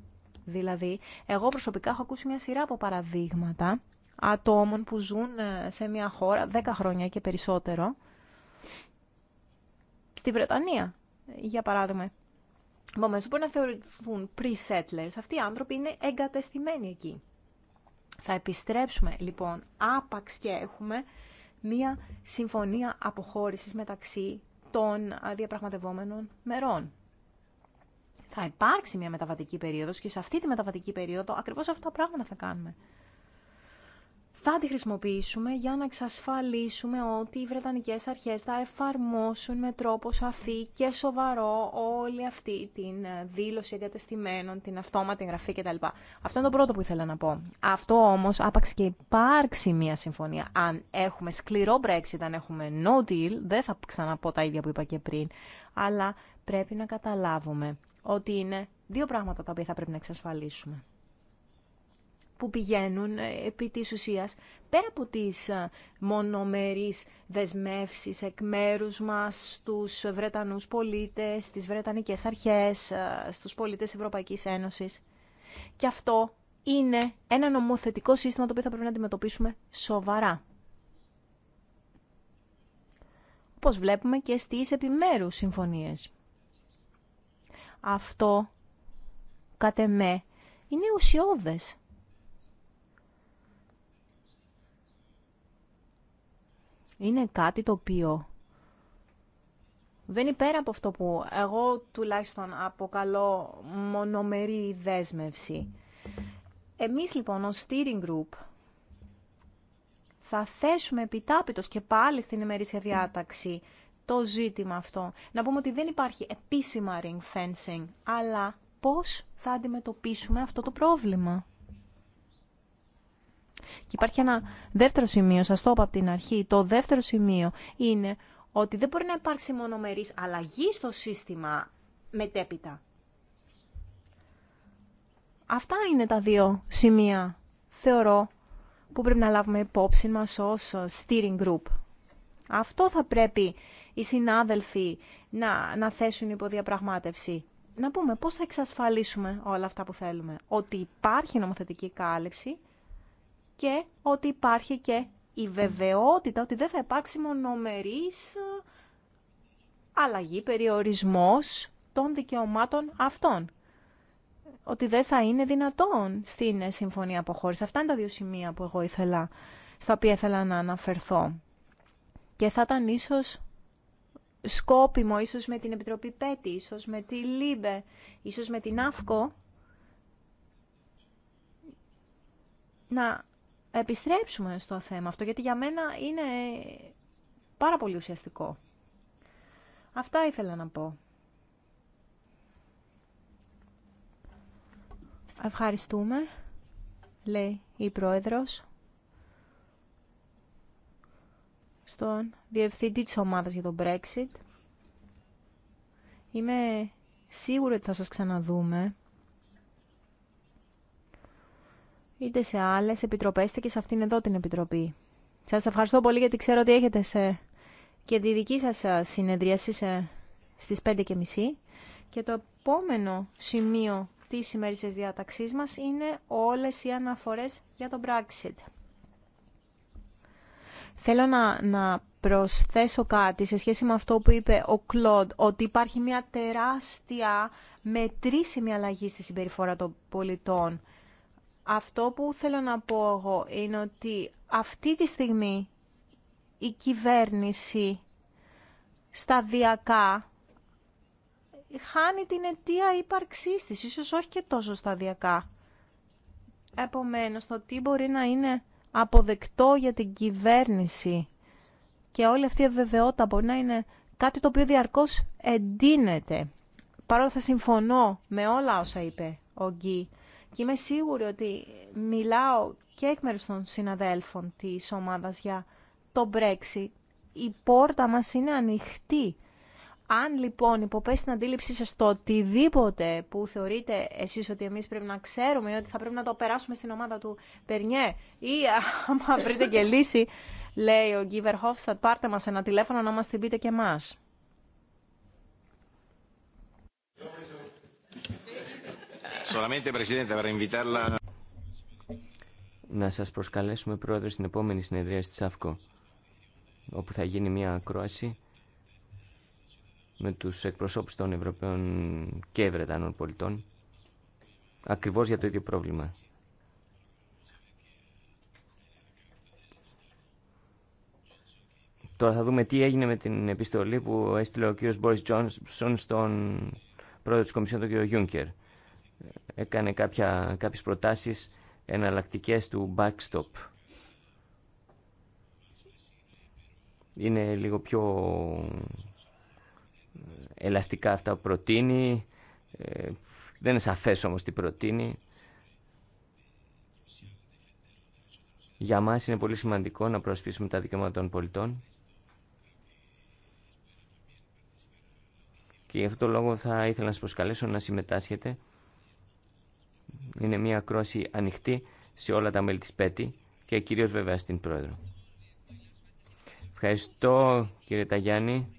Δηλαδή, εγώ προσωπικά έχω ακούσει μια σειρά από παραδείγματα ατόμων που ζουν ε, σε μια χώρα 10 χρόνια και περισσότερο, στη Βρετανία, για παράδειγμα. Επομένως, μπορεί να θεωρηθούν pre-settlers. Αυτοί οι άνθρωποι είναι εγκατεστημένοι εκεί. Θα επιστρέψουμε, λοιπόν, άπαξ και έχουμε μία συμφωνία αποχώρησης μεταξύ των διαπραγματευόμενων μερών. Θα υπάρξει μια μεταβατική περίοδος και σε αυτή τη μεταβατική περίοδο ακριβώς αυτά τα πράγματα θα κάνουμε. Θα τη χρησιμοποιήσουμε για να εξασφαλίσουμε ότι οι Βρετανικές αρχές θα εφαρμόσουν με τρόπο σαφή και σοβαρό όλη αυτή την ε, δήλωση εγκατεστημένων, την αυτόματη εγγραφή κτλ. Αυτό είναι το πρώτο που ήθελα να πω. Αυτό όμως άπαξε και υπάρξει μια συμφωνία. Αν έχουμε σκληρό Brexit, αν έχουμε no deal, δεν θα ξαναπώ τα ίδια που είπα και πριν, αλλά πρέπει να καταλάβουμε ότι είναι δύο πράγματα τα οποία θα πρέπει να εξασφαλίσουμε που πηγαίνουν ε, επί της ουσίας πέρα από τις ε, μονομερείς δεσμεύσεις εκ μέρους μας στους Βρετανούς πολίτες, στις Βρετανικές αρχές, ε, στους πολίτες Ευρωπαϊκής Ένωσης. Και αυτό είναι ένα νομοθετικό σύστημα το οποίο θα πρέπει να αντιμετωπίσουμε σοβαρά. Όπως βλέπουμε και στις επιμέρους συμφωνίες αυτό κατ' εμέ είναι ουσιώδες. Είναι κάτι το οποίο δεν είναι πέρα από αυτό που εγώ τουλάχιστον αποκαλώ μονομερή δέσμευση. Εμείς λοιπόν ως steering group θα θέσουμε επιτάπητος και πάλι στην ημερήσια διάταξη το ζήτημα αυτό. Να πούμε ότι δεν υπάρχει επίσημα ring fencing, αλλά πώς θα αντιμετωπίσουμε αυτό το πρόβλημα. Και υπάρχει ένα δεύτερο σημείο, σας το είπα από την αρχή, το δεύτερο σημείο είναι ότι δεν μπορεί να υπάρξει μονομερής αλλαγή στο σύστημα μετέπειτα. Αυτά είναι τα δύο σημεία, θεωρώ, που πρέπει να λάβουμε υπόψη μας ως steering group. Αυτό θα πρέπει οι συνάδελφοι να, να θέσουν υποδιαπραγμάτευση. Να πούμε πώς θα εξασφαλίσουμε όλα αυτά που θέλουμε. Ότι υπάρχει νομοθετική κάλυψη και ότι υπάρχει και η βεβαιότητα ότι δεν θα υπάρξει μονομερής ε, αλλαγή, περιορισμός των δικαιωμάτων αυτών. Ότι δεν θα είναι δυνατόν στην Συμφωνία Αποχώρηση. Αυτά είναι τα δύο σημεία που εγώ ήθελα, στα οποία ήθελα να αναφερθώ. Και θα ήταν ίσως σκόπιμο ίσως με την Επιτροπή ΠΕΤΗ, ίσως με τη Λίμπε, ίσως με την ΑΦΚΟ να επιστρέψουμε στο θέμα αυτό, γιατί για μένα είναι πάρα πολύ ουσιαστικό. Αυτά ήθελα να πω. Ευχαριστούμε, λέει η Πρόεδρος. στον διευθυντή της ομάδας για τον Brexit. Είμαι σίγουρη ότι θα σας ξαναδούμε. Είτε σε άλλες επιτροπές, είτε και σε αυτήν εδώ την επιτροπή. Σας ευχαριστώ πολύ γιατί ξέρω ότι έχετε σε... και τη δική σας ε, συνεδρίαση σε... στις 5.30. Και το επόμενο σημείο της σημερινής διάταξής μας είναι όλες οι αναφορές για τον Brexit. Θέλω να, να προσθέσω κάτι σε σχέση με αυτό που είπε ο Κλοντ, ότι υπάρχει μια τεράστια μετρήσιμη αλλαγή στη συμπεριφορά των πολιτών. Αυτό που θέλω να πω εγώ είναι ότι αυτή τη στιγμή η κυβέρνηση σταδιακά χάνει την αιτία ύπαρξή της, ίσως όχι και τόσο σταδιακά. Επομένως, το τι μπορεί να είναι αποδεκτό για την κυβέρνηση. Και όλη αυτή η αβεβαιότητα μπορεί να είναι κάτι το οποίο διαρκώς εντείνεται. Παρόλο θα συμφωνώ με όλα όσα είπε ο Γκί και είμαι σίγουρη ότι μιλάω και εκ μέρους των συναδέλφων της ομάδας για το Brexit. Η πόρτα μας είναι ανοιχτή αν λοιπόν υποπέσει την αντίληψή σα το οτιδήποτε που θεωρείτε εσεί ότι εμεί πρέπει να ξέρουμε ή ότι θα πρέπει να το περάσουμε στην ομάδα του Περνιέ ή άμα βρείτε και λύση, λέει ο Γκίβερ Χόφστατ, πάρτε μα ένα τηλέφωνο να μα την πείτε και εμά. Να σας προσκαλέσουμε πρόεδρε στην επόμενη συνεδρία στη ΣΑΦΚΟ όπου θα γίνει μια ακρόαση με τους εκπροσώπους των Ευρωπαίων και Βρετανών πολιτών ακριβώς για το ίδιο πρόβλημα. Τώρα θα δούμε τι έγινε με την επιστολή που έστειλε ο κύριος Μπόρις Τζόνσον στον πρόεδρο της Κομισιόν, τον κύριο Γιούνκερ. Έκανε κάποια, κάποιες προτάσεις εναλλακτικές του backstop. Είναι λίγο πιο ελαστικά αυτά που προτείνει. Ε, δεν είναι σαφές όμως τι προτείνει. Για μας είναι πολύ σημαντικό να προσπίσουμε τα δικαιώματα των πολιτών. Και γι' αυτόν τον λόγο θα ήθελα να σας προσκαλέσω να συμμετάσχετε. Είναι μια κρόση ανοιχτή σε όλα τα μέλη της ΠΕΤΗ και κυρίως βέβαια στην Πρόεδρο. Ευχαριστώ κύριε Ταγιάννη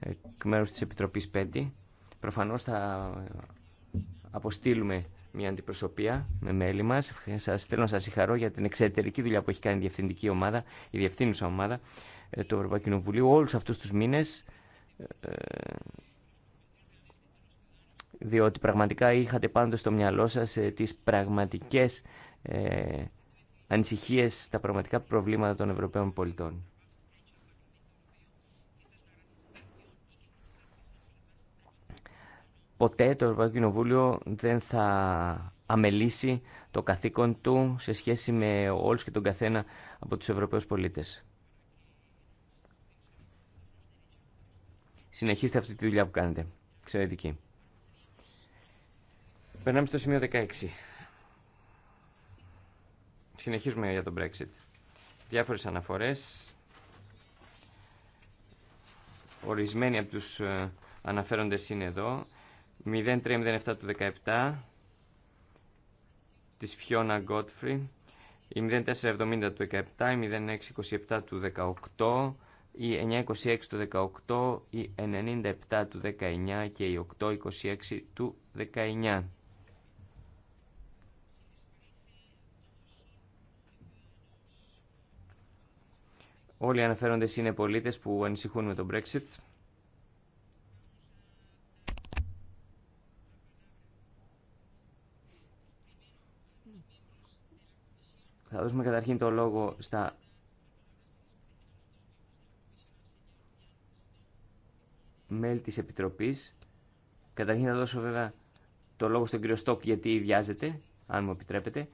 εκ μέρους της Επιτροπής 5. Προφανώς θα αποστείλουμε μια αντιπροσωπεία με μέλη μας. Σας θέλω να σας συγχαρώ για την εξαιρετική δουλειά που έχει κάνει η διευθυντική ομάδα, η διευθύνουσα ομάδα ε, του Ευρωπαϊκού Κοινοβουλίου όλους αυτούς τους μήνες ε, διότι πραγματικά είχατε πάντοτε στο μυαλό σας ε, τις πραγματικές ανησυχίες, τα πραγματικά προβλήματα των Ευρωπαίων πολιτών. ποτέ το Ευρωπαϊκό Κοινοβούλιο δεν θα αμελήσει το καθήκον του σε σχέση με όλους και τον καθένα από τους Ευρωπαίους πολίτες. Συνεχίστε αυτή τη δουλειά που κάνετε. Εξαιρετική. Περνάμε στο σημείο 16. Συνεχίζουμε για τον Brexit. Διάφορες αναφορές. Ορισμένοι από τους ε, αναφέροντες είναι εδώ. 0307 του 17 της Φιώνα Γκότφρι, η 0470 του 17, η 0627 του 18, η 926 του 18, η 97 του 19 και η 826 του 19. Όλοι οι αναφέροντες είναι πολίτες που ανησυχούν με τον Brexit. Θα δώσουμε καταρχήν το λόγο στα μέλη της Επιτροπής. Καταρχήν θα δώσω βέβαια το λόγο στον κύριο Στόκ γιατί βιάζεται, αν μου επιτρέπετε.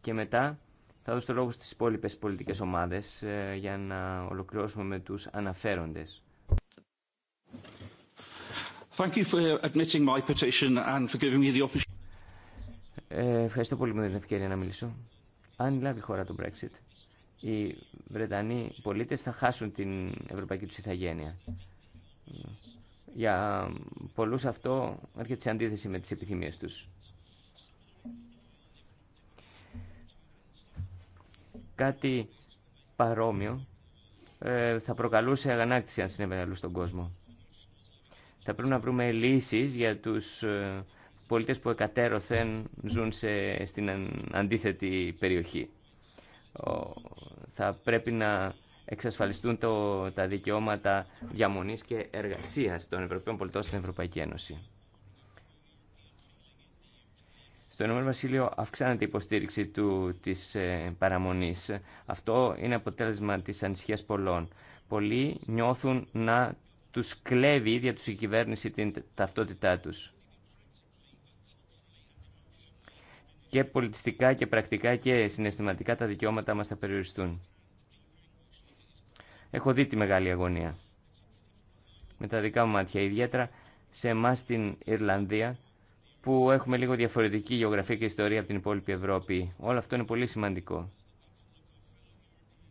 Και μετά θα δώσω το λόγο στις υπόλοιπες πολιτικές ομάδες ε, για να ολοκληρώσουμε με τους αναφέροντες. Thank you for admitting my petition and for giving me the opportunity. Ε, ευχαριστώ πολύ που μου την ευκαιρία να μιλήσω αν λάβει χώρα το Brexit, οι Βρετανοί πολίτες θα χάσουν την ευρωπαϊκή τους ηθαγένεια. Για πολλούς αυτό έρχεται σε αντίθεση με τις επιθυμίες τους. Κάτι παρόμοιο ε, θα προκαλούσε αγανάκτηση αν συνέβαινε αλλού στον κόσμο. Θα πρέπει να βρούμε λύσεις για τους ε, πολίτες που εκατέρωθεν ζουν σε, στην αντίθετη περιοχή. Θα πρέπει να εξασφαλιστούν το, τα δικαιώματα διαμονής και εργασίας των Ευρωπαίων πολιτών στην Ευρωπαϊκή Ένωση. Στο Ηνωμένο Βασίλειο αυξάνεται η υποστήριξη του, της ε, παραμονής. Αυτό είναι αποτέλεσμα της ανησυχίας πολλών. Πολλοί νιώθουν να τους κλέβει η ίδια τους η κυβέρνηση την ταυτότητά τους. και πολιτιστικά και πρακτικά και συναισθηματικά τα δικαιώματα μας θα περιοριστούν. Έχω δει τη μεγάλη αγωνία. Με τα δικά μου μάτια, ιδιαίτερα σε εμά στην Ιρλανδία, που έχουμε λίγο διαφορετική γεωγραφία και ιστορία από την υπόλοιπη Ευρώπη. Όλο αυτό είναι πολύ σημαντικό.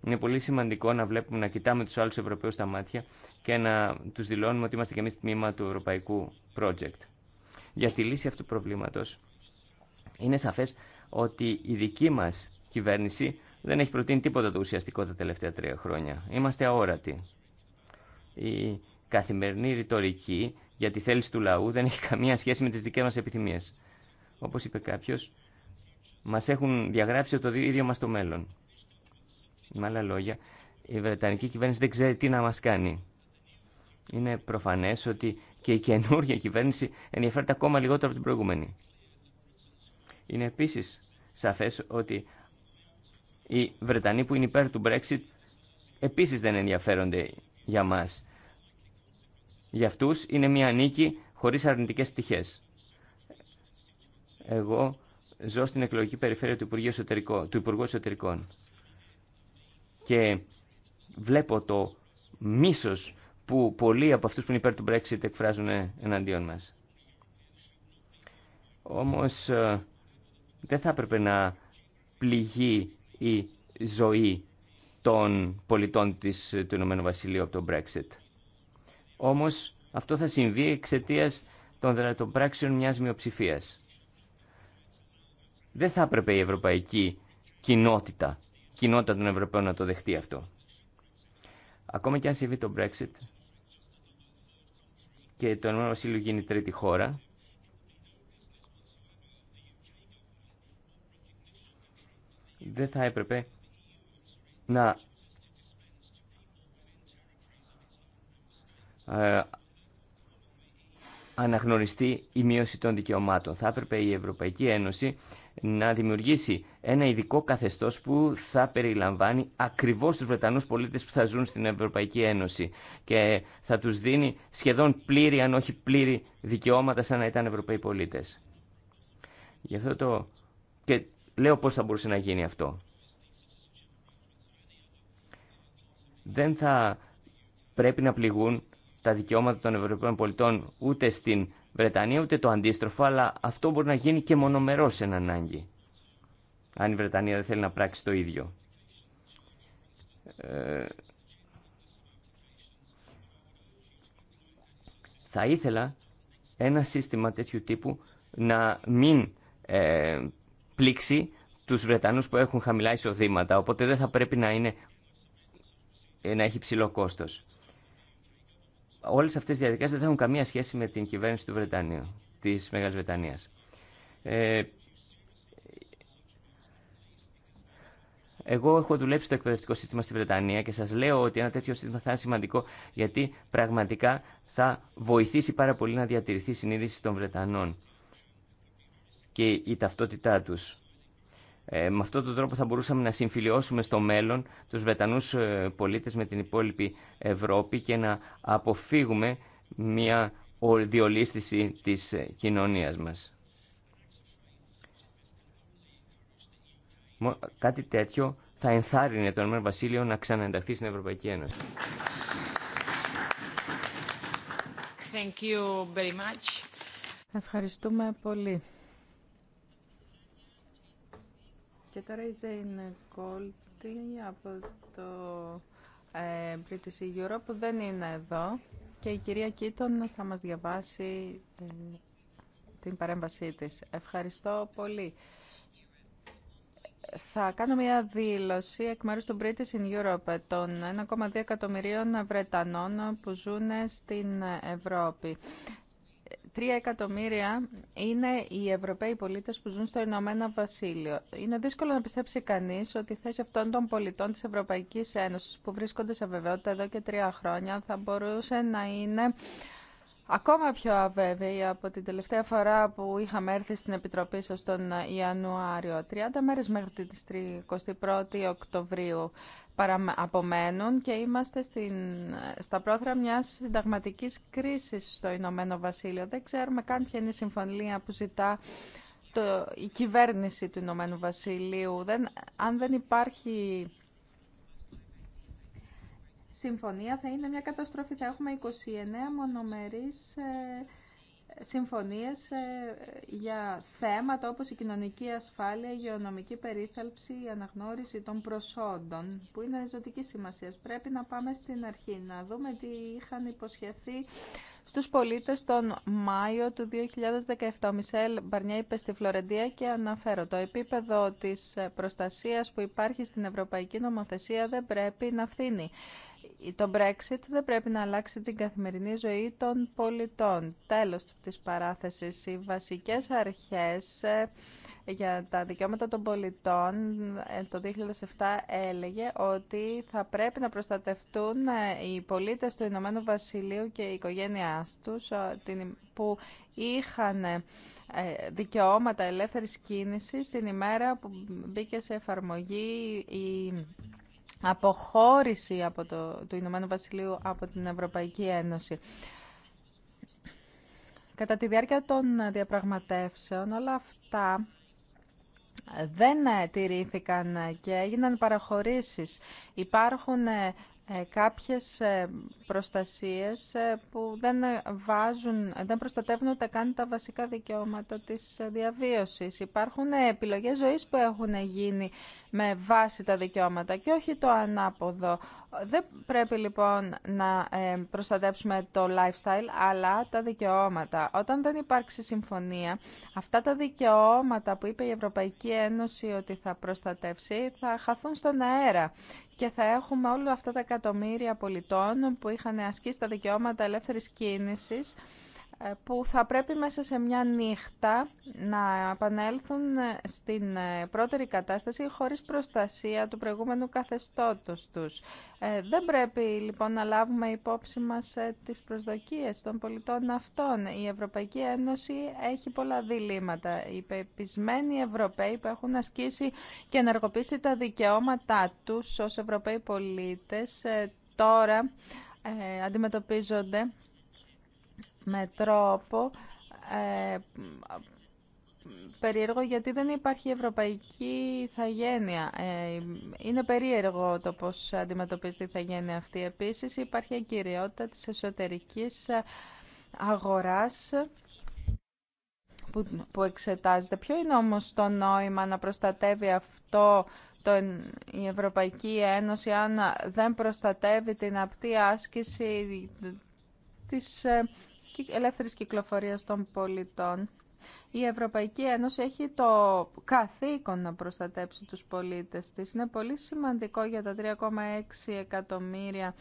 Είναι πολύ σημαντικό να βλέπουμε, να κοιτάμε του άλλου Ευρωπαίου στα μάτια και να του δηλώνουμε ότι είμαστε και εμεί τμήμα του ευρωπαϊκού project. Για τη λύση αυτού του είναι σαφέ ότι η δική μα κυβέρνηση δεν έχει προτείνει τίποτα το ουσιαστικό τα τελευταία τρία χρόνια. Είμαστε αόρατοι. Η καθημερινή ρητορική για τη θέληση του λαού δεν έχει καμία σχέση με τι δικέ μα επιθυμίες. Όπω είπε κάποιο, μα έχουν διαγράψει το ίδιο μα το μέλλον. Με άλλα λόγια, η Βρετανική κυβέρνηση δεν ξέρει τι να μα κάνει. Είναι προφανέ ότι και η καινούργια κυβέρνηση ενδιαφέρεται ακόμα λιγότερο από την προηγούμενη. Είναι επίσης σαφές ότι οι Βρετανοί που είναι υπέρ του Brexit επίσης δεν ενδιαφέρονται για μας. Για αυτούς είναι μια νίκη χωρίς αρνητικές πτυχές. Εγώ ζω στην εκλογική περιφέρεια του Υπουργείου, Εσωτερικών, του Υπουργού Εσωτερικών και βλέπω το μίσος που πολλοί από αυτούς που είναι υπέρ του Brexit εκφράζουν εναντίον μας. Όμως ε, δεν θα έπρεπε να πληγεί η ζωή των πολιτών της, του Ηνωμένου Βασιλείου από τον Brexit. Όμως αυτό θα συμβεί εξαιτία των δρατοπράξεων μιας μειοψηφία. Δεν θα έπρεπε η ευρωπαϊκή κοινότητα, κοινότητα των Ευρωπαίων να το δεχτεί αυτό. Ακόμα και αν συμβεί το Brexit και το Ηνωμένο Βασίλειο γίνει τρίτη χώρα, δεν θα έπρεπε να ε, αναγνωριστεί η μείωση των δικαιωμάτων. Θα έπρεπε η Ευρωπαϊκή Ένωση να δημιουργήσει ένα ειδικό καθεστώς που θα περιλαμβάνει ακριβώς τους Βρετανούς πολίτες που θα ζουν στην Ευρωπαϊκή Ένωση και θα τους δίνει σχεδόν πλήρη αν όχι πλήρη δικαιώματα σαν να ήταν Ευρωπαίοι πολίτες. Γι' αυτό το λέω πώς θα μπορούσε να γίνει αυτό. Δεν θα πρέπει να πληγούν τα δικαιώματα των Ευρωπαίων πολιτών ούτε στην Βρετανία ούτε το αντίστροφο, αλλά αυτό μπορεί να γίνει και μονομερός εν ανάγκη. Αν η Βρετανία δεν θέλει να πράξει το ίδιο. Ε, θα ήθελα ένα σύστημα τέτοιου τύπου να μην ε, πλήξει τους Βρετανούς που έχουν χαμηλά εισοδήματα, οπότε δεν θα πρέπει να, είναι, ε, να έχει ψηλό κόστος. Όλες αυτές οι διαδικασίες δεν έχουν καμία σχέση με την κυβέρνηση του Βρετανίου, της Μεγάλης Βρετανίας. Ε, Εγώ έχω δουλέψει στο εκπαιδευτικό σύστημα στη Βρετανία και σας λέω ότι ένα τέτοιο σύστημα θα είναι σημαντικό γιατί πραγματικά θα βοηθήσει πάρα πολύ να διατηρηθεί η συνείδηση των Βρετανών και η ταυτότητά τους. Ε, με αυτόν τον τρόπο θα μπορούσαμε να συμφιλιώσουμε στο μέλλον τους Βετανούς ε, πολίτες με την υπόλοιπη Ευρώπη και να αποφύγουμε μια διολίσθηση της ε, κοινωνίας μας. Κάτι τέτοιο θα ενθάρρυνε τον μέρ Βασίλειο να ξαναενταχθεί στην Ευρωπαϊκή Ένωση. Thank Ευχαριστούμε πολύ. Και τώρα η Τζέιν Κόλτι από το ε, British Europe δεν είναι εδώ και η κυρία Κίτον θα μας διαβάσει την παρέμβασή της. Ευχαριστώ πολύ. Θα κάνω μια δήλωση εκ μέρους του British in Europe των 1,2 εκατομμυρίων Βρετανών που ζουν στην Ευρώπη. Τρία εκατομμύρια είναι οι Ευρωπαίοι πολίτες που ζουν στο Ηνωμένο Βασίλειο. Είναι δύσκολο να πιστέψει κανείς ότι η θέση αυτών των πολιτών της Ευρωπαϊκής Ένωσης που βρίσκονται σε βεβαιότητα εδώ και τρία χρόνια θα μπορούσε να είναι ακόμα πιο αβέβαιη από την τελευταία φορά που είχαμε έρθει στην Επιτροπή σας τον Ιανουάριο. 30 μέρες μέχρι τις 31 Οκτωβρίου απομένουν και είμαστε στην, στα πρόθυρα μιας συνταγματικής κρίσης στο Ηνωμένο Βασίλειο. Δεν ξέρουμε καν ποια είναι η συμφωνία που ζητά το, η κυβέρνηση του Ηνωμένου Βασιλείου. Δεν, αν δεν υπάρχει συμφωνία θα είναι μια καταστροφή. Θα έχουμε 29 μονομερείς ε, συμφωνίες ε, για θέματα όπως η κοινωνική ασφάλεια, η υγειονομική περίθαλψη, η αναγνώριση των προσόντων, που είναι ζωτική σημασία. Πρέπει να πάμε στην αρχή, να δούμε τι είχαν υποσχεθεί στους πολίτες τον Μάιο του 2017. Μισελ Μπαρνιά είπε στη Φλωρεντία και αναφέρω το επίπεδο της προστασίας που υπάρχει στην Ευρωπαϊκή Νομοθεσία δεν πρέπει να φθήνει το Brexit δεν πρέπει να αλλάξει την καθημερινή ζωή των πολιτών. Τέλος της παράθεσης, οι βασικές αρχές ε, για τα δικαιώματα των πολιτών ε, το 2007 έλεγε ότι θα πρέπει να προστατευτούν ε, οι πολίτες του Ηνωμένου Βασιλείου και η οικογένειά τους που είχαν δικαιώματα ελεύθερης κίνησης την ημέρα που μπήκε σε εφαρμογή η αποχώρηση από το, του Ηνωμένου Βασιλείου από την Ευρωπαϊκή Ένωση. Κατά τη διάρκεια των διαπραγματεύσεων όλα αυτά δεν τηρήθηκαν και έγιναν παραχωρήσεις. Υπάρχουν ε, κάποιες ε, προστασίες ε, που δεν, βάζουν, δεν προστατεύουν ούτε καν τα βασικά δικαιώματα της διαβίωσης. Υπάρχουν επιλογές ζωής που έχουν γίνει με βάση τα δικαιώματα και όχι το ανάποδο. Δεν πρέπει λοιπόν να προστατέψουμε το lifestyle αλλά τα δικαιώματα. Όταν δεν υπάρξει συμφωνία, αυτά τα δικαιώματα που είπε η Ευρωπαϊκή Ένωση ότι θα προστατεύσει θα χαθούν στον αέρα και θα έχουμε όλα αυτά τα εκατομμύρια πολιτών που είχαν ασκήσει τα δικαιώματα ελεύθερης κίνησης ε, που θα πρέπει μέσα σε μια νύχτα να επανέλθουν ε, στην ε, πρώτερη κατάσταση χωρίς προστασία του προηγούμενου καθεστώτος τους. Δεν πρέπει λοιπόν να λάβουμε υπόψη μας τις προσδοκίες των πολιτών αυτών. Η Ευρωπαϊκή Ένωση έχει πολλά διλήμματα. Οι πεπισμένοι Ευρωπαίοι που έχουν ασκήσει και ενεργοποιήσει τα δικαιώματά τους ως Ευρωπαίοι πολίτες τώρα αντιμετωπίζονται με τρόπο ε, περίεργο γιατί δεν υπάρχει ευρωπαϊκή ηθαγένεια. Ε, είναι περίεργο το πώς αντιμετωπίζεται η ηθαγένεια αυτή. Επίσης υπάρχει κυριότητα της εσωτερικής αγοράς που, που εξετάζεται. Ποιο είναι όμως το νόημα να προστατεύει αυτό το, η Ευρωπαϊκή Ένωση αν δεν προστατεύει την απτή άσκηση της ε, ελεύθερης κυκλοφορίας των πολιτών. Η Ευρωπαϊκή Ένωση έχει το καθήκον να προστατέψει τους πολίτες της. Είναι πολύ σημαντικό για τα 3,6 εκατομμύρια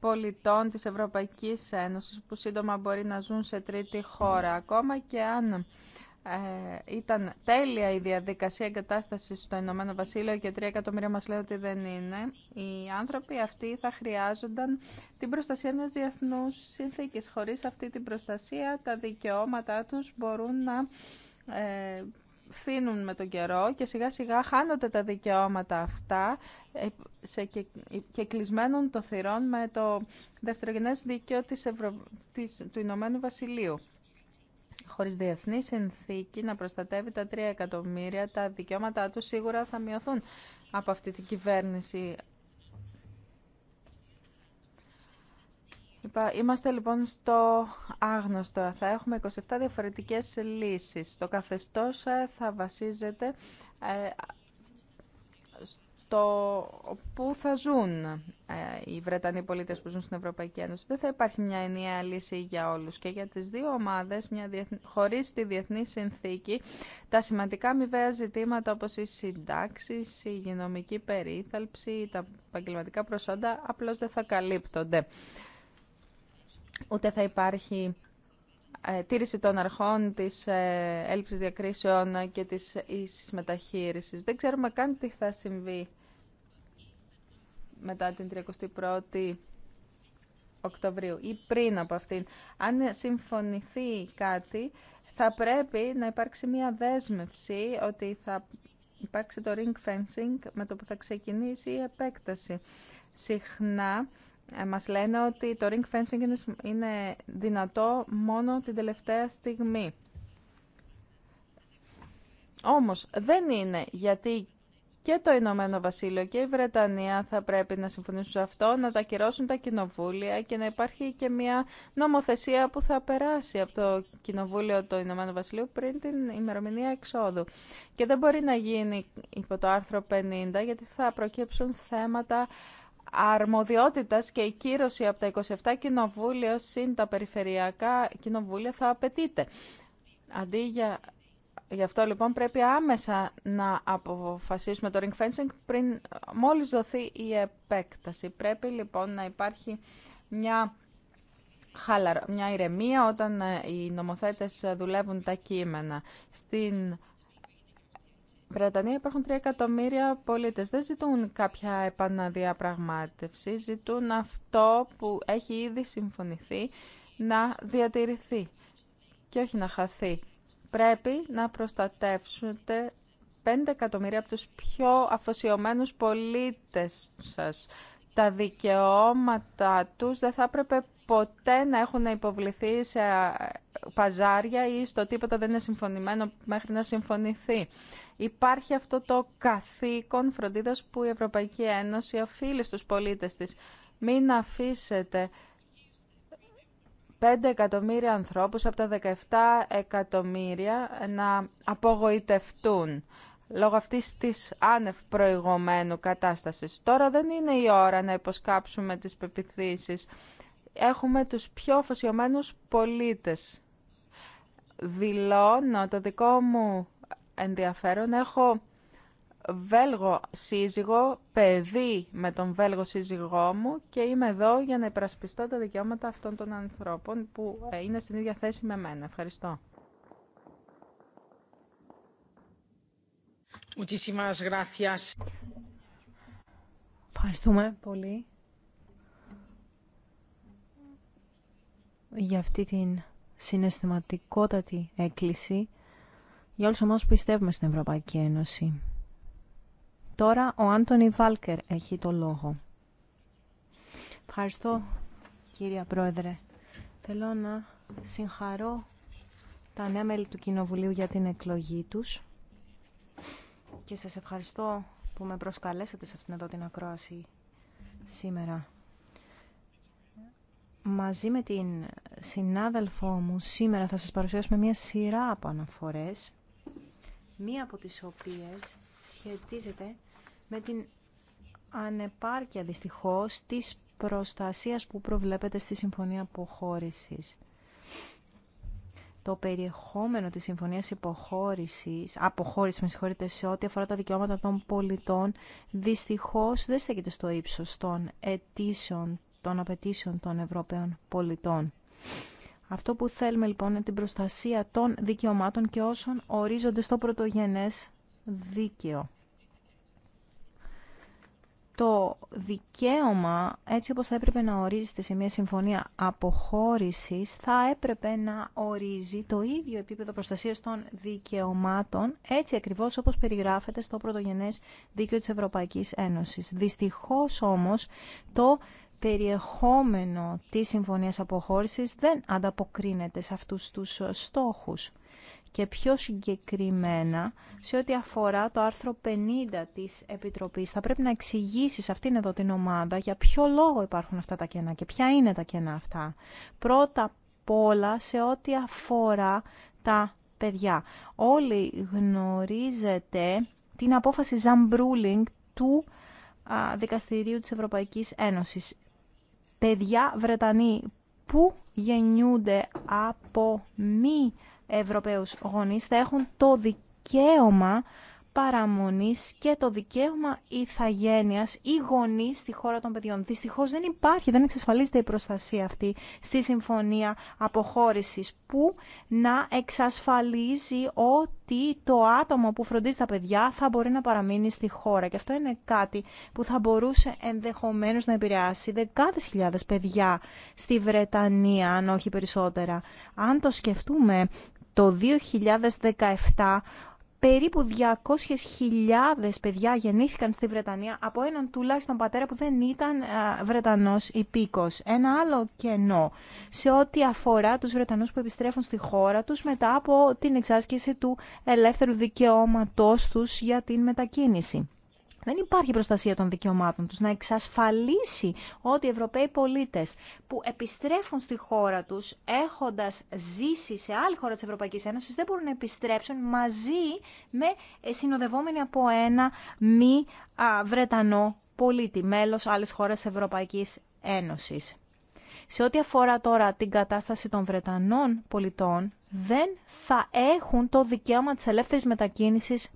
πολιτών της Ευρωπαϊκής Ένωσης που σύντομα μπορεί να ζουν σε τρίτη χώρα. Ακόμα και αν ε, ήταν τέλεια η διαδικασία εγκατάσταση στο Ηνωμένο Βασίλειο και 3 εκατομμύρια μας λέει ότι δεν είναι. Οι άνθρωποι αυτοί θα χρειάζονταν την προστασία μιας διεθνούς συνθήκης. Χωρίς αυτή την προστασία τα δικαιώματά τους μπορούν να ε, φύνουν με τον καιρό και σιγά σιγά χάνονται τα δικαιώματα αυτά ε, σε και, και κλεισμένων το θυρών με το δευτερογενές δίκαιο της του Ηνωμένου Βασιλείου χωρίς διεθνή συνθήκη να προστατεύει τα 3 εκατομμύρια, τα δικαιώματά του σίγουρα θα μειωθούν από αυτή την κυβέρνηση. Είμαστε λοιπόν στο άγνωστο. Θα έχουμε 27 διαφορετικές λύσεις. Το καθεστώς ε, θα βασίζεται ε, το πού θα ζουν ε, οι Βρετανοί πολίτες που ζουν στην Ευρωπαϊκή Ένωση. Δεν θα υπάρχει μια ενιαία λύση για όλους. Και για τις δύο ομάδες, μια τη διεθνή συνθήκη, τα σημαντικά αμοιβαία ζητήματα όπως οι συντάξει, η υγειονομική περίθαλψη, τα επαγγελματικά προσόντα, απλώς δεν θα καλύπτονται. Ούτε θα υπάρχει ε, τήρηση των αρχών της ε, έλλειψης διακρίσεων και της ίσης μεταχείρισης. Δεν ξέρουμε καν τι θα συμβεί μετά την 31η Οκτωβρίου ή πριν από αυτήν. Αν συμφωνηθεί κάτι, θα πρέπει να υπάρξει μια δέσμευση ότι θα υπάρξει το ring fencing με το που θα ξεκινήσει η επέκταση. Συχνά ε, μας λένε ότι το ring fencing είναι δυνατό μόνο την τελευταία στιγμή. Όμως δεν είναι γιατί και το Ηνωμένο Βασίλειο και η Βρετανία θα πρέπει να συμφωνήσουν σε αυτό, να τα κυρώσουν τα κοινοβούλια και να υπάρχει και μια νομοθεσία που θα περάσει από το Κοινοβούλιο του Ηνωμένου Βασιλείου πριν την ημερομηνία εξόδου. Και δεν μπορεί να γίνει υπό το άρθρο 50 γιατί θα προκύψουν θέματα αρμοδιότητας και η κύρωση από τα 27 κοινοβούλια συν τα περιφερειακά κοινοβούλια θα απαιτείται. Αντί για Γι' αυτό λοιπόν πρέπει άμεσα να αποφασίσουμε το ring fencing πριν μόλις δοθεί η επέκταση. Πρέπει λοιπόν να υπάρχει μια χαλαρο, μια ηρεμία όταν ε, οι νομοθέτες δουλεύουν τα κείμενα. Στην Βρετανία υπάρχουν 3 εκατομμύρια πολίτες. Δεν ζητούν κάποια επαναδιαπραγμάτευση, ζητούν αυτό που έχει ήδη συμφωνηθεί να διατηρηθεί και όχι να χαθεί πρέπει να προστατεύσετε 5 εκατομμύρια από τους πιο αφοσιωμένους πολίτες σας. Τα δικαιώματα τους δεν θα έπρεπε ποτέ να έχουν υποβληθεί σε παζάρια ή στο τίποτα δεν είναι συμφωνημένο μέχρι να συμφωνηθεί. Υπάρχει αυτό το καθήκον φροντίδας που η Ευρωπαϊκή Ένωση αφήνει στους πολίτες της. Μην αφήσετε 5 εκατομμύρια ανθρώπους από τα 17 εκατομμύρια να απογοητευτούν λόγω αυτής της άνευ προηγωμένου κατάστασης. Τώρα δεν είναι η ώρα να υποσκάψουμε τις πεπιθήσεις. Έχουμε τους πιο αφοσιωμένους πολίτες. Δηλώνω το δικό μου ενδιαφέρον. Έχω Βέλγο σύζυγο, παιδί με τον Βέλγο σύζυγό μου και είμαι εδώ για να υπερασπιστώ τα δικαιώματα αυτών των ανθρώπων που ε, είναι στην ίδια θέση με μένα. Ευχαριστώ. Ευχαριστούμε πολύ για αυτή την συναισθηματικότατη έκκληση για όλους εμάς που πιστεύουμε στην Ευρωπαϊκή Ένωση. Τώρα ο Άντωνι Βάλκερ έχει το λόγο. Ευχαριστώ κύριε Πρόεδρε. Θέλω να συγχαρώ τα νέα μέλη του Κοινοβουλίου για την εκλογή τους και σας ευχαριστώ που με προσκαλέσατε σε αυτήν εδώ την ακρόαση σήμερα. Μαζί με την συνάδελφό μου σήμερα θα σας παρουσιάσουμε μία σειρά από αναφορές, μία από τις οποίες σχετίζεται με την ανεπάρκεια δυστυχώς της προστασίας που προβλέπεται στη Συμφωνία Αποχώρησης. Το περιεχόμενο της Συμφωνίας Υποχώρησης, Αποχώρησης, με συγχωρείτε, σε ό,τι αφορά τα δικαιώματα των πολιτών, δυστυχώς δεν στέκεται στο ύψος των αιτήσεων, των απαιτήσεων των Ευρωπαίων πολιτών. Αυτό που θέλουμε λοιπόν είναι την προστασία των δικαιωμάτων και όσων ορίζονται στο πρωτογενές δίκαιο το δικαίωμα, έτσι όπως θα έπρεπε να ορίζεται σε μια συμφωνία αποχώρησης, θα έπρεπε να ορίζει το ίδιο επίπεδο προστασίας των δικαιωμάτων, έτσι ακριβώς όπως περιγράφεται στο πρωτογενές δίκαιο της Ευρωπαϊκής Ένωσης. Δυστυχώς όμως το περιεχόμενο της συμφωνίας αποχώρησης δεν ανταποκρίνεται σε αυτούς τους στόχους και πιο συγκεκριμένα σε ό,τι αφορά το άρθρο 50 της Επιτροπής. Θα πρέπει να εξηγήσει αυτήν εδώ την ομάδα για ποιο λόγο υπάρχουν αυτά τα κενά και ποια είναι τα κενά αυτά. Πρώτα απ' όλα σε ό,τι αφορά τα παιδιά. Όλοι γνωρίζετε την απόφαση Ζαμπρούλινγκ του α, Δικαστηρίου της Ευρωπαϊκής Ένωσης. Παιδιά Βρετανοί που γεννιούνται από μη Ευρωπαίους γονείς θα έχουν το δικαίωμα παραμονής και το δικαίωμα ηθαγένειας ή γονεί στη χώρα των παιδιών. Δυστυχώς δεν υπάρχει, δεν εξασφαλίζεται η προστασία αυτή στη συμφωνία αποχώρησης που να εξασφαλίζει ότι το άτομο που φροντίζει τα παιδιά θα μπορεί να παραμείνει στη χώρα. Και αυτό είναι κάτι που θα μπορούσε ενδεχομένως να επηρεάσει δεκάδες χιλιάδες παιδιά στη Βρετανία, αν όχι περισσότερα. Αν το σκεφτούμε, το 2017 περίπου 200.000 παιδιά γεννήθηκαν στη Βρετανία από έναν τουλάχιστον πατέρα που δεν ήταν Βρετανός υπήκος. Ένα άλλο κενό σε ό,τι αφορά τους Βρετανούς που επιστρέφουν στη χώρα τους μετά από την εξάσκηση του ελεύθερου δικαιώματός τους για την μετακίνηση δεν υπάρχει προστασία των δικαιωμάτων τους, να εξασφαλίσει ότι οι Ευρωπαίοι πολίτες που επιστρέφουν στη χώρα τους έχοντας ζήσει σε άλλη χώρα της Ευρωπαϊκής Ένωσης δεν μπορούν να επιστρέψουν μαζί με ε, συνοδευόμενοι από ένα μη Βρετανό πολίτη, μέλος άλλης χώρας Ευρωπαϊκής Ένωσης. Σε ό,τι αφορά τώρα την κατάσταση των Βρετανών πολιτών, δεν θα έχουν το δικαίωμα της ελεύθερης μετακίνησης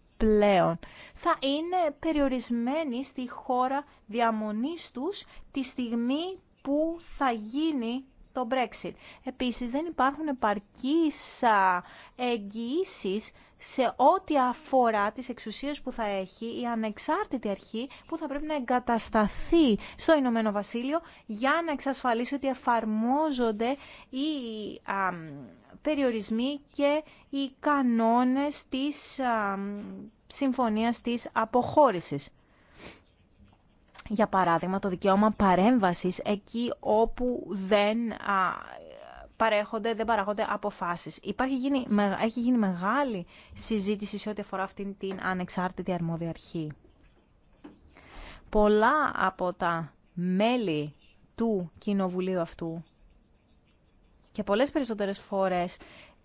θα είναι περιορισμένοι στη χώρα διαμονής τους τη στιγμή που θα γίνει το Brexit. Επίσης δεν υπάρχουν επαρκείς εγγυήσεις σε ό,τι αφορά τις εξουσίες που θα έχει η ανεξάρτητη αρχή που θα πρέπει να εγκατασταθεί στο Ηνωμένο Βασίλειο για να εξασφαλίσει ότι εφαρμόζονται οι περιορισμοί και οι κανόνες της συμφωνίας της αποχώρησης. Για παράδειγμα, το δικαίωμα παρέμβασης εκεί όπου δεν παρέχονται, δεν παράγονται αποφάσεις. Υπάρχει γίνει, έχει γίνει μεγάλη συζήτηση σε ό,τι αφορά αυτήν την ανεξάρτητη αρμόδια αρχή. Πολλά από τα μέλη του κοινοβουλίου αυτού και πολλές περισσότερες φορές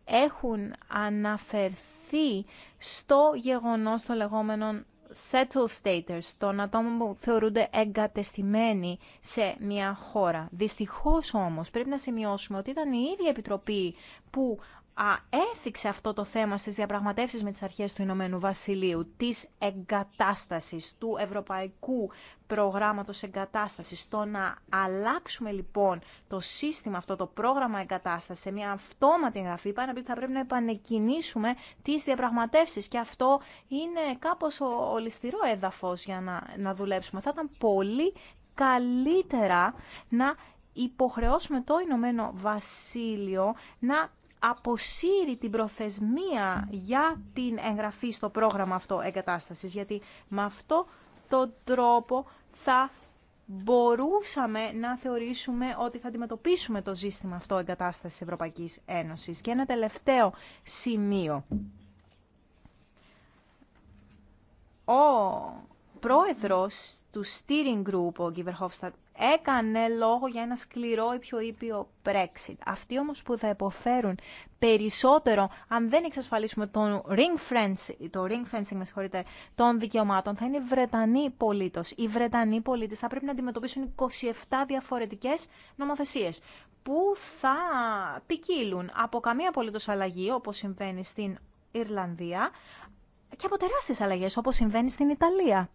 έχουν αναφερθεί στο γεγονός των λεγόμενων settled staters, των ατόμων που θεωρούνται εγκατεστημένοι σε μια χώρα. Δυστυχώς όμως πρέπει να σημειώσουμε ότι ήταν η ίδια επιτροπή που α έθιξε αυτό το θέμα στις διαπραγματεύσεις με τις αρχές του Ηνωμένου Βασιλείου, της εγκατάστασης, του Ευρωπαϊκού Προγράμματος Εγκατάστασης. Το να αλλάξουμε λοιπόν το σύστημα αυτό, το πρόγραμμα εγκατάστασης σε μια αυτόματη εγγραφή, πάνω να πει ότι θα πρέπει να επανεκκινήσουμε τις διαπραγματεύσεις και αυτό είναι κάπως ληστηρό έδαφος για να, να δουλέψουμε. Θα ήταν πολύ καλύτερα να υποχρεώσουμε το Ηνωμένο Βασίλειο να αποσύρει την προθεσμία για την εγγραφή στο πρόγραμμα αυτό εγκατάστασης, γιατί με αυτό τον τρόπο θα μπορούσαμε να θεωρήσουμε ότι θα αντιμετωπίσουμε το ζήτημα αυτό εγκατάστασης Ευρωπαϊκής Ένωσης. Και ένα τελευταίο σημείο. Ο πρόεδρος του steering group ο Γκίβερ έκανε λόγο για ένα σκληρό ή πιο ήπιο Brexit. Αυτοί όμως που θα υποφέρουν περισσότερο αν δεν εξασφαλίσουμε τον ring fencing, το ring fencing των δικαιωμάτων θα είναι οι Βρετανοί πολίτες. Οι Βρετανοί πολίτες θα πρέπει να αντιμετωπίσουν 27 διαφορετικές νομοθεσίες που θα ποικίλουν από καμία απολύτως αλλαγή όπως συμβαίνει στην Ιρλανδία, και από τεράστιες αλλαγές όπως συμβαίνει στην Ιταλία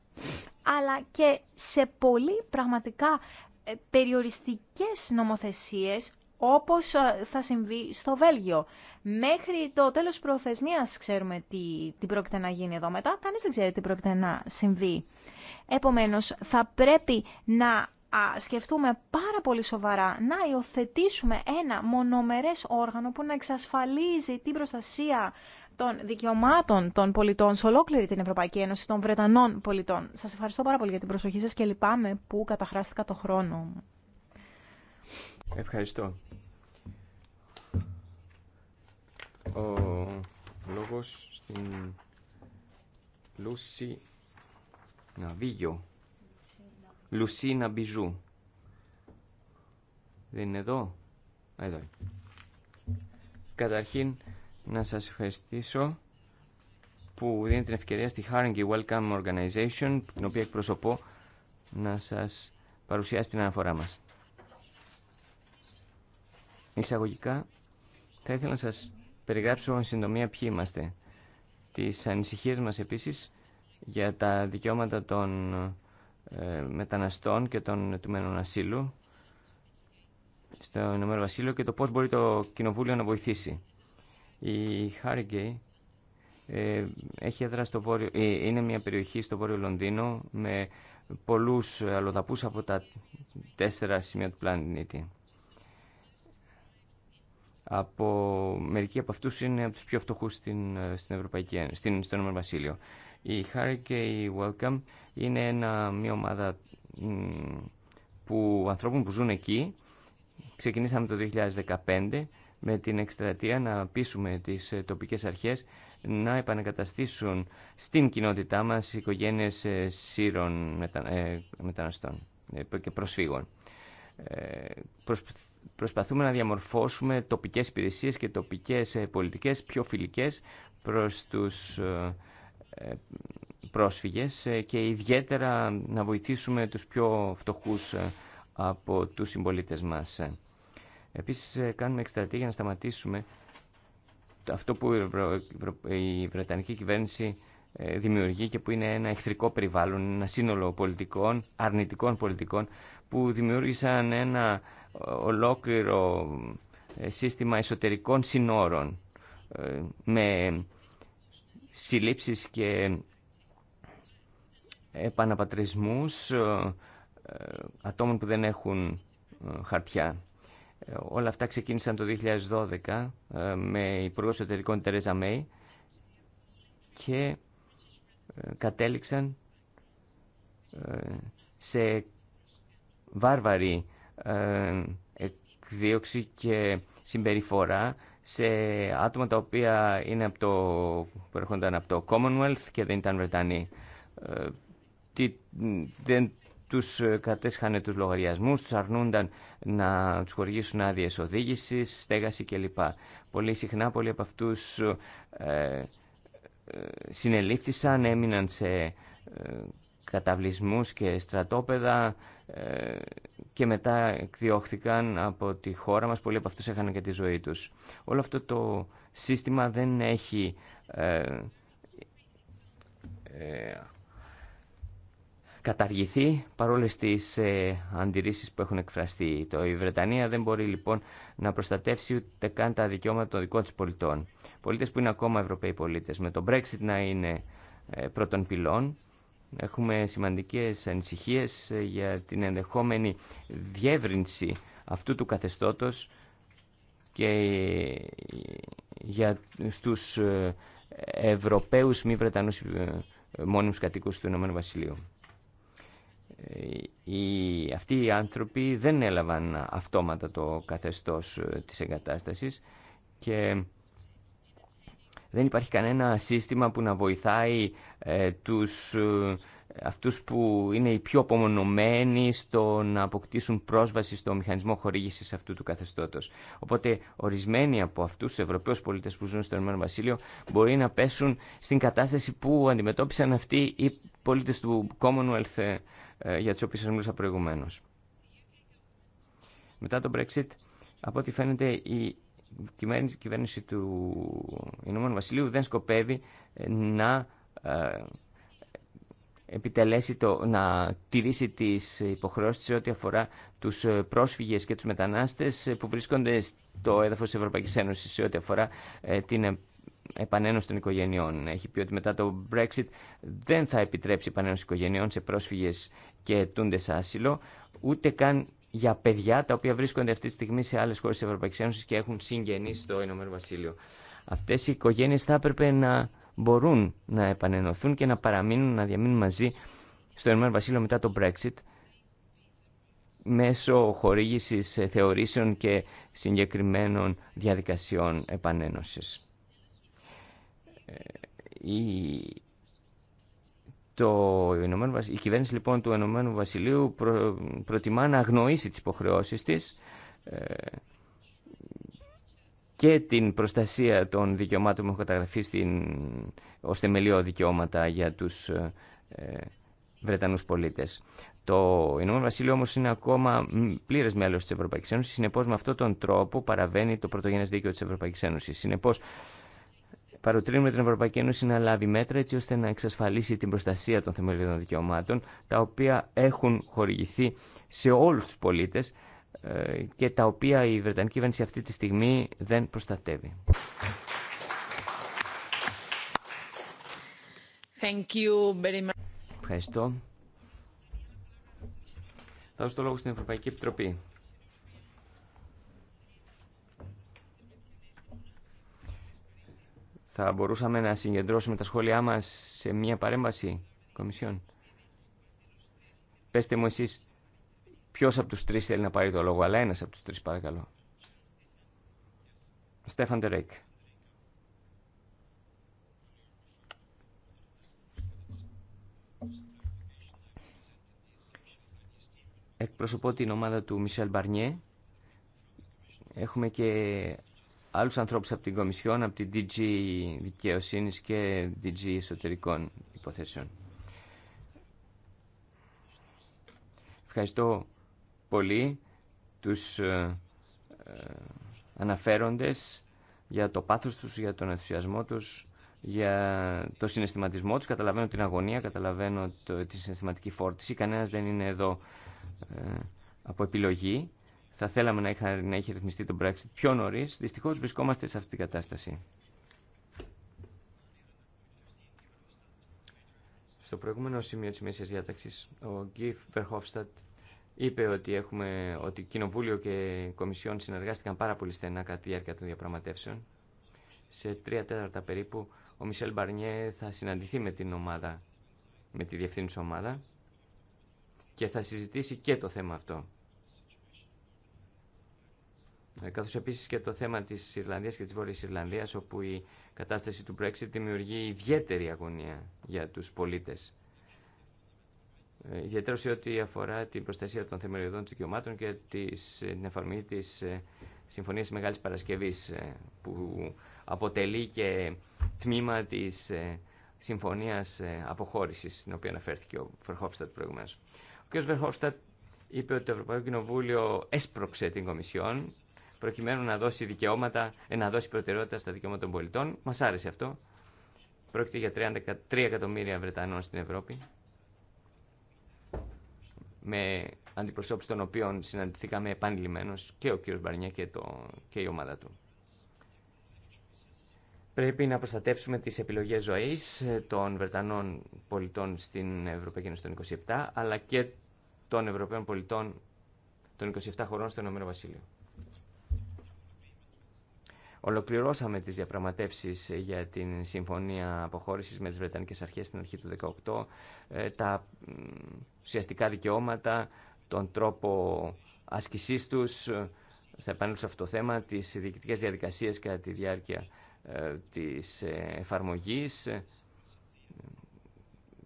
αλλά και σε πολύ πραγματικά ε, περιοριστικές νομοθεσίες όπως ε, θα συμβεί στο Βέλγιο. Μέχρι το τέλος προθεσμίας ξέρουμε τι, τι πρόκειται να γίνει εδώ μετά, κανείς δεν ξέρει τι πρόκειται να συμβεί. Επομένως, θα πρέπει να σκεφτούμε πάρα πολύ σοβαρά να υιοθετήσουμε ένα μονομερές όργανο που να εξασφαλίζει την προστασία των δικαιωμάτων των πολιτών σε ολόκληρη την Ευρωπαϊκή Ένωση, των Βρετανών πολιτών. Σας ευχαριστώ πάρα πολύ για την προσοχή σας και λυπάμαι που καταχράστηκα το χρόνο Ευχαριστώ. Ο λόγος στην Λούσι Ναβίγιο. Λουσίνα Ναμπιζού. Δεν είναι εδώ. Εδώ είναι. Καταρχήν, να σας ευχαριστήσω που δίνετε την ευκαιρία στη Haringey Welcome Organization, την οποία εκπροσωπώ, να σας παρουσιάσει την αναφορά μας. Εισαγωγικά, θα ήθελα να σας περιγράψω εν συντομία ποιοι είμαστε. Τις ανησυχίες μας επίσης για τα δικαιώματα των ε, μεταναστών και των ετουμένων ασύλου στο Ηνωμένο Βασίλειο και το πώς μπορεί το Κοινοβούλιο να βοηθήσει. Η Χάριγκεϊ ε, έχει έδρα στο βόρειο, ε, είναι μια περιοχή στο βόρειο Λονδίνο με πολλούς αλλοδαπούς από τα τέσσερα σημεία του πλανήτη. Από, μερικοί από αυτούς είναι από τους πιο φτωχούς στην, στην Ευρωπαϊκή, στην, στο Βασίλειο. Η Hurricane Welcome είναι ένα, μια ομάδα που, ανθρώπων που ζουν εκεί. Ξεκινήσαμε το 2015 με την εκστρατεία να πείσουμε τις ε, τοπικές αρχές να επανακαταστήσουν στην κοινότητά μας οικογένειες ε, σύρων ε, μεταναστών και προσφύγων. Προσπαθούμε να διαμορφώσουμε τοπικές υπηρεσίες και τοπικές πολιτικές πιο φιλικές προς τους πρόσφυγες και ιδιαίτερα να βοηθήσουμε τους πιο φτωχούς από τους συμπολίτες μας. Επίση, ε, κάνουμε εκστρατεία για να σταματήσουμε αυτό που η Βρετανική κυβέρνηση ε, δημιουργεί και που είναι ένα εχθρικό περιβάλλον, ένα σύνολο πολιτικών, αρνητικών πολιτικών που δημιούργησαν ένα ε, ολόκληρο σύστημα εσωτερικών συνόρων με συλλήψεις και επαναπατρισμούς ατόμων που δεν έχουν χαρτιά. Ε, όλα αυτά ξεκίνησαν το 2012 ε, με υπουργό εσωτερικών Τερέζα Μέη και ε, κατέληξαν σε βάρβαρη εκδίωξη και συμπεριφορά σε άτομα τα οποία είναι από το, προέρχονταν από το Commonwealth και δεν ήταν Βρετανοί. δεν του ε, κατέσχανε του τους του αρνούνταν να του χορηγήσουν άδειε οδήγηση, στέγαση κλπ. Πολύ συχνά πολλοί από αυτούς ε, ε, συνελήφθησαν, έμειναν σε καταβλισμούς και στρατόπεδα και μετά εκδιώχθηκαν από τη χώρα μας. Πολλοί από αυτούς έχανε και τη ζωή τους. Όλο αυτό το σύστημα δεν έχει καταργηθεί παρόλε τι ε, αντιρρήσει που έχουν εκφραστεί. Το, η Βρετανία δεν μπορεί λοιπόν να προστατεύσει ούτε καν τα δικαιώματα των δικών τη πολιτών. Πολίτε που είναι ακόμα Ευρωπαίοι πολίτε. Με το Brexit να είναι ε, πρώτον πυλών, έχουμε σημαντικέ ανησυχίε ε, για την ενδεχόμενη διεύρυνση αυτού του καθεστώτο και ε, για στους ε, Ευρωπαίους μη Βρετανούς μόνιμους κατοίκους του Ηνωμένου Βασιλείου. Ε, οι, αυτοί οι άνθρωποι δεν έλαβαν αυτόματα το καθεστώς ε, της εγκατάστασης και δεν υπάρχει κανένα σύστημα που να βοηθάει ε, τους, ε, αυτούς που είναι οι πιο απομονωμένοι στο να αποκτήσουν πρόσβαση στο μηχανισμό χορήγησης αυτού του καθεστώτος. Οπότε ορισμένοι από αυτούς τους Ευρωπαίους πολίτες που ζουν στο Ηνωμένο Βασίλειο μπορεί να πέσουν στην κατάσταση που αντιμετώπισαν αυτοί οι πολίτες του Commonwealth ε, για τις οποίες σας μιλούσα προηγουμένως. Μετά τον Brexit, από ό,τι φαίνεται η κυβέρνηση του Ηνωμένου Βασιλείου δεν σκοπεύει ε, να ε, επιτελέσει το, να τηρήσει τις υποχρεώσεις σε ό,τι αφορά τους πρόσφυγες και τους μετανάστες που βρίσκονται στο έδαφος της Ευρωπαϊκής Ένωσης σε ό,τι αφορά την επανένωση των οικογενειών. Έχει πει ότι μετά το Brexit δεν θα επιτρέψει επανένωση οικογενειών σε πρόσφυγες και αιτούντες άσυλο, ούτε καν για παιδιά τα οποία βρίσκονται αυτή τη στιγμή σε άλλες χώρες της Ευρωπαϊκής Ένωσης και έχουν συγγενείς στο Ηνωμένο Βασίλειο. Αυτές οι οικογένειες θα έπρεπε να μπορούν να επανενωθούν και να παραμείνουν, να διαμείνουν μαζί στο Ηνωμένο Βασίλειο μετά το Brexit μέσω χορήγησης θεωρήσεων και συγκεκριμένων διαδικασιών επανένωσης. Ε, η, το η κυβέρνηση λοιπόν του Ηνωμένου Βασιλείου προ, προτιμά να αγνοήσει τις υποχρεώσεις της ε, και την προστασία των δικαιωμάτων που έχουν καταγραφεί στην, ως θεμελιώδη δικαιώματα για τους ε, ε Βρετανούς πολίτες. Το Ηνωμένο Βασίλειο όμως είναι ακόμα πλήρες μέλος της Ευρωπαϊκής Ένωσης, συνεπώς με αυτόν τον τρόπο παραβαίνει το πρωτογενές δίκαιο της Ευρωπαϊκής Ένωσης. Συνεπώς Παροτρύνουμε την Ευρωπαϊκή Ένωση να λάβει μέτρα έτσι ώστε να εξασφαλίσει την προστασία των θεμελιωδών δικαιωμάτων, τα οποία έχουν χορηγηθεί σε όλους τους πολίτες ε, και τα οποία η Βρετανική κυβέρνηση αυτή τη στιγμή δεν προστατεύει. Ευχαριστώ. Θα δώσω το λόγο στην Ευρωπαϊκή Επιτροπή. Θα μπορούσαμε να συγκεντρώσουμε τα σχόλιά μας σε μια παρέμβαση κομισιόν. Πέστε μου εσείς ποιος από τους τρεις θέλει να πάρει το λόγο, αλλά ένας από τους τρεις παρακαλώ. Στέφαν Τερέκ. Εκπροσωπώ την ομάδα του Μισελ Μπαρνιέ. Έχουμε και άλλους ανθρώπους από την Κομισιόν, από την DG Δικαιοσύνης και DG Εσωτερικών Υποθέσεων. Ευχαριστώ πολύ τους ε, ε, αναφέροντες για το πάθος τους, για τον ενθουσιασμό τους, για το συναισθηματισμό τους. Καταλαβαίνω την αγωνία, καταλαβαίνω το, τη συναισθηματική φόρτιση. Κανένας δεν είναι εδώ ε, από επιλογή. Θα θέλαμε να, είχα, να είχε ρυθμιστεί το Brexit πιο νωρί. Δυστυχώ βρισκόμαστε σε αυτή την κατάσταση. Στο προηγούμενο σημείο τη μέση διάταξη, ο Γκίφ Βερχόφστατ είπε ότι, έχουμε, ότι Κοινοβούλιο και Κομισιόν συνεργάστηκαν πάρα πολύ στενά κατά τη διάρκεια των διαπραγματεύσεων. Σε τρία τέταρτα περίπου ο Μισελ Μπαρνιέ θα συναντηθεί με την ομάδα, με τη διευθύνουσα ομάδα και θα συζητήσει και το θέμα αυτό. Ε, Καθώ επίση και το θέμα τη Ιρλανδίας και τη Βόρειας Ιρλανδίας, όπου η κατάσταση του Brexit δημιουργεί ιδιαίτερη αγωνία για του πολίτε. Ε, ιδιαίτερα σε ό,τι αφορά την προστασία των θεμελιωδών δικαιωμάτων και την εφαρμογή τη ε, συμφωνία μεγάλη παρασκευή που αποτελεί και τμήμα τη συμφωνία απόχώρηση στην οποία αναφέρθηκε ο Βερχόφστατ προηγουμένω. Ο κ. Βερχόφστατ είπε ότι το Ευρωπαϊκό Κοινοβούλιο έσπρωξε την Κομισιόν προκειμένου να δώσει, δικαιώματα, ε, να δώσει προτεραιότητα στα δικαιώματα των πολιτών. Μα άρεσε αυτό. Πρόκειται για 3 εκατομμύρια Βρετανών στην Ευρώπη, με αντιπροσώπους των οποίων συναντηθήκαμε επανειλημμένως και ο κ. Μπαρνιέ και, το, και η ομάδα του. Πρέπει να προστατεύσουμε τις επιλογές ζωής ε, των Βρετανών πολιτών στην Ευρωπαϊκή Ένωση των 27, αλλά και των Ευρωπαίων πολιτών των 27 χωρών στο Ηνωμένο Βασίλειο. Ολοκληρώσαμε τις διαπραγματεύσεις ε, για την συμφωνία αποχώρησης με τις Βρετανικές Αρχές στην αρχή του 2018, ε, τα ουσιαστικά δικαιώματα, τον τρόπο άσκησής τους, ε, θα επανέλθω σε αυτό το θέμα, τις διοικητικές διαδικασίες κατά τη διάρκεια της εφαρμογή.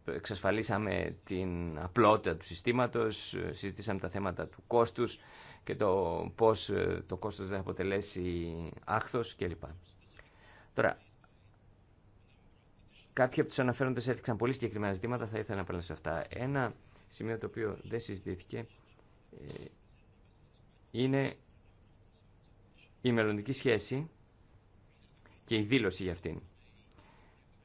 Εξασφαλίσαμε την απλότητα του συστήματος, συζητήσαμε τα θέματα του κόστους, και το πώς ε, το κόστος θα αποτελέσει άχθος κλπ. Τώρα, κάποιοι από τους αναφέροντες έδειξαν πολύ συγκεκριμένα ζητήματα, θα ήθελα να επανέλθω αυτά. Ένα σημείο το οποίο δεν συζητήθηκε ε, είναι η μελλοντική σχέση και η δήλωση για αυτήν.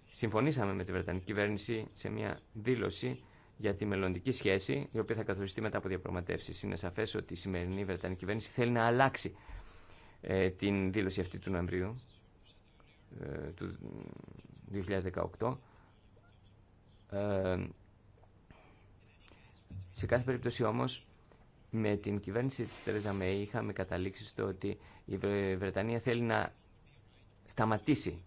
Συμφωνήσαμε με τη Βρετανική κυβέρνηση σε μια δήλωση για τη μελλοντική σχέση, η οποία θα καθοριστεί μετά από διαπραγματεύσει. Είναι σαφέ ότι η σημερινή Βρετανική κυβέρνηση θέλει να αλλάξει ε, την δήλωση αυτή του Νοεμβρίου ε, του 2018. Ε, σε κάθε περίπτωση όμως με την κυβέρνηση της Τερέζα Μέη είχαμε καταλήξει στο ότι η Βρετανία θέλει να σταματήσει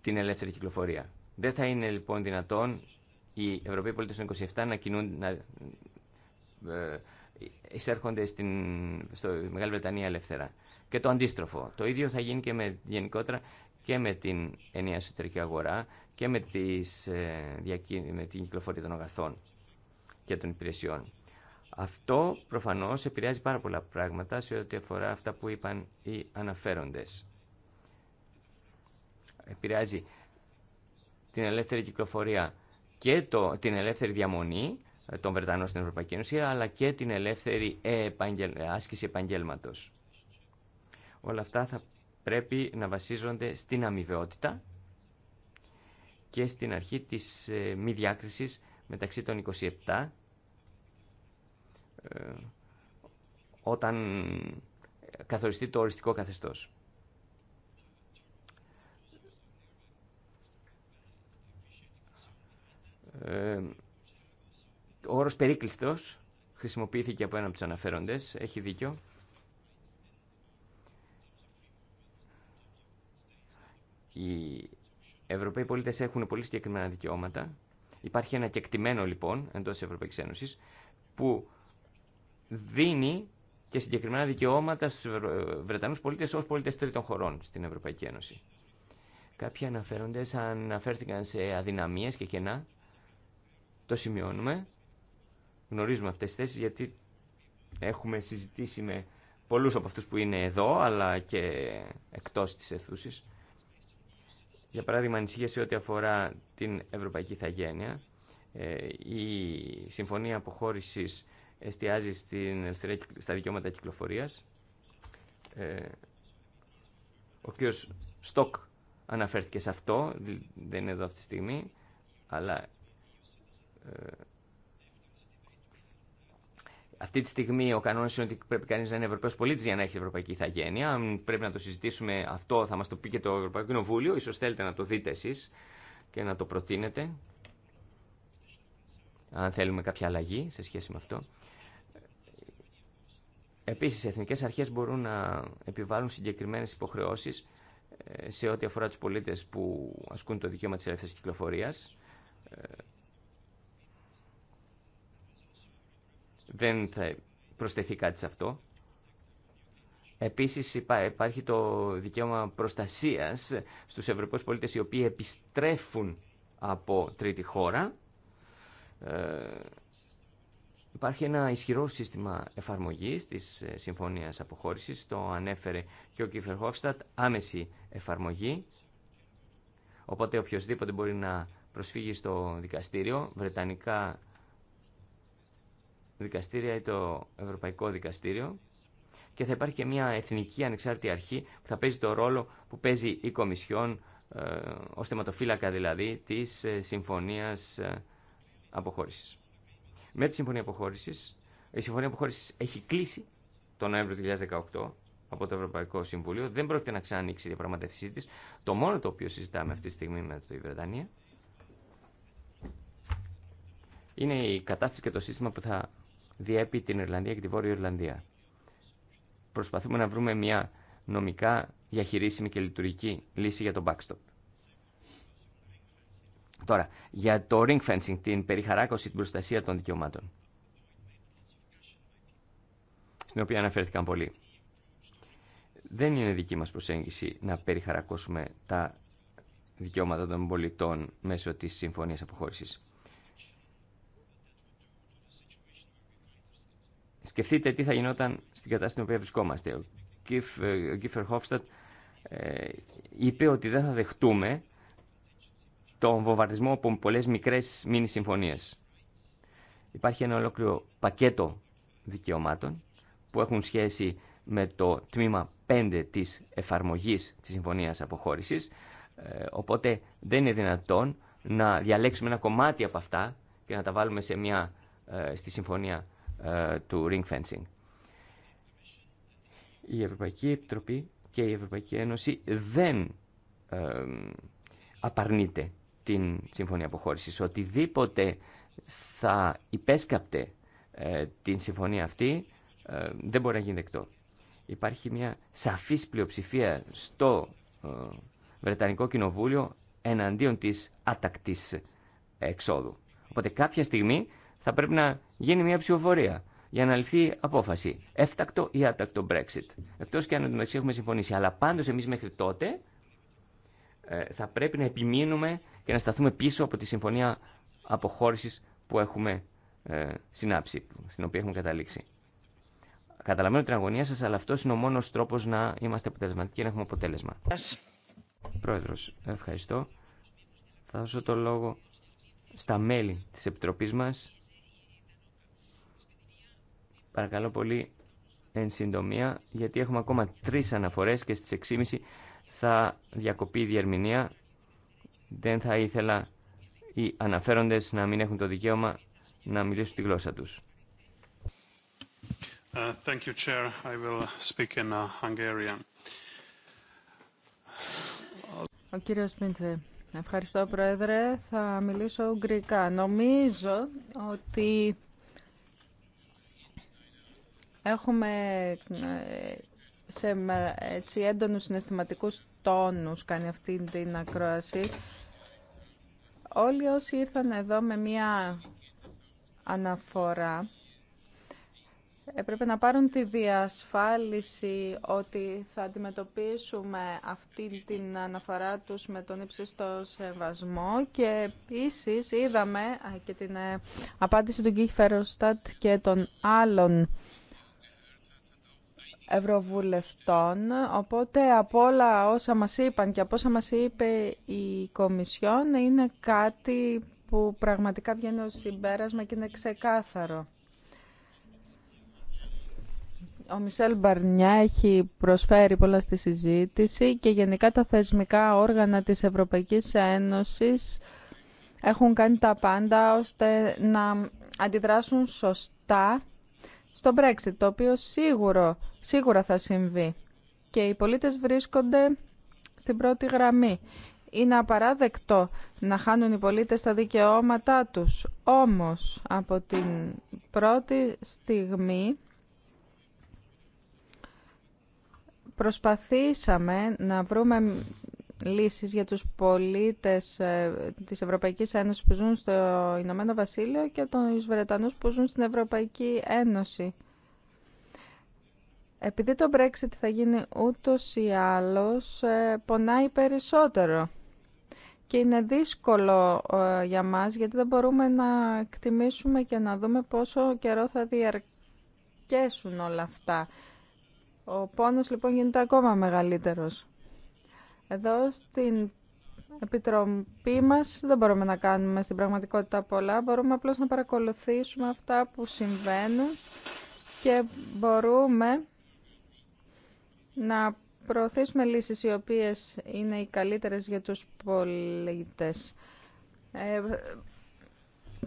την ελεύθερη κυκλοφορία. Δεν θα είναι λοιπόν δυνατόν οι Ευρωπαίοι πολίτες των 27 να κινούν, να ε, εισέρχονται στην στο Μεγάλη Βρετανία ελεύθερα. Και το αντίστροφο. Το ίδιο θα γίνει και με, γενικότερα και με την ενιαία εσωτερική αγορά και με, τις, ε, με την κυκλοφορία των αγαθών και των υπηρεσιών. Αυτό προφανώς επηρεάζει πάρα πολλά πράγματα σε ό,τι αφορά αυτά που είπαν οι αναφέροντες. Επηρεάζει την ελεύθερη κυκλοφορία και το, την ελεύθερη διαμονή ε, των Βρετανών στην Ευρωπαϊκή Ένωση, αλλά και την ελεύθερη επαγγελ, άσκηση επαγγελματο. Όλα αυτά θα πρέπει να βασίζονται στην αμοιβαιότητα και στην αρχή της ε, μη διάκρισης μεταξύ των 27 ε, όταν καθοριστεί το οριστικό καθεστώς. Ε, ο όρος περίκλειστος χρησιμοποιήθηκε από ένα από τους αναφέροντες, έχει δίκιο. Οι Ευρωπαίοι πολίτες έχουν πολύ συγκεκριμένα δικαιώματα. Υπάρχει ένα κεκτημένο λοιπόν εντός της Ευρωπαϊκής Ένωσης που δίνει και συγκεκριμένα δικαιώματα στους Βρετανούς πολίτες ως πολίτες τρίτων χωρών στην Ευρωπαϊκή Ένωση. Κάποιοι αναφέροντες αναφέρθηκαν σε αδυναμίες και κενά το σημειώνουμε. Γνωρίζουμε αυτές τις θέσεις γιατί έχουμε συζητήσει με πολλούς από αυτούς που είναι εδώ αλλά και εκτός της αιθούσης. Για παράδειγμα, ανησυχία σε ό,τι αφορά την Ευρωπαϊκή Θαγένεια. Ε, η Συμφωνία Αποχώρησης εστιάζει στην ελευθερία, στα δικαιώματα κυκλοφορίας. Ε, ο κ. Στοκ αναφέρθηκε σε αυτό, δεν είναι εδώ αυτή τη στιγμή, αλλά ε, αυτή τη στιγμή ο κανόνα είναι ότι πρέπει κανεί να είναι Ευρωπαίο πολίτη για να έχει ευρωπαϊκή Ιθαγένεια. Αν πρέπει να το συζητήσουμε αυτό, θα μα το πει και το Ευρωπαϊκό Κοινοβούλιο. σω θέλετε να το δείτε εσεί και να το προτείνετε. Αν θέλουμε κάποια αλλαγή σε σχέση με αυτό. Επίση, οι εθνικέ αρχέ μπορούν να επιβάλλουν συγκεκριμένε υποχρεώσει ε, σε ό,τι αφορά του πολίτε που ασκούν το δικαίωμα τη ελεύθερη κυκλοφορία ε, δεν θα προσθεθεί κάτι σε αυτό. Επίσης υπάρχει το δικαίωμα προστασίας στους Ευρωπαίους πολίτες οι οποίοι επιστρέφουν από τρίτη χώρα. Ε, υπάρχει ένα ισχυρό σύστημα εφαρμογής της ε, Συμφωνίας Αποχώρησης, το ανέφερε και ο Κίφερ Χόφστατ, άμεση εφαρμογή. Οπότε οποιοδήποτε μπορεί να προσφύγει στο δικαστήριο, βρετανικά δικαστήρια ή το Ευρωπαϊκό Δικαστήριο και θα υπάρχει και μια εθνική ανεξάρτητη αρχή που θα παίζει το ρόλο που παίζει η Κομισιόν ε, ως θεματοφύλακα δηλαδή της ε, συμφωνίας ε, αποχώρησης. Με τη συμφωνία αποχώρησης, η συμφωνία αποχώρησης έχει κλείσει τον Νοέμβριο του 2018 από το Ευρωπαϊκό Συμβουλίο, δεν πρόκειται να ξανανοίξει η διαπραγματεύσή τη. Το μόνο το οποίο συζητάμε αυτή τη στιγμή με τη Βρετανία είναι η κατάσταση και το σύστημα που θα διέπει την Ιρλανδία και τη Βόρεια Ιρλανδία. Προσπαθούμε να βρούμε μια νομικά διαχειρίσιμη και λειτουργική λύση για τον backstop. Τώρα, για το ring fencing, την περιχαράκωση, την προστασία των δικαιωμάτων, στην οποία αναφέρθηκαν πολλοί. Δεν είναι δική μας προσέγγιση να περιχαρακώσουμε τα δικαιώματα των πολιτών μέσω της Συμφωνίας Αποχώρησης. Σκεφτείτε τι θα γινόταν στην κατάσταση στην οποία βρισκόμαστε. Ο, Κίφερ ε, Χόφστατ ε, είπε ότι δεν θα δεχτούμε τον βομβαρδισμό από πολλές μικρές μήνυ συμφωνίες. Υπάρχει ένα ολόκληρο πακέτο δικαιωμάτων που έχουν σχέση με το τμήμα 5 της εφαρμογής της Συμφωνίας Αποχώρησης, ε, οπότε δεν είναι δυνατόν να διαλέξουμε ένα κομμάτι από αυτά και να τα βάλουμε σε μια, ε, στη Συμφωνία ε, του ring fencing. Η Ευρωπαϊκή Επιτροπή και η Ευρωπαϊκή Ένωση δεν ε, απαρνείται την Συμφωνία Αποχώρησης. Οτιδήποτε θα υπέσκαπτε ε, την Συμφωνία αυτή ε, δεν μπορεί να γίνει δεκτό. Υπάρχει μια σαφής πλειοψηφία στο Βρετανικό Κοινοβούλιο εναντίον της άτακτης εξόδου. Οπότε κάποια στιγμή θα πρέπει να γίνει μια ψηφοφορία για να ληφθεί απόφαση. Έφτακτο ή άτακτο Brexit. Εκτό και αν εντωμεταξύ έχουμε συμφωνήσει. Αλλά πάντως εμεί μέχρι τότε ε, θα πρέπει να επιμείνουμε και να σταθούμε πίσω από τη συμφωνία αποχώρηση που έχουμε ε, συνάψει, στην οποία έχουμε καταλήξει. Καταλαβαίνω την αγωνία σα, αλλά αυτό είναι ο μόνο τρόπο να είμαστε αποτελεσματικοί και να έχουμε αποτέλεσμα. Πρόεδρο. ευχαριστώ. Θα δώσω το λόγο στα μέλη της Επιτροπής μας. Παρακαλώ πολύ εν συντομία, γιατί έχουμε ακόμα τρεις αναφορές και στις 6.30 θα διακοπεί η διερμηνία. Δεν θα ήθελα οι αναφέροντες να μην έχουν το δικαίωμα να μιλήσουν τη γλώσσα τους. ευχαριστώ Πρόεδρε. Θα μιλήσω ουγγρικά. Νομίζω ότι Έχουμε ε, σε έτσι, έντονους συναισθηματικούς τόνους κάνει αυτή την ακρόαση. Όλοι όσοι ήρθαν εδώ με μία αναφορά έπρεπε να πάρουν τη διασφάλιση ότι θα αντιμετωπίσουμε αυτή την αναφορά τους με τον υψίστο σεβασμό και επίσης είδαμε και την ε, απάντηση του Κίχη Φεροστάτ και των άλλων ευρωβουλευτών, οπότε από όλα όσα μας είπαν και από όσα μας είπε η Κομισιόν είναι κάτι που πραγματικά βγαίνει ως συμπέρασμα και είναι ξεκάθαρο. Ο Μισελ Μπαρνιά έχει προσφέρει πολλά στη συζήτηση και γενικά τα θεσμικά όργανα της Ευρωπαϊκής Ένωσης έχουν κάνει τα πάντα ώστε να αντιδράσουν σωστά στο Brexit, το οποίο σίγουρο, σίγουρα θα συμβεί. Και οι πολίτες βρίσκονται στην πρώτη γραμμή. Είναι απαράδεκτο να χάνουν οι πολίτες τα δικαιώματά τους. Όμως, από την πρώτη στιγμή προσπαθήσαμε να βρούμε λύσεις για τους πολίτες ε, της Ευρωπαϊκής Ένωσης που ζουν στο Ηνωμένο Βασίλειο και τους Βρετανούς που ζουν στην Ευρωπαϊκή Ένωση. Επειδή το Brexit θα γίνει ούτως ή άλλως, ε, πονάει περισσότερο. Και είναι δύσκολο ε, για μας, γιατί δεν μπορούμε να εκτιμήσουμε και να δούμε πόσο καιρό θα διαρκέσουν όλα αυτά. Ο πόνος λοιπόν γίνεται ακόμα μεγαλύτερος. Εδώ στην Επιτροπή μας δεν μπορούμε να κάνουμε στην πραγματικότητα πολλά, μπορούμε απλώς να παρακολουθήσουμε αυτά που συμβαίνουν και μπορούμε να προωθήσουμε λύσεις οι οποίες είναι οι καλύτερες για τους πολίτες. Ε,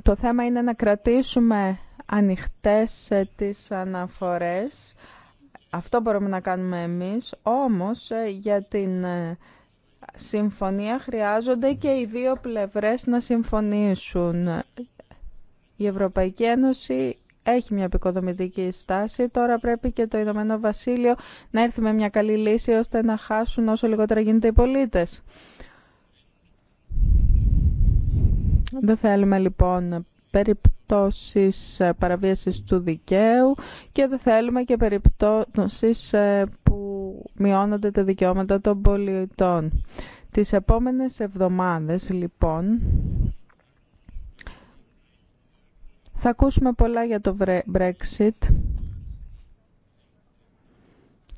το θέμα είναι να κρατήσουμε ανοιχτές ε, τις αναφορές, αυτό μπορούμε να κάνουμε εμείς, όμως ε, για την ε, συμφωνία χρειάζονται και οι δύο πλευρές να συμφωνήσουν. Η Ευρωπαϊκή Ένωση έχει μια επικοδομητική στάση. Τώρα πρέπει και το Ηνωμένο Βασίλειο να έρθει με μια καλή λύση ώστε να χάσουν όσο λιγότερα γίνεται οι πολίτες. Δεν θέλουμε λοιπόν περιπτώσεις περιπτώσεις ε, παραβίασης του δικαίου και δεν θέλουμε και περιπτώσεις ε, που μειώνονται τα δικαιώματα των πολιτών. Τις επόμενες εβδομάδες, λοιπόν, θα ακούσουμε πολλά για το Brexit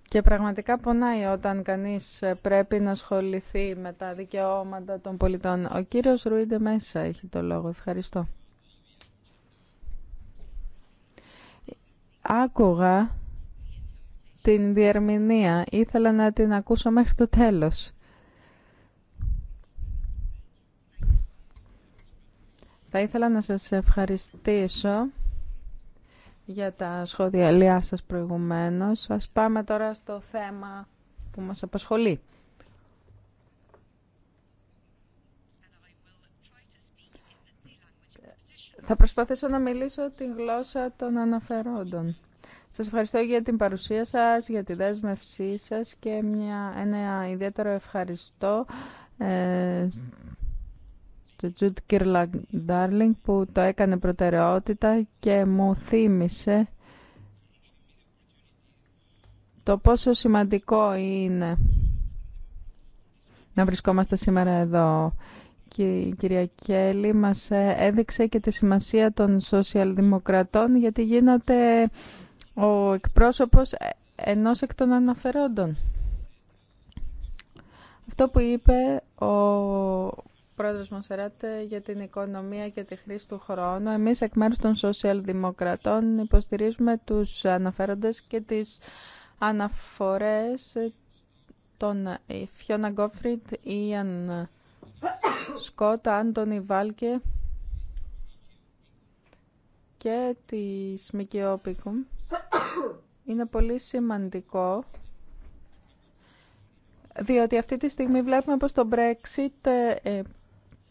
και πραγματικά πονάει όταν κανείς ε, πρέπει να ασχοληθεί με τα δικαιώματα των πολιτών. Ο κύριος Ρουίντε Μέσα έχει το λόγο. Ευχαριστώ. άκουγα την διερμηνία. Ήθελα να την ακούσω μέχρι το τέλος. Θα ήθελα να σας ευχαριστήσω για τα σχόλια σας προηγουμένως. Ας πάμε τώρα στο θέμα που μας απασχολεί. Θα προσπαθήσω να μιλήσω τη γλώσσα των αναφερόντων. Σας ευχαριστώ για την παρουσία σας, για τη δέσμευσή σας και μια, ένα ιδιαίτερο ευχαριστώ ε, στο Τζουτ Ντάρλινγκ που το έκανε προτεραιότητα και μου θύμισε το πόσο σημαντικό είναι να βρισκόμαστε σήμερα εδώ η κυρία Κέλλη μας ε, έδειξε και τη σημασία των σοσιαλδημοκρατών γιατί γίνατε ο εκπρόσωπος ε, ενός εκ των αναφερόντων. Αυτό που είπε ο πρόεδρος Μονσεράτε για την οικονομία και τη χρήση του χρόνου, εμείς εκ μέρους των σοσιαλδημοκρατών υποστηρίζουμε τους αναφέροντες και τις αναφορές ε, των Φιώνα ή Ιαν Σκότ, Άντωνη, Βάλκε και τη Μικαιόπικου Είναι πολύ σημαντικό διότι αυτή τη στιγμή βλέπουμε πως το Brexit ε,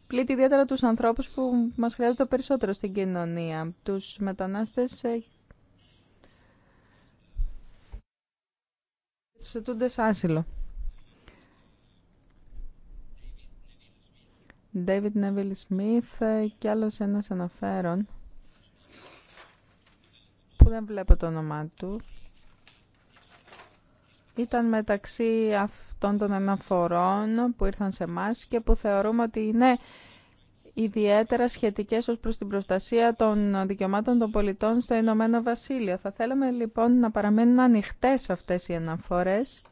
πλήττει ιδιαίτερα τους ανθρώπους που μας χρειάζονται περισσότερο στην κοινωνία. Τους μετανάστες ε, του ετούντες άσυλο. David Neville Smith και άλλος ένας αναφέρον που δεν βλέπω το όνομά του ήταν μεταξύ αυτών των αναφορών που ήρθαν σε εμά και που θεωρούμε ότι είναι ιδιαίτερα σχετικές ως προς την προστασία των δικαιωμάτων των πολιτών στο Ηνωμένο Βασίλειο. Θα θέλαμε λοιπόν να παραμένουν ανοιχτές αυτές οι αναφορές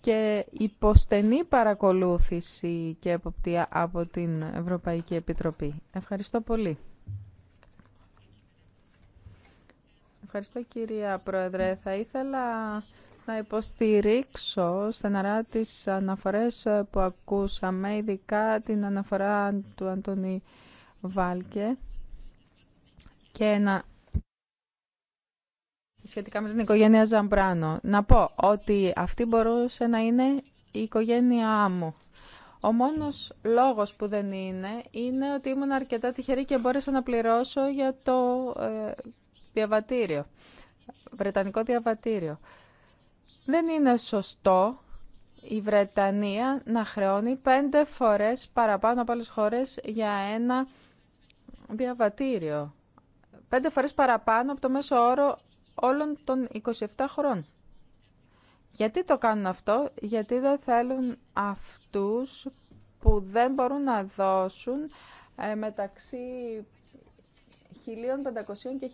και υποστενή παρακολούθηση και εποπτεία από την Ευρωπαϊκή Επιτροπή. Ευχαριστώ πολύ. Ευχαριστώ κυρία Πρόεδρε. Θα ήθελα να υποστηρίξω στεναρά τις αναφορές που ακούσαμε, ειδικά την αναφορά του Αντώνη Βάλκε και να σχετικά με την οικογένεια Ζαμπράνο. Να πω ότι αυτή μπορούσε να είναι η οικογένειά μου. Ο μόνος λόγος που δεν είναι, είναι ότι ήμουν αρκετά τυχερή και μπόρεσα να πληρώσω για το ε, διαβατήριο, βρετανικό διαβατήριο. Δεν είναι σωστό η Βρετανία να χρεώνει πέντε φορές παραπάνω από άλλες χώρες για ένα διαβατήριο. Πέντε φορές παραπάνω από το μέσο όρο όλων των 27 χωρών. Γιατί το κάνουν αυτό, γιατί δεν θέλουν αυτούς που δεν μπορούν να δώσουν ε, μεταξύ 1.500 και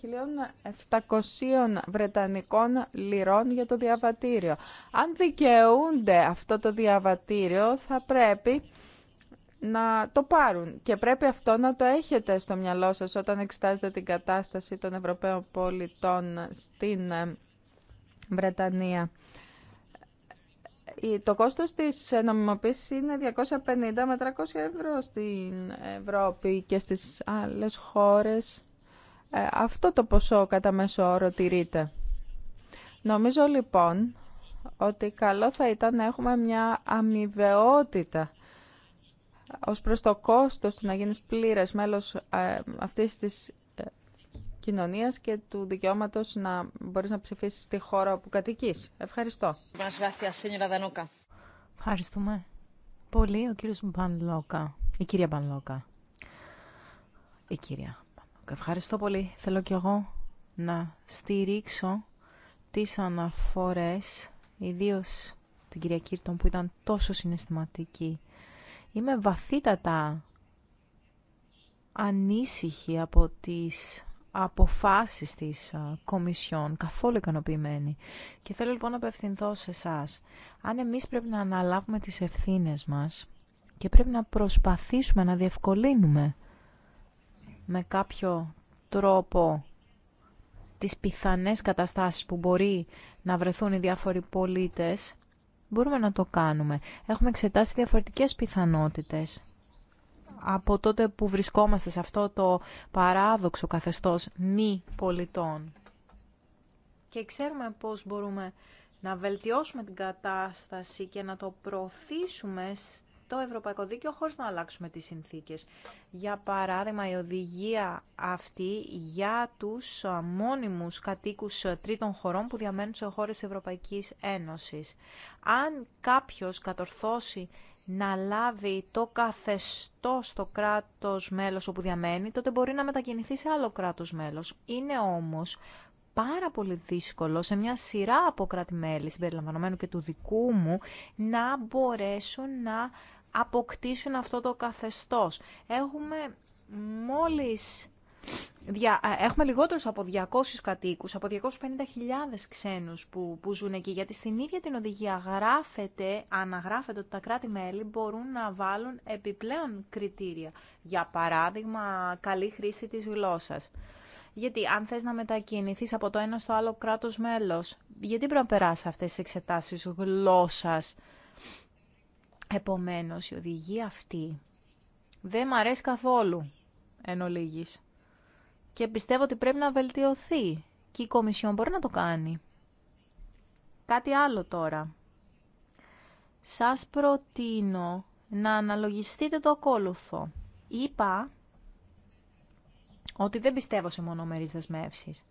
1.700 Βρετανικών λιρών για το διαβατήριο. Αν δικαιούνται αυτό το διαβατήριο θα πρέπει να το πάρουν. Και πρέπει αυτό να το έχετε στο μυαλό σας όταν εξετάζετε την κατάσταση των Ευρωπαίων πολιτών στην ε, Βρετανία. Το κόστος της νομιμοποίησης είναι 250 με 300 ευρώ στην Ευρώπη και στις άλλες χώρες. Ε, αυτό το ποσό κατά μέσο όρο τηρείται. Νομίζω λοιπόν ότι καλό θα ήταν να έχουμε μια αμοιβαιότητα ως προς το κόστος του να γίνεις πλήρες μέλος ε, αυτής της ε, κοινωνίας και του δικαιώματος να μπορείς να ψηφίσεις στη χώρα που κατοικείς. Ευχαριστώ. Ευχαριστούμε πολύ ο κύριος Μπανλόκα, η κυρία Μπανλόκα. Η κυρία Μπανλόκα. Ευχαριστώ πολύ. Θέλω κι εγώ να στηρίξω τις αναφορές, ιδίως την κυρία Κύρτον που ήταν τόσο συναισθηματική Είμαι βαθύτατα ανήσυχη από τις αποφάσεις της ε, Κομισιόν, καθόλου ικανοποιημένη. Και θέλω λοιπόν να απευθυνθώ σε εσά. Αν εμείς πρέπει να αναλάβουμε τις ευθύνες μας και πρέπει να προσπαθήσουμε να διευκολύνουμε με κάποιο τρόπο τις πιθανές καταστάσεις που μπορεί να βρεθούν οι διάφοροι πολίτες Μπορούμε να το κάνουμε. Έχουμε εξετάσει διαφορετικές πιθανότητες. Από τότε που βρισκόμαστε σε αυτό το παράδοξο καθεστώς μη πολιτών. Και ξέρουμε πώς μπορούμε να βελτιώσουμε την κατάσταση και να το προωθήσουμε το Ευρωπαϊκό Δίκαιο χωρίς να αλλάξουμε τις συνθήκες. Για παράδειγμα, η οδηγία αυτή για τους μόνιμους κατοίκους τρίτων χωρών που διαμένουν σε χώρες Ευρωπαϊκής Ένωσης. Αν κάποιος κατορθώσει να λάβει το καθεστώς στο κράτος μέλος όπου διαμένει, τότε μπορεί να μετακινηθεί σε άλλο κράτος μέλος. Είναι όμως πάρα πολύ δύσκολο σε μια σειρά από κράτη-μέλη, συμπεριλαμβανομένου και του δικού μου, να μπορέσουν να αποκτήσουν αυτό το καθεστώς. Έχουμε μόλις... Έχουμε λιγότερους από 200 κατοίκους, από 250.000 ξένους που, που ζουν εκεί, γιατί στην ίδια την οδηγία γράφεται, αναγράφεται ότι τα κράτη-μέλη μπορούν να βάλουν επιπλέον κριτήρια. Για παράδειγμα, καλή χρήση της γλώσσας. Γιατί αν θες να μετακινηθείς από το ένα στο άλλο κράτος μέλος, γιατί πρέπει να περάσει αυτές τις εξετάσεις γλώσσας Επομένως, η οδηγία αυτή δεν μ' αρέσει καθόλου εν ολίγης. Και πιστεύω ότι πρέπει να βελτιωθεί και η Κομισιόν μπορεί να το κάνει. Κάτι άλλο τώρα. Σας προτείνω να αναλογιστείτε το ακόλουθο. Είπα ότι δεν πιστεύω σε μονομερείς δεσμεύσεις.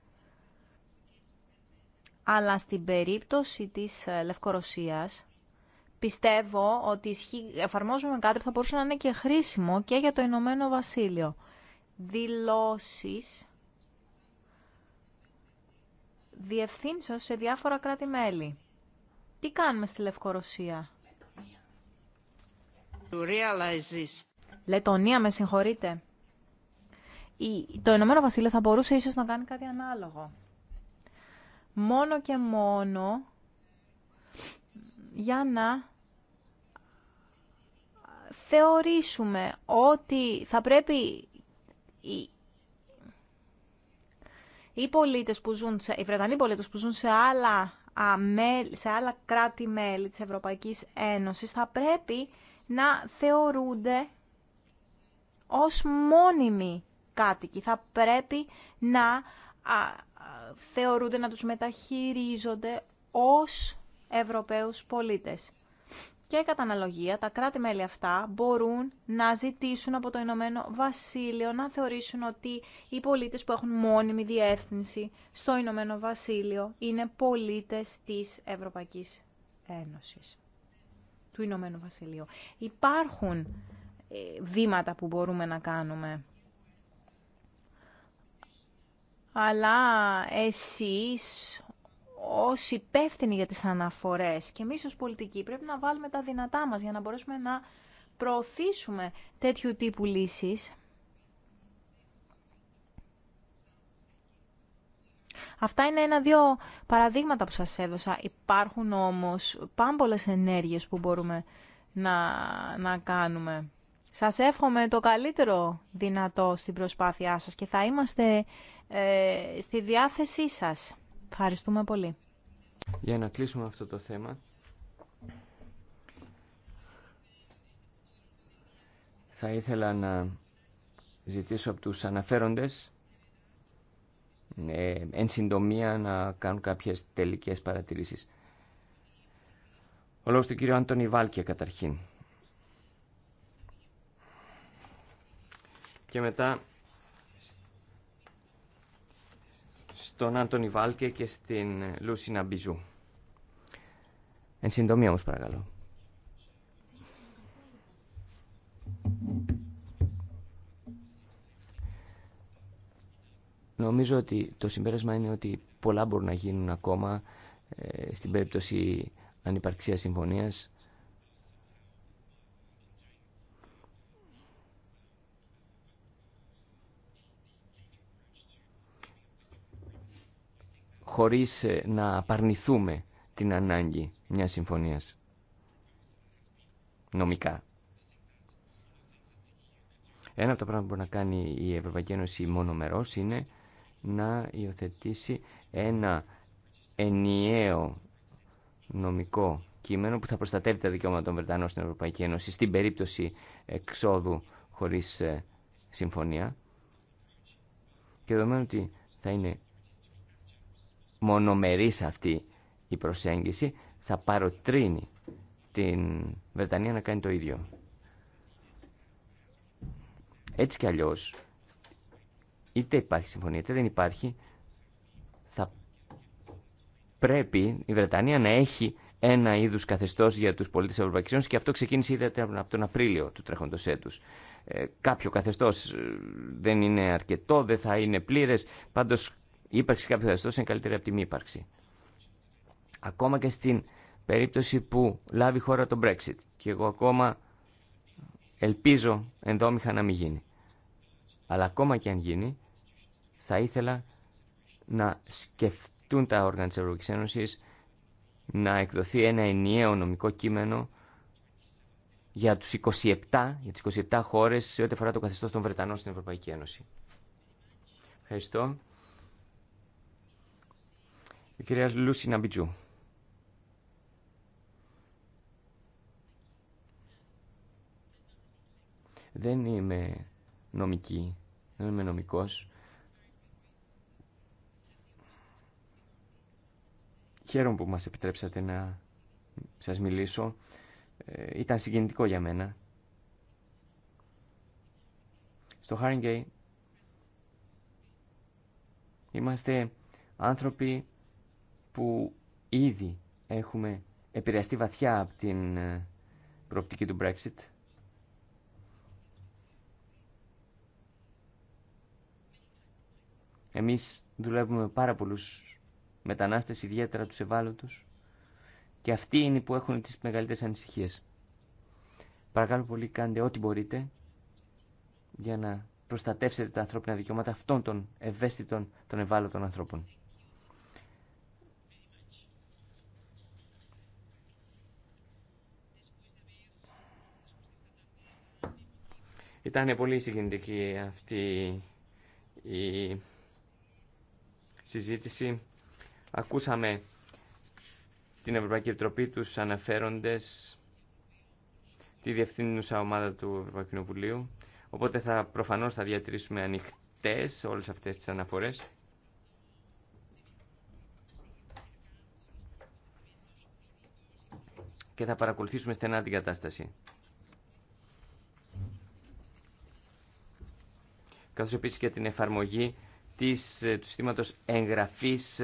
Αλλά στην περίπτωση της Λευκορωσίας πιστεύω ότι εφαρμόζουμε κάτι που θα μπορούσε να είναι και χρήσιμο και για το Ηνωμένο Βασίλειο. Δηλώσεις διευθύνσεως σε διάφορα κράτη-μέλη. Τι κάνουμε στη Λευκορωσία. Λετωνία, με συγχωρείτε. Το Ηνωμένο Βασίλειο θα μπορούσε ίσως να κάνει κάτι ανάλογο. Μόνο και μόνο για να θεωρήσουμε ότι θα πρέπει οι πολίτες που ζουν, σε, οι Βρετανοί πολίτες που ζουν σε άλλα, σε άλλα κράτη-μέλη της Ευρωπαϊκής Ένωσης θα πρέπει να θεωρούνται ως μόνιμοι κάτοικοι. Θα πρέπει να θεωρούνται, να τους μεταχειρίζονται ως Ευρωπαίους πολίτες. Και κατά αναλογία, τα κράτη-μέλη αυτά μπορούν να ζητήσουν από το Ηνωμένο Βασίλειο να θεωρήσουν ότι οι πολίτες που έχουν μόνιμη διεύθυνση στο Ηνωμένο Βασίλειο είναι πολίτες της Ευρωπαϊκής Ένωσης, του Ηνωμένου Βασιλείου. Υπάρχουν ε, βήματα που μπορούμε να κάνουμε. Αλλά εσείς ως υπεύθυνοι για τις αναφορές και εμείς ως πολιτικοί πρέπει να βάλουμε τα δυνατά μας για να μπορέσουμε να προωθήσουμε τέτοιου τύπου λύσεις. Αυτά είναι ένα-δύο παραδείγματα που σας έδωσα. Υπάρχουν όμως πάμπολες ενέργειες που μπορούμε να, να κάνουμε. Σας εύχομαι το καλύτερο δυνατό στην προσπάθειά σας και θα είμαστε ε, στη διάθεσή σας. Ευχαριστούμε πολύ. Για να κλείσουμε αυτό το θέμα, θα ήθελα να ζητήσω από τους αναφέροντες ε, εν συντομία να κάνουν κάποιες τελικές παρατηρήσεις. Ο λόγος του κύριου Άντωνη Βάλκια καταρχήν. Και μετά στον Άντωνη Βάλκε και στην Λούσινα Μπιζού. Εν συντομία όμως παρακαλώ. Νομίζω ότι το συμπέρασμα είναι ότι πολλά μπορούν να γίνουν ακόμα ε, στην περίπτωση ανυπαρξίας συμφωνίας χωρίς ε, να απαρνηθούμε την ανάγκη μιας συμφωνίας νομικά. Ένα από τα πράγματα που μπορεί να κάνει η Ευρωπαϊκή Ένωση μόνο μερός είναι να υιοθετήσει ένα ενιαίο νομικό κείμενο που θα προστατεύει τα δικαιώματα των Βρετανών στην Ευρωπαϊκή Ένωση στην περίπτωση εξόδου χωρίς ε, συμφωνία και δεδομένου ότι θα είναι μονομερής αυτή η προσέγγιση θα παροτρύνει την Βρετανία να κάνει το ίδιο. Έτσι κι αλλιώς, είτε υπάρχει συμφωνία είτε δεν υπάρχει, θα πρέπει η Βρετανία να έχει ένα είδου καθεστώ για του πολίτε τη Ευρωπαϊκή Ένωση και αυτό ξεκίνησε ήδη από τον Απρίλιο του τρέχοντο έτου. Ε, κάποιο καθεστώ ε, δεν είναι αρκετό, δεν θα είναι πλήρε. Πάντω η ύπαρξη κάποιου καθεστώ είναι καλύτερη από τη μη ύπαρξη. Ακόμα και στην περίπτωση που λάβει η χώρα το Brexit. Και εγώ ακόμα ελπίζω ενδόμηχα να μην γίνει. Αλλά ακόμα και αν γίνει, θα ήθελα να σκεφτούν τα όργανα της Ευρωπαϊκής Ένωσης να εκδοθεί ένα ενιαίο νομικό κείμενο για, τους 27, για τις 27 χώρες σε ό,τι αφορά το καθεστώς των Βρετανών στην Ευρωπαϊκή Ένωση. Ευχαριστώ. Η κυρία Λούση Ναμπιτζού. Δεν είμαι νομική, δεν είμαι νομικός. Χαίρομαι που μας επιτρέψατε να σας μιλήσω. Ε, ήταν συγκινητικό για μένα. Στο Haringey είμαστε άνθρωποι που ήδη έχουμε επηρεαστεί βαθιά από την ε, προοπτική του Brexit. Εμείς δουλεύουμε με πάρα πολλούς μετανάστες, ιδιαίτερα τους ευάλωτους και αυτοί είναι που έχουν τις μεγαλύτερες ανησυχίες. Παρακαλώ πολύ κάντε ό,τι μπορείτε για να προστατεύσετε τα ανθρώπινα δικαιώματα αυτών των ευαίσθητων, των ευάλωτων ανθρώπων. Ήταν πολύ συγκινητική αυτή η συζήτηση. Ακούσαμε την Ευρωπαϊκή Επιτροπή, τους αναφέροντες, τη διευθύνουσα ομάδα του Ευρωπαϊκού Κοινοβουλίου. Οπότε θα προφανώς θα διατηρήσουμε ανοιχτές όλες αυτές τις αναφορές. Και θα παρακολουθήσουμε στενά την κατάσταση. καθώς επίσης και την εφαρμογή της, ε, του συστήματος εγγραφής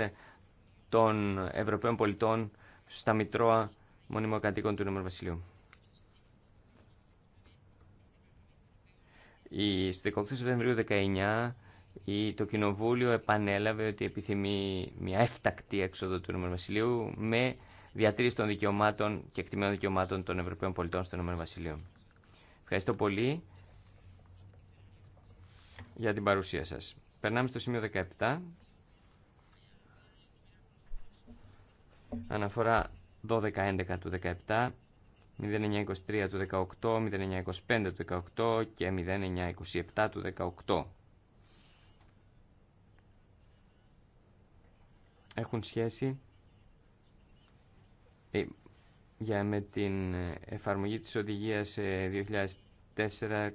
των Ευρωπαίων πολιτών στα Μητρώα Μονιμοκατοίκων του Νομού Βασιλείου. Η, στο 18 Σεπτεμβρίου 2019, το Κοινοβούλιο επανέλαβε ότι επιθυμεί μια έφτακτη έξοδο του Ηνωμένου Βασιλείου με διατήρηση των δικαιωμάτων και εκτιμένων δικαιωμάτων των Ευρωπαίων πολιτών στο Ηνωμένο Βασιλείο. Ευχαριστώ πολύ για την παρουσία σας. Περνάμε στο σημείο 17. Αναφορά 12-11 του 17, 09-23 του 18, 09-25 του 18 και 09-27 του 18. Έχουν σχέση ε, για με την εφαρμογή της οδηγίας 2004 ε,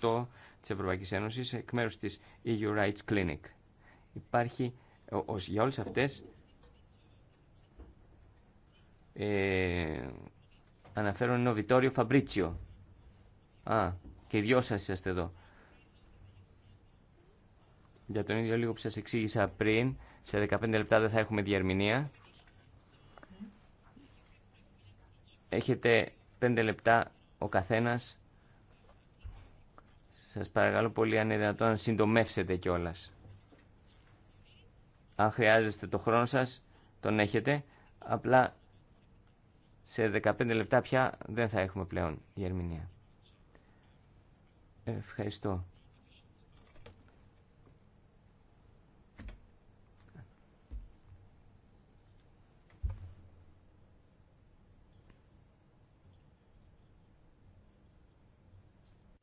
38 της Ευρωπαϊκής Ένωσης εκ μέρους της EU Rights Clinic. Υπάρχει ως για όλες αυτές ε, αναφέρον είναι ο Βιτόριο Φαμπρίτσιο. Α, και οι δυο σας είσαστε εδώ. Για τον ίδιο λίγο που σας εξήγησα πριν, σε 15 λεπτά δεν θα έχουμε διαρμηνία. Έχετε 5 λεπτά ο καθένας σας παρακαλώ πολύ αν είναι δυνατόν να συντομεύσετε κιόλα. Αν χρειάζεστε το χρόνο σας, τον έχετε. Απλά σε 15 λεπτά πια δεν θα έχουμε πλέον η Ευχαριστώ.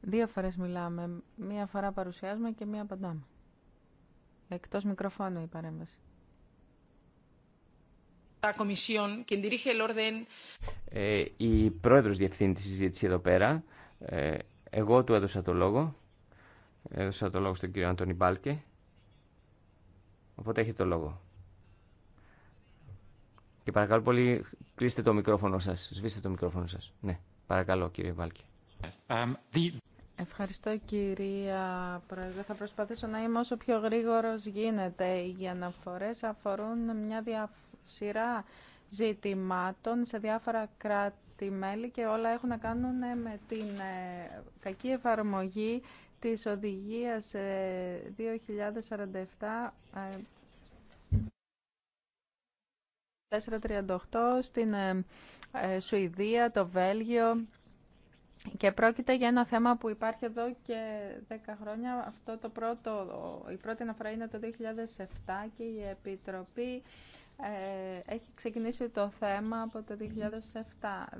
Δύο φορές μιλάμε. Μία φορά παρουσιάζουμε και μία απαντάμε. Εκτός μικροφώνου η παρέμβαση. Ε, η πρόεδρος διευθύνει τη συζήτηση εδώ πέρα. Ε, εγώ του έδωσα το λόγο. Έδωσα το λόγο στον κύριο Αντώνη Μπάλκε. Οπότε έχετε το λόγο. Και παρακαλώ πολύ, κλείστε το μικρόφωνο σας. Σβήστε το μικρόφωνο σας. Ναι, παρακαλώ κύριε Μπάλκε. Um, the... Ευχαριστώ κυρία Πρόεδρε. Θα προσπαθήσω να είμαι όσο πιο γρήγορος γίνεται. Οι αναφορές αφορούν μια δια... σειρά ζητημάτων σε διάφορα κράτη-μέλη και όλα έχουν να κάνουν με την ε, κακή εφαρμογή της οδηγίας 2047 ε, 438 ε, στην Σουηδία, το Βέλγιο και πρόκειται για ένα θέμα που υπάρχει εδώ και 10 χρόνια. Αυτό το πρώτο, η πρώτη αναφορά είναι το 2007 και η Επιτροπή ε, έχει ξεκινήσει το θέμα από το 2007.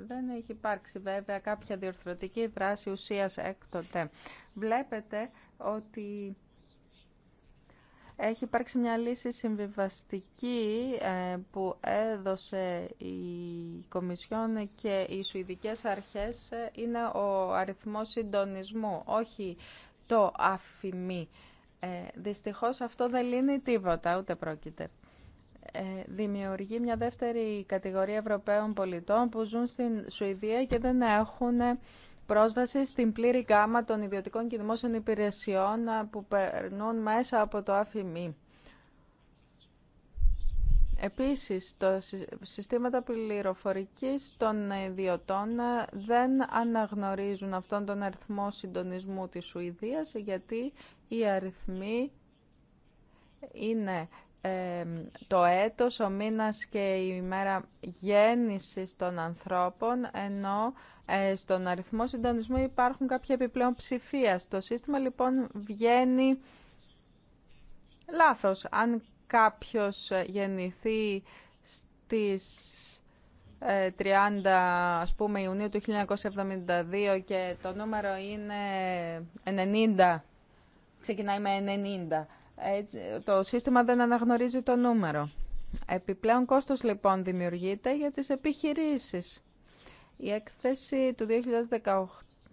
Δεν έχει υπάρξει βέβαια κάποια διορθωτική δράση ουσίας έκτοτε. Βλέπετε ότι έχει υπάρξει μια λύση συμβιβαστική ε, που έδωσε η Κομισιόν και οι Σουηδικές Αρχές ε, είναι ο αριθμός συντονισμού, όχι το αφημί. Ε, δυστυχώς αυτό δεν λύνει τίποτα, ούτε πρόκειται. Δημιουργεί μια δεύτερη κατηγορία Ευρωπαίων πολιτών που ζουν στην Σουηδία και δεν έχουν πρόσβαση στην πλήρη γάμα των ιδιωτικών και δημόσιων υπηρεσιών που περνούν μέσα από το ΑΦΜΗ. Επίσης, τα συστήματα πληροφορικής των ιδιωτών δεν αναγνωρίζουν αυτόν τον αριθμό συντονισμού της Σουηδίας, γιατί οι αριθμοί είναι το έτος, ο μήνας και η ημέρα γέννησης των ανθρώπων, ενώ ε, στον αριθμό συντονισμού υπάρχουν κάποια επιπλέον ψηφία. Το σύστημα λοιπόν βγαίνει λάθος. Αν κάποιος ε, γεννηθεί στις 30 ε, ας πούμε Ιουνίου του 1972 και το νούμερο είναι 90, ξεκινάει με 90. Έτσι, το σύστημα δεν αναγνωρίζει το νούμερο. Επιπλέον κόστος λοιπόν δημιουργείται για τις επιχειρήσεις η έκθεση του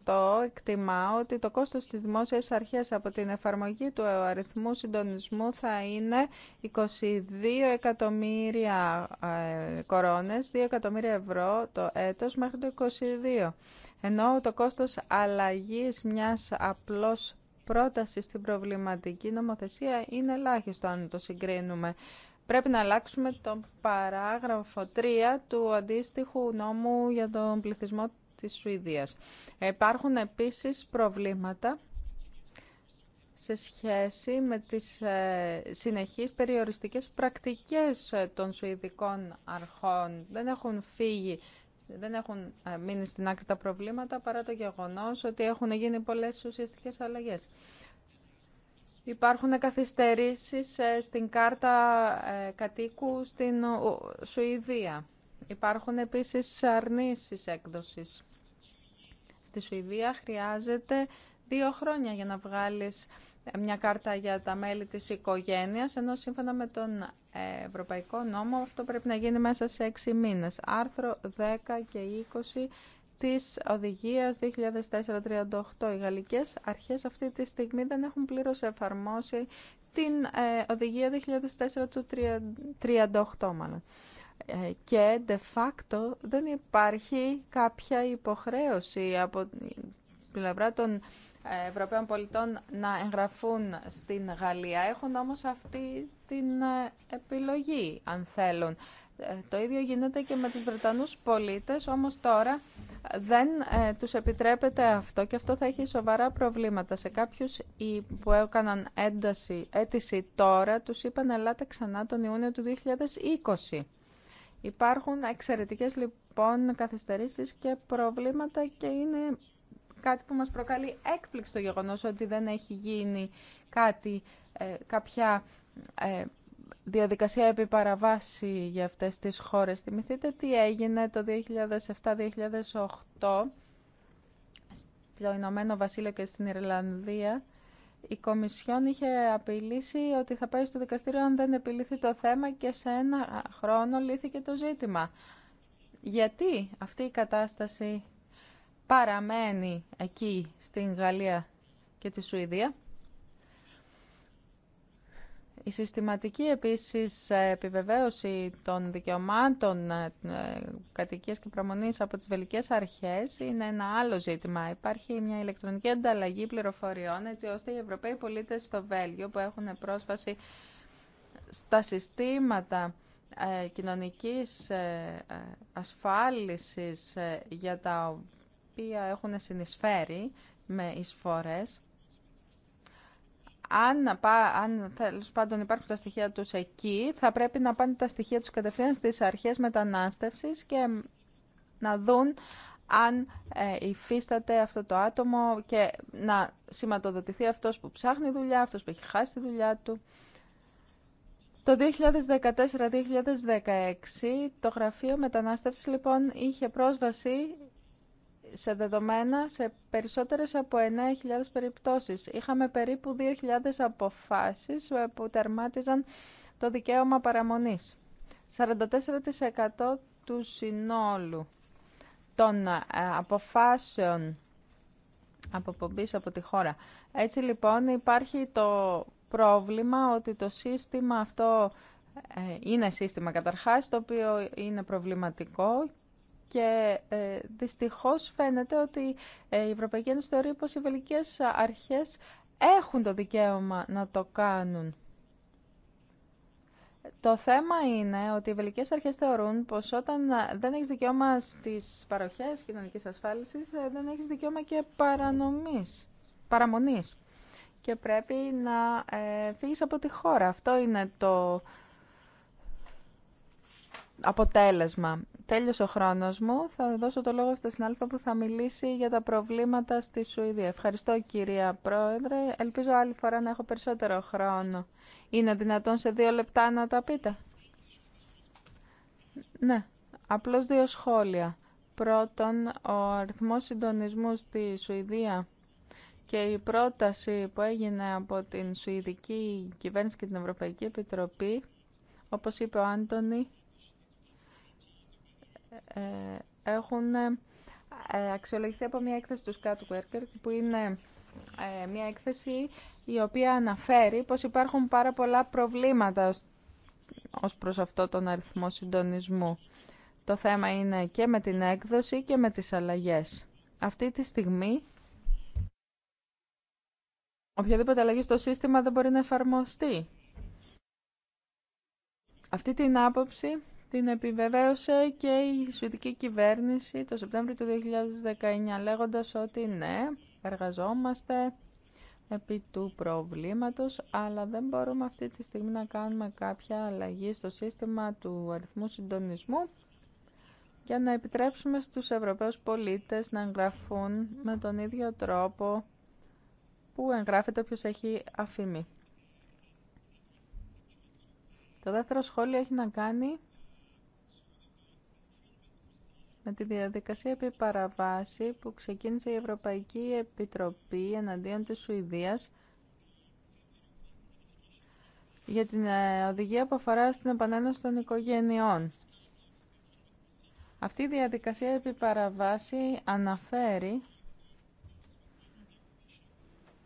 2018 εκτιμά ότι το κόστος της δημόσιας αρχές από την εφαρμογή του αριθμού συντονισμού θα είναι 22 εκατομμύρια ε, κορώνες, 2 εκατομμύρια ευρώ το έτος μέχρι το 2022. Ενώ το κόστος αλλαγής μιας απλώς πρότασης στην προβληματική νομοθεσία είναι ελάχιστο αν το συγκρίνουμε πρέπει να αλλάξουμε τον παράγραφο 3 του αντίστοιχου νόμου για τον πληθυσμό της Σουηδίας. Υπάρχουν επίσης προβλήματα σε σχέση με τις ε, συνεχείς περιοριστικές πρακτικές των Σουηδικών αρχών. Δεν έχουν φύγει, δεν έχουν ε, μείνει στην άκρη τα προβλήματα παρά το γεγονός ότι έχουν γίνει πολλές ουσιαστικές αλλαγές. Υπάρχουν καθυστερήσεις ε, στην κάρτα ε, κατοίκου στην Σουηδία. Υπάρχουν επίσης αρνήσεις έκδοσης. Στη Σουηδία χρειάζεται δύο χρόνια για να βγάλεις ε, μια κάρτα για τα μέλη της οικογένειας, ενώ σύμφωνα με τον Ευρωπαϊκό Νόμο αυτό πρέπει να γίνει μέσα σε έξι μήνες. Άρθρο 10 και 20 της οδηγίας 2014/38 Οι γαλλικές αρχές αυτή τη στιγμή δεν έχουν πλήρως εφαρμόσει την ε, οδηγία 2438 μάλλον. Ε, και de facto δεν υπάρχει κάποια υποχρέωση από την πλευρά των ε, Ευρωπαίων πολιτών να εγγραφούν στην Γαλλία. Έχουν όμως αυτή την επιλογή αν θέλουν ε, το ίδιο γίνεται και με τους Βρετανούς πολίτες, όμως τώρα δεν ε, τους επιτρέπεται αυτό και αυτό θα έχει σοβαρά προβλήματα. Σε κάποιους που έκαναν ένταση, αίτηση τώρα, τους είπαν «Ελάτε ξανά τον Ιούνιο του 2020». Υπάρχουν εξαιρετικές λοιπόν καθυστερήσεις και προβλήματα και είναι κάτι που μας προκαλεί έκπληξη το γεγονός ότι δεν έχει γίνει κάτι, ε, κάποια διαδικασία παραβάση για αυτές τις χώρες. Θυμηθείτε τι έγινε το 2007-2008 στο Ηνωμένο Βασίλειο και στην Ιρλανδία. Η Κομισιόν είχε απειλήσει ότι θα πάει στο δικαστήριο αν δεν επιλύθει το θέμα και σε ένα χρόνο λύθηκε το ζήτημα. Γιατί αυτή η κατάσταση παραμένει εκεί στην Γαλλία και τη Σουηδία. Η συστηματική επίσης ε, επιβεβαίωση των δικαιωμάτων ε, ε, κατοικίας και προμονής από τις βελικές αρχές είναι ένα άλλο ζήτημα. Υπάρχει μια ηλεκτρονική ανταλλαγή πληροφοριών έτσι ώστε οι Ευρωπαίοι πολίτες στο Βέλγιο που έχουν πρόσβαση στα συστήματα κοινωνικής ασφάλισης για τα οποία έχουν συνεισφέρει με εισφορές αν, αν πάντων υπάρχουν τα στοιχεία του εκεί, θα πρέπει να πάνε τα στοιχεία του κατευθείαν στις αρχές μετανάστευση και να δουν αν ε, υφίσταται αυτό το άτομο και να σηματοδοτηθεί αυτός που ψάχνει δουλειά, αυτός που έχει χάσει τη δουλειά του. Το 2014-2016 το Γραφείο Μετανάστευσης λοιπόν είχε πρόσβαση σε δεδομένα σε περισσότερες από 9.000 περιπτώσεις. Είχαμε περίπου 2.000 αποφάσεις ε, που τερμάτιζαν το δικαίωμα παραμονής. 44% του συνόλου των ε, αποφάσεων αποπομπής από τη χώρα. Έτσι λοιπόν υπάρχει το πρόβλημα ότι το σύστημα αυτό ε, είναι σύστημα καταρχάς το οποίο είναι προβληματικό και ε, δυστυχώς φαίνεται ότι ε, η Ευρωπαϊκή Ένωση θεωρεί πως οι βελικές αρχές έχουν το δικαίωμα να το κάνουν. Το θέμα είναι ότι οι βελικές αρχές θεωρούν πως όταν δεν έχεις δικαίωμα στις παροχές κοινωνικής ασφάλισης, ε, δεν έχεις δικαίωμα και παρανομής, παραμονής. Και πρέπει να φύγεις από τη χώρα. Αυτό είναι το αποτέλεσμα τέλειωσε ο χρόνος μου. Θα δώσω το λόγο στο συνάδελφο που θα μιλήσει για τα προβλήματα στη Σουηδία. Ευχαριστώ κυρία Πρόεδρε. Ελπίζω άλλη φορά να έχω περισσότερο χρόνο. Είναι δυνατόν σε δύο λεπτά να τα πείτε. Ναι, απλώς δύο σχόλια. Πρώτον, ο αριθμός συντονισμού στη Σουηδία και η πρόταση που έγινε από την Σουηδική Κυβέρνηση και την Ευρωπαϊκή Επιτροπή, όπως είπε ο Άντωνη, ε, έχουν ε, αξιολογηθεί από μια έκθεση του Scott Worker που είναι ε, μια έκθεση η οποία αναφέρει πως υπάρχουν πάρα πολλά προβλήματα ως προς αυτό τον αριθμό συντονισμού. Το θέμα είναι και με την έκδοση και με τις αλλαγές. Αυτή τη στιγμή οποιαδήποτε αλλαγή στο σύστημα δεν μπορεί να εφαρμοστεί. Αυτή την άποψη την επιβεβαίωσε και η Σουηδική κυβέρνηση το Σεπτέμβριο του 2019 λέγοντας ότι ναι, εργαζόμαστε επί του προβλήματος, αλλά δεν μπορούμε αυτή τη στιγμή να κάνουμε κάποια αλλαγή στο σύστημα του αριθμού συντονισμού για να επιτρέψουμε στους Ευρωπαίους πολίτες να εγγραφούν με τον ίδιο τρόπο που εγγράφεται όποιος έχει αφήμη. Το δεύτερο σχόλιο έχει να κάνει με τη διαδικασία επί παραβάση που ξεκίνησε η Ευρωπαϊκή Επιτροπή εναντίον της Σουηδίας για την ε, οδηγία που αφορά στην επανένωση των οικογενειών. Αυτή η διαδικασία επί παραβάση αναφέρει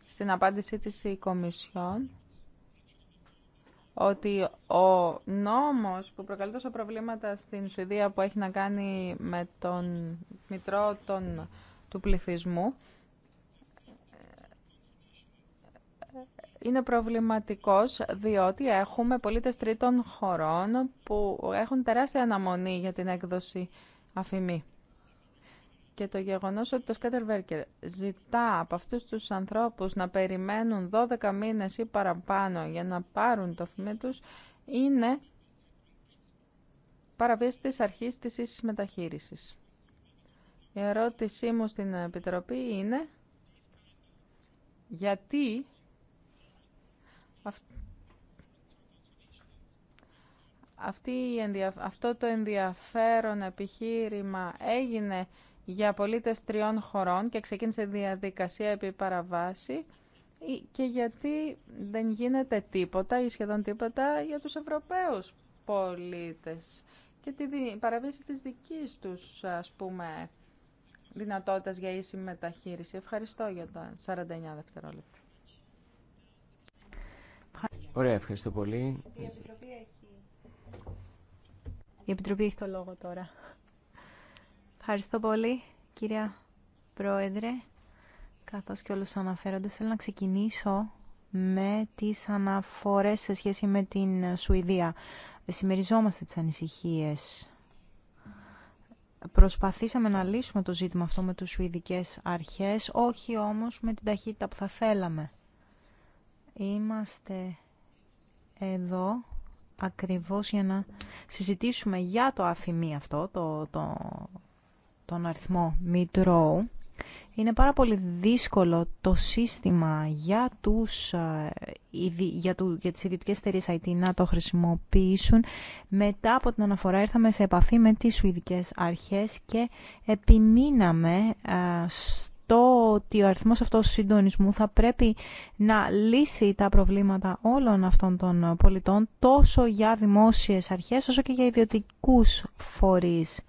στην απάντησή της η Κομισιόν ότι ο νόμος που προκαλεί τόσα προβλήματα στην Σουηδία που έχει να κάνει με τον μητρό τον του πληθυσμού ε, είναι προβληματικός διότι έχουμε πολίτες τρίτων χωρών που έχουν τεράστια αναμονή για την έκδοση αφημί και το γεγονός ότι το Σκέτερ ζητά από αυτούς τους ανθρώπους να περιμένουν 12 μήνες ή παραπάνω για να πάρουν το φημί τους είναι παραβίαση της αρχής της ίσης μεταχείρισης. Η ερώτησή μου στην Επιτροπή είναι γιατί αυτή, αυτό το ενδιαφέρον επιχείρημα έγινε για πολίτες τριών χωρών και ξεκίνησε διαδικασία επί παραβάση και γιατί δεν γίνεται τίποτα ή σχεδόν τίποτα για τους Ευρωπαίους πολίτες και τη παραβίαση της δικής τους ας πούμε δυνατότητας για ίση μεταχείριση. Ευχαριστώ για τα 49 δευτερόλεπτα. Ωραία, ευχαριστώ πολύ. Η Επιτροπή έχει, Η Επιτροπή έχει το λόγο τώρα. Ευχαριστώ πολύ, κυρία Πρόεδρε. Καθώς και όλους τους θέλω να ξεκινήσω με τις αναφορές σε σχέση με την Σουηδία. Συμμεριζόμαστε τις ανησυχίες. Προσπαθήσαμε να λύσουμε το ζήτημα αυτό με τους Σουηδικές αρχές, όχι όμως με την ταχύτητα που θα θέλαμε. Είμαστε εδώ ακριβώς για να συζητήσουμε για το αφημί αυτό, το τον αριθμό mid-row, είναι πάρα πολύ δύσκολο το σύστημα για, τους, ε, για, του, για τις IT να το χρησιμοποιήσουν. Μετά από την αναφορά ήρθαμε σε επαφή με τις Σουηδικές Αρχές και επιμείναμε ε, στο ότι ο αριθμός αυτός συντονισμού θα πρέπει να λύσει τα προβλήματα όλων αυτών των πολιτών τόσο για δημόσιες αρχές όσο και για ιδιωτικούς φορείς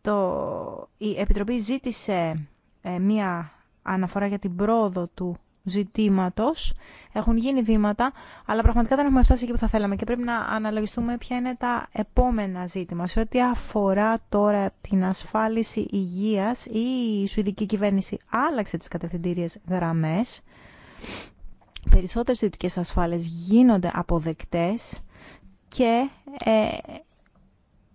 το, η Επιτροπή ζήτησε ε, μία αναφορά για την πρόοδο του ζητήματος. Έχουν γίνει βήματα, αλλά πραγματικά δεν έχουμε φτάσει εκεί που θα θέλαμε και πρέπει να αναλογιστούμε ποια είναι τα επόμενα ζήτημα. Σε ό,τι αφορά τώρα την ασφάλιση υγείας, η Σουηδική κυβέρνηση άλλαξε τις κατευθυντήριες γραμμές. Περισσότερες ιδιωτικές ασφάλειες γίνονται αποδεκτές και ε,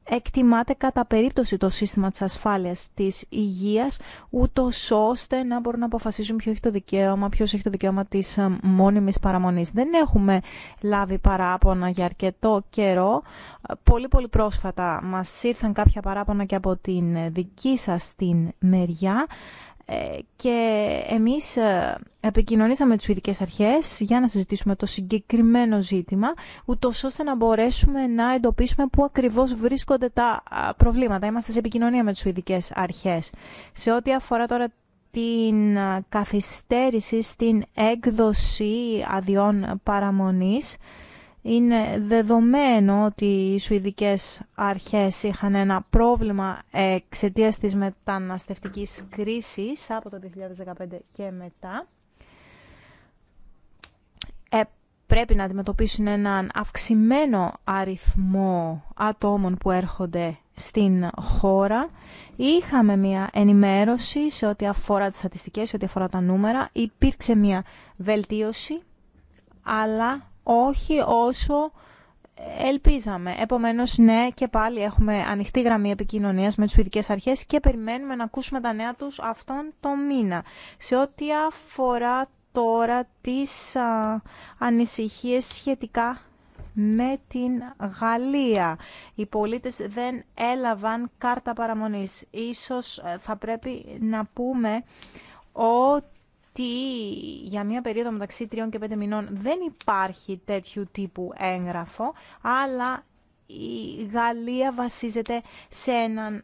εκτιμάται κατά περίπτωση το σύστημα της ασφάλειας της υγείας, ούτω ώστε να μπορούν να αποφασίζουν ποιο έχει το δικαίωμα, ποιο έχει το δικαίωμα της ε, μόνιμης παραμονής. Δεν έχουμε λάβει παράπονα για αρκετό καιρό. Πολύ πολύ πρόσφατα μας ήρθαν κάποια παράπονα και από την δική σας την μεριά. Ε, και εμείς ε, επικοινωνήσαμε τις ειδικές Αρχές για να συζητήσουμε το συγκεκριμένο ζήτημα, ούτω ώστε να μπορέσουμε να εντοπίσουμε πού ακριβώς βρίσκονται τα προβλήματα. Είμαστε σε επικοινωνία με τις ειδικές Αρχές. Σε ό,τι αφορά τώρα την καθυστέρηση στην έκδοση αδειών παραμονής, είναι δεδομένο ότι οι Σουηδικές αρχές είχαν ένα πρόβλημα εξαιτία της μεταναστευτικής κρίσης από το 2015 και μετά. Ε, πρέπει να αντιμετωπίσουν έναν αυξημένο αριθμό ατόμων που έρχονται στην χώρα. Είχαμε μια ενημέρωση σε ό,τι αφορά τις στατιστικές, σε ό,τι αφορά τα νούμερα. Υπήρξε μια βελτίωση, αλλά όχι όσο ελπίζαμε. Επομένως, ναι, και πάλι έχουμε ανοιχτή γραμμή επικοινωνίας με τις Σουηδικές Αρχές και περιμένουμε να ακούσουμε τα νέα τους αυτόν το μήνα. Σε ό,τι αφορά τώρα τις α, ανησυχίες σχετικά με την Γαλλία. Οι πολίτες δεν έλαβαν κάρτα παραμονής. Ίσως ε, θα πρέπει να πούμε ότι γιατί για μια περίοδο μεταξύ τριών και πέντε μηνών δεν υπάρχει τέτοιου τύπου έγγραφο, αλλά η Γαλλία βασίζεται σε έναν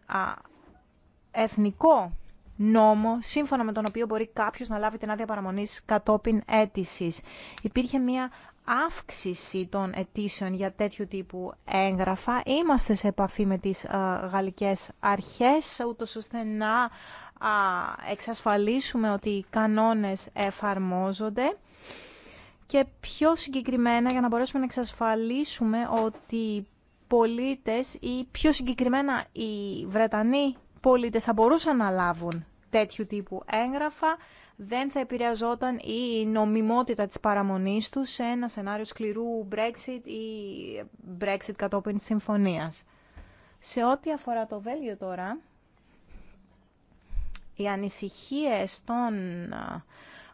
εθνικό νόμο, σύμφωνα με τον οποίο μπορεί κάποιος να λάβει την άδεια παραμονής κατόπιν αίτησης. Υπήρχε μια αύξηση των αιτήσεων για τέτοιου τύπου έγγραφα. Είμαστε σε επαφή με τις α, γαλλικές αρχές, ούτως ώστε να α εξασφαλίσουμε ότι οι κανόνες εφαρμόζονται και πιο συγκεκριμένα για να μπορέσουμε να εξασφαλίσουμε ότι οι πολίτες ή πιο συγκεκριμένα οι Βρετανοί πολίτες θα μπορούσαν να λάβουν τέτοιου τύπου έγγραφα, δεν θα επηρεαζόταν η νομιμότητα της παραμονής του σε ένα σενάριο σκληρού Brexit ή Brexit κατόπιν συμφωνίας. Σε ό,τι αφορά το Βέλγιο τώρα, οι ανησυχίες των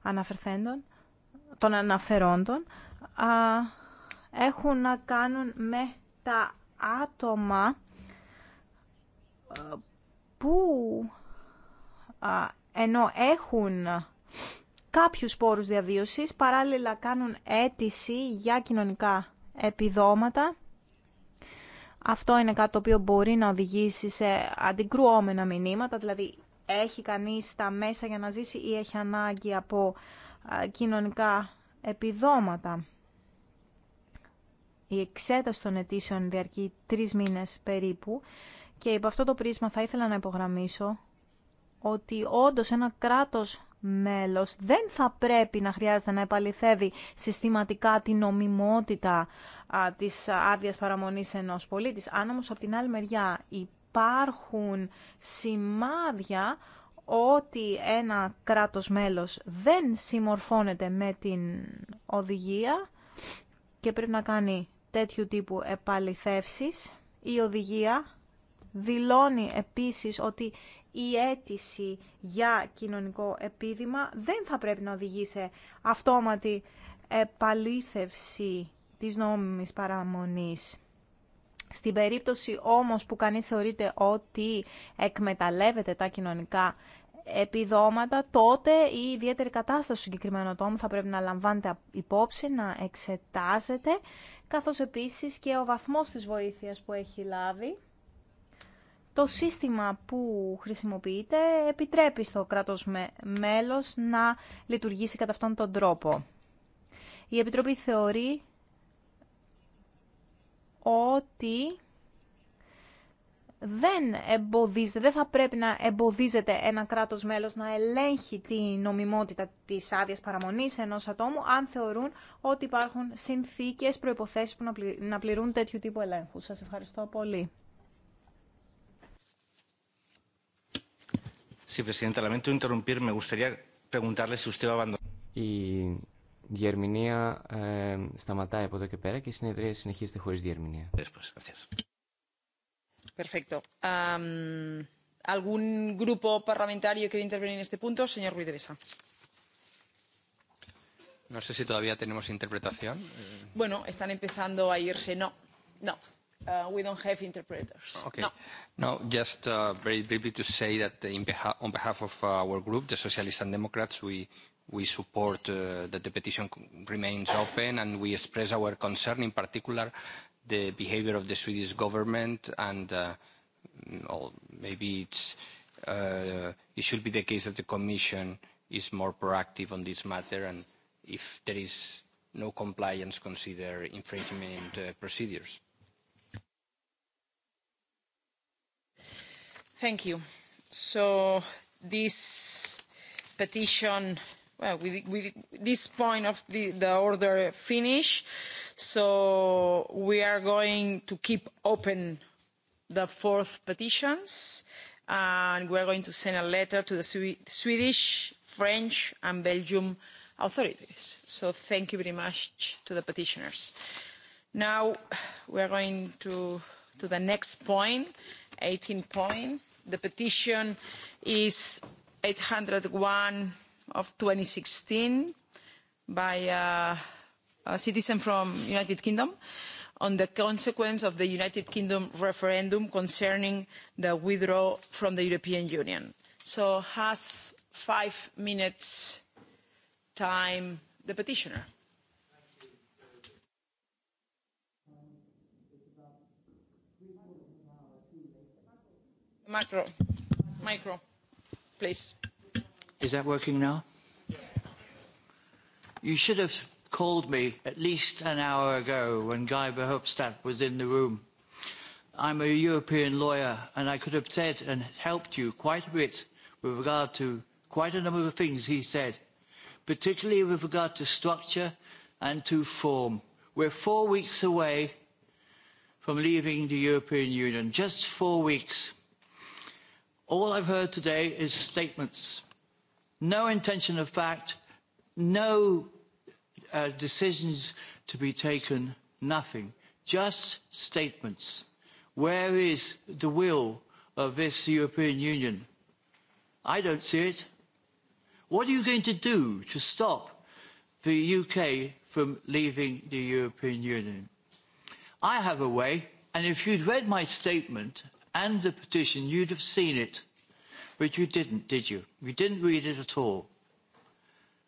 αναφερθέντων, των αναφερόντων, έχουν να κάνουν με τα άτομα που ενώ έχουν κάποιους πόρους διαβίωσης, παράλληλα κάνουν αίτηση για κοινωνικά επιδόματα. Αυτό είναι κάτι το οποίο μπορεί να οδηγήσει σε αντικρουόμενα μηνύματα, δηλαδή έχει κανείς τα μέσα για να ζήσει ή έχει ανάγκη από κοινωνικά επιδόματα. Η εξέταση των αιτήσεων διαρκεί τρεις μήνες περίπου και υπό αυτό το πρίσμα θα ήθελα να υπογραμμίσω ότι όντως ένα κράτος μέλος δεν θα πρέπει να χρειάζεται να επαληθεύει συστηματικά την νομιμότητα α, της άδειας παραμονής ενός πολίτης. Αν όμως από την άλλη μεριά η υπάρχουν σημάδια ότι ένα κράτος μέλος δεν συμμορφώνεται με την οδηγία και πρέπει να κάνει τέτοιου τύπου επαληθεύσεις. Η οδηγία δηλώνει επίσης ότι η αίτηση για κοινωνικό επίδημα δεν θα πρέπει να οδηγεί σε αυτόματη επαλήθευση της νόμιμης παραμονής. Στην περίπτωση όμως που κανείς θεωρείται ότι εκμεταλλεύεται τα κοινωνικά επιδόματα, τότε η ιδιαίτερη κατάσταση του συγκεκριμένου τόμου θα πρέπει να λαμβάνεται υπόψη, να εξετάζεται, καθώς επίσης και ο βαθμός της βοήθειας που έχει λάβει. Το σύστημα που χρησιμοποιείται επιτρέπει στο κράτος μέλος να λειτουργήσει κατά αυτόν τον τρόπο. Η Επιτροπή θεωρεί ότι δεν εμποδίζεται, δεν θα πρέπει να εμποδίζεται ένα κράτος μέλος να ελέγχει τη νομιμότητα της άδεια παραμονής ενός ατόμου αν θεωρούν ότι υπάρχουν συνθήκες, προϋποθέσεις που να πληρούν τέτοιου τύπου ελέγχου. Σας ευχαριστώ πολύ. Sí, Presidenta, lamento interrumpir. Me gustaría preguntarle si usted va a abandonar διερμηνία ε, σταματάει από εδώ και πέρα και η συνεδρία συνεχίζεται χωρίς διερμηνία. Perfecto. Um, ¿Algún grupo parlamentario quiere intervenir en este punto? Señor Ruiz de Besa. No sé si todavía tenemos interpretación. Bueno, están empezando a irse. No, no. Uh, we don't have interpreters. Okay. No. No, just uh, very briefly to say that in behalf, on behalf of our group, the Socialists and Democrats, we We support that the petition remains open and we express our concern, in particular, the behavior of the Swedish government and maybe it's it should be the case that the Commission is more proactive on this matter and if there is no compliance, consider infringement procedures. Thank you. So this petition well, with this point of the order finish, so we are going to keep open the fourth petitions, and we are going to send a letter to the Swedish, French, and Belgium authorities. So thank you very much to the petitioners. Now we are going to to the next point, 18 point. The petition is 801 of 2016 by a citizen from United Kingdom on the consequence of the United Kingdom referendum concerning the withdrawal from the European Union. So has five minutes time the petitioner. Macro, micro, please. Is that working now? You should have called me at least an hour ago when Guy Verhofstadt was in the room. I'm a European lawyer and I could have said and helped you quite a bit with regard to quite a number of things he said, particularly with regard to structure and to form. We're four weeks away from leaving the European Union, just four weeks. All I've heard today is statements no intention of fact, no decisions to be taken, nothing. Just statements. Where is the will of this European Union? I don't see it. What are you going to do to stop the UK from leaving the European Union? I have a way, and if you'd read my statement and the petition, you'd have seen it. But you didn't, did you? You didn't read it at all.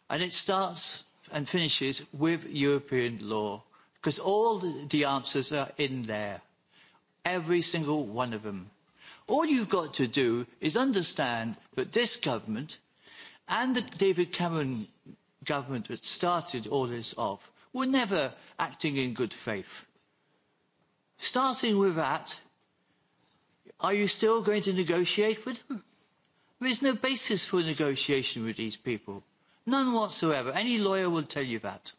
And it starts and finishes with European law, because all the answers are in there, every single one of them. All you've got to do is understand that this government and the David Cameron government that started all this off were never acting in good faith. Starting with that, are you still going to negotiate with them? There is no basis for negotiation with these people. None whatsoever. Any lawyer will tell you that.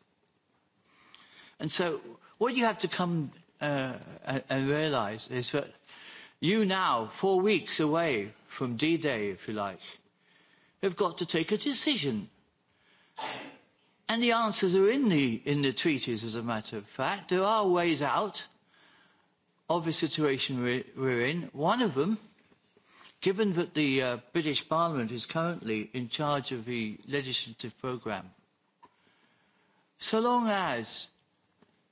And so what you have to come and realise is that you now, four weeks away from D-Day, if you like, have got to take a decision. And the answers are in the, in the treaties, as a matter of fact. There are ways out of the situation we're in. One of them Given that the British Parliament is currently in charge of the legislative programme, so long as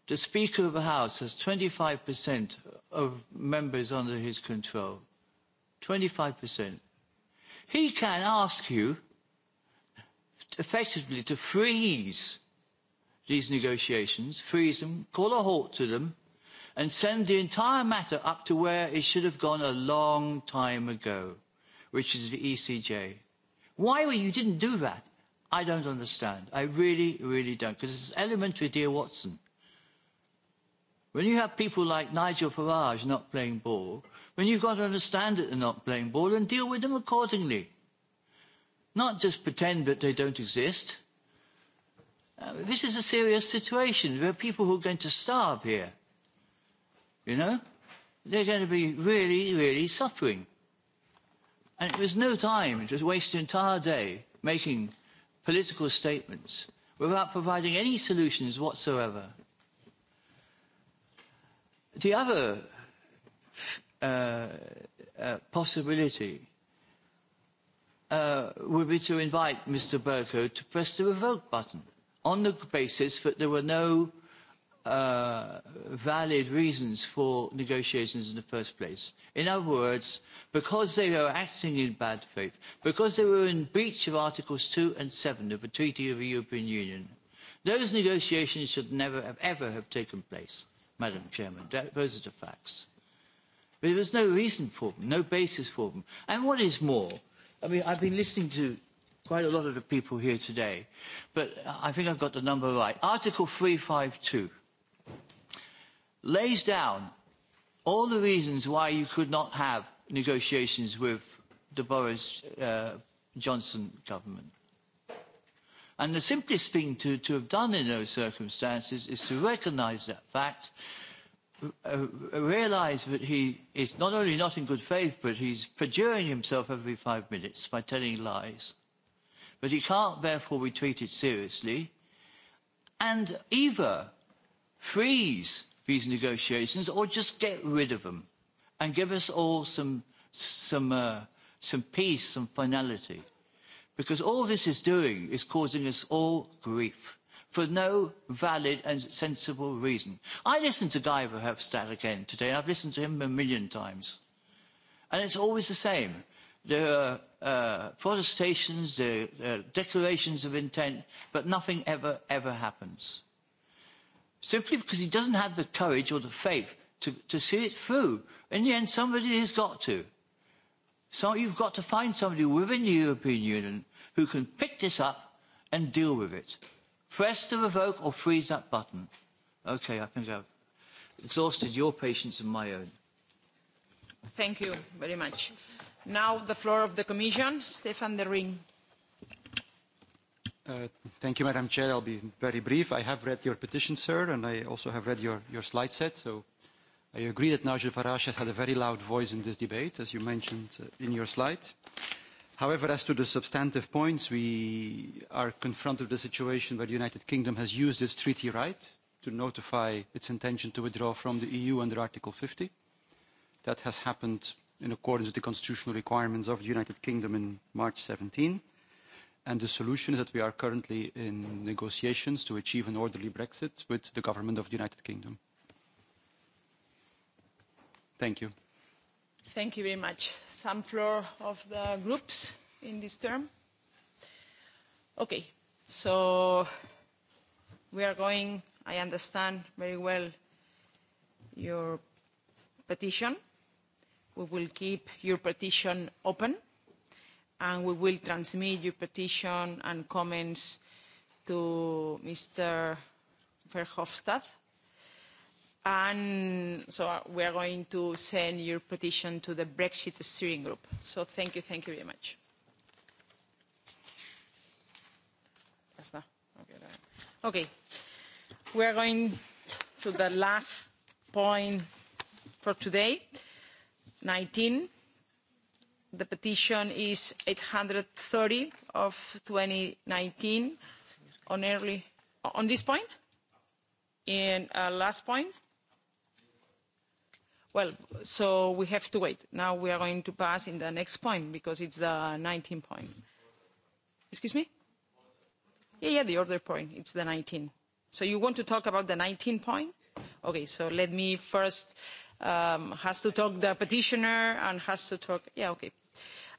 the Speaker of the House has 25% of members under his control, 25%, he can ask you effectively to freeze these negotiations, freeze them, call a halt to them, and send the entire matter up to where it should have gone a long time ago, which is the ECJ. Why you didn't do that, I don't understand. I really, really don't, because it's elementary, dear Watson. When you have people like Nigel Farage not playing ball, then you've got to understand that they're not playing ball and deal with them accordingly. Not just pretend that they don't exist. This is a serious situation. There are people who are going to starve here you know? They're going to be really, really suffering. And it was no time to waste an entire day making political statements without providing any solutions whatsoever. The other uh, uh, possibility uh, would be to invite Mr. Berko to press the revoke button on the basis that there were no valid reasons for negotiations in the first place. In other words, because they were acting in bad faith, because they were in breach of Articles 2 and 7 of the Treaty of the European Union, those negotiations should never have ever have taken place, Madam Chairman. Those are the facts. There was no reason for them, no basis for them. And what is more, I mean, I've been listening to quite a lot of the people here today, but I think I've got the number right. Article 352 lays down all the reasons why you could not have negotiations with the Boris Johnson government. And the simplest thing to, to have done in those circumstances is to recognise that fact, realise that he is not only not in good faith, but he's perjuring himself every five minutes by telling lies. But he can't therefore be treated seriously. And either freeze these negotiations or just get rid of them and give us all some some uh, some peace, some finality. Because all this is doing is causing us all grief for no valid and sensible reason. I listened to Guy Verhofstadt again today. I've listened to him a million times. And it's always the same. There are protestations, there are declarations of intent, but nothing ever, ever happens simply because he doesn't have the courage or the faith to, to see it through. In the end, somebody has got to. So you've got to find somebody within the European Union who can pick this up and deal with it. Press the revoke or freeze that button. Okay, I think I've exhausted your patience and my own. Thank you very much. Now the floor of the Commission, Stefan de Ring. Thank you, Madam Chair. I'll be very brief. I have read your petition, sir, and I also have read your slide set. So I agree that Nigel Farage has had a very loud voice in this debate, as you mentioned in your slide. However, as to the substantive points, we are confronted with a situation where the United Kingdom has used its treaty right to notify its intention to withdraw from the EU under Article 50. That has happened in accordance with the constitutional requirements of the United Kingdom in March 17 and the solution is that we are currently in negotiations to achieve an orderly Brexit with the government of the United Kingdom. Thank you. Thank you very much. Some floor of the groups in this term. Okay, so we are going, I understand very well your petition. We will keep your petition open and we will transmit your petition and comments to Mr. Verhofstadt. And so we are going to send your petition to the Brexit steering group. So thank you, thank you very much. Okay, we are going to the last point for today, 19 The petition is 830 of 2019 on early on this point In last point. Well, so we have to wait. Now we are going to pass in the next point because it's the 19 point. Excuse me? Yeah, yeah, the other point. It's the 19. So you want to talk about the 19 point? Okay, so let me first um, has to talk the petitioner and has to talk. Yeah, okay.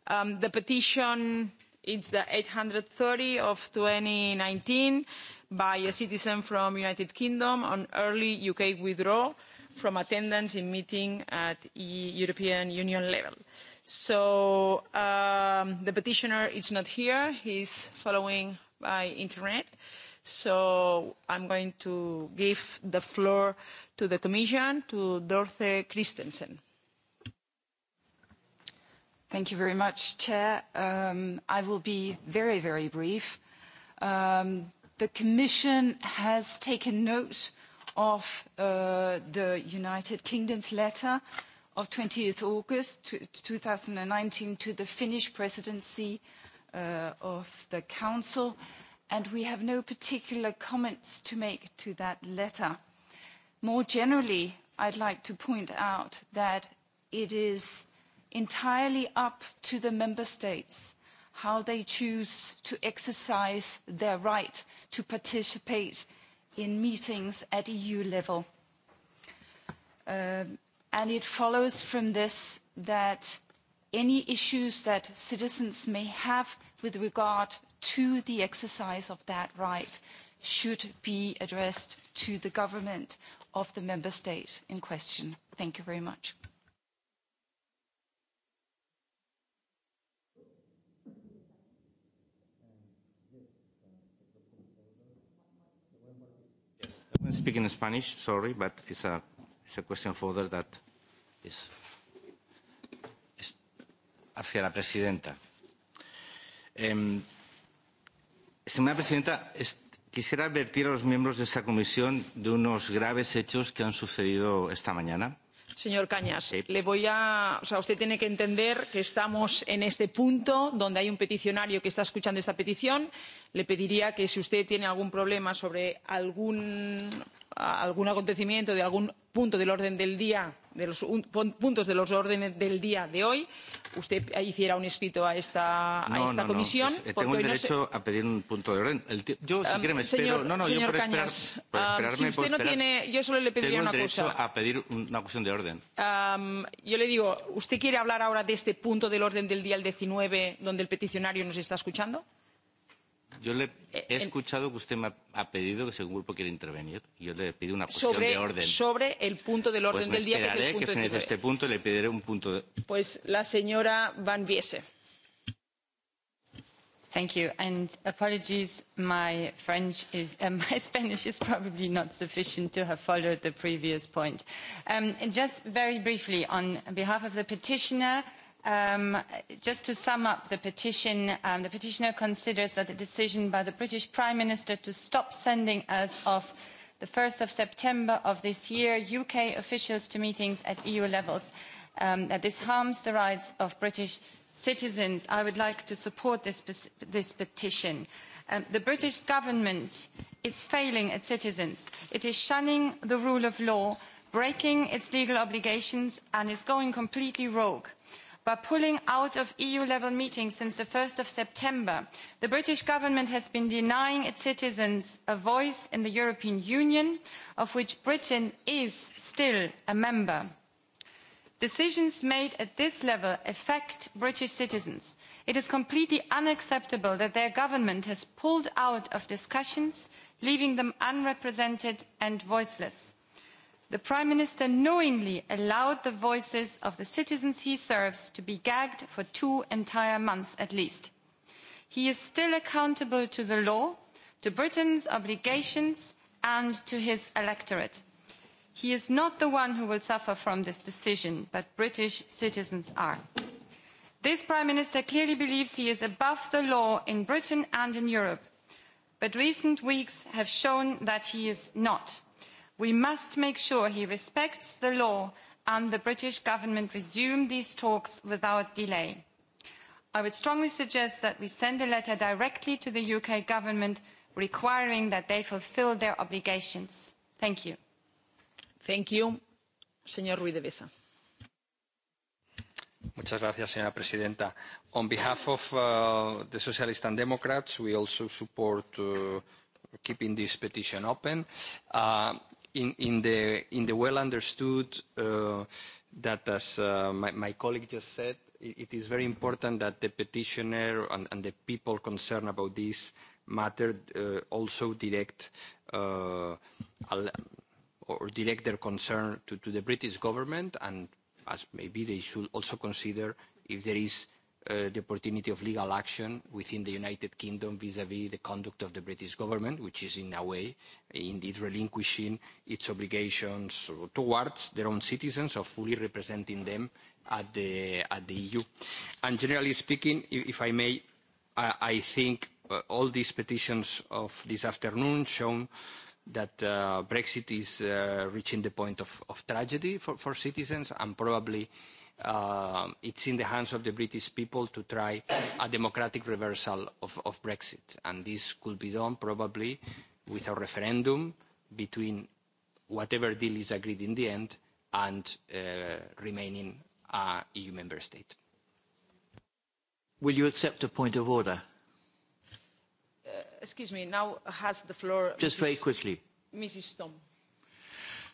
The petition is the 830 of 2019 by a citizen from United Kingdom on early UK withdrawal from attendance in meeting at European Union level. So the petitioner is not here. He's following by internet. So I'm going to give the floor to the Commission, to Dorthe Christensen. Thank you very much, Chair. I will be very, very brief. The Commission has taken note of the United Kingdom's letter of 20th August 2019 to the Finnish presidency of the Council, and we have no particular comments to make to that letter. More generally, I'd like to point out that it is entirely up to the member states how they choose to exercise their right to participate in meetings at eu level and it follows from this that any issues that citizens may have with regard to the exercise of that right should be addressed to the government of the member state in question. Thank you very much. speaking in Spanish, sorry, but it's a, it's a question further that is, hacia la presidenta. señora presidenta, quisiera advertir a los miembros de esta comisión de unos graves hechos que han sucedido esta mañana Señor Cañas, le voy a, o sea, usted tiene que entender que estamos en este punto donde hay un peticionario que está escuchando esta petición. Le pediría que si usted tiene algún problema sobre algún algún acontecimiento de algún punto del orden del día de los puntos de los órdenes del día de hoy usted hiciera un escrito a esta a esta comisión tengo el derecho a pedir un punto de orden yo si quiere me espero no no yo por Cañas, si usted no tiene yo solo le pediría una cosa a pedir una cuestión de orden yo le digo usted quiere hablar ahora de este punto del orden del día el 19 donde el peticionario nos está escuchando Yo le he escuchado que usted me ha pedido que según grupo quiere intervenir, yo le pido una cuestión de orden. Sobre el punto del orden del día, que es el punto que finalice este punto y le pediré un punto de... Pues la señora Van Viese. Thank you, and apologies, my French is, my Spanish is probably not sufficient to have followed the previous point. Um, Just very briefly, on behalf of the petitioner, Just to sum up the petition, the petitioner considers that the decision by the British Prime Minister to stop sending as of the 1 of September of this year UK officials to meetings at EU levels, that this harms the rights of British citizens. I would like to support this petition. The British government is failing its citizens. It is shunning the rule of law, breaking its legal obligations and is going completely rogue. By pulling out of EU-level meetings since the 1 of September, the British government has been denying its citizens a voice in the European Union, of which Britain is still a member. Decisions made at this level affect British citizens. It is completely unacceptable that their government has pulled out of discussions, leaving them unrepresented and voiceless the prime minister knowingly allowed the voices of the citizens he serves to be gagged for two entire months at least. he is still accountable to the law to britain's obligations and to his electorate. he is not the one who will suffer from this decision but british citizens are. this prime minister clearly believes he is above the law in britain and in europe but recent weeks have shown that he is not. We must make sure he respects the law and the British government resume these talks without delay. I would strongly suggest that we send a letter directly to the UK government requiring that they fulfil their obligations. Thank you. Thank you. Señor Ruiz de Muchas gracias, señora presidenta. On behalf of the Socialists and Democrats, we also support keeping this petition open in the well understood that, as my colleague just said, it is very important that the petitioner and the people concerned about this matter also direct or direct their concern to the British government and as maybe they should also consider if there is the opportunity of legal action within the United Kingdom vis-à-vis the conduct of the British government, which is in a way indeed relinquishing its obligations towards their own citizens of fully representing them at the EU. And generally speaking, if I may, I think all these petitions of this afternoon show that Brexit is reaching the point of tragedy for citizens and probably it's in the hands of the British people to try a democratic reversal of Brexit. And this could be done probably with a referendum between whatever deal is agreed in the end and remaining a EU member state. Will you accept a point of order? Excuse me, now has the floor... Just very quickly. Mrs. Stom.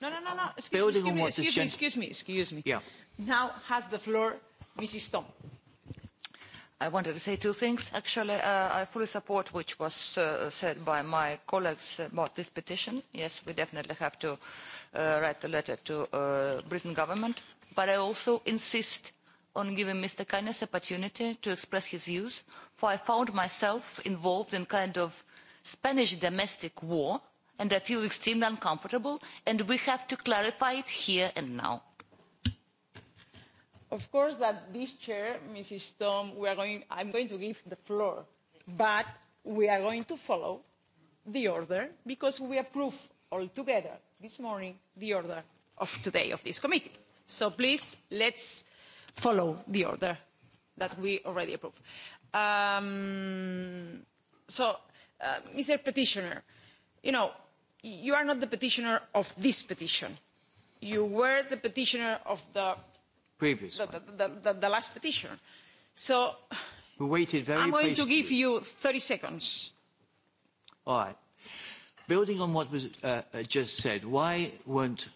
No, no, no, no. Excuse me, excuse me, excuse me. Yeah. Now has the floor Mrs. Tom. I wanted to say two things. Actually, I fully support which was said by my colleagues about this petition. Yes, we definitely have to write the letter to the Britain government. But I also insist on giving Mr. Keynes opportunity to express his views, for I found myself involved in kind of Spanish domestic war, and I feel extremely uncomfortable, and we have to clarify it here and now. Of course, that this chair, Mrs. Stone, we are going, I'm going to give the floor, but we are going to follow the order because we approve all together this morning the order of today of this committee. So please, let's follow the order that we already approved. Um, so, uh, Mr. Petitioner, you know, you are not the petitioner of this petition. You were the petitioner of the previous the last petition. So we waited very I'm going to give you 30 seconds. All right. Building on what was just said, why won't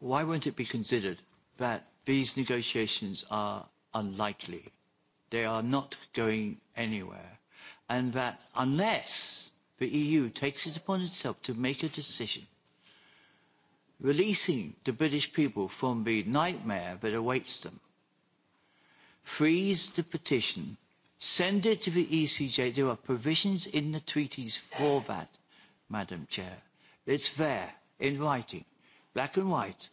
why won't it be considered that these negotiations are unlikely, they are not going anywhere, and that unless the EU takes it upon itself to make a decision releasing the British people from the nightmare that awaits them. Freeze the petition. Send it to the ECJ. There are provisions in the treaties for that, Madam Chair. It's there, in writing, black and white.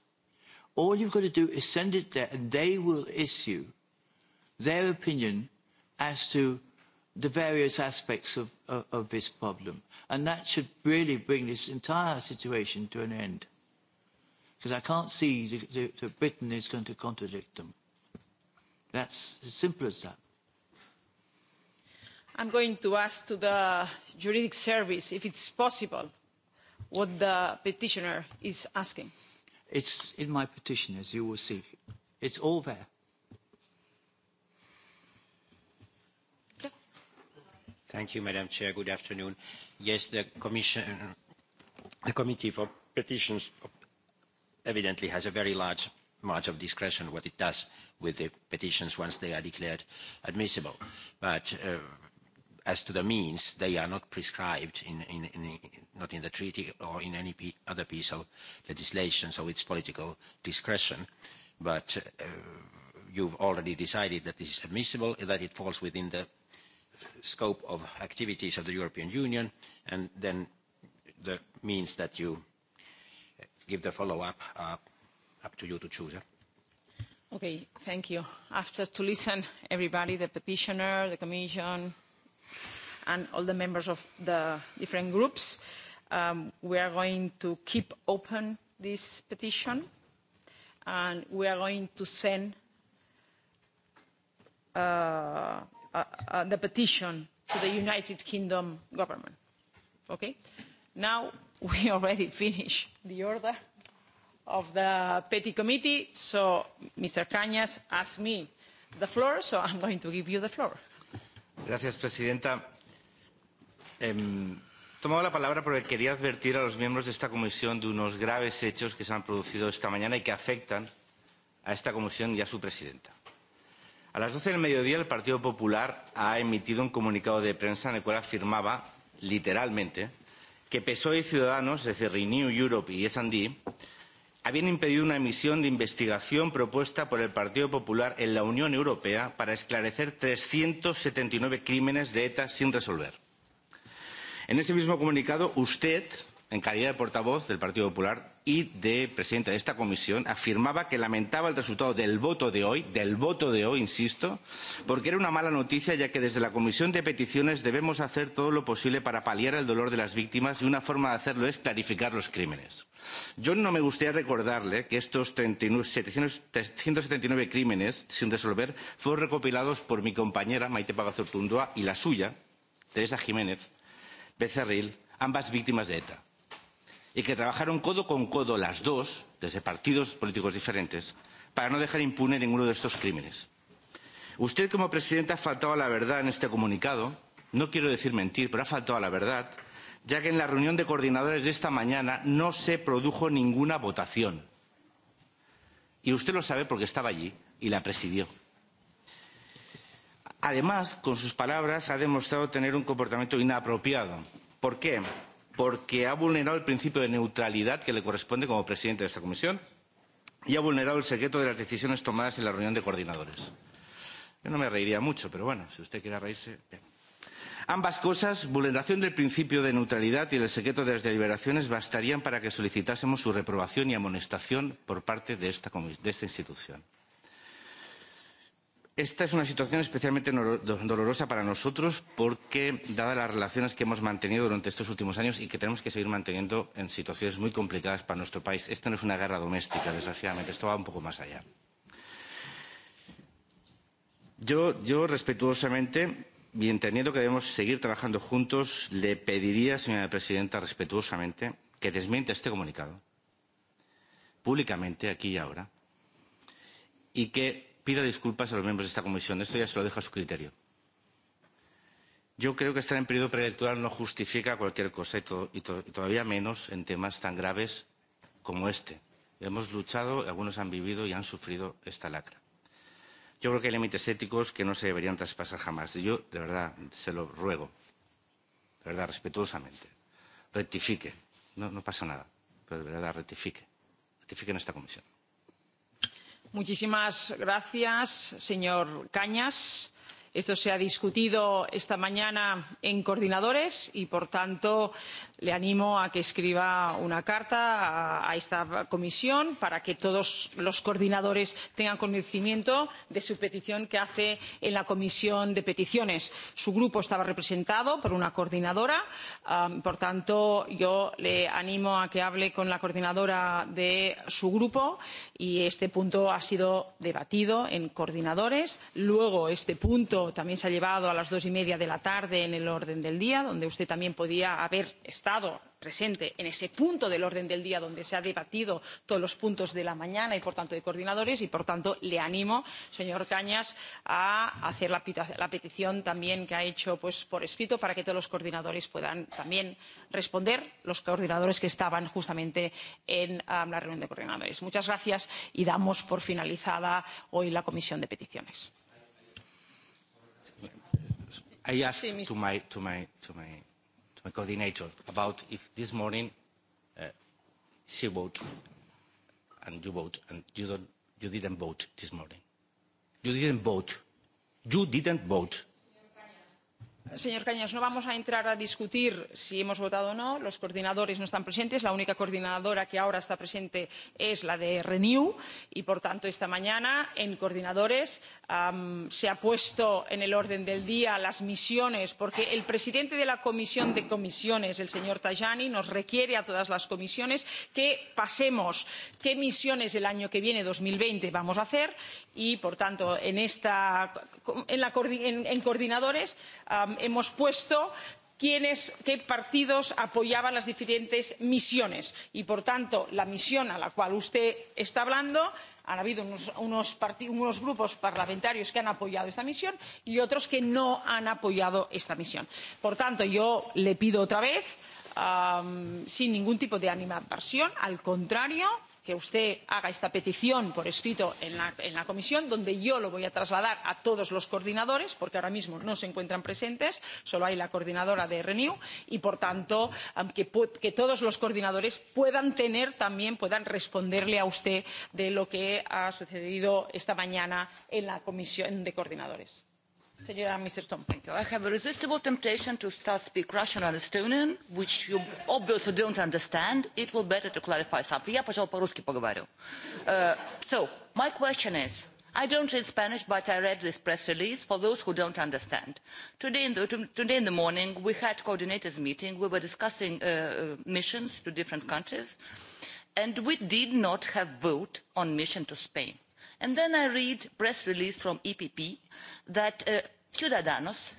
All you've got to do is send it there and they will issue their opinion as to the various aspects of, of, of this problem. And that should really bring this entire situation to an end because I can't see that Britain is going to contradict them. That's as simple as that. I'm going to ask to the juridic service if it's possible what the petitioner is asking. It's in my petition, as you will see. It's all there. Thank you, Madam Chair. Good afternoon. Yes, the Commission, the Committee for Petitions evidently has a very large margin of discretion what it does with the petitions once they are declared admissible. But as to the means, they are not prescribed, in in not in the treaty or in any other piece of legislation, so it's political discretion. But you've already decided that this is admissible, that it falls within the scope of activities of the European Union, and then the means that you give the follow-up. Up to you to choose. Okay, thank you. After to listen everybody, the petitioner, the commission, and all the members of the different groups, we are going to keep open this petition and we are going to send the petition to the United Kingdom government. Okay? Now we already finished the order of the Petty Committee, so Mr. Cañas asked me the floor, so I'm going to give you the floor. Gracias, Presidenta. Tomado la palabra porque quería advertir a los miembros de esta comisión de unos graves hechos que se han producido esta mañana y que afectan a esta comisión y a su presidenta. A las 12 del mediodía, el Partido Popular ha emitido un comunicado de prensa en el cual afirmaba, literalmente, que PSOE y Ciudadanos, es decir, Renew Europe y S&D, habían impedido una emisión de investigación propuesta por el Partido Popular en la Unión Europea para esclarecer 379 crímenes de ETA sin resolver. En ese mismo comunicado, usted en calidad de portavoz del Partido Popular y de presidenta de esta comisión, afirmaba que lamentaba el resultado del voto de hoy, del voto de hoy, insisto, porque era una mala noticia, ya que desde la Comisión de Peticiones debemos hacer todo lo posible para paliar el dolor de las víctimas y una forma de hacerlo es clarificar los crímenes. Yo no me gustaría recordarle que estos 39, 779 crímenes sin resolver fueron recopilados por mi compañera Maite Pagazortundúa y la suya, Teresa Jiménez Becerril, ambas víctimas de ETA y que trabajaron codo con codo las dos, desde partidos políticos diferentes, para no dejar impune ninguno de estos crímenes. Usted, como presidenta, ha faltado a la verdad en este comunicado. No quiero decir mentir, pero ha faltado a la verdad, ya que en la reunión de coordinadores de esta mañana no se produjo ninguna votación. Y usted lo sabe porque estaba allí y la presidió. Además, con sus palabras ha demostrado tener un comportamiento inapropiado. ¿Por qué? porque ha vulnerado el principio de neutralidad que le corresponde como presidente de esta comisión y ha vulnerado el secreto de las decisiones tomadas en la reunión de coordinadores. Yo no me reiría mucho, pero bueno, si usted quiere reírse. Bien. Ambas cosas, vulneración del principio de neutralidad y el secreto de las deliberaciones, bastarían para que solicitásemos su reprobación y amonestación por parte de esta, de esta institución. Esta es una situación especialmente dolorosa para nosotros porque, dadas las relaciones que hemos mantenido durante estos últimos años y que tenemos que seguir manteniendo en situaciones muy complicadas para nuestro país, esta no es una guerra doméstica, desgraciadamente, esto va un poco más allá. Yo, yo respetuosamente, y entendiendo que debemos seguir trabajando juntos, le pediría, señora presidenta, respetuosamente, que desmiente este comunicado públicamente, aquí y ahora, y que pida disculpas a los miembros de esta comisión. Esto ya se lo dejo a su criterio. Yo creo que estar en periodo preelectoral no justifica cualquier cosa y todavía menos en temas tan graves como este. Hemos luchado, algunos han vivido y han sufrido esta lacra. Yo creo que hay límites éticos que no se deberían traspasar jamás. Yo, de verdad, se lo ruego, de verdad, respetuosamente, rectifique. No, no pasa nada, pero de verdad, rectifique. Rectifique en esta comisión. Muchísimas gracias, señor Cañas. Esto se ha discutido esta mañana en coordinadores y, por tanto, le animo a que escriba una carta a esta comisión para que todos los coordinadores tengan conocimiento de su petición que hace en la comisión de peticiones. su grupo estaba representado por una coordinadora por tanto yo le animo a que hable con la coordinadora de su grupo y este punto ha sido debatido en coordinadores. luego este punto también se ha llevado a las dos y media de la tarde en el orden del día donde usted también podía haber estado estado presente en ese punto del orden del día donde se ha debatido todos los puntos de la mañana y por tanto de coordinadores y por tanto le animo señor cañas a hacer la petición también que ha hecho por escrito para que todos los coordinadores puedan también responder los coordinadores que estaban justamente en la reunión de coordinadores. muchas gracias y damos por finalizada hoy la comisión de peticiones my coordinator, about if this morning she vote and you vote and you, don't, you didn't vote this morning. You didn't vote. You didn't vote. Señor Cañas, no vamos a entrar a discutir si hemos votado o no. Los coordinadores no están presentes. La única coordinadora que ahora está presente es la de Renew y, por tanto, esta mañana en coordinadores se ha puesto en el orden del día las misiones porque el presidente de la Comisión de Comisiones, el señor Tajani, nos requiere a todas las comisiones que pasemos qué misiones el año que viene, 2020, vamos a hacer y, por tanto, en coordinadores hemos puesto qué partidos apoyaban las diferentes misiones y por tanto la misión a la cual usted está hablando han habido unos, unos, grupos parlamentarios que han apoyado esta misión y otros que no han apoyado esta misión. por tanto yo le pido otra vez sin ningún tipo de animadversión al contrario que usted haga esta petición por escrito en la, en la comisión donde yo lo voy a trasladar a todos los coordinadores porque ahora mismo no se encuentran presentes solo hay la coordinadora de renew y por tanto que, que todos los coordinadores puedan tener también puedan responderle a usted de lo que ha sucedido esta mañana en la comisión de coordinadores. Mr I have a resistible temptation to start speak Russian and Estonian, which you obviously don't understand. It will better to clarify something. Я, пожалуй, по-русски поговорю. So, my question is, I don't read Spanish, but I read this press release for those who don't understand. Today in the morning, we had coordinators meeting. We were discussing missions to different countries, and we did not have vote on mission to Spain. And then I read press release from EPP that Ciudadanos,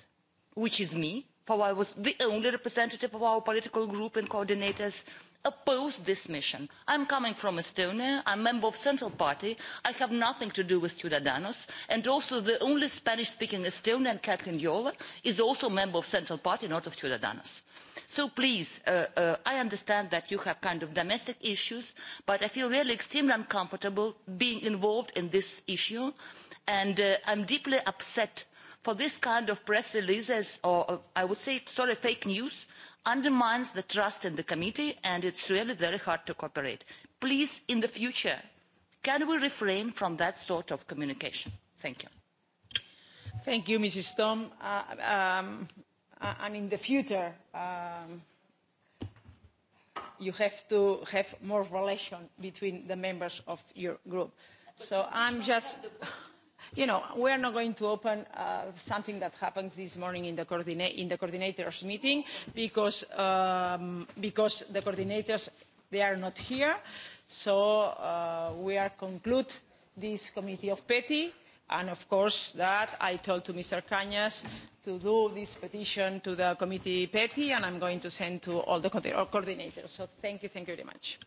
which is me, for I was the only representative of our political group and coordinators, opposed this mission. I'm coming from Estonia, I'm a member of the Central Party, I have nothing to do with Ciudadanos, and also the only Spanish-speaking Estonian, Kathleen Yola, is also a member of the Central Party, not of Ciudadanos. So please, I understand that you have kind of domestic issues, but I feel really extremely uncomfortable being involved in this issue, and I am deeply upset for this kind of press releases or I would say sorry fake news undermines the trust in the committee and it's really very hard to cooperate. Please in the future can we refrain from that sort of communication? Thank you. Thank you, Mrs. um And in the future, you have to have more relation between the members of your group. So I'm just you know, we are not going to open something that happens this morning in the coordinators' meeting because the coordinators, they are not here. So we are conclude this committee of petty. And of course that I told to Mr. Cañas to do this petition to the committee petty and I'm going to send to all the coordinators. So thank you, thank you very much.